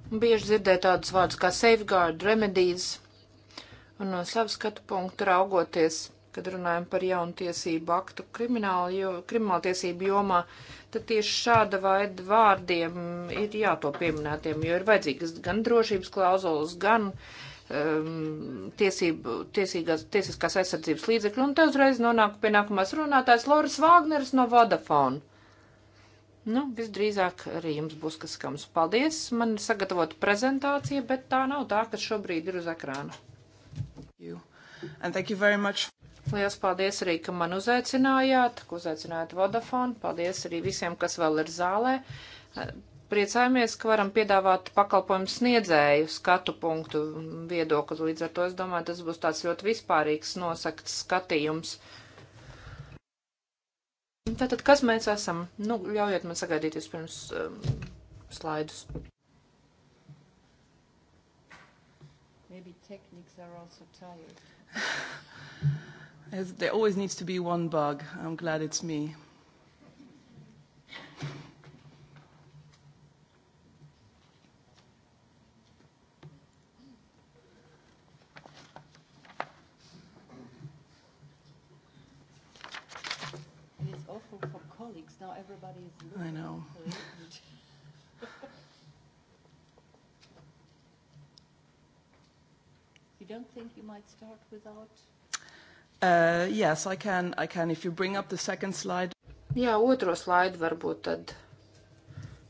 Un bieži dzirdēju tādus vārdus kā safeguard, remedies. Un no savas skatu punktu raugoties, kad runājam par jaunu tiesību aktu kriminālu, jo, kriminālu tiesību jomā, tad tieši šāda veida vārdiem ir jāto pieminētiem, jo ir vajadzīgas gan drošības klauzulas, gan uh, um, tiesību, tiesīgās, tiesiskās aizsardzības līdzekļu, un te uzreiz nonāku pie nākamās runātājs Loris Vāgneris no Vodafone. Nu, visdrīzāk arī jums būs kas skams. Paldies, man ir sagatavota prezentācija, bet tā nav tā, kas šobrīd ir uz ekrāna. Lielas paldies arī, ka man uzaicinājāt, ka uzaicinājāt Vodafone. Paldies arī visiem, kas vēl ir zālē priecājamies, ka varam piedāvāt pakalpojumu sniedzēju skatu punktu viedokli. Līdz ar to es domāju, tas būs tāds ļoti vispārīgs nosakts skatījums. Tātad, kas mēs esam? Nu, ļaujiet man sagaidīt vispirms um, slaidus. Maybe techniques are also tired. As there always needs to be one bug. I'm glad it's me. colleagues. Now everybody is. I know. you don't think you might start without? Uh, yes, I can. I can. If you bring up the second slide. Jā, otro slaidu varbūt tad.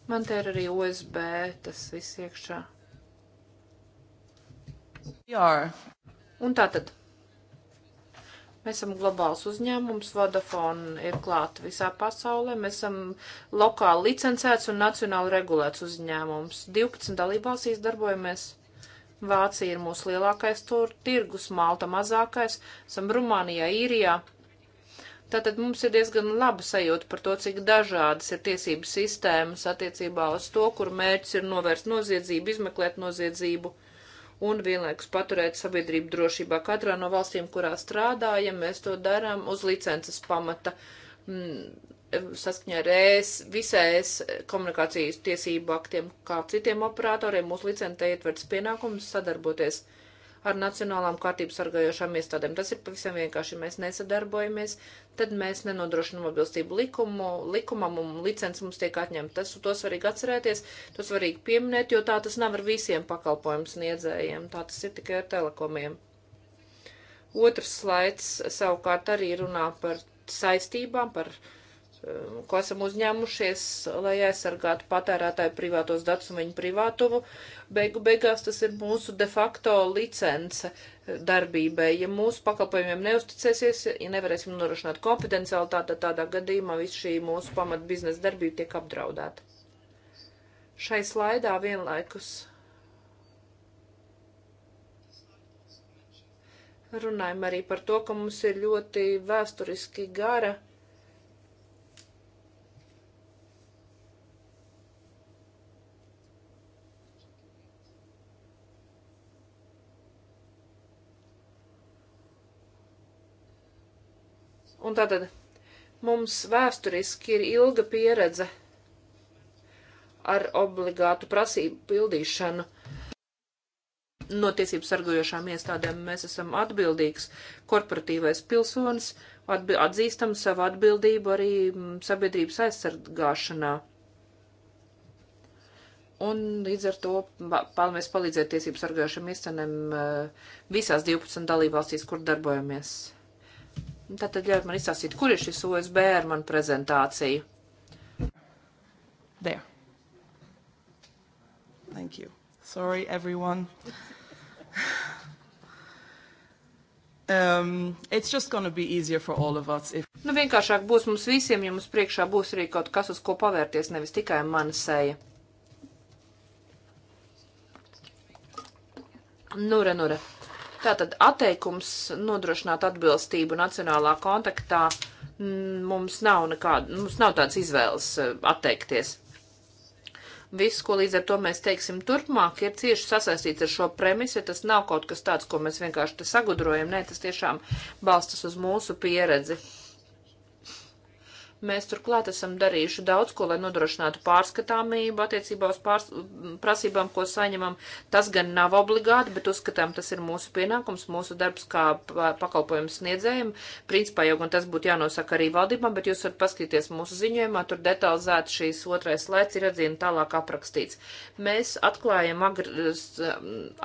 Man te ir arī OSB, tas viss iekšā. Jā. Un tā tad Mēs esam globāls uzņēmums, Vodafone ir klāta visā pasaulē, mēs esam lokāli licencēts un nacionāli regulēts uzņēmums. 12 dalībvalstīs darbojamies. Vācija ir mūsu lielākais tur, tirgus, Malta mazākais, esam Rumānijā, Īrijā. Tātad mums ir diezgan laba sajūta par to, cik dažādas ir tiesības sistēmas attiecībā uz to, kur mērķis ir novērst noziedzību, izmeklēt noziedzību. Uh, un vienlaikus paturēt sabiedrību drošībā. Katrā no valstīm, kurā strādājam, mēs to darām uz licences pamata mm, saskaņā ar ES, visēs e komunikācijas tiesību aktiem, kā citiem operatoriem. Mūsu licencē ietverts pienākums sadarboties ar ar nacionālām kārtības sargājošām iestādēm. Tas ir pavisam vienkārši. Mēs nesadarbojamies, tad mēs nenodrošinām atbilstību likumu, likumam un licences mums tiek atņemta. Tas to svarīgi atcerēties, to svarīgi pieminēt, jo tā tas nav ar visiem pakalpojumu sniedzējiem. Tā tas ir tikai ar telekomiem. Otrs slaids savukārt arī runā par saistībām, par saistībām Um, ko esam uzņēmušies, lai aizsargātu patērētāju privātos datus un viņu privātumu. Beigu beigās tas ir mūsu de facto licence darbībai. Ja mūsu pakalpojumiem neusticēsies, ja nevarēsim norošināt konfidencialitāti, tad tādā gadījumā viss šī mūsu pamat biznesa darbība tiek apdraudēta. Šai slaidā vienlaikus runājam arī par to, ka mums ir ļoti vēsturiski gara Un tātad mums vēsturiski ir ilga pieredze ar obligātu prasību pildīšanu. No tiesību sargojošām iestādēm mēs esam atbildīgs korporatīvais pilsonis, atbi atzīstam savu atbildību arī mm, sabiedrības aizsargāšanā. Un līdz ar to vēlamies palīdzēt tiesību sargojošiem iestādēm eh, visās 12 dalībvalstīs, kur darbojamies. Tātad ļaujiet man izsāstīt, kur ir šis OSB ar manu prezentāciju. There. Thank you. Sorry, everyone. Um, it's just gonna be easier for all of us if... Nu, vienkāršāk būs mums visiem, ja mums priekšā būs arī kaut kas, uz ko pavērties, nevis tikai mana seja. Nure, nure. Tātad atteikums nodrošināt atbilstību nacionālā kontaktā mm, mums nav nekāda, mums nav tāds izvēles eh, atteikties. Viss, ko līdz ar to mēs teiksim turpmāk, ir cieši sasaistīts ar šo premisi. Tas nav kaut kas tāds, ko mēs vienkārši te sagudrojam. Nē, tas tiešām balstas uz mūsu pieredzi. Mēs turklāt esam darījuši daudz ko, lai nodrošinātu pārskatāmību attiecībā uz pārs prasībām, ko saņemam. Tas gan nav obligāti, bet uzskatām, tas ir mūsu pienākums, mūsu darbs kā pakalpojums sniedzējiem. Principā jau gan tas būtu jānosaka arī valdībām, bet jūs varat paskatīties mūsu ziņojumā, tur detalizēti šīs otrais laids ir atzīme tālāk aprakstīts. Mēs atklājam agr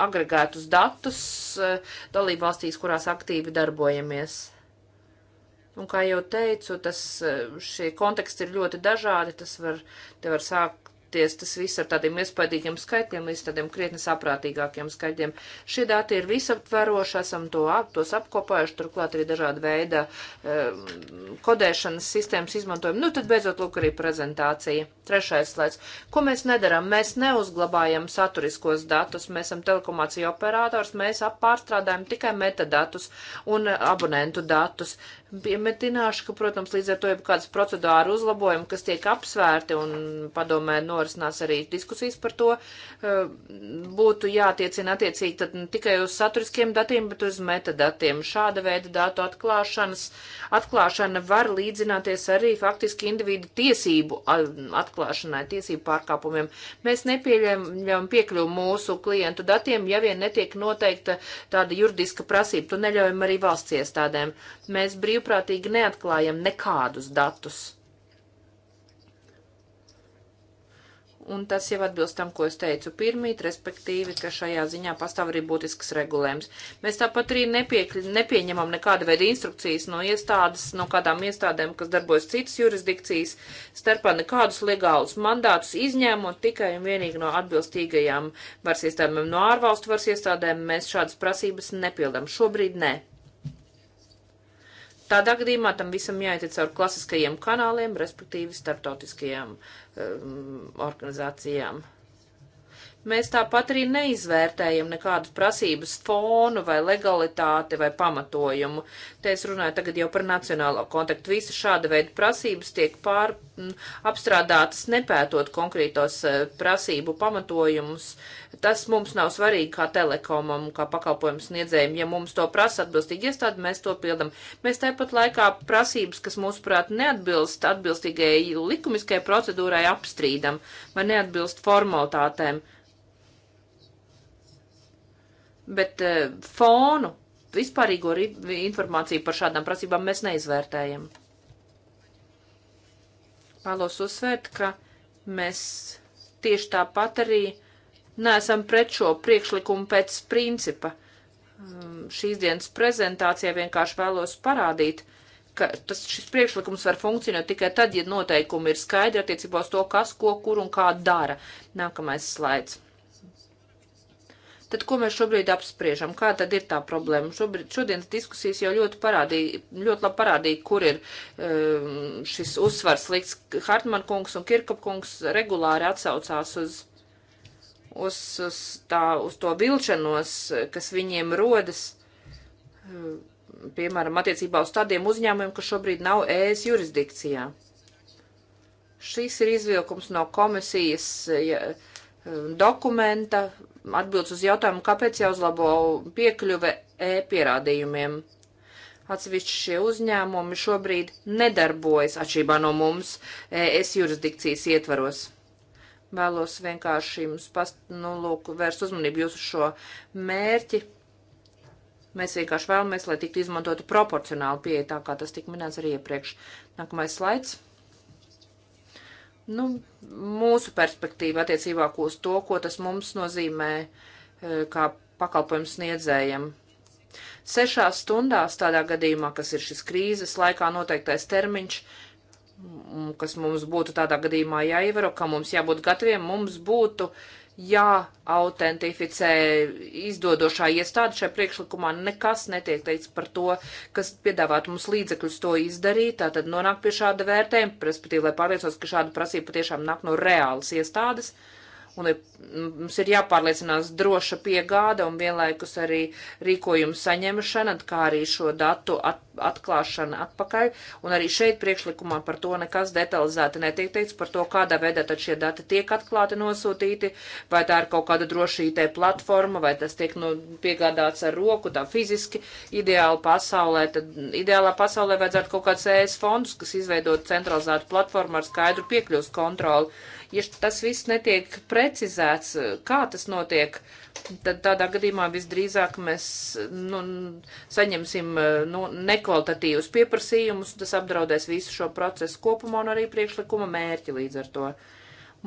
agregētus datus eh, dalībvalstīs, kurās aktīvi darbojamies. Un, kā jau teicu, tas, eh, šie konteksti ir ļoti dažādi. Tas var, te var sākties tas viss ar tādiem iespaidīgiem skaitļiem līdz tādiem krietni saprātīgākiem skaitļiem. Šie dati ir visaptveroši, esam to, tos apkopojuši, turklāt arī dažāda veida um, kodēšanas sistēmas izmantojam. Nu, tad beidzot, lūk, arī prezentācija. Trešais slaids. Ko mēs nedaram? Mēs neuzglabājam saturiskos datus, mēs esam telekomācija operators, mēs pārstrādājam tikai metadatus un eh, abonentu datus. Uh, Piemetināšu, ka, protams, līdz ar to jau kādas procedāru uzlabojumi, kas tiek apsvērti un padomē norisinās arī diskusijas par to, eh, būtu jātiecina attiecīgi tad ne tikai uz saturiskiem datiem, bet uz metadatiem. Šāda veida datu atklāšanas, atklāšana var līdzināties arī faktiski individu tiesību atklāšanai, tiesību pārkāpumiem. Mēs nepieļaujam piekļuvu mūsu klientu datiem, ja vien netiek noteikta tāda juridiska prasība. To neļaujam arī valsts iestādēm. Mēs brīvi brīvprātīgi neatklājam nekādus datus. un tas jau atbilst tam, ko es teicu pirmīt, respektīvi, ka šajā ziņā pastāv arī būtisks regulējums. Mēs tāpat arī nepiekļ, nepieņemam nekāda veida instrukcijas no iestādes, no kādām iestādēm, kas darbojas citas jurisdikcijas, starpā nekādus legālus mandātus izņēmot tikai un vienīgi no atbilstīgajām varas iestādēm, no ārvalstu varas iestādēm. Mēs šādas prasības nepildam. Šobrīd nē. Ne. Tādā gadījumā tam visam jāiet caur klasiskajiem kanāliem, respektīvi starptautiskajām um, organizācijām. Mēs tāpat arī neizvērtējam nekādus prasības fonu vai legalitāti vai pamatojumu. Te es runāju tagad jau par nacionālo kontaktu. Visi šāda veida prasības tiek pār, m, apstrādātas nepētot konkrētos e, prasību pamatojumus. Tas mums nav svarīgi kā telekomam, kā pakalpojumu sniedzējiem. Ja mums to prasa atbilstīgi iestādi, mēs to pildam. Mēs tāpat laikā prasības, kas mūsuprāt neatbilst atbilstīgai likumiskajai procedūrai, apstrīdam vai neatbilst formalitātēm bet e, fonu, vispārīgo informāciju par šādām prasībām mēs neizvērtējam. Vēlos uzsvērt, ka mēs tieši tāpat arī neesam pret šo priekšlikumu pēc principa. Mm, šīs dienas prezentācijā vienkārši vēlos parādīt, ka tas, šis priekšlikums var funkcionēt tikai tad, ja noteikumi ir skaidri attiecībā uz to, kas, ko, kur un kā dara. Nākamais slaids. Tad ko mēs šobrīd apspriežam? Kā tad ir tā problēma? Šobrīd, šodienas diskusijas jau ļoti parādīja, ļoti labi parādīja, kur ir um, šis uzsvars liks. Hartman kungs un Kirkop kungs regulāri atsaucās uz, uz, uz, tā, uz to vilšanos, kas viņiem rodas um, piemēram, attiecībā uz tādiem uzņēmumiem, kas šobrīd nav ES jurisdikcijā. Šis ir izvilkums no komisijas dokumenta atbildes uz jautājumu, kāpēc jāuzlabo piekļuve e-pierādījumiem. Atsevišķi šie uzņēmumi šobrīd nedarbojas atšķirībā no mums ES jurisdikcijas ietvaros. Vēlos vienkārši jums past, nu, lūk, vērst uzmanību jūsu šo mērķi. Mēs vienkārši vēlamies, lai tiktu izmantota proporcionāla pieeja, tā kā tas tika minēts arī iepriekš. Nākamais slaids nu, mūsu perspektīva attiecībā uz to, ko tas mums nozīmē eh, kā pakalpojums sniedzējiem. Sešās stundās tādā gadījumā, kas ir šis krīzes laikā noteiktais termiņš, kas mums būtu tādā gadījumā jāievēro, ka mums jābūt gataviem, mums būtu uh, jāautentificē izdodošā iestāde. Šajā priekšlikumā nekas netiek teikts par to, kas piedāvāt mums līdzekļus to izdarīt. Tātad nonāk pie šāda vērtējuma, respektīvi, lai pārliecos, ka šāda prasība patiešām nāk no reālas iestādes. Uh, un ir, mums ir jāpārliecinās droša piegāda un vienlaikus arī rīkojumu saņemšana, kā arī šo datu at, atklāšana atpakaļ. Un arī šeit priekšlikumā par to nekas detalizēti netiek teikts, par to, kādā veidā tad šie dati tiek atklāti nosūtīti, vai tā ir kaut kāda drošītē platforma, vai tas tiek no, nu, piegādāts ar roku, tā fiziski. Ideāli pasaulē, tad ideālā pasaulē vajadzētu kaut kāds ES fondus, kas izveidot centralizētu platformu ar skaidru piekļūst kontroli Ja tas viss netiek precizēts, kā tas notiek, tad tādā gadījumā visdrīzāk mēs nu, saņemsim nu, nekvalitatīvus pieprasījumus, tas apdraudēs visu šo procesu kopumā un arī priekšlikuma mērķi līdz ar to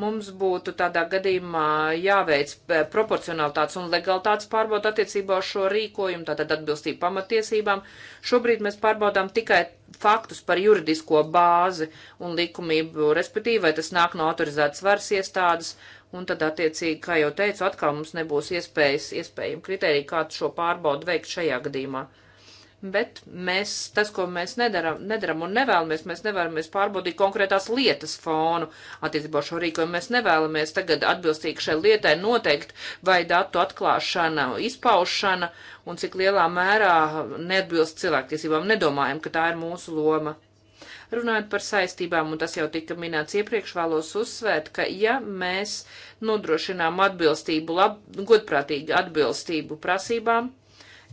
mums būtu tādā gadījumā jāveic eh, proporcionalitātes un legalitātes pārbauda attiecībā uz šo rīkojumu, tātad atbilstību pamatiesībām. Šobrīd mēs pārbaudām tikai faktus par juridisko bāzi un likumību, respektīvi, vai tas nāk no autorizētas varas iestādes, un tad attiecīgi, kā jau teicu, atkal mums nebūs iespējas, iespējami kriteriji, kā šo pārbaudu veikt šajā gadījumā bet mēs, tas, ko mēs nedaram, nedaram un nevēlamies, mēs nevēlamies pārbaudīt konkrētās lietas fonu attiecībā šo rīkojumu. Mēs nevēlamies tagad atbilstīgi šai lietai noteikt, vai datu atklāšana, izpaušana un cik lielā mērā neatbilst cilvēktiesībām. Nedomājam, ka tā ir mūsu loma. Runājot par saistībām, un tas jau tika minēts iepriekš, vēlos uzsvērt, ka ja mēs nodrošinām atbilstību, lab, godprātīgu atbilstību prasībām,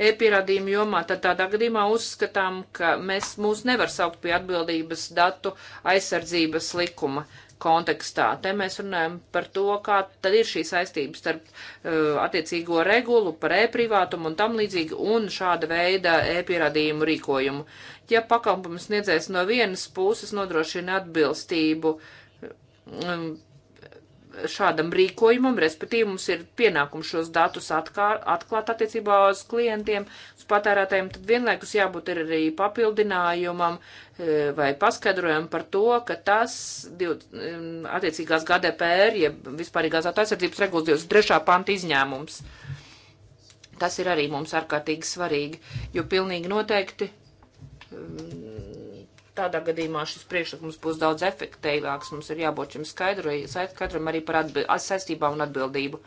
e-pierādījumu jomā, tad tādā gadījumā uzskatām, ka mēs mūs nevar saukt pie atbildības datu aizsardzības likuma kontekstā. Te mēs runājam par to, kā tad ir šī saistība starp uh, attiecīgo regulu par e-privātumu un tam līdzīgi un šāda veida e-pierādījumu rīkojumu. Ja pakalpums sniedzēs no vienas puses nodrošina atbilstību um, šādam rīkojumam, respektīvi mums ir pienākums šos datus atkār, atklāt attiecībā uz klientiem, uz patērētājiem, tad vienlaikus jābūt ir arī papildinājumam e, vai paskaidrojumam par to, ka tas div, attiecīgās GDPR, ja vispārīgās aizsardzības regulas 23. panta izņēmums. Tas ir arī mums ārkārtīgi svarīgi, jo pilnīgi noteikti tādā gadījumā šis priekšlikums būs daudz efektīvāks. Mums ir jābūt šim skaidram arī par saistībām un atbildību.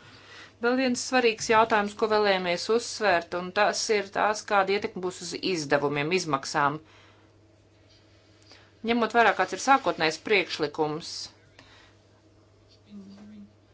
Vēl viens svarīgs jautājums, ko vēlējamies uzsvērt, un tas ir tās, kāda ietekme būs uz izdevumiem, izmaksām. Ņemot vērā, kāds ir sākotnējs priekšlikums,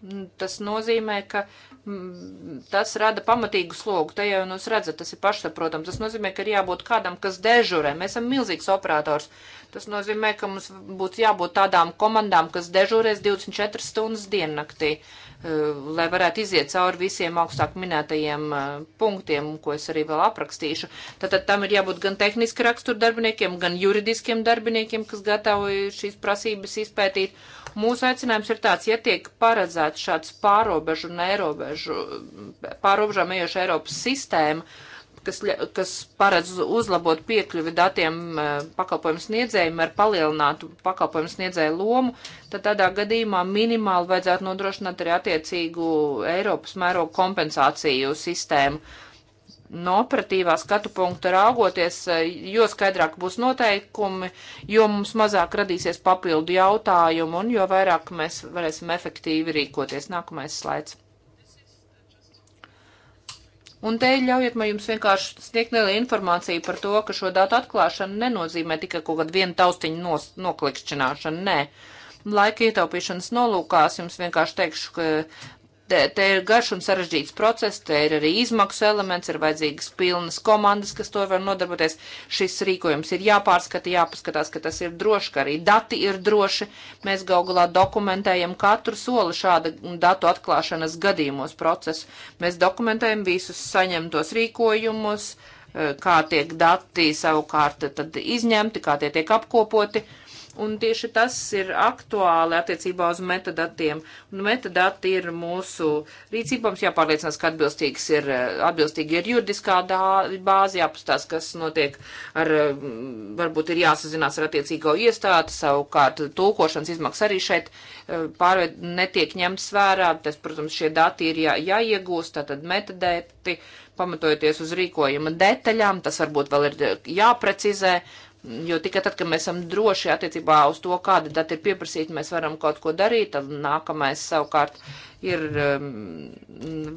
Mm, tas nozīmē, ka mm, tas rada pamatīgu slogu. Te jau jūs nu, redzat, tas ir pašsaprotams. Tas nozīmē, ka ir jābūt kādam, kas dežurē. Mēs esam milzīgs operators. Tas nozīmē, ka mums būtu jābūt tādām komandām, kas dežurēs 24 stundas diennaktī. Uh, Eh, lai varētu iziet cauri visiem augstāk minētajiem eh, punktiem, ko es arī vēl aprakstīšu. Tātad tam ir jābūt gan tehniski rakstur darbiniekiem, gan juridiskiem darbiniekiem, kas gatavi šīs prasības izpētīt. Mūsu aicinājums ir tāds, ja tiek paredzēts šāds pārobežu un eirobežu, pārobežām ejoša Eiropas sistēma, kas, kas paredz uzlabot piekļuvi datiem eh, pakalpojumu sniedzējiem ar palielinātu pakalpojumu sniedzēju lomu, tad tādā gadījumā minimāli vajadzētu nodrošināt arī attiecīgu Eiropas mērogu kompensāciju sistēmu. No operatīvā skatu punkta raugoties, eh, jo skaidrāk būs noteikumi, jo mums mazāk radīsies papildu jautājumu un jo vairāk mēs varēsim efektīvi rīkoties. Nākamais slaids. Un te ļaujiet man jums vienkārši sniegt nelielu informāciju par to, ka šo datu atklāšana nenozīmē tikai kaut kādu vienu taustiņu nos, noklikšķināšanu, nē. Laika ietaupīšanas nolūkās jums vienkārši teikšu, ka Te, te ir garš un sarežģīts process, te ir arī izmaksu elements, ir vajadzīgas pilnas komandas, kas to var nodarboties. Šis rīkojums ir jāpārskata, jāpaskatās, ka tas ir droši, ka arī dati ir droši. Mēs gaugulā dokumentējam katru soli šāda datu atklāšanas gadījumos procesu. Mēs dokumentējam visus saņemtos rīkojumus, eh, kā tiek dati savukārt tad izņemti, kā tie tiek apkopoti. Uh, Un tieši tas ir aktuāli attiecībā uz metadatiem. Un metadati ir mūsu rīcībā. Mums jāpārliecinās, ka atbilstīgs ir, atbilstīgi ir juridiskā dā, bāze, jāpastās, kas notiek ar, varbūt ir jāsazinās ar attiecīgo iestādi, savukārt tulkošanas izmaksas arī šeit eh, pārved netiek ņemts vērā. Tas, protams, šie dati ir jā, jāiegūst, tātad metadēti, pamatojoties uz rīkojuma detaļām, tas varbūt vēl ir jāprecizē, Jo tikai tad, kad mēs esam droši attiecībā uz to, kāda data ir pieprasīta, mēs varam kaut ko darīt. Tad nākamais savukārt ir um,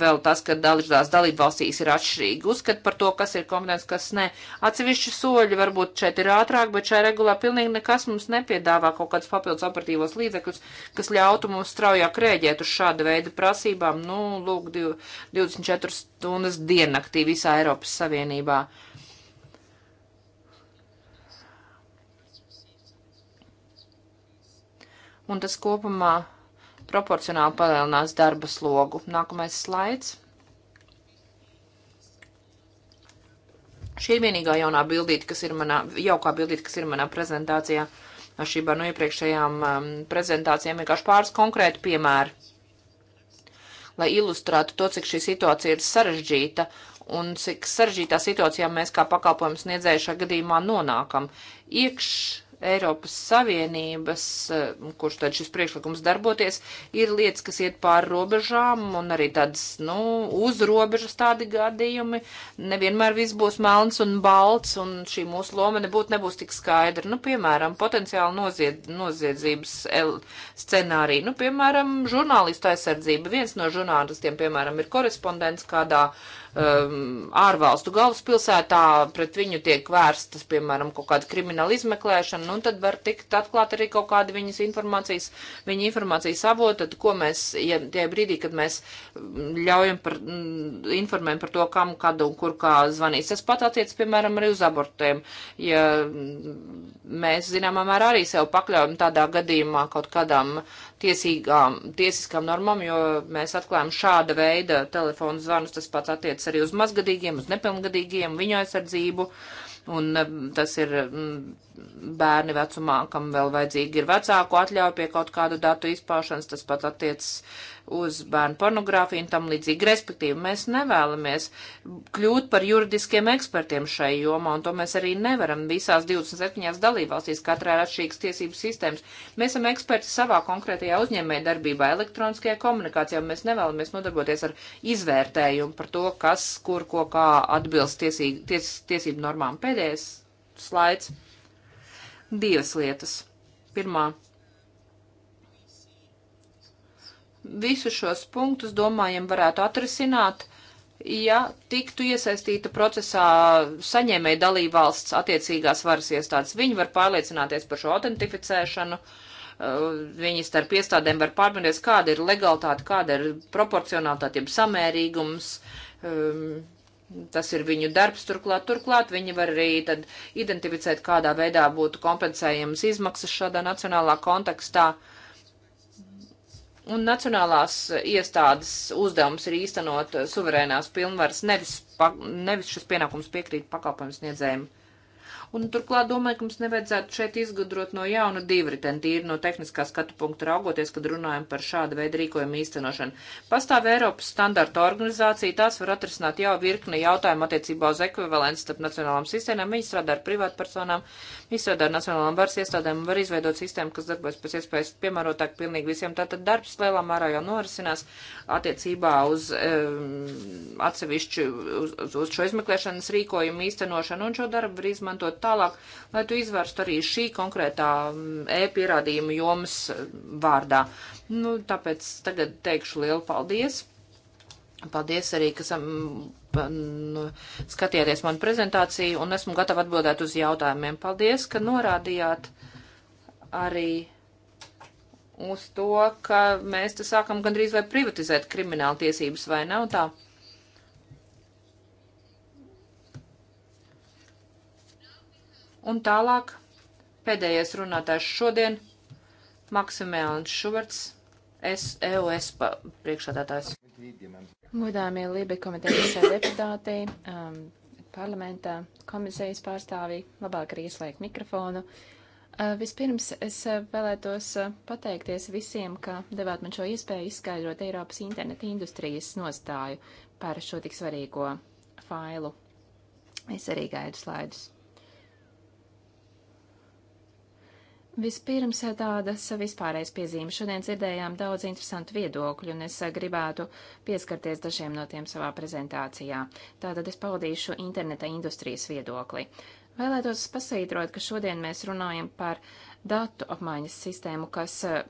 vēl tas, ka dažās dalību valstīs ir atšķirīgi uzskati par to, kas ir kompetents, kas nē. Atsevišķi soļi varbūt šeit ir ātrāk, bet šai regulā pilnīgi nekas mums nepiedāvā kaut kādus papildus operatīvos līdzekļus, kas ļautu mums straujāk rēģēt uz šāda veida prasībām, nu, lūk, 24 stundas diennakti visā Eiropas Savienībā. Uh, un tas kopumā proporcionāli palielinās darba slogu. Nākamais slaids. Šī ir vienīgā jaunā bildīte, kas ir manā, jaukā bildīte, kas ir manā prezentācijā. Atšķirībā no iepriekšējām um, prezentācijām vienkārši pāris konkrēti piemēri, lai ilustrētu to, cik šī situācija ir sarežģīta un cik sarežģītā situācijā mēs kā pakalpojumu sniedzējušā gadījumā nonākam. Iekš Eiropas Savienības, e, kurš tad šis priekšlikums darboties, ir lietas, kas iet pāri robežām un arī tādas, nu, uz robežas tādi gadījumi. Nevienmēr viss būs melns un balts un šī mūsu loma nebūtu nebūs tik skaidra. Nu, piemēram, potenciāli nozied, noziedzības scenārija. Nu, piemēram, žurnālistu aizsardzība. Viens no žurnālistiem, piemēram, ir korespondents kādā uh, um, ārvalstu galvaspilsētā, pret viņu tiek vērstas, piemēram, kaut kāda krimināla izmeklēšana, un nu, tad var tikt atklāt arī kaut kāda viņas informācijas, viņa informācijas avota, ko mēs, ja tie brīdī, kad mēs mm, ļaujam par, m, mm, informējam par to, kam, kad un kur kā zvanīs. Tas pat attiec, piemēram, arī uz abortiem. Ja mm, mēs, zināmā mērā, arī sev pakļaujam tādā gadījumā kaut kādām tiesīgām, tiesiskām normām, jo mēs atklājam šāda veida telefonu zvanus. Tas pats attiecas arī uz mazgadīgiem, uz nepilngadīgiem, viņu aizsardzību. Un eh, tas ir mm, bērni vecumā, kam vēl vajadzīgi ir vecāku atļauja pie kaut kāda datu izpaušanas. Tas pats attiecas uz bērnu pornogrāfiju un tam līdzīgi. Respektīvi, mēs nevēlamies kļūt par juridiskiem ekspertiem šai jomā, un to mēs arī nevaram visās 27 dalībvalstīs, katrā ir atšķirīgas tiesības sistēmas. Mēs esam eksperti savā konkrētajā uzņēmē darbībā, elektroniskajā komunikācijā, un mēs nevēlamies nodarboties ar izvērtējumu par to, kas, kur, ko, kā atbilst tiesību, ties, tiesību normām. Pēdējais slaids. Divas lietas. Pirmā visus šos punktus, domājam, varētu atrisināt, ja tiktu iesaistīta procesā saņēmēja dalībvalsts attiecīgās varas iestādes. Viņi var pārliecināties par šo autentificēšanu, eh, viņi starp iestādēm var pārmērties, kāda ir legalitāte, kāda ir proporcionalitāte, jeb samērīgums. Ehm, tas ir viņu darbs, turklāt, turklāt viņi var arī tad identificēt, kādā veidā būtu kompensējams izmaksas šādā nacionālā kontekstā. Uh, Un nacionālās iestādes uzdevums ir īstenot suverēnās pilnvaras, nevis, pa, nevis šis pienākums piekrīt pakalpojums sniedzējiem. Un turklāt domāju, ka mums nevajadzētu šeit izgudrot no jauna divriteni, tīri no tehniskā skatu punkta raugoties, kad runājam par šādu veidu rīkojumu īstenošanu. Pastāv Eiropas standarta organizācija, tās var atrisināt jau virkni jautājumu attiecībā uz ekvivalents starp nacionālām sistēmām. Viņi strādā ar privātpersonām, viņi strādā ar nacionālām varas iestādēm un var izveidot sistēmu, kas darbojas pēc iespējas piemērotāk pilnīgi visiem. Tātad darbs lielā mērā jau norisinās attiecībā uz um, atsevišķu, uz, uz, uz šo izmeklēšanas rīkojumu īstenošanu, un šo darbu var izmantot tālāk, lai tu izvērstu arī šī konkrētā mm, e-pierādījuma jomas mm, vārdā. Nu, tāpēc tagad teikšu lielu paldies. Paldies arī, ka sam, nu, mm, skatījāties manu prezentāciju un esmu gatava atbildēt uz jautājumiem. Paldies, ka norādījāt arī uz to, ka mēs te sākam gandrīz vai privatizēt krimināltiesības, vai nav tā? Un tālāk pēdējais runātājs šodien - Maksimēlins Šuverts, SEOS priekšādātājs. Godāmie Lībe komitejas deputāti, um, parlamentā komisijas pārstāvji, labāk arī ieslēgt mikrofonu. Uh, vispirms es uh, vēlētos uh, pateikties visiem, ka devāt man šo iespēju izskaidrot Eiropas interneta industrijas nostāju par šo tik svarīgo failu. Es arī gaidu slaidus. Vispirms eh, tādas vispārējas piezīmes. Šodien dzirdējām daudz interesantu viedokļu, un es eh, gribētu pieskarties dažiem no tiem savā prezentācijā. Tātad es paudīšu interneta industrijas viedokli. Vēlētos pasvītrot, ka šodien mēs runājam par datu apmaiņas sistēmu, kas eh,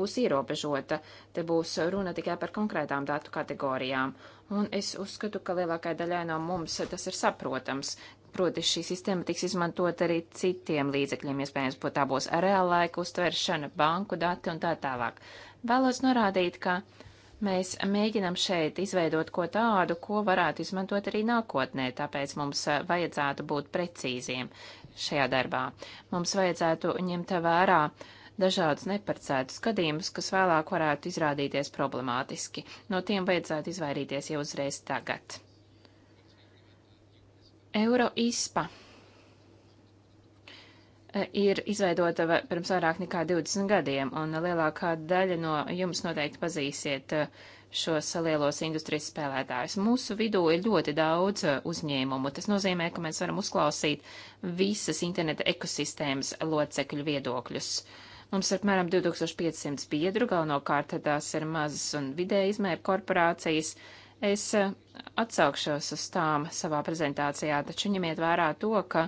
būs ierobežota. Te būs runa tikai par konkrētām datu kategorijām. Un es uzskatu, ka lielākai daļai no mums tas ir saprotams. Proti šī sistēma tiks izmantot arī citiem līdzekļiem, iespējams, pat tā būs reālaika uztveršana, banku dati un tā tālāk. Vēlos norādīt, ka mēs mēģinam šeit izveidot ko tādu, ko varētu izmantot arī nākotnē, tāpēc mums eh, vajadzētu būt precīziem šajā darbā. Mums vajadzētu ņemt vērā dažādus neparedzētus gadījumus, kas vēlāk varētu izrādīties problemātiski. No tiem vajadzētu izvairīties jau uzreiz tagad. Eiro ISPA eh, ir izveidota pirms vairāk nekā 20 gadiem, un lielākā daļa no jums noteikti pazīsiet eh, šos lielos industrijas spēlētājus. Mūsu vidū ir ļoti daudz eh, uzņēmumu. Tas nozīmē, ka mēs varam uzklausīt visas interneta ekosistēmas locekļu viedokļus. Mums ir apmēram 2500 biedru, galvenokārt tās ir mazas un vidēja izmēra korporācijas. Uh, Es eh, atsaukšos uz tām savā prezentācijā, taču ņemiet vērā to, ka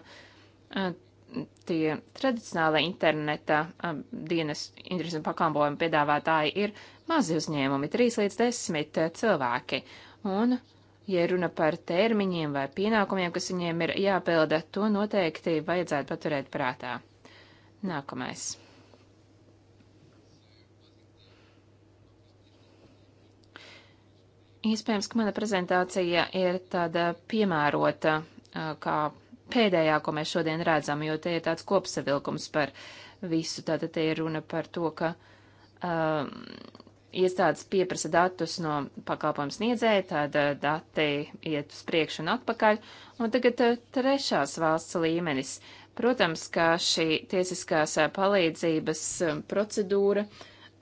eh, tie tradicionāli interneta eh, dienas interesu pakalpojumu piedāvātāji ir mazi uzņēmumi, 3 līdz 10 cilvēki. Un, ja runa par termiņiem vai pienākumiem, kas viņiem ir jāpilda, to noteikti vajadzētu paturēt prātā. Nākamais. Iespējams, ka mana prezentācija ir tāda piemērota kā pēdējā, ko mēs šodien redzam, jo te ir tāds kopsavilkums par visu. Tātad te ir runa par to, ka um, iestādes pieprasa datus no pakalpojums niedzēja, tad dati iet uz priekšu un atpakaļ. Un tagad trešās valsts līmenis. Protams, ka šī tiesiskās palīdzības procedūra uh,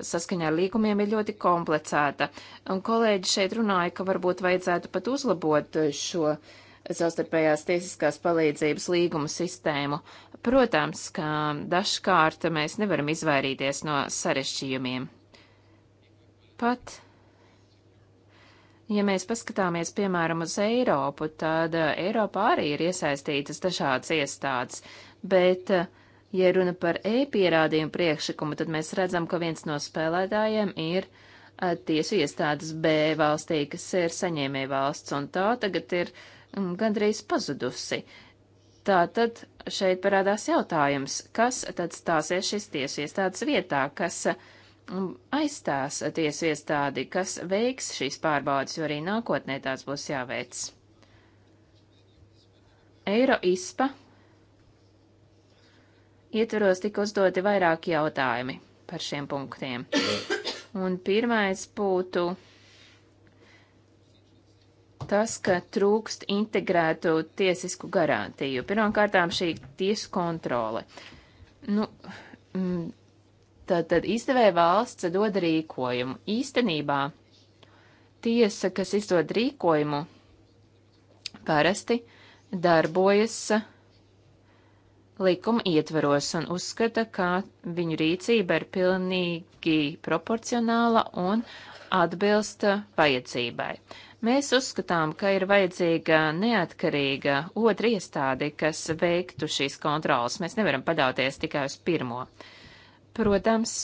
saskaņā ar līgumiem ir ļoti komplicēta. Un kolēģi šeit runāja, ka varbūt vajadzētu pat uzlabot šo savstarpējās tiesiskās palīdzības līgumu sistēmu. Protams, ka dažkārt mēs nevaram izvairīties no sarešķījumiem. Pat, ja mēs paskatāmies, piemēram, uz Eiropu, tad Eiropā arī ir iesaistītas dažādas iestādes, bet uh, Ja runa par e-pierādījumu priekšlikumu, tad mēs redzam, ka viens no spēlētājiem ir tiesu iestādes B valstī, kas ir saņēmē valsts, un tā tagad ir gandrīz pazudusi. Tātad šeit parādās jautājums, kas tad stāsies šis tiesu iestādes vietā, kas aizstās tiesu iestādi, kas veiks šīs pārbaudas, jo arī nākotnē tās būs jāveic. Eiro ISPA ietveros tika uzdoti vairāki jautājumi par šiem punktiem. Un pirmais būtu tas, ka trūkst integrētu tiesisku garantiju. Pirmkārtām šī tiesu kontrole. Nu, mm, tad, tad izdevēja valsts dod rīkojumu. Īstenībā tiesa, kas izdod rīkojumu, parasti darbojas likuma ietveros un uzskata, ka viņu rīcība ir pilnīgi proporcionāla un atbilst vajadzībai. Mēs uzskatām, ka ir vajadzīga neatkarīga otra iestāde, kas veiktu šīs kontrolas. Mēs nevaram paļauties tikai uz pirmo. Protams,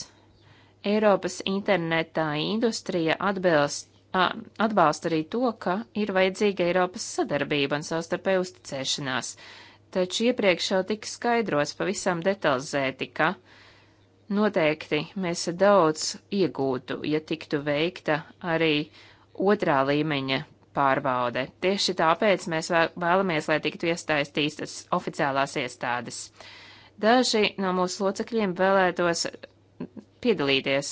Eiropas internetā industrija atbilst, atbalsta arī to, ka ir vajadzīga Eiropas sadarbība un savstarpēja uzticēšanās taču iepriekš jau tika skaidrots pavisam detalizēti, ka noteikti mēs daudz iegūtu, ja tiktu veikta arī otrā līmeņa pārbaude. Tieši tāpēc mēs vēlamies, lai tiktu iesaistītas oficiālās iestādes. Daži no mūsu locekļiem vēlētos piedalīties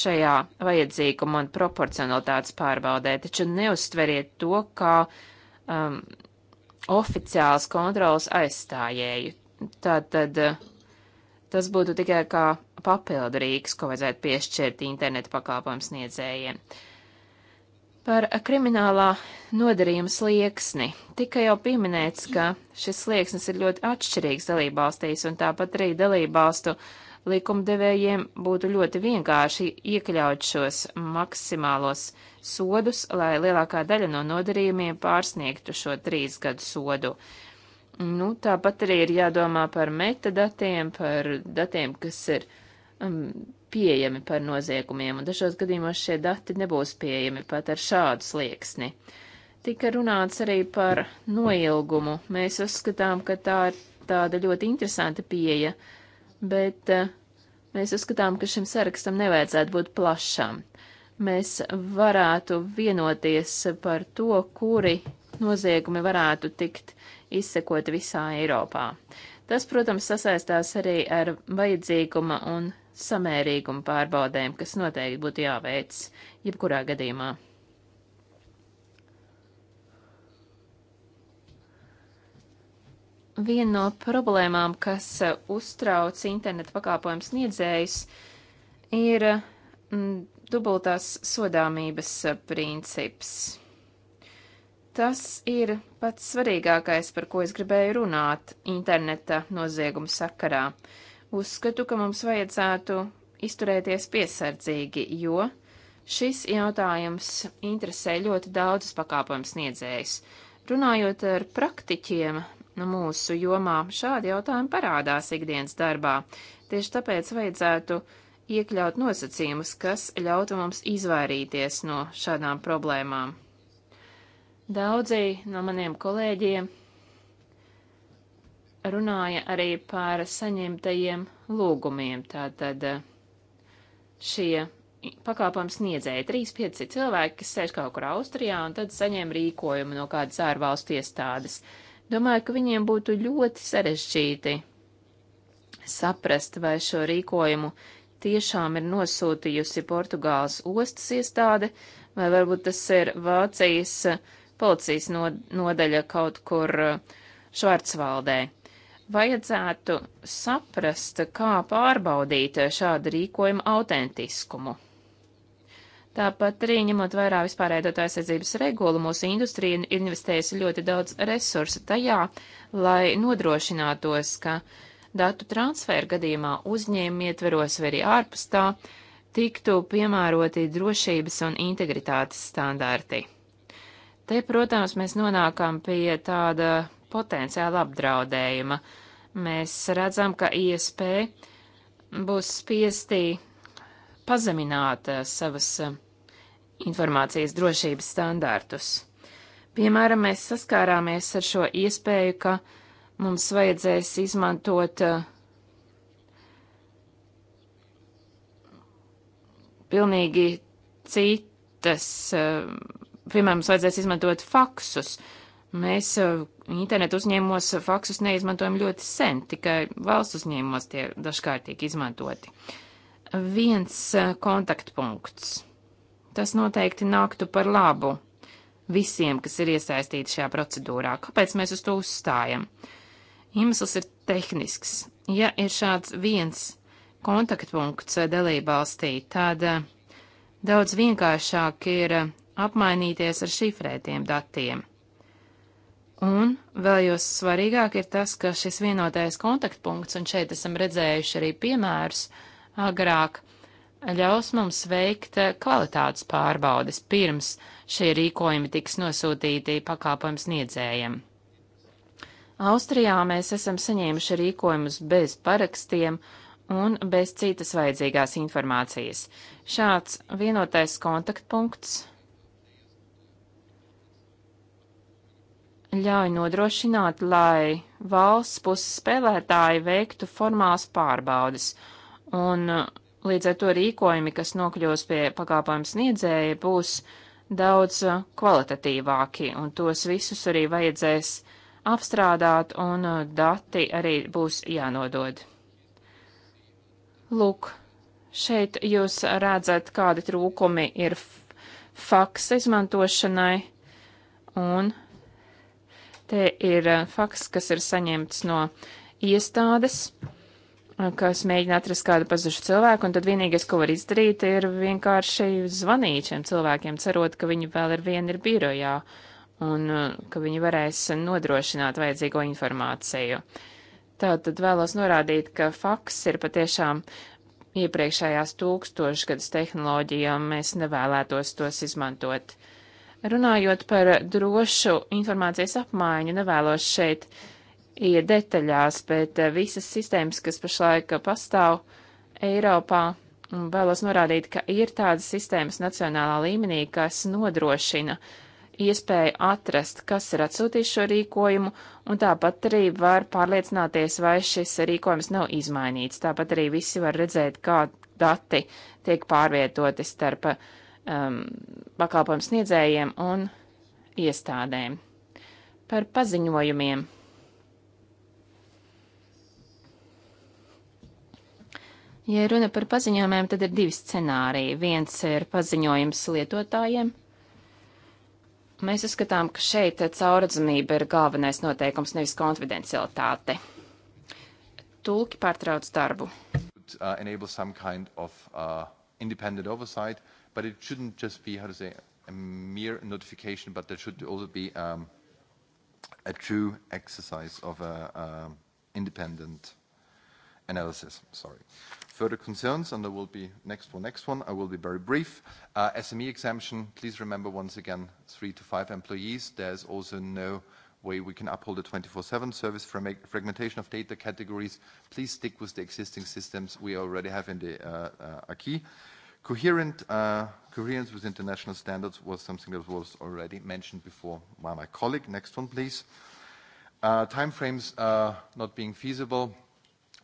šajā vajadzīguma un proporcionalitātes pārbaudē, taču neuztveriet to kā um, oficiāls kontrols aizstājēju. Tātad eh, tas būtu tikai kā papildu rīks, ko vajadzētu piešķirt internetu pakalpojumu sniedzējiem. Par kriminālā nodarījuma slieksni. Tika jau pieminēts, ka šis slieksnis ir ļoti atšķirīgs dalībvalstīs, un tāpat arī dalībvalstu uh, likumdevējiem būtu ļoti vienkārši iekļaut šos maksimālos sodus, lai lielākā daļa no nodarījumiem pārsniegtu šo trīs gadu sodu. Nu, tāpat arī ir jādomā par metadatiem, par datiem, kas ir um, pieejami par noziegumiem, un dažos gadījumos šie dati nebūs pieejami pat ar šādu slieksni. Tika runāts arī par noilgumu. Mēs uzskatām, ka tā ir tāda ļoti interesanta pieeja. Uh, bet eh, mēs uzskatām, ka šim sarakstam nevajadzētu būt plašam. Mēs varētu vienoties par to, kuri noziegumi varētu tikt izsekot visā Eiropā. Tas, protams, sasaistās arī ar vajadzīguma un samērīguma pārbaudēm, kas noteikti būtu jāveic jebkurā gadījumā. Viena no problēmām, kas eh, uztrauc internetu pakāpojumu sniedzējus, ir mm, dubultās sodāmības eh, princips. Tas ir pats svarīgākais, par ko es gribēju runāt interneta noziegumu sakarā. Uzskatu, ka mums vajadzētu izturēties piesardzīgi, jo šis jautājums interesē ļoti daudzus pakāpojumu sniedzējus. Runājot ar praktiķiem, Nu, mūsu jomā. Šādi jautājumi parādās ikdienas darbā. Tieši tāpēc vajadzētu iekļaut nosacījumus, kas ļautu mums izvairīties no šādām problēmām. Daudzi no maniem kolēģiem runāja arī par saņemtajiem lūgumiem. Tātad eh, šie pakāpams sniedzēji 3-5 cilvēki, kas sēž kaut kur Austrijā un tad saņem rīkojumu no kādas ārvalstu iestādes. Uh, Domāju, ka viņiem būtu ļoti sarežģīti saprast, vai šo rīkojumu tiešām ir nosūtījusi Portugāles ostas iestāde, vai varbūt tas ir Vācijas policijas nodaļa kaut kur uh, Švarcvaldē. Vajadzētu saprast, kā pārbaudīt uh, šādu rīkojumu autentiskumu. Tāpat arī ņemot vērā vispārējot aizsardzības regulu, mūsu industrija ir investējusi ļoti daudz resursu tajā, lai nodrošinātos, ka datu transferu gadījumā uzņēmumi ietveros vai arī ārpus tā tiktu piemēroti drošības un integritātes standarti. Te, protams, mēs nonākam pie tāda potenciāla apdraudējuma. Mēs redzam, ka ISP būs spiesti pazemināt uh, savas uh, informācijas drošības standārtus. Piemēram, mēs saskārāmies ar šo iespēju, ka mums vajadzēs izmantot uh, pilnīgi citas, uh, piemēram, mums vajadzēs izmantot faksus. Mēs uh, internetu uzņēmumos faksus neizmantojam ļoti sen, tikai valsts uzņēmumos tie dažkārt tiek izmantoti. Viens kontaktpunkts. Tas noteikti nāktu par labu visiem, kas ir iesaistīti šajā procedūrā. Kāpēc mēs uz to uzstājam? Iemesls ir tehnisks. Ja ir šāds viens kontaktpunkts dalībvalstī, tad eh, daudz vienkāršāk ir eh, apmainīties ar šifrētiem datiem. Un vēl jau svarīgāk ir tas, ka šis vienotais kontaktpunkts, un šeit esam redzējuši arī piemērus agrāk, uh, ļaus mums veikt eh, kvalitātes pārbaudes pirms šie rīkojumi tiks nosūtīti pakāpojums niedzējiem. Austrijā mēs esam saņēmuši rīkojumus bez parakstiem un bez citas vajadzīgās informācijas. Šāds vienotais kontaktpunkts ļauj nodrošināt, lai valsts puses spēlētāji veiktu formālas pārbaudes un Līdz ar to rīkojumi, kas nokļūs pie pakāpojumu sniedzēja, būs daudz uh, kvalitatīvāki, un tos visus arī vajadzēs apstrādāt, un uh, dati arī būs jānodod. Lūk, šeit jūs redzat, kādi trūkumi ir faksa izmantošanai, un te ir uh, fakss, kas ir saņemts no iestādes kas mēģina atrast kādu pazudušu cilvēku, un tad vienīgais, ko var izdarīt, ir vienkārši zvanīt šiem cilvēkiem, cerot, ka viņi vēl ir vieni ir birojā un uh, ka viņi varēs nodrošināt vajadzīgo informāciju. Tātad vēlos norādīt, ka faks ir patiešām iepriekšējās tūkstošgadas tehnoloģijām, mēs nevēlētos tos izmantot. Runājot par drošu informācijas apmaiņu, nevēlos šeit uh, ir detaļās, bet eh, visas sistēmas, kas pašlaik eh, pastāv Eiropā, vēlos norādīt, ka ir tādas sistēmas nacionālā līmenī, kas nodrošina iespēju atrast, kas ir atsūtījis šo rīkojumu, un tāpat arī var pārliecināties, vai šis rīkojums nav izmainīts. Tāpat arī visi var redzēt, kā dati tiek pārvietoti starp um, pakalpojumu sniedzējiem un iestādēm. Par paziņojumiem Ja runa par paziņojumiem, tad ir divi scenāriji. Viens ir paziņojums lietotājiem. Mēs uzskatām, ka šeit caurredzamība ir galvenais noteikums, nevis konfidencialitāte. Tulki pārtrauc darbu. Uh, enable some kind of uh, independent oversight, but it shouldn't just be, how to say, a mere notification, but there should also be um, a true exercise of a, uh, a um, independent analysis. Sorry. Further concerns, and there will be next one, next one. I will be very brief. Uh, SME exemption, please remember once again, three to five employees. There's also no way we can uphold a 24/7 service from fragmentation of data categories. Please stick with the existing systems we already have in the uh, uh, acquis. Coherent, uh, coherence with international standards was something that was already mentioned before by my colleague. Next one, please. Uh, Time frames uh, not being feasible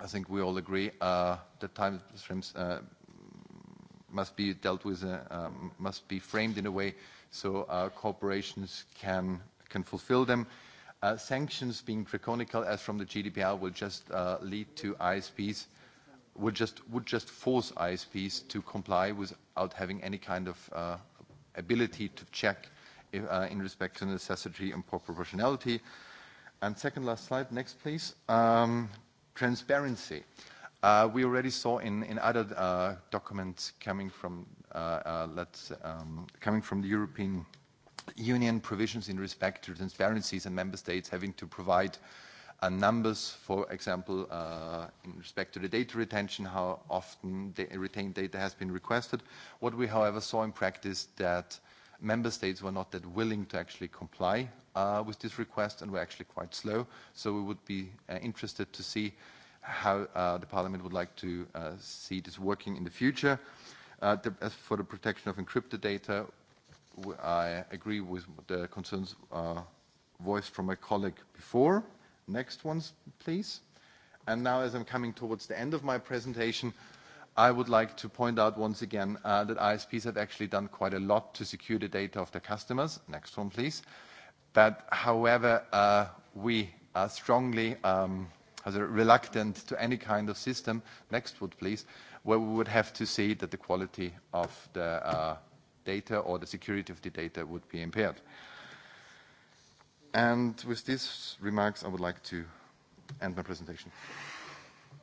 I think we all agree uh, that time frames uh, must be dealt with, uh, um, must be framed in a way so uh, corporations can, can fulfill them. Uh, sanctions being draconical as from the GDPR will just uh, lead to ISPs, would just, would just force ISPs to comply without having any kind of uh, ability to check if, uh, in respect to necessity and proportionality. And second last slide, next please. Um, Transparency. Uh, we already saw in, in other uh, documents coming from, uh, uh, let's, um, coming from the European Union provisions in respect to transparencies and member states having to provide uh, numbers, for example, uh, in respect to the data retention, how often the retained data has been requested. What we, however, saw in practice that Member states were not that willing to actually comply uh, with this request and were actually quite slow. So we would be uh, interested to see how uh, the Parliament would like to uh, see this working in the future. Uh, the, as for the protection of encrypted data, I agree with the concerns uh, voiced from my colleague before. Next ones, please. And now as I'm coming towards the end of my presentation, uh, I would like to point out once again uh, that ISPs have actually done quite a lot to secure the data of their customers. Next one, please. But however, uh, we are strongly um, reluctant to any kind of system, next one, please, where we would have to see that the quality of the uh, data or the security of the data would be impaired. And with these remarks, I would like to end my presentation.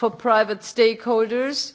for private stakeholders